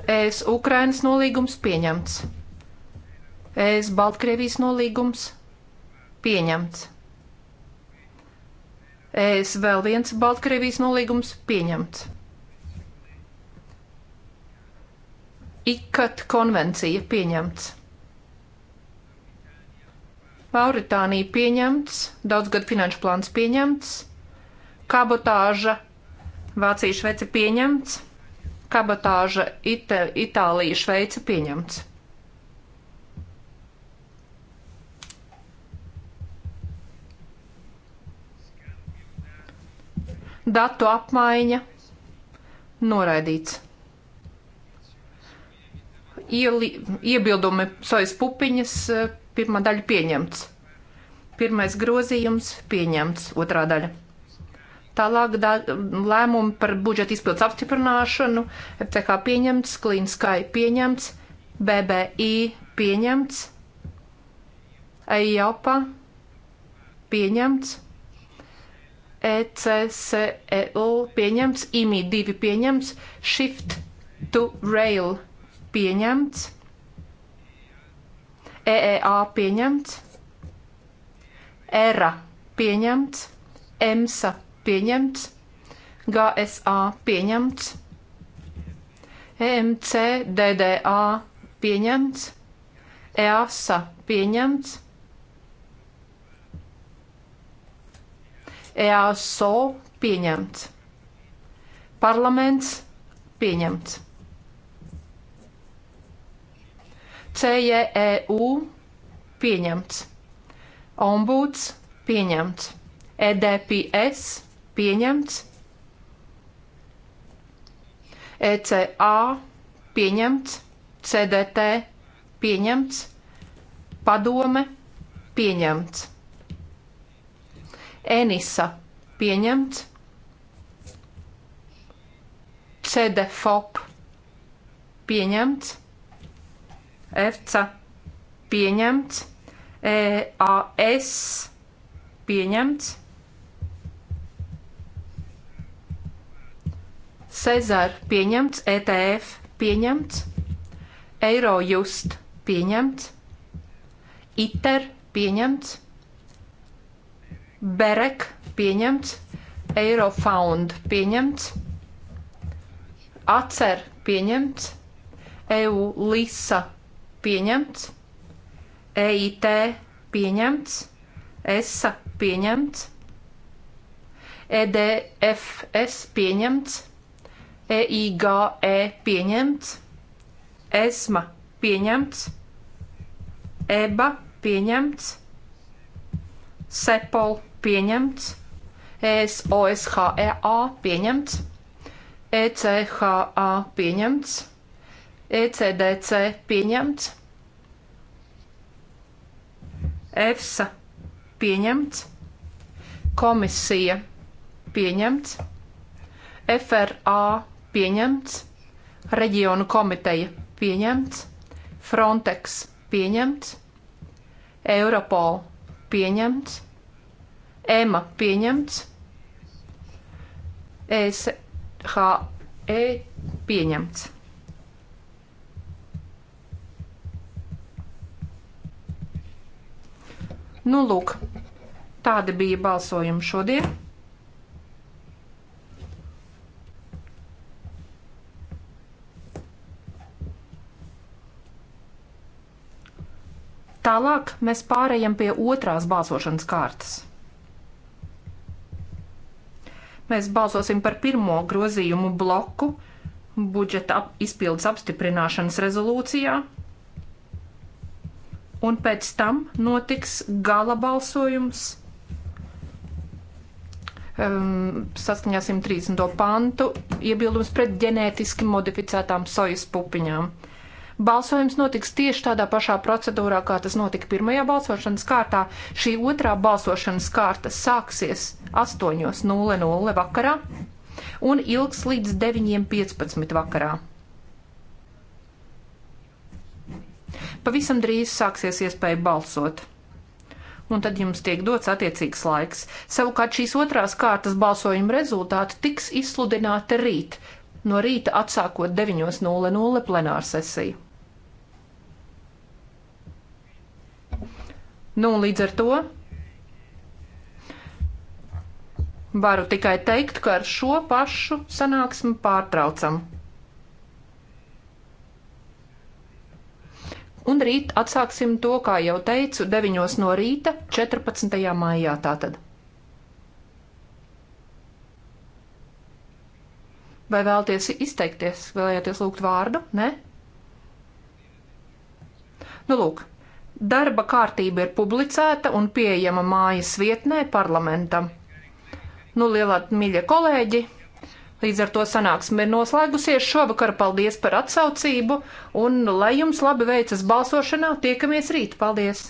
ES Ukrainas nolīgums pieņemts, ES Baltkrievijas nolīgums pieņemts. Es vēl viens Baltkrievijas nolīgums pieņemts. IKAT konvencija pieņemts. Mauritānija pieņemts, daudzgad finanšu plāns pieņemts, kabotāža Vācija, Šveice pieņemts, kabotāža Ita Itālija, Šveice pieņemts. datu apmaiņa noraidīts. Ieli, iebildumi sojas pupiņas eh, pirmā daļa pieņemts. Pirmais grozījums pieņemts, otrā daļa. Tālāk da, lēmumi par budžeta izpildus apstiprināšanu, FCK pieņemts, Clean Sky pieņemts, BBI pieņemts, EIOPA pieņemts. ECCL e pieņemts, IMI 2 pieņemts, Shift to Rail pieņemts, EEA pieņemts, ERA pieņemts, EMSA pieņemts, GSA pieņemts, EMC DDA pieņemts, EASA pieņemts, EASO pieņemts. Parlaments pieņemts. CJEU pieņemts. Ombuds pieņemts. EDPS pieņemts. ECA pieņemts. CDT pieņemts. Padome pieņemts. Enisa pieņemts. CDFOP pieņemts. EFCA pieņemts. EAS pieņemts. Cezar pieņemts, ETF pieņemts, Eirojust pieņemts, ITER pieņemts, Berek pieņemts, Eurofound pieņemts, Acer pieņemts, EU Lisa pieņemts, EIT pieņemts, ESA pieņemts, EDFS pieņemts, EIGE e pieņemts, ESMA pieņemts, EBA pieņemts, SEPOL pieņemts pieņemts, ESOSHEA pieņemts, ECHA pieņemts, ECDC pieņemts, EFSA pieņemts, komisija pieņemts, FRA pieņemts, reģionu komiteja pieņemts, Frontex pieņemts, Europol pieņemts. EMA pieņemts. SHE pieņemts. Nu, lūk, tādi bija balsojumi šodien. Tālāk mēs pārējām pie otrās balsošanas kārtas. Mēs balsosim par pirmo grozījumu bloku budžeta ap, izpildes apstiprināšanas rezolūcijā. Un pēc tam notiks gala balsojums um, saskaņā 130. pantu iebildums pret ģenētiski modificētām sojas pupiņām. Balsojums notiks tieši tādā pašā procedūrā, kā tas notika pirmajā balsošanas kārtā. Šī otrā balsošanas kārta sāksies 8.00 vakarā un ilgs līdz 9.15 vakarā. Pavisam drīz sāksies iespēja balsot un tad jums tiek dots attiecīgs laiks. Savukārt šīs otrās kārtas balsojuma rezultāti tiks izsludināti rīt, no rīta atsākot 9.00 plenārsesiju. Nu, līdz ar to varu tikai teikt, ka ar šo pašu sanāksmi pārtraucam. Un rīt atsāksim to, kā jau teicu, 9 no rīta 14. maijā tātad. Vai vēlties izteikties? Vēlējāties lūgt vārdu? Nē? Nu, lūk, darba kārtība ir publicēta un pieejama mājas vietnē parlamentam. Nu, lielā mīļa kolēģi, līdz ar to sanāksme ir noslēgusies. Šovakar paldies par atsaucību un lai jums labi veicas balsošanā. Tiekamies rīt. Paldies!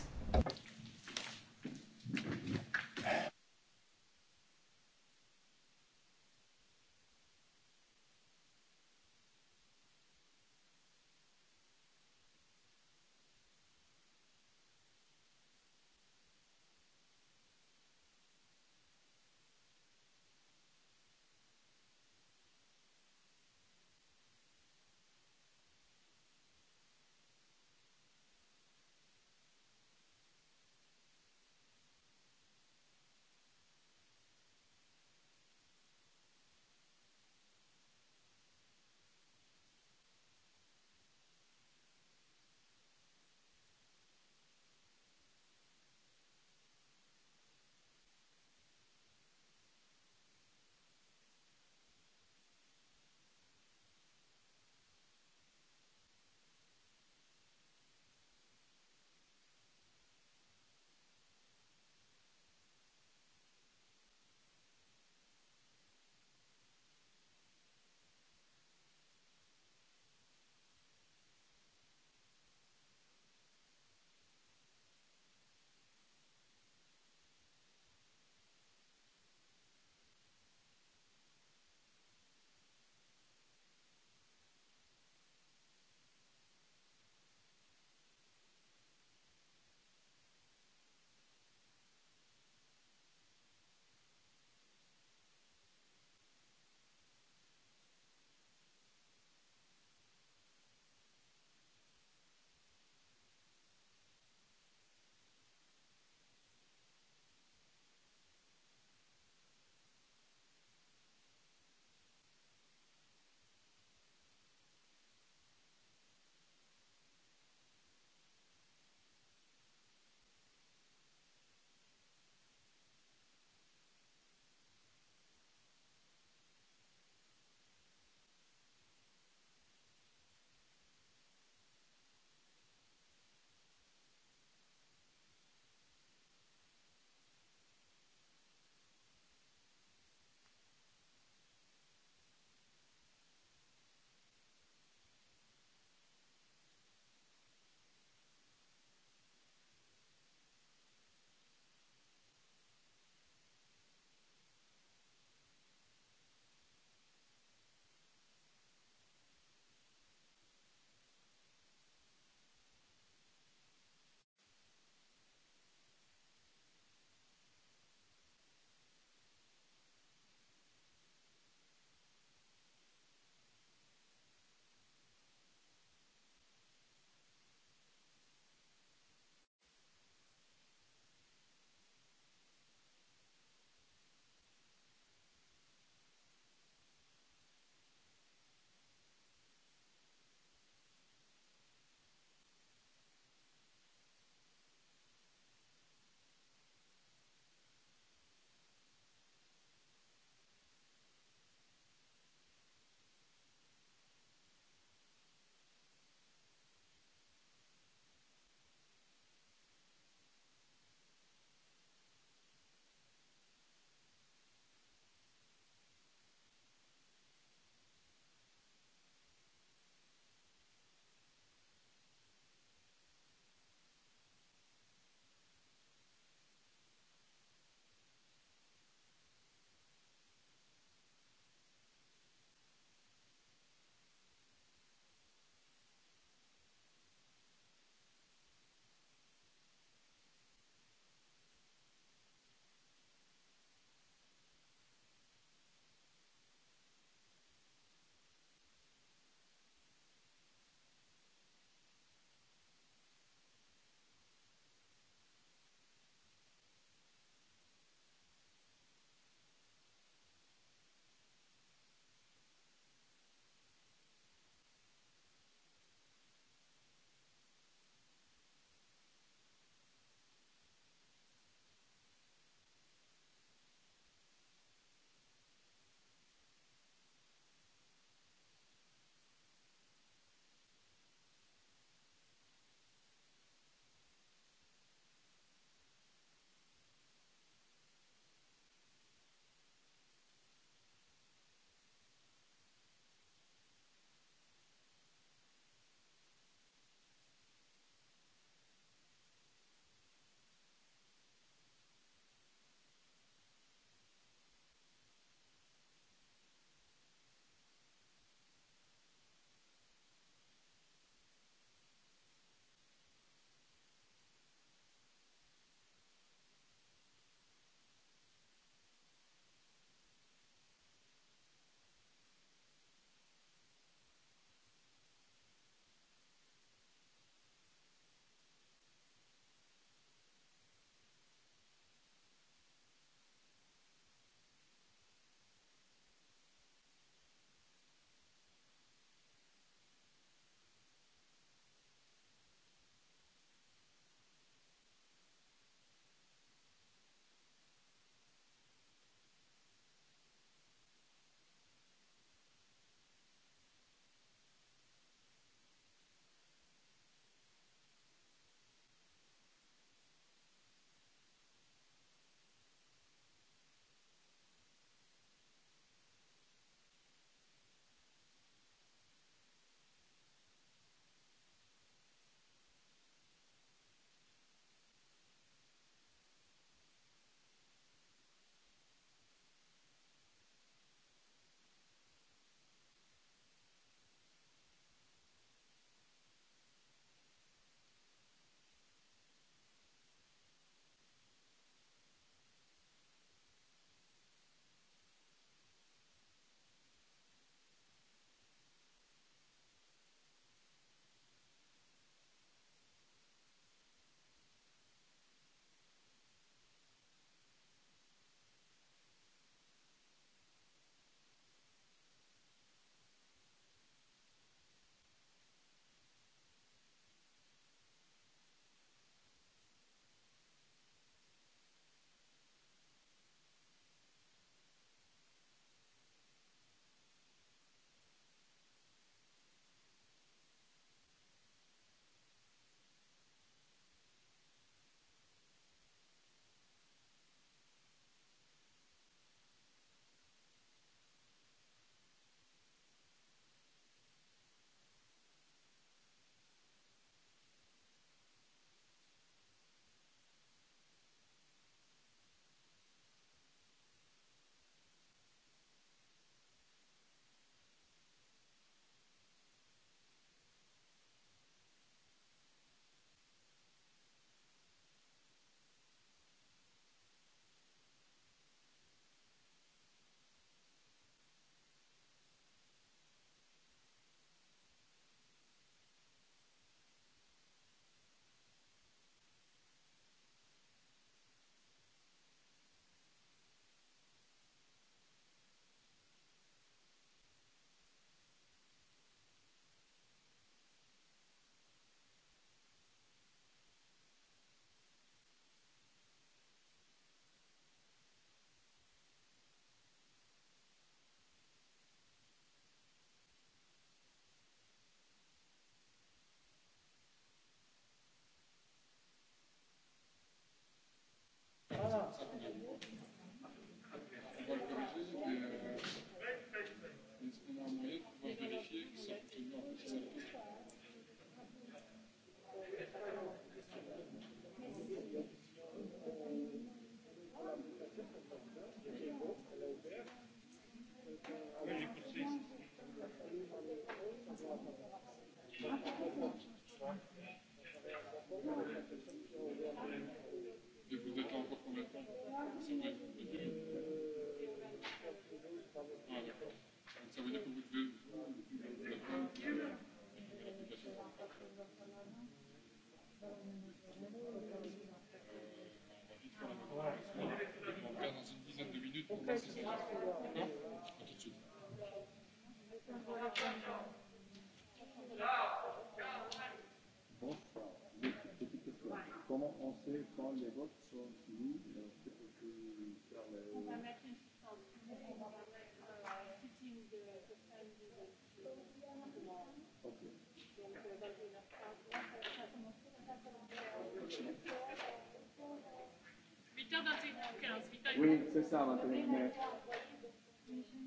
Oui, c'est ça maintenant. Mais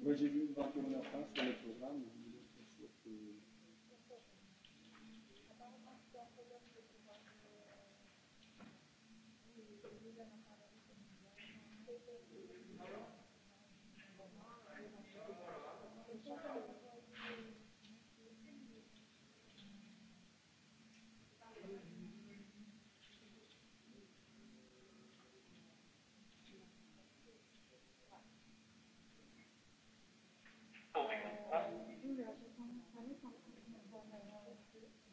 moi j'ai vu 21h15 sur le programme.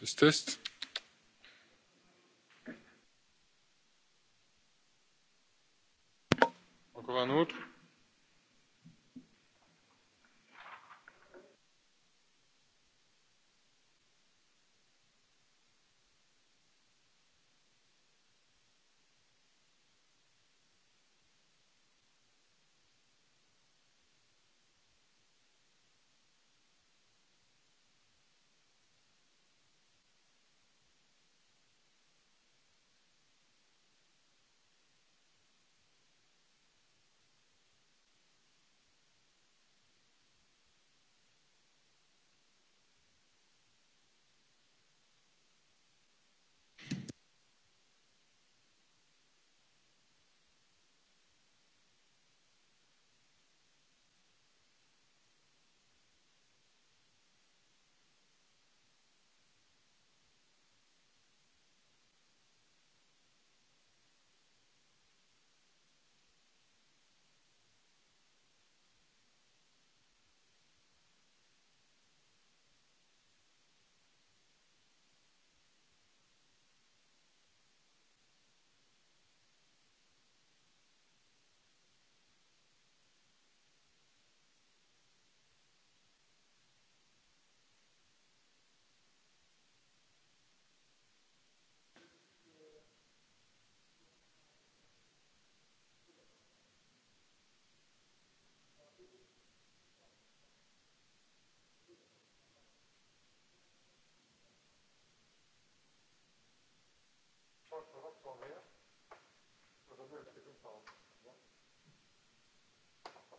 Das Test.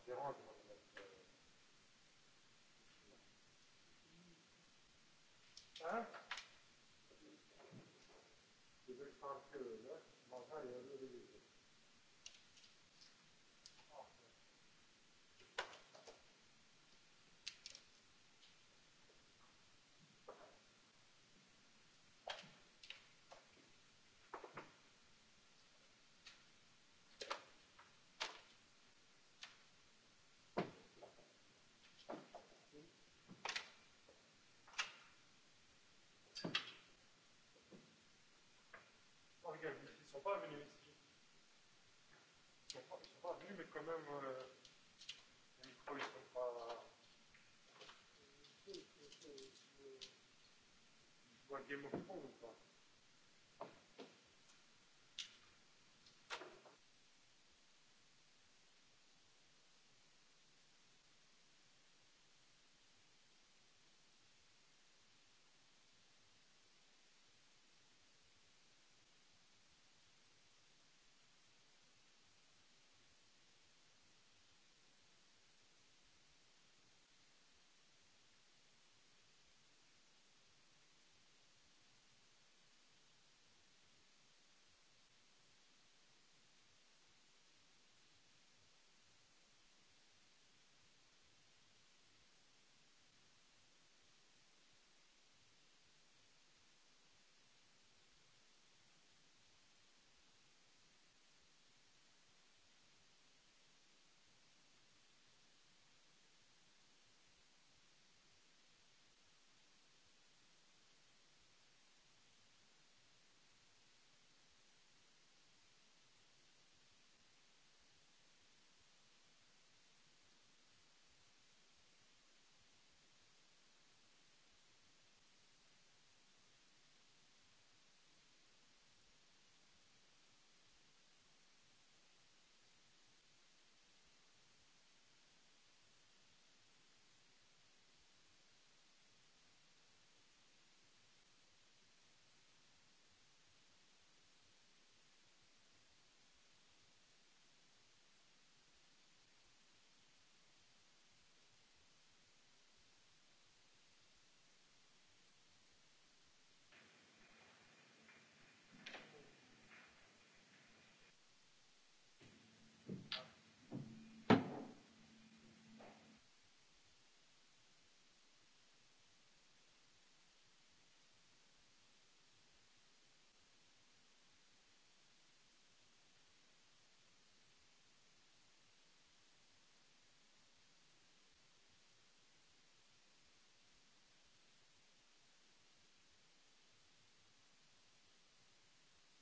dérange. Moi, de mettre, euh... Hein Ils veulent faire que là, manger et aller au début. pas venus ici. Ils sont pas, ils sont pas venus, mais quand même, euh, les micros, ils sont pas. Ils jouent à Game of Thrones ou pas